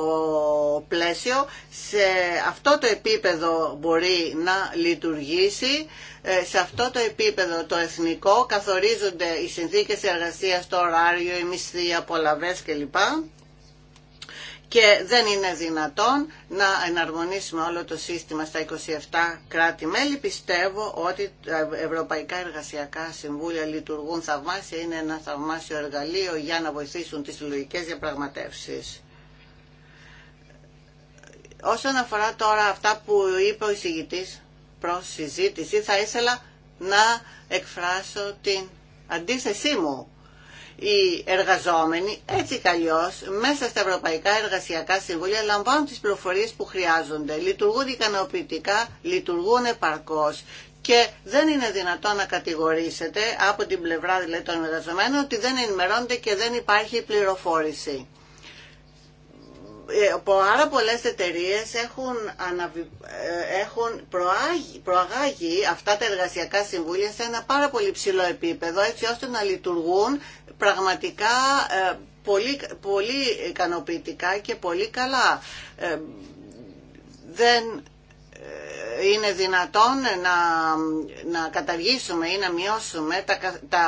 πλαίσιο. Σε αυτό το επίπεδο μπορεί να λειτουργήσει. Ε, σε αυτό το επίπεδο το εθνικό καθορίζονται οι συνθήκες εργασίας, το ωράριο, η μισθοί, οι απολαβές κλπ και δεν είναι δυνατόν να εναρμονίσουμε όλο το σύστημα στα 27 κράτη-μέλη. Πιστεύω ότι τα Ευρωπαϊκά Εργασιακά Συμβούλια λειτουργούν θαυμάσια, είναι ένα θαυμάσιο εργαλείο για να βοηθήσουν τις λογικές διαπραγματεύσεις. Όσον αφορά τώρα αυτά που είπε ο εισηγητής προς συζήτηση, θα ήθελα να εκφράσω την αντίθεσή μου οι εργαζόμενοι έτσι κι μέσα στα Ευρωπαϊκά Εργασιακά Συμβούλια λαμβάνουν τις πληροφορίες που χρειάζονται, λειτουργούν ικανοποιητικά, λειτουργούν επαρκώς και δεν είναι δυνατό να κατηγορήσετε από την πλευρά δηλαδή, των εργαζομένων ότι δεν ενημερώνεται και δεν υπάρχει πληροφόρηση. Ε, άρα πολλές εταιρείε έχουν, αναβι... Ε, έχουν προάγει... προαγάγει αυτά τα εργασιακά συμβούλια σε ένα πάρα πολύ ψηλό επίπεδο έτσι ώστε να λειτουργούν πραγματικά ε, πολύ, πολύ ικανοποιητικά και πολύ καλά. Ε, δεν είναι δυνατόν να, να καταργήσουμε ή να μειώσουμε τα, τα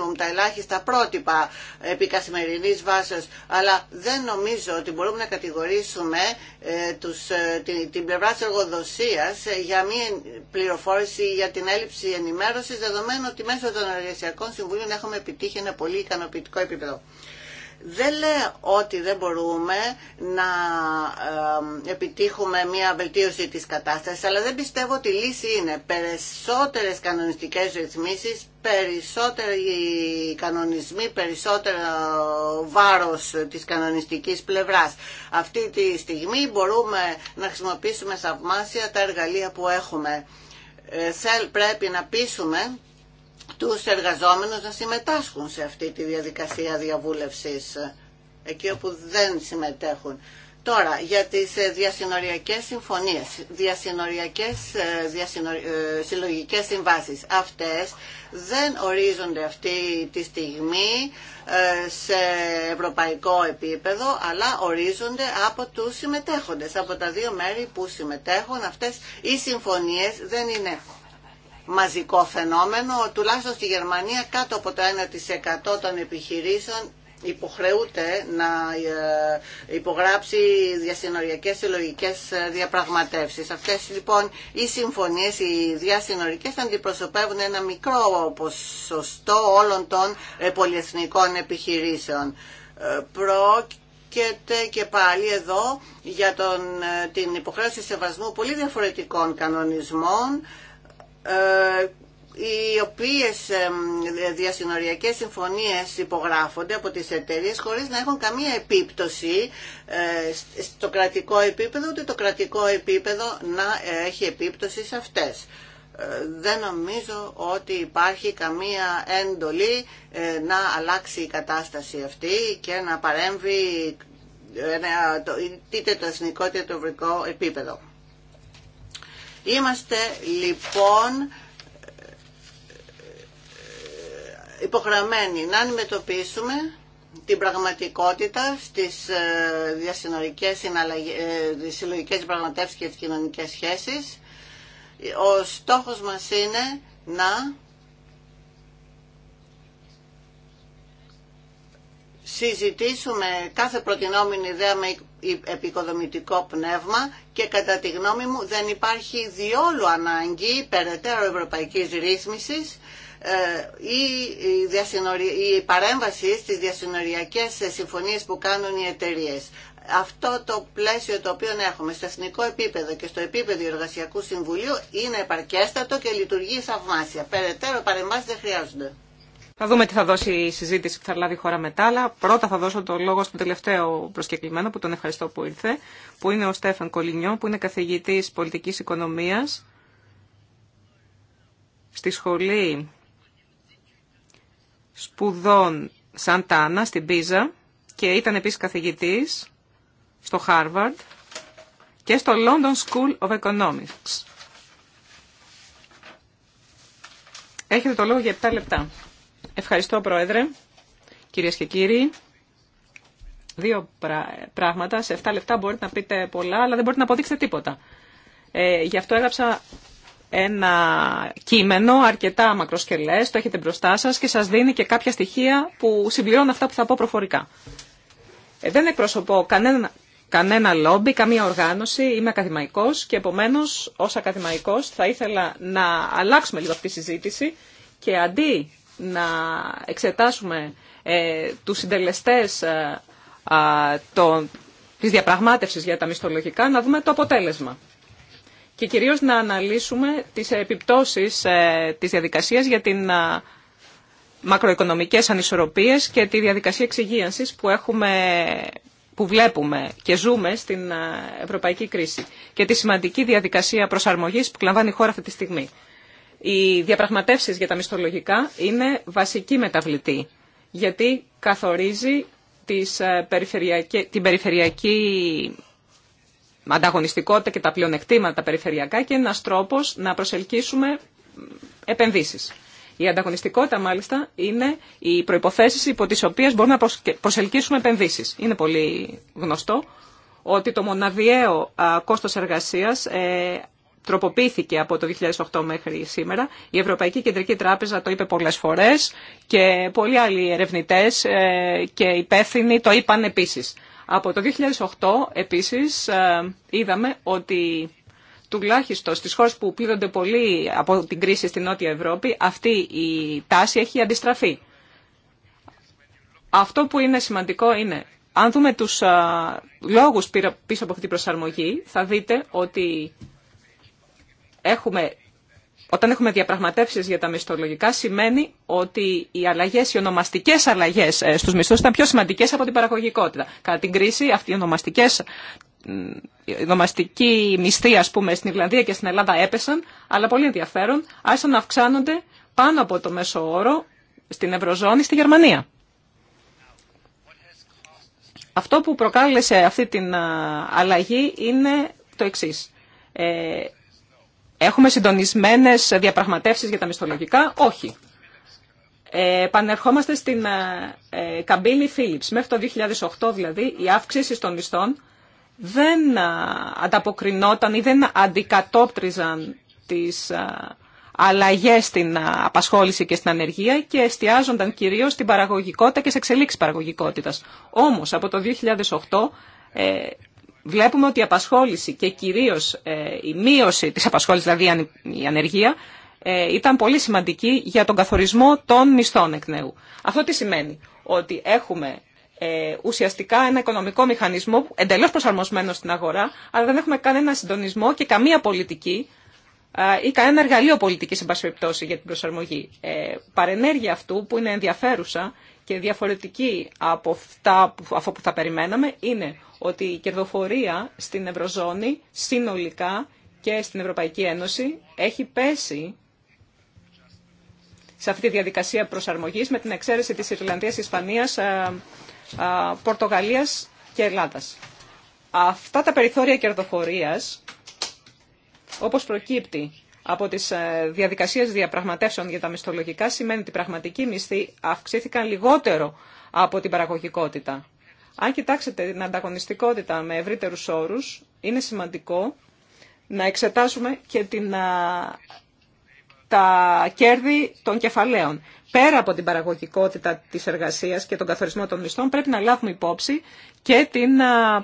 ε, τα ελάχιστα πρότυπα επί καθημερινής βάσης, αλλά δεν νομίζω ότι μπορούμε να κατηγορήσουμε ε, τους, ε, την, την πλευρά της εργοδοσίας για μία πληροφόρηση για την έλλειψη ενημέρωσης, δεδομένου ότι μέσω των εργασιακών συμβουλίων έχουμε επιτύχει ένα πολύ ικανοποιητικό επίπεδο. Δεν λέω ότι δεν μπορούμε να επιτύχουμε μια βελτίωση της κατάστασης, αλλά δεν πιστεύω ότι η λύση είναι περισσότερες κανονιστικές ρυθμίσεις, περισσότεροι κανονισμοί, περισσότερο βάρος της κανονιστικής πλευράς. Αυτή τη στιγμή μπορούμε να χρησιμοποιήσουμε σαυμάσια τα εργαλεία που έχουμε. Ε, πρέπει να πείσουμε τους εργαζόμενους να συμμετάσχουν σε αυτή τη διαδικασία διαβούλευσης εκεί όπου δεν συμμετέχουν. Τώρα, για τις ε, διασυνοριακές συμφωνίες, διασυνοριακές ε, συλλογικέ ε, συλλογικές συμβάσεις, αυτές δεν ορίζονται αυτή τη στιγμή σε ευρωπαϊκό επίπεδο, αλλά ορίζονται από τους συμμετέχοντες, από τα δύο μέρη που συμμετέχουν. Αυτές οι συμφωνίες δεν είναι μαζικό φαινόμενο. Τουλάχιστον στη Γερμανία κάτω από το 1% των επιχειρήσεων υποχρεούται να ε, υπογράψει διασυνοριακές συλλογικέ ε, διαπραγματεύσεις. Αυτές λοιπόν οι συμφωνίες, οι διασυνοριακές αντιπροσωπεύουν ένα μικρό ποσοστό όλων των ε, πολυεθνικών επιχειρήσεων. Πρόκειται και πάλι εδώ για τον, την υποχρέωση σεβασμού πολύ διαφορετικών κανονισμών ε, οι οποίες διασυνοριακές συμφωνίες υπογράφονται από τις εταιρείες χωρίς να έχουν καμία επίπτωση ε, στο κρατικό επίπεδο, ούτε το κρατικό επίπεδο να έχει επίπτωση σε αυτές. Ε, δεν νομίζω ότι υπάρχει καμία έντολη να αλλάξει η κατάσταση αυτή και να παρέμβει είτε το εθνικό είτε το ευρικό επίπεδο. Είμαστε λοιπόν υποχρεωμένοι να αντιμετωπίσουμε την πραγματικότητα στις ε, διασυνορικές ε, συλλογικές πραγματεύσεις και τις κοινωνικές σχέσεις. Ο στόχος μας είναι να συζητήσουμε κάθε προτινόμενη ιδέα με επικοδομητικό πνεύμα και κατά τη γνώμη μου δεν υπάρχει διόλου ανάγκη περαιτέρω ευρωπαϊκής ρύθμισης ε, ή η παρέμβαση στις διασυνοριακές συμφωνίες που κάνουν οι εταιρείε. Αυτό το πλαίσιο το οποίο έχουμε στο εθνικό επίπεδο και στο επίπεδο εργασιακού συμβουλίου είναι επαρκέστατο και λειτουργεί θαυμάσια. Περαιτέρω παρεμβάσεις δεν χρειάζονται. Θα δούμε τι θα δώσει η συζήτηση που θα λάβει η χώρα μετά, αλλά πρώτα θα δώσω το λόγο στον τελευταίο προσκεκλημένο, που τον ευχαριστώ που ήρθε, που είναι ο Στέφαν Κολινιό, που είναι καθηγητής πολιτικής οικονομίας στη Σχολή Σπουδών Σαντάνα, στην Πίζα, και ήταν επίσης καθηγητής στο Χάρβαρντ και στο London School of Economics. Έχετε το λόγο για 7 λεπτά. Ευχαριστώ, Πρόεδρε. Κυρίες και κύριοι, δύο πράγματα. Σε 7 λεπτά μπορείτε να πείτε πολλά, αλλά δεν μπορείτε να αποδείξετε τίποτα. Ε, γι' αυτό έγραψα ένα κείμενο αρκετά μακροσκελές, το έχετε μπροστά σας και σας δίνει και κάποια στοιχεία που συμπληρώνουν αυτά που θα πω προφορικά. Ε, δεν εκπροσωπώ κανένα, κανένα λόμπι, καμία οργάνωση, είμαι ακαδημαϊκός και επομένως ως ακαδημαϊκός θα ήθελα να αλλάξουμε λίγο αυτή τη συζήτηση και αντί να εξετάσουμε ε, τους συντελεστές ε, της διαπραγμάτευσης για τα μισθολογικά, να δούμε το αποτέλεσμα. Και κυρίως να αναλύσουμε τις επιπτώσεις ε, της διαδικασίας για την α, μακροοικονομικές ανισορροπίες και τη διαδικασία εξυγίανσης που έχουμε που βλέπουμε και ζούμε στην ευρωπαϊκή κρίση και τη σημαντική διαδικασία προσαρμογής που λαμβάνει η χώρα αυτή τη στιγμή. Οι διαπραγματεύσεις για τα μισθολογικά είναι βασική μεταβλητή, γιατί καθορίζει τις ε, την περιφερειακή ανταγωνιστικότητα και τα πλεονεκτήματα περιφερειακά και ένας τρόπος να προσελκύσουμε επενδύσεις. Η ανταγωνιστικότητα, μάλιστα, είναι οι προποθέσει υπό τις οποίες μπορούμε να προσελκύσουμε επενδύσεις. Είναι πολύ γνωστό ότι το μοναδιαίο κόστος εργασίας ε, τροποποιήθηκε από το 2008 μέχρι σήμερα. Η Ευρωπαϊκή Κεντρική Τράπεζα το είπε πολλές φορές και πολλοί άλλοι ερευνητές ε, και υπεύθυνοι το είπαν επίσης. Από το 2008 επίσης ε, είδαμε ότι τουλάχιστον στις χώρες που πλήρονται πολύ από την κρίση στην Νότια Ευρώπη αυτή η τάση έχει αντιστραφεί. Αυτό που είναι σημαντικό είναι αν δούμε τους ε, λόγους πίσω από αυτή την προσαρμογή θα δείτε ότι έχουμε, όταν έχουμε διαπραγματεύσεις για τα μισθολογικά σημαίνει ότι οι αλλαγές, οι ονομαστικές αλλαγές ε, στους μισθούς ήταν πιο σημαντικές από την παραγωγικότητα. Κατά την κρίση αυτοί οι ονομαστικές οι ονομαστικοί μισθοί ας πούμε στην Ιρλανδία και στην Ελλάδα έπεσαν αλλά πολύ ενδιαφέρον άρχισαν να αυξάνονται πάνω από το μέσο όρο στην Ευρωζώνη στη Γερμανία. Αυτό που προκάλεσε αυτή την αλλαγή είναι το εξής. Ε, Έχουμε συντονισμένες διαπραγματεύσεις για τα μισθολογικά. Όχι. Ε, πανερχόμαστε στην ε, ε καμπύλη Φίλιπς. Μέχρι το 2008 δηλαδή η αύξηση των μισθών δεν ε, ανταποκρινόταν ή δεν αντικατόπτριζαν τις ε, αλλαγές στην απασχόληση και στην ανεργία και εστιάζονταν κυρίως στην παραγωγικότητα και σε εξελίξη παραγωγικότητας. Όμως από το 2008 ε, βλέπουμε ότι η απασχόληση και κυρίως ε, η μείωση της απασχόλησης, δηλαδή η ανεργία, ε, ήταν πολύ σημαντική για τον καθορισμό των μισθών εκ νέου. Αυτό τι σημαίνει, ότι έχουμε ε, ουσιαστικά ένα οικονομικό μηχανισμό εντελώς προσαρμοσμένο στην αγορά, αλλά δεν έχουμε κανένα συντονισμό και καμία πολιτική ή κανένα εργαλείο πολιτική εν για την προσαρμογή. Παρενέργεια αυτού που είναι ενδιαφέρουσα και διαφορετική από αυτά που, αυτό που θα περιμέναμε είναι ότι η κερδοφορία στην Ευρωζώνη συνολικά και στην Ευρωπαϊκή Ένωση έχει πέσει σε αυτή τη διαδικασία προσαρμογής με την εξαίρεση της Ιρλανδίας, Ισπανίας, ε, ε, Πορτογαλίας και Ελλάδας. Αυτά τα περιθώρια κερδοφορίας, όπως προκύπτει από τις ε, διαδικασίες διαπραγματεύσεων για τα μισθολογικά σημαίνει ότι οι πραγματικοί μισθοί αυξήθηκαν λιγότερο από την παραγωγικότητα. Αν κοιτάξετε την ανταγωνιστικότητα με ευρύτερου όρου, είναι σημαντικό να εξετάσουμε και την, τα κέρδη των κεφαλαίων. Πέρα από την παραγωγικότητα της εργασίας και τον καθορισμό των μισθών, πρέπει να λάβουμε υπόψη και την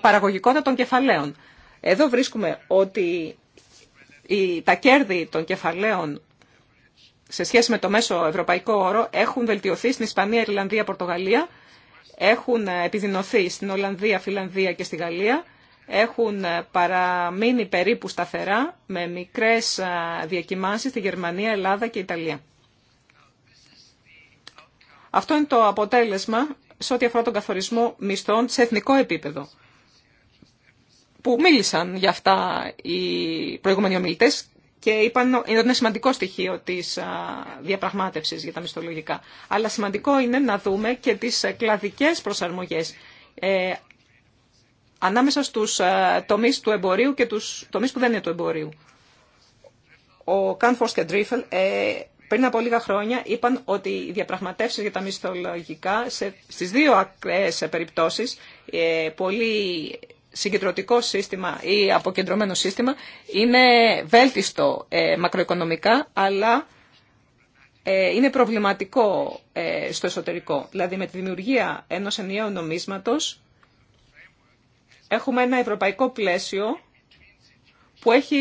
παραγωγικότητα των κεφαλαίων. Εδώ βρίσκουμε ότι τα κέρδη των κεφαλαίων σε σχέση με το μέσο ευρωπαϊκό όρο έχουν βελτιωθεί στην Ισπανία, Ιρλανδία, Πορτογαλία, έχουν επιδεινωθεί στην Ολλανδία, Φιλανδία και στη Γαλλία, έχουν παραμείνει περίπου σταθερά με μικρές διακυμάνσεις στη Γερμανία, Ελλάδα και Ιταλία. Αυτό είναι το αποτέλεσμα σε ό,τι αφορά τον καθορισμό μισθών σε εθνικό επίπεδο που μίλησαν για αυτά οι προηγούμενοι ομιλητές και είπαν ότι είναι σημαντικό στοιχείο της διαπραγμάτευσης για τα μισθολογικά. Αλλά σημαντικό είναι να δούμε και τις ε, κλαδικές προσαρμογές ε, ανάμεσα στους ε, τομείς του εμπορίου και τους τομείς που δεν είναι του εμπορίου. Ο Κάνφορς και Τρίφελ πριν από λίγα χρόνια είπαν ότι οι διαπραγματεύσεις για τα μισθολογικά σε, στις δύο ακραίες περιπτώσεις πολύ συγκεντρωτικό σύστημα ή αποκεντρωμένο σύστημα είναι βέλτιστο ε, μακροοικονομικά, αλλά ε, είναι προβληματικό ε, στο εσωτερικό. Δηλαδή με τη δημιουργία ενός ενιαίου νομίσματος έχουμε ένα ευρωπαϊκό πλαίσιο που, έχει,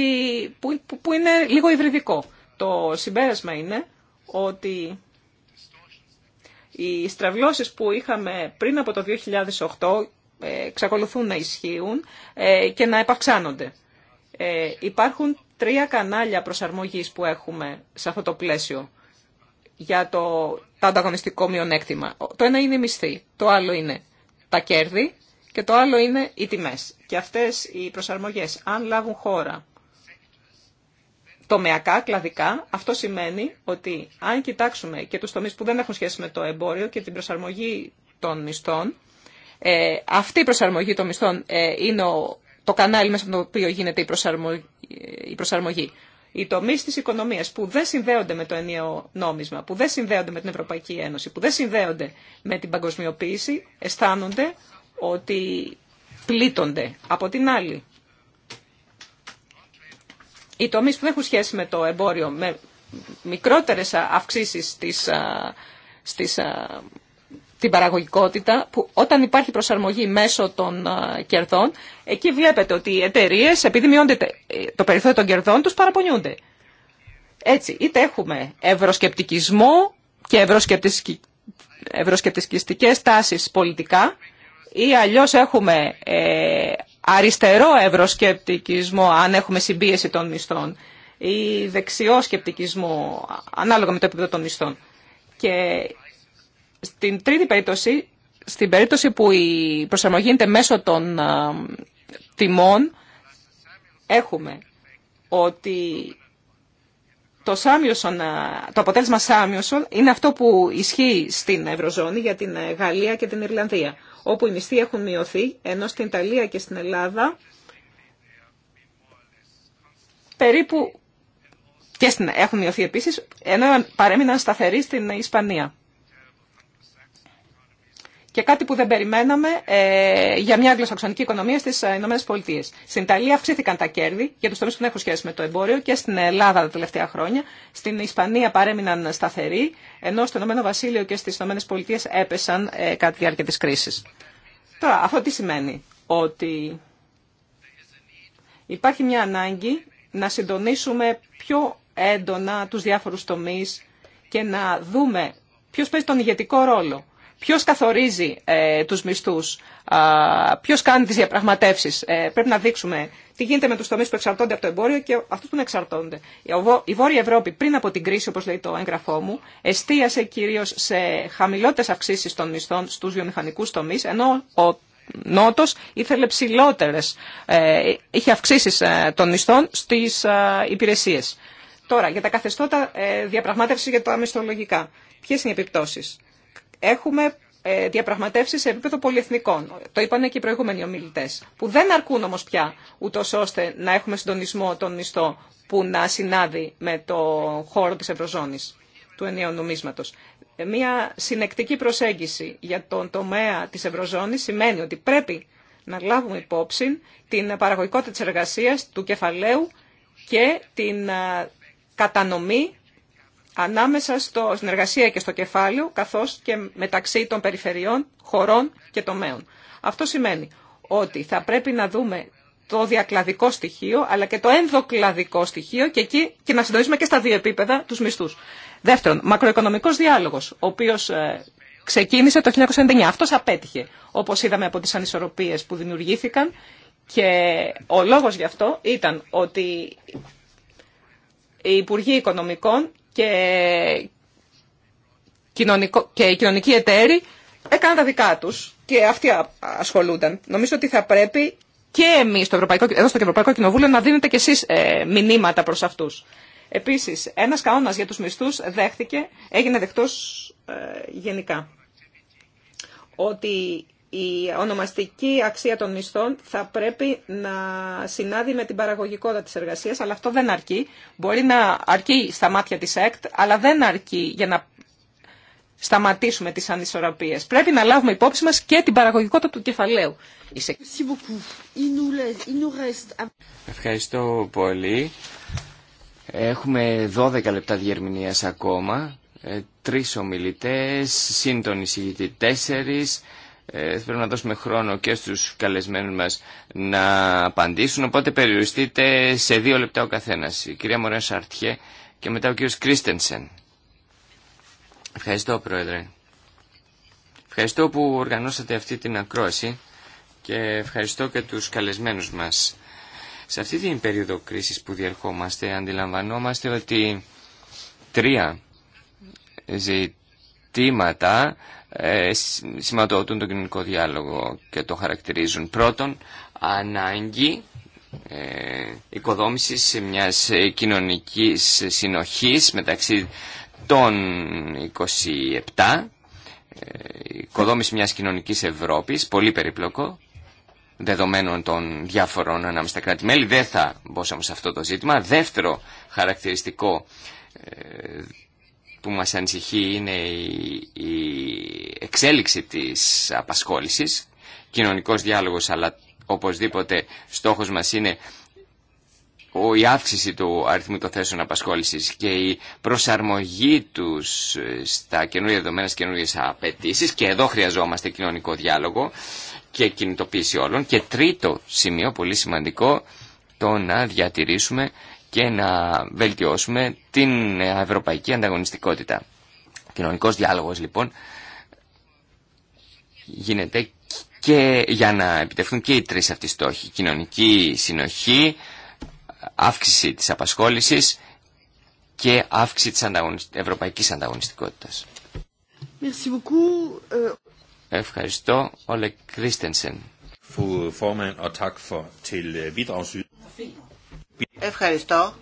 που, που είναι λίγο υβριδικό. Το συμπέρασμα είναι ότι οι στραβλώσεις που είχαμε πριν από το 2008 εξακολουθούν να ισχύουν ε, και να επαυξάνονται. Ε, υπάρχουν τρία κανάλια προσαρμογής που έχουμε σε αυτό το πλαίσιο για το, ανταγωνιστικό μειονέκτημα. Το ένα είναι η μισθή, το άλλο είναι τα κέρδη και το άλλο είναι οι τιμές. Και αυτές οι προσαρμογές, αν λάβουν χώρα τομεακά, κλαδικά, αυτό σημαίνει ότι αν κοιτάξουμε και τους τομείς που δεν έχουν σχέση με το εμπόριο και την προσαρμογή των μισθών, ε, αυτή η προσαρμογή των μισθών ε, είναι το κανάλι μέσα από το οποίο γίνεται η, προσαρμογή. η προσαρμογή. Οι τομεί τη οικονομία που δεν συνδέονται με το ενιαίο νόμισμα, που δεν συνδέονται με την Ευρωπαϊκή Ένωση, που δεν συνδέονται με την παγκοσμιοποίηση, αισθάνονται ότι πλήττονται. Από την άλλη, οι τομεί που δεν έχουν σχέση με το εμπόριο, με μικρότερε αυξήσει στι την παραγωγικότητα, που όταν υπάρχει προσαρμογή μέσω των ε, κερδών, εκεί βλέπετε ότι οι εταιρείε, επειδή μειώνεται ε, το περιθώριο των κερδών, τους παραπονιούνται. Έτσι, είτε έχουμε ευρωσκεπτικισμό και ευρωσκεπτικιστικέ τάσει πολιτικά ή αλλιώς έχουμε ε, αριστερό ευρωσκεπτικισμό αν έχουμε συμπίεση των μισθών ή δεξιό σκεπτικισμό ανάλογα με το επίπεδο των μισθών. Και στην τρίτη περίπτωση, στην περίπτωση που η προσαρμογή είναι μέσω των τιμών, έχουμε ότι το, το αποτέλεσμα Σάμιουσον είναι αυτό που ισχύει στην Ευρωζώνη για την ε, Γαλλία και την Ιρλανδία, όπου οι μισθοί έχουν μειωθεί, ενώ στην Ιταλία και στην Ελλάδα περίπου και έχουν μειωθεί επίσης, ενώ παρέμειναν σταθεροί στην Ισπανία και κάτι που δεν περιμέναμε ε, για μια αγγλοσαξονική οικονομία στι ε, ΗΠΑ. Στην Ιταλία αυξήθηκαν τα κέρδη για του τομεί που δεν έχουν σχέση με το εμπόριο και στην Ελλάδα τα τελευταία χρόνια. Στην Ισπανία παρέμειναν σταθεροί, ενώ στο Ηνωμένο Βασίλειο και στι ΗΠΑ έπεσαν ε, κατά τη διάρκεια τη κρίση. Τώρα, αυτό τι σημαίνει, ότι υπάρχει μια ανάγκη να συντονίσουμε πιο έντονα τους διάφορους τομείς και να δούμε ποιος παίζει τον ηγετικό ρόλο Ποιο καθορίζει ε, τους μισθούς, κάνει τι διαπραγματεύσει, ε, πρέπει να δείξουμε τι γίνεται με του τομεί που εξαρτώνται από το εμπόριο και αυτού που δεν εξαρτώνται. Η Βόρεια Ευρώπη πριν από την κρίση, όπω λέει το έγγραφό μου, εστίασε κυρίω σε χαμηλότερε αυξήσει των μισθών στου βιομηχανικού τομεί, ενώ ο Νότο ήθελε ψηλότερες, ε, είχε αυξήσεις ε, των μισθών στις ε, υπηρεσίε. Τώρα, για τα καθεστώτα διαπραγμάτευση για τα μισθολογικά. Ποιε είναι οι επιπτώσει, Έχουμε ε, διαπραγματεύσει σε επίπεδο πολυεθνικών. Το είπαν και οι προηγούμενοι ομιλητέ. Που δεν αρκούν όμω πια, ούτω ώστε να έχουμε συντονισμό των μισθό που να συνάδει με το χώρο τη Ευρωζώνη, του ενιαίου νομίσματο. Ε, Μία συνεκτική προσέγγιση για τον τομέα τη Ευρωζώνη σημαίνει ότι πρέπει να λάβουμε υπόψη την παραγωγικότητα της εργασίας, του κεφαλαίου και την ε, κατανομή ανάμεσα στο, στην εργασία και στο κεφάλαιο, καθώς και μεταξύ των περιφερειών, χωρών και τομέων. Αυτό σημαίνει ότι θα πρέπει να δούμε το διακλαδικό στοιχείο, αλλά και το ενδοκλαδικό στοιχείο και, εκεί, και να συντονίσουμε και στα δύο επίπεδα τους μισθούς. Δεύτερον, μακροοικονομικός διάλογος, ο οποίος ε, ξεκίνησε το 1999. Αυτός απέτυχε, όπως είδαμε από τις ανισορροπίες που δημιουργήθηκαν και ο λόγος γι' αυτό ήταν ότι οι Υπουργοί Οικονομικών και, κοινωνικό, και οι κοινωνικοί εταίροι έκαναν τα δικά τους και αυτοί ασχολούνταν. Νομίζω ότι θα πρέπει και εμείς το εδώ στο Ευρωπαϊκό Κοινοβούλιο να δίνετε κι εσείς ε, μηνύματα προς αυτούς. Επίσης, ένας κανόνας για τους μισθούς δέχτηκε, έγινε δεκτός ε, γενικά. Ότι η ονομαστική αξία των μισθών θα πρέπει να συνάδει με την παραγωγικότητα της εργασίας, αλλά αυτό δεν αρκεί. Μπορεί να αρκεί στα μάτια της ΕΚΤ, αλλά δεν αρκεί για να σταματήσουμε τις ανισορροπίες. Πρέπει να λάβουμε υπόψη μας και την παραγωγικότητα του κεφαλαίου. Ευχαριστώ πολύ. Έχουμε 12 λεπτά διερμηνίας ακόμα. Ε, τρεις ομιλητές, σύντονοι συγητή τέσσερις ε, πρέπει να δώσουμε χρόνο και στους καλεσμένους μας να απαντήσουν, οπότε περιοριστείτε σε δύο λεπτά ο καθένας. Η κυρία Μωρέν Σαρτιέ και μετά ο κύριος Κρίστενσεν. Ευχαριστώ, Πρόεδρε. Ευχαριστώ που οργανώσατε αυτή την ακρόαση και ευχαριστώ και τους καλεσμένους μας. Σε αυτή την περίοδο κρίσης που διερχόμαστε αντιλαμβανόμαστε ότι τρία ζητήματα ε, σηματοδοτούν τον κοινωνικό διάλογο και το χαρακτηρίζουν. Πρώτον, ανάγκη ε, οικοδόμησης μιας κοινωνικής συνοχής μεταξύ των 27, ε, οικοδόμηση μιας κοινωνικής Ευρώπης, πολύ περίπλοκο, δεδομένων των διάφορων ανάμεσα στα κράτη-μέλη. Δεν θα μπω σε αυτό το ζήτημα. Δεύτερο χαρακτηριστικό ε, που μας ανησυχεί είναι η, εξέλιξη της απασχόλησης, κοινωνικός διάλογος, αλλά οπωσδήποτε στόχος μας είναι η αύξηση του αριθμού των θέσεων απασχόλησης και η προσαρμογή τους ε, στα καινούργια δεδομένα και καινούργιες απαιτήσεις και εδώ χρειαζόμαστε κοινωνικό διάλογο και κινητοποίηση όλων και τρίτο σημείο πολύ σημαντικό το να διατηρήσουμε και να βελτιώσουμε την ευρωπαϊκή ανταγωνιστικότητα. Κοινωνικός διάλογος λοιπόν γίνεται και για να επιτευχθούν και οι τρεις αυτοί στόχοι. Κοινωνική συνοχή, αύξηση της απασχόλησης και αύξηση της ευρωπαϊκής ανταγωνιστικότητας. Ε, Ευχαριστώ, Όλε Κρίστενσεν. Ευχαριστώ.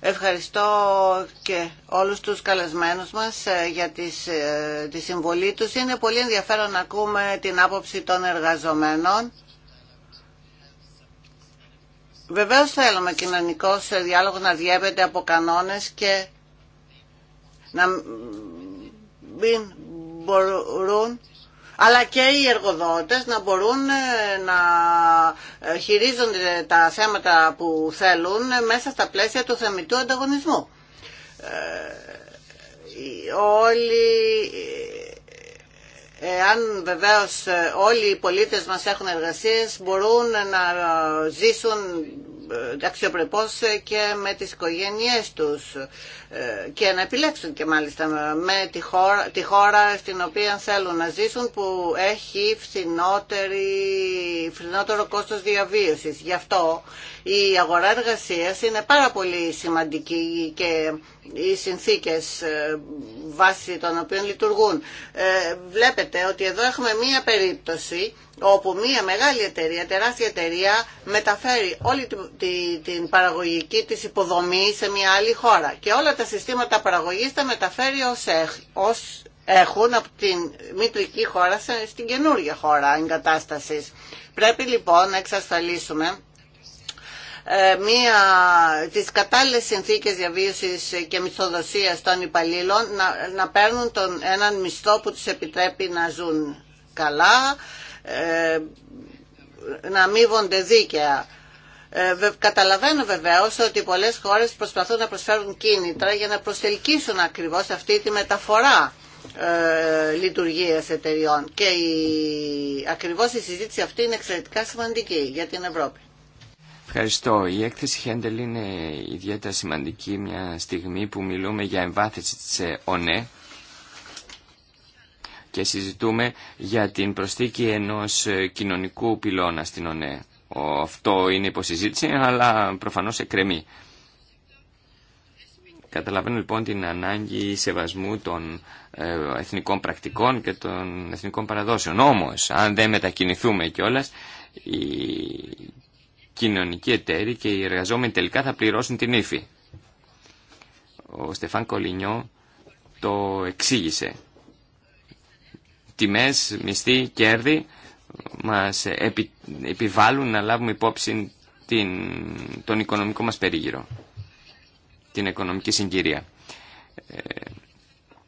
Ευχαριστώ και όλους τους καλεσμένους μας ε, για τις, ε, τη συμβολή τους. Είναι πολύ ενδιαφέρον να ακούμε την άποψη των εργαζομένων. Βεβαίως θέλουμε κοινωνικός ε, διάλογο να διέπεται από κανόνες και να μην μπορούν αλλά και οι εργοδότες να μπορούν ε, να ε, χειρίζονται τα θέματα που θέλουν ε, μέσα στα πλαίσια του θεμητού ανταγωνισμού. Όλοι εάν βεβαίως όλοι οι πολίτες μας έχουν εργασίες μπορούν να ζήσουν αξιοπρεπώς και με τις οικογένειές τους ε, και να επιλέξουν και μάλιστα με τη χώρα, τη χώρα στην οποία θέλουν να ζήσουν που έχει φθηνότερο κόστος διαβίωσης. Γι' αυτό η αγορά εργασίας είναι πάρα πολύ σημαντική και οι συνθήκες ε, βάσει των οποίων λειτουργούν. Ε, βλέπετε ότι εδώ έχουμε μία περίπτωση όπου μία μεγάλη εταιρεία, τεράστια εταιρεία μεταφέρει όλη την παραγωγική της υποδομή σε μία άλλη χώρα και όλα τα συστήματα παραγωγής τα μεταφέρει ως έχουν από την μητρική χώρα στην καινούργια χώρα εγκατάστασης. Πρέπει λοιπόν να εξασφαλίσουμε ε, μία, τις κατάλληλες συνθήκες διαβίωσης και μισθοδοσίας των υπαλλήλων να, να παίρνουν τον, έναν μισθό που τους επιτρέπει να ζουν καλά, ε, να αμείβονται δίκαια. Ε, καταλαβαίνω βεβαίω ότι πολλές χώρες προσπαθούν να προσφέρουν κίνητρα για να προσελκύσουν ακριβώς αυτή τη μεταφορά ε, λειτουργία εταιριών. Και η, ακριβώ η συζήτηση αυτή είναι εξαιρετικά σημαντική για την Ευρώπη. Ευχαριστώ. Η έκθεση Χέντελ είναι ιδιαίτερα σημαντική μια στιγμή που μιλούμε για εμβάθυνση της ε, ΟΝΕ και συζητούμε για την προσθήκη ενός ε, κοινωνικού πυλώνα στην ΟΝΕ. Αυτό είναι υποσυζήτηση, αλλά προφανώς εκκρεμεί. Καταλαβαίνω λοιπόν την ανάγκη σεβασμού των ε, εθνικών πρακτικών και των εθνικών παραδόσεων. Όμως, αν δεν μετακινηθούμε κιόλας, η κοινωνική εταίροι και οι εργαζόμενοι τελικά θα πληρώσουν την ύφη. Ο Στεφάν Κολινιό το εξήγησε. Τιμές, μισθή, κέρδη μας επιβάλλουν να λάβουμε υπόψη την, τον οικονομικό μας περίγυρο, την οικονομική συγκυρία. Ε,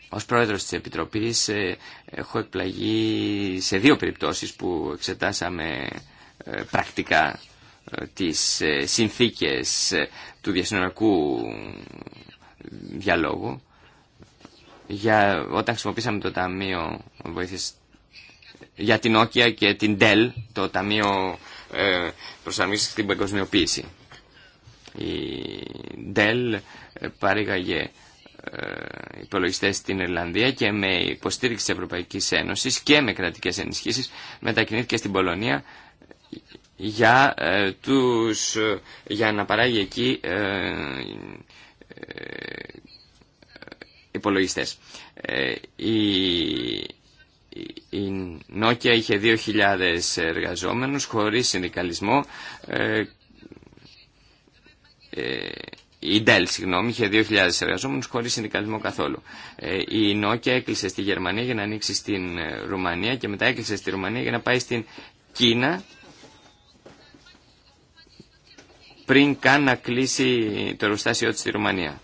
ως πρόεδρος της Επιτροπής ε, έχω εκπλαγεί σε δύο περιπτώσεις που εξετάσαμε ε, πρακτικά τις ε, συνθήκες ε, του διασυνορακού διαλόγου για, όταν χρησιμοποίησαμε το Ταμείο Βοήθειας για την Όκια και την ΤΕΛ, το Ταμείο ε, στην Παγκοσμιοποίηση. Η ΤΕΛ παρήγαγε ε, υπολογιστέ στην Ιρλανδία και με υποστήριξη της Ευρωπαϊκής Ένωσης και με κρατικές ενισχύσεις μετακινήθηκε στην Πολωνία για, ε, τους, για να παράγει εκεί ε, ε υπολογιστές. Ε, η, η είχε 2.000 εργαζόμενους χωρίς συνδικαλισμό. Ε, η Dell, συγγνώμη, είχε 2.000 εργαζόμενους χωρίς συνδικαλισμό καθόλου. η Νόκια έκλεισε στη Γερμανία για να ανοίξει στην Ρουμανία και μετά έκλεισε στη Ρουμανία για να πάει στην Κίνα πριν καν να κλείσει το εργοστάσιό της στη Ρουμανία.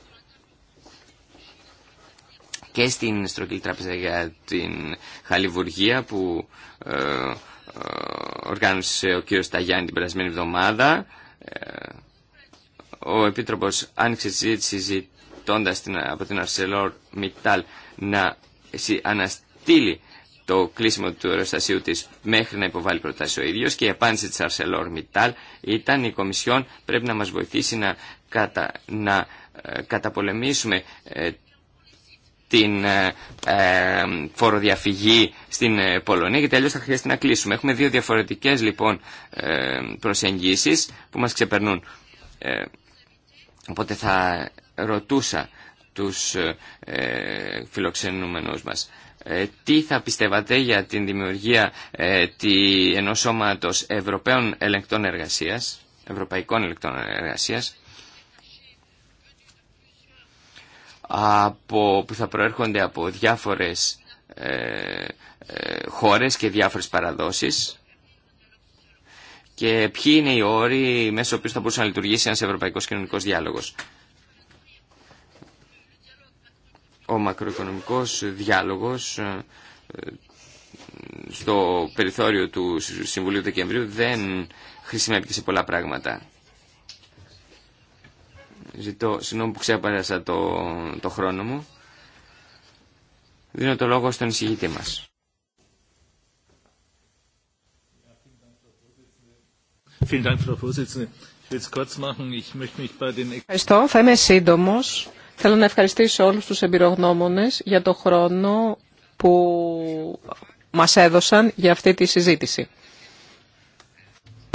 Και στην Στρογγυλή Τράπεζα για την Χαλιβουργία που ε, ε, οργάνωσε ο κύριος Ταγιάννη την περασμένη εβδομάδα, ε, ο Επίτροπος άνοιξε τη συζήτηση ζητώντας την, από την Αρσελόρ Μιτάλ να αναστείλει το κλείσιμο του εργοστασίου της μέχρι να υποβάλει προτάσεις ο ίδιος και η απάντηση της Μιτάλ ήταν η Κομισιόν πρέπει να μας βοηθήσει να, κατα, να ε, καταπολεμήσουμε ε, την ε, ε φοροδιαφυγή στην ε, Πολωνία γιατί αλλιώς θα χρειαστεί να κλείσουμε. Έχουμε δύο διαφορετικές λοιπόν προσεγγίσεις που μας ξεπερνούν. οπότε θα ρωτούσα τους φιλοξενούμενους μας ε, τι θα πιστεύατε για την δημιουργία ε, τη, ενός σώματος Ευρωπαίων Ευρωπαϊκών ελεκτών Εργασίας, από, που θα προέρχονται από διάφορες ε, ε, χώρες και διάφορες παραδόσεις και ποιοι είναι οι όροι μέσω οποίου θα μπορούσε να λειτουργήσει ένας Ευρωπαϊκός Κοινωνικός Διάλογος. ο μακροοικονομικός διάλογος ε, στο περιθώριο του Συμβουλίου Δεκεμβρίου δεν χρησιμεύτηκε σε πολλά πράγματα. Ζητώ, συγγνώμη που ξέπαρασα το, το χρόνο μου. Δίνω το λόγο στον εισηγητή μας. Ευχαριστώ. Θα είμαι σύντομος. Θέλω να ευχαριστήσω όλους τους εμπειρογνώμονες για το χρόνο που μας έδωσαν για αυτή τη συζήτηση.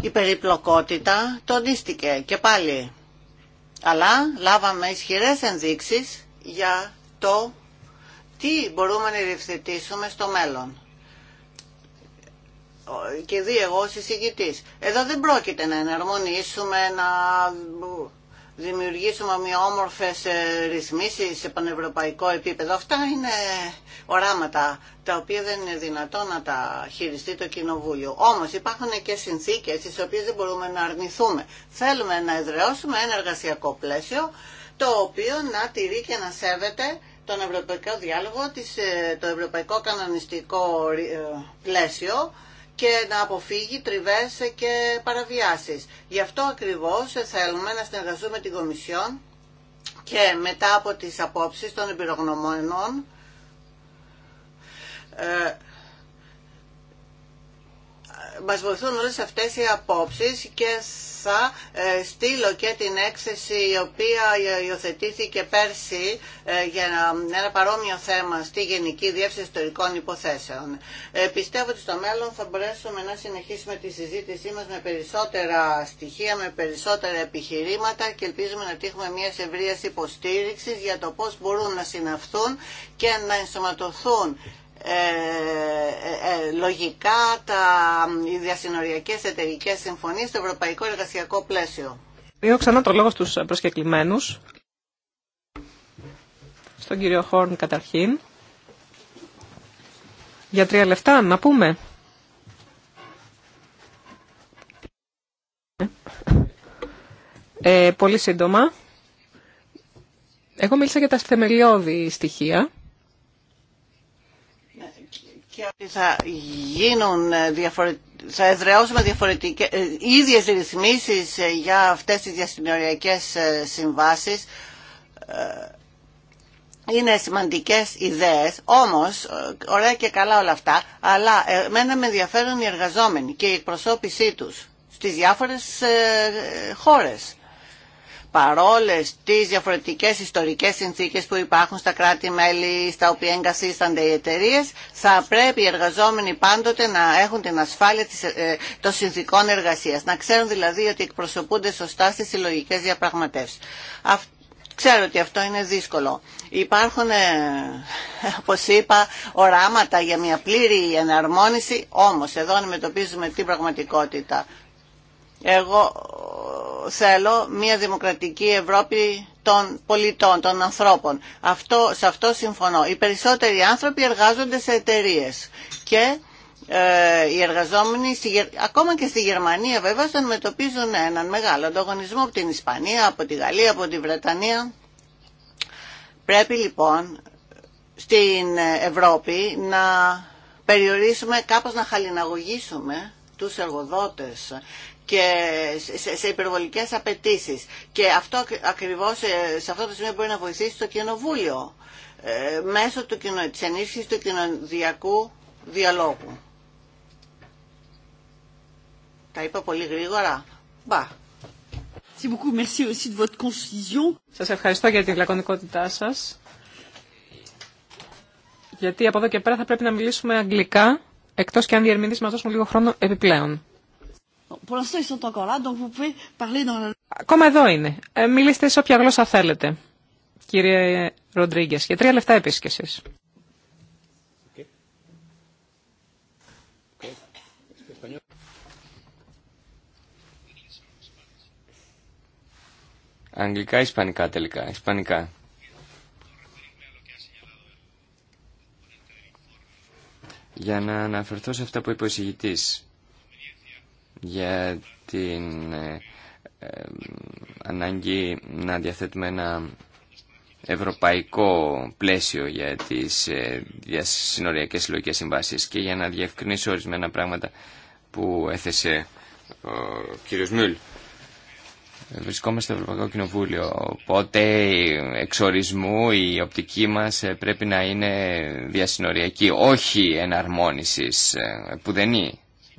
Η περιπλοκότητα τονίστηκε και πάλι. Αλλά λάβαμε ισχυρές ενδείξεις για το τι μπορούμε να διευθετήσουμε στο μέλλον. Και δει εγώ συζητητής. Εδώ δεν πρόκειται να εναρμονίσουμε, να δημιουργήσουμε ομοιόμορφες ε, ρυθμίσεις σε πανευρωπαϊκό επίπεδο. Αυτά είναι οράματα τα οποία δεν είναι δυνατόν να τα χειριστεί το Κοινοβούλιο. Όμως υπάρχουν και συνθήκες τις οποίες δεν μπορούμε να αρνηθούμε. Θέλουμε να εδραιώσουμε ένα εργασιακό πλαίσιο το οποίο να τηρεί και να σέβεται τον ευρωπαϊκό διάλογο, ε, το ευρωπαϊκό κανονιστικό ε, πλαίσιο και να αποφύγει τριβές και παραβιάσεις. Γι' αυτό ακριβώς θέλουμε να συνεργαστούμε την Κομισιόν και μετά από τις απόψεις των εμπειρογνωμόνων ε, μας βοηθούν όλες αυτές οι απόψεις και θα ε, στείλω και την έκθεση η οποία υιοθετήθηκε πέρσι ε, για ένα παρόμοιο θέμα στη Γενική Διεύθυνση Ιστορικών Υποθέσεων. Ε, πιστεύω ότι στο μέλλον θα μπορέσουμε να συνεχίσουμε τη συζήτησή μας με περισσότερα στοιχεία, με περισσότερα επιχειρήματα και ελπίζουμε να τύχουμε μια ευρεία υποστήριξη για το πώς μπορούν να συναυθούν και να ενσωματωθούν ε, ε, ε, λογικά τα διασυνοριακές εταιρικέ συμφωνίες στο ευρωπαϊκό εργασιακό πλαίσιο. Δίνω ξανά το λόγο στους προσκεκλημένους. Στον κύριο Χόρν καταρχήν. Για τρία λεφτά να πούμε. Ε, πολύ σύντομα. Εγώ μίλησα για τα θεμελιώδη στοιχεία και ότι θα γίνουν διαφορετικές θα εδραιώσουμε διαφορετικές, ε, ίδιες ρυθμίσεις ε, για αυτές τις διασυνοριακές ε, συμβάσεις είναι σημαντικές ιδέες, όμως, ωραία και καλά όλα αυτά, αλλά εμένα με ενδιαφέρουν οι εργαζόμενοι και η εκπροσώπησή τους στις διάφορες χώρες παρόλες τις διαφορετικές ιστορικές συνθήκες που υπάρχουν στα κράτη-μέλη στα οποία εγκασίστανται οι εταιρείε, θα πρέπει οι εργαζόμενοι πάντοτε να έχουν την ασφάλεια της, ε, των συνθήκων εργασίας. Να ξέρουν δηλαδή ότι εκπροσωπούνται σωστά στις συλλογικέ διαπραγματεύσεις. Ξέρω ότι αυτό είναι δύσκολο. Υπάρχουν, ε, όπως είπα, οράματα για μια πλήρη εναρμόνιση, όμως εδώ αντιμετωπίζουμε την πραγματικότητα. Εγώ θέλω μια δημοκρατική Ευρώπη των πολιτών, των ανθρώπων. Αυτό, σε αυτό συμφωνώ. Οι περισσότεροι άνθρωποι εργάζονται σε εταιρείε και ε, οι εργαζόμενοι, ακόμα και στη Γερμανία βέβαια, αντιμετωπίζουν έναν μεγάλο ανταγωνισμό από την Ισπανία, από τη Γαλλία, από τη Βρετανία. Πρέπει λοιπόν στην Ευρώπη να περιορίσουμε, κάπως να χαλιναγωγήσουμε τους εργοδότες και σε υπερβολικές απαιτήσεις. Και αυτό ακριβώς ε, σε αυτό το σημείο μπορεί να βοηθήσει το Κοινοβούλιο ε, μέσω του, της ενίσχυσης του κοινωνιακού διαλόγου. Τα είπα πολύ γρήγορα. Μπα. Σας ευχαριστώ για τη λακωνικότητά σας. Γιατί από εδώ και πέρα θα πρέπει να μιλήσουμε αγγλικά, εκτός και αν διερμηνείς μας δώσουν λίγο χρόνο επιπλέον. Ακόμα εδώ είναι. Ε, μιλήστε σε όποια γλώσσα θέλετε, κύριε Ροντρίγκε. Για τρία λεφτά επίση Αγγλικά ή ισπανικά τελικά. Ισπανικά. Για να αναφερθώ σε αυτά που είπε ο εισηγητής για την ε, ε, ανάγκη να διαθέτουμε ένα ευρωπαϊκό πλαίσιο για τις ε, διασυνοριακές συλλογικές συμβάσεις και για να διευκρινίσω ορισμένα πράγματα που έθεσε ο κύριος Μιούλ. Βρισκόμαστε στο Ευρωπαϊκό Κοινοβούλιο, οπότε ορισμού η οπτική μας πρέπει να είναι διασυνοριακή, όχι εναρμόνισης, που δεν είναι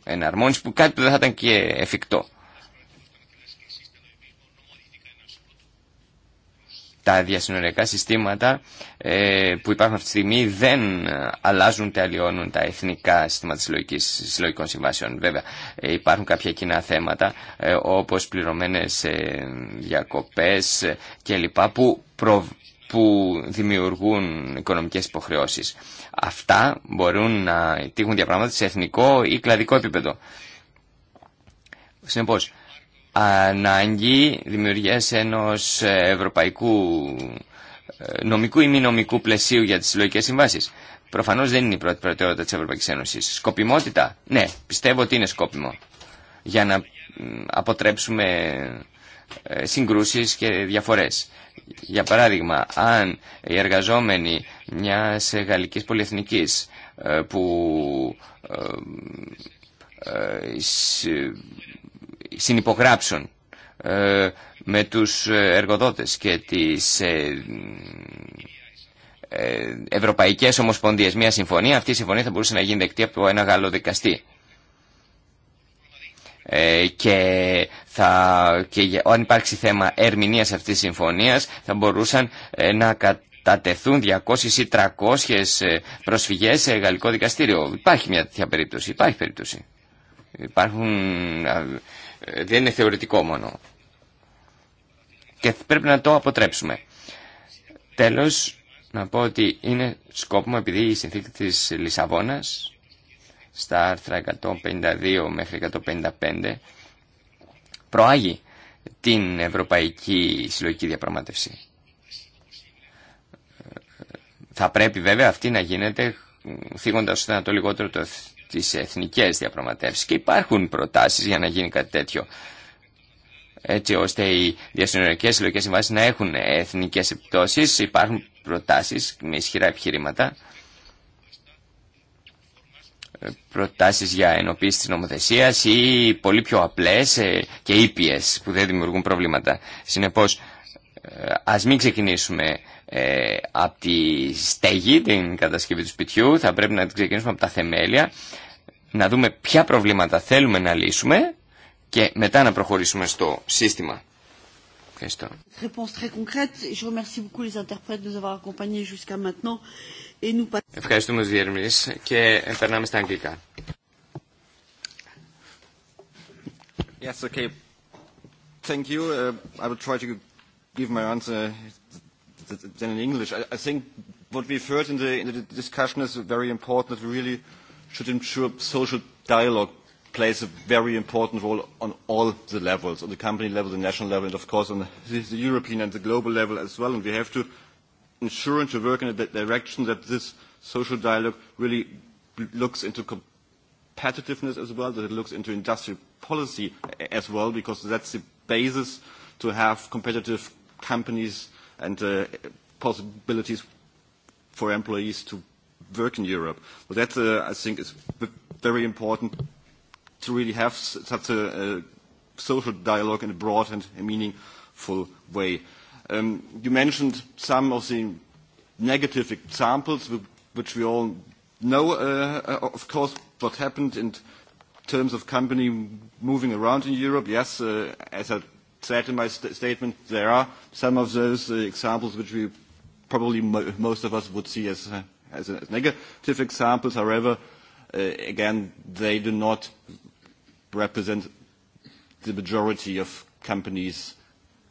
εναρμόνιση που κάτι που δεν θα ήταν και εφικτό. Τα διασυνοριακά συστήματα ε, που υπάρχουν αυτή τη στιγμή δεν αλλάζουν, και αλλοιώνουν τα εθνικά συστήματα συλλογικής, συλλογικών συμβάσεων. Βέβαια, ε, υπάρχουν κάποια κοινά θέματα ε, όπως πληρωμένες διακοπές κλπ. που προ, που δημιουργούν οικονομικές υποχρεώσεις. Αυτά μπορούν να τύχουν διαπράγματα σε εθνικό ή κλαδικό επίπεδο. Συνεπώς, ανάγκη δημιουργίας ενός ε, ευρωπαϊκού ε, νομικού ή μη νομικού πλαισίου για τις συλλογικές συμβάσεις. Προφανώς δεν είναι η πρώτη προτεραιότητα της Ευρωπαϊκής Ένωσης. Σκοπιμότητα, ναι, πιστεύω ότι είναι σκόπιμο για να αποτρέψουμε ε, συγκρούσεις και διαφορές. Για παράδειγμα, αν οι εργαζόμενοι μιας γαλλικής πολυεθνικής ε, που ε, ε, συνυπογράψουν με τους εργοδότες και τις ευρωπαϊκές ομοσπονδίες μια συμφωνία, αυτή η συμφωνία θα μπορούσε να γίνει δεκτή από ένα Γάλλο δικαστή. Ε, και, θα, και αν υπάρξει θέμα ερμηνείας αυτής της συμφωνίας θα μπορούσαν ε, να κατατεθούν 200 ή 300 ε, προσφυγές σε γαλλικό δικαστήριο. Υπάρχει μια τέτοια περίπτωση, υπάρχει περίπτωση. Υπάρχουν, δεν είναι θεωρητικό μόνο. Και πρέπει να το αποτρέψουμε. Τέλος, να πω ότι είναι σκόπιμο επειδή η συνθήκη της Λισαβόνας στα άρθρα 152 μέχρι 155 προάγει την ευρωπαϊκή συλλογική διαπραγμάτευση. Θα πρέπει βέβαια αυτή να γίνεται θίγοντας ώστε να το λιγότερο το, τις εθνικές διαπραγματεύσεις και υπάρχουν προτάσεις για να γίνει κάτι τέτοιο έτσι ώστε οι διασυνοριακές συλλογικές συμβάσεις να έχουν εθνικές επιπτώσεις υπάρχουν προτάσεις με ισχυρά επιχειρήματα προτάσεις για ενοποίηση της νομοθεσίας ή πολύ πιο απλές ε, και ήπιες που δεν δημιουργούν προβλήματα. Συνεπώς, ε, ας μην ξεκινήσουμε ε, από τη στέγη, την κατασκευή του σπιτιού, θα πρέπει να ξεκινήσουμε από τα θεμέλια, να δούμε ποια προβλήματα θέλουμε να λύσουμε και μετά να προχωρήσουμε στο σύστημα. Ευχαριστώ. Ευχαριστούμε τους και περνάμε στα αγγλικά. Yes, okay. Thank you. Uh, I will try to give my answer then in English. I, I think what we've heard in the, in the discussion is very important that we really should ensure social dialogue plays a very important role on all the levels, on the company level, the national level, and of course on the, the European and the global level as well. And we have to insurance to work in a direction that this social dialogue really looks into competitiveness as well, that it looks into industrial policy as well, because that's the basis to have competitive companies and possibilities for employees to work in Europe. So that, I think, is very important to really have such a social dialogue in a broad and meaningful way. You mentioned some of the negative examples which we all know, of course, what happened in terms of company moving around in Europe. Yes, as I said in my statement, there are some of those examples which we probably most of us would see as negative examples. However, again, they do not represent the majority of companies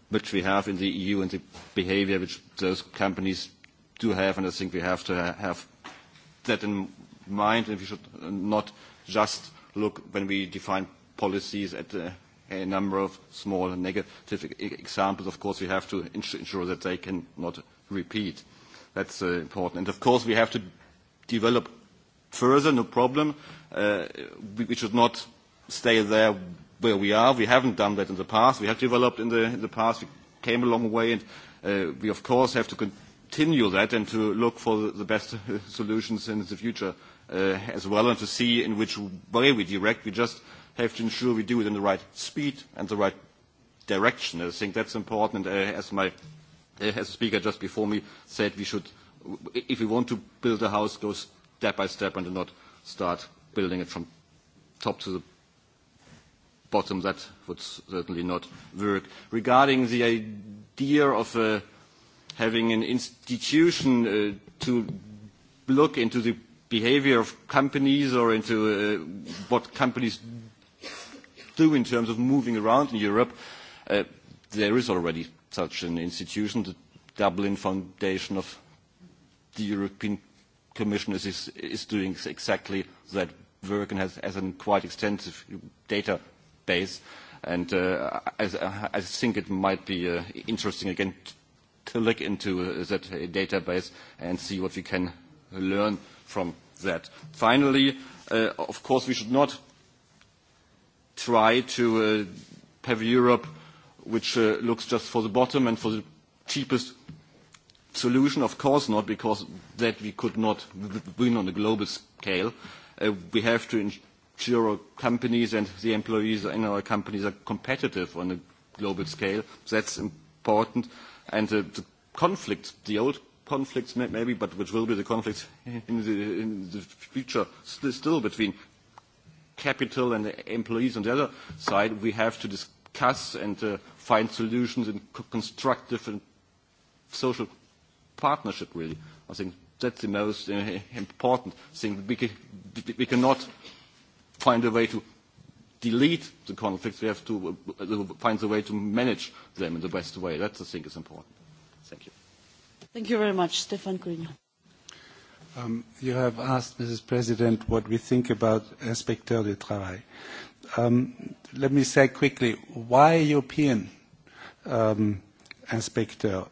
which we have in the EU and the behavior which those companies do have, and I think we have to have that in mind, and we should not just look when we define policies at a number of small negative examples. Of course, we have to ensure that they cannot repeat. That's important. And of course, we have to develop further, no problem. We should not stay there where we are. We haven't done that in the past. We have developed in the, past. We came a long way, and we of course have to continue that and to look for the best solutions in the future as well, and to see in which way we direct. We just have to ensure we do it in the right speed and the right direction. I think that's important. as my uh, as speaker just before me said, we should, if we want to build a house, go step by step and not start building it from top to the bottom, that would certainly not work. Regarding the idea of having an institution to look into the behavior of companies or into what companies do in terms of moving around in Europe, there is already such an institution. The Dublin Foundation of the European Commission is doing exactly that work and has a quite extensive data base And I think it might be interesting again to look into that database and see what we can learn from that. Finally, of course, we should not try to have Europe which looks just for the bottom and for the cheapest solution. Of course not, because that we could not win on a global scale. We have to Euro companies and the employees in our companies are competitive on a global scale. That's important. And the conflicts, the old conflicts maybe, but which will be the conflicts in the future still between capital and employees on the other side, we have to discuss and find solutions in constructive and social partnership, really. I think that's the most important thing. We cannot find a way to delete the conflicts. We have to find a way to manage them in the best way. That, I think, is important. Thank you. Thank you very much. Stefan Grignon. You have asked, Mrs. President, what we think about Inspecteur de Travail. Let me say quickly, why European Inspector?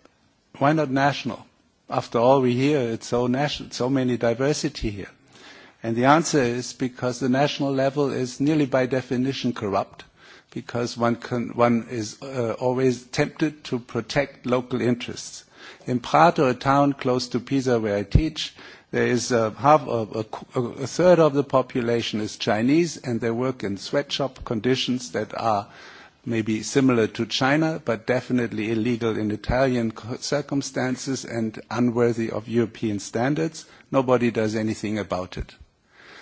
Why not national? After all, we hear it's so national, so many diversity here. And the answer is because the national level is nearly by definition corrupt, because one one is always tempted to protect local interests. In Prato, a town close to Pisa where I teach, there is half a third of the population is Chinese and they work in sweatshop conditions that are maybe similar to China, but definitely illegal in Italian circumstances and unworthy of European standards. Nobody does anything about it.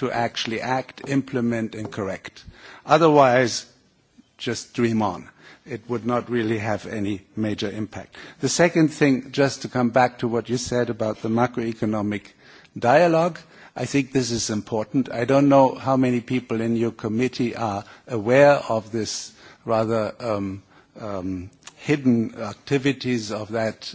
to actually act, implement, and correct. Otherwise, just dream on. It would not really have any major impact. The second thing, just to come back to what you said about the macroeconomic dialogue, I think this is important. I don't know how many people in your committee are aware of this rather hidden activities of that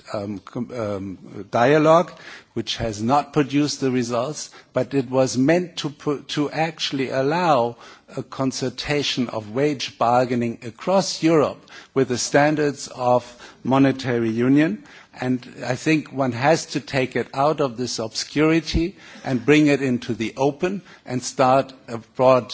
dialogue, which has not produced the results, but it was meant to actually allow a consultation of wage bargaining across Europe with the standards of monetary union. And I think one has to take it out of this obscurity and bring it into the open and start a broad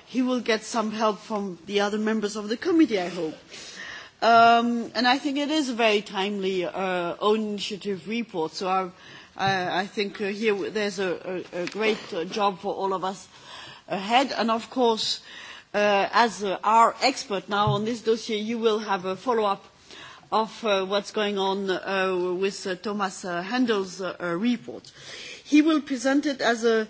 he will get some help from the other members of the committee, I hope. And I think it is a very timely own initiative report, so I think here there's a great job for all of us ahead. And of course, as our expert now on this dossier, you will have a follow-up of what's going on with Thomas Handel's report. He will present it as a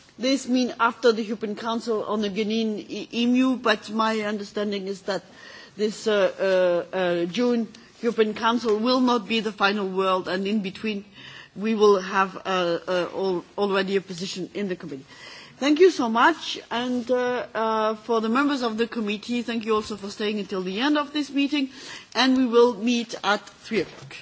This means after the European Council on the Guinean EMU, but my understanding is that this June European Council will not be the final world, and in between we will have already a position in the committee. Thank you so much, and for the members of the committee, thank you also for staying until the end of this meeting, and we will meet at three o'clock.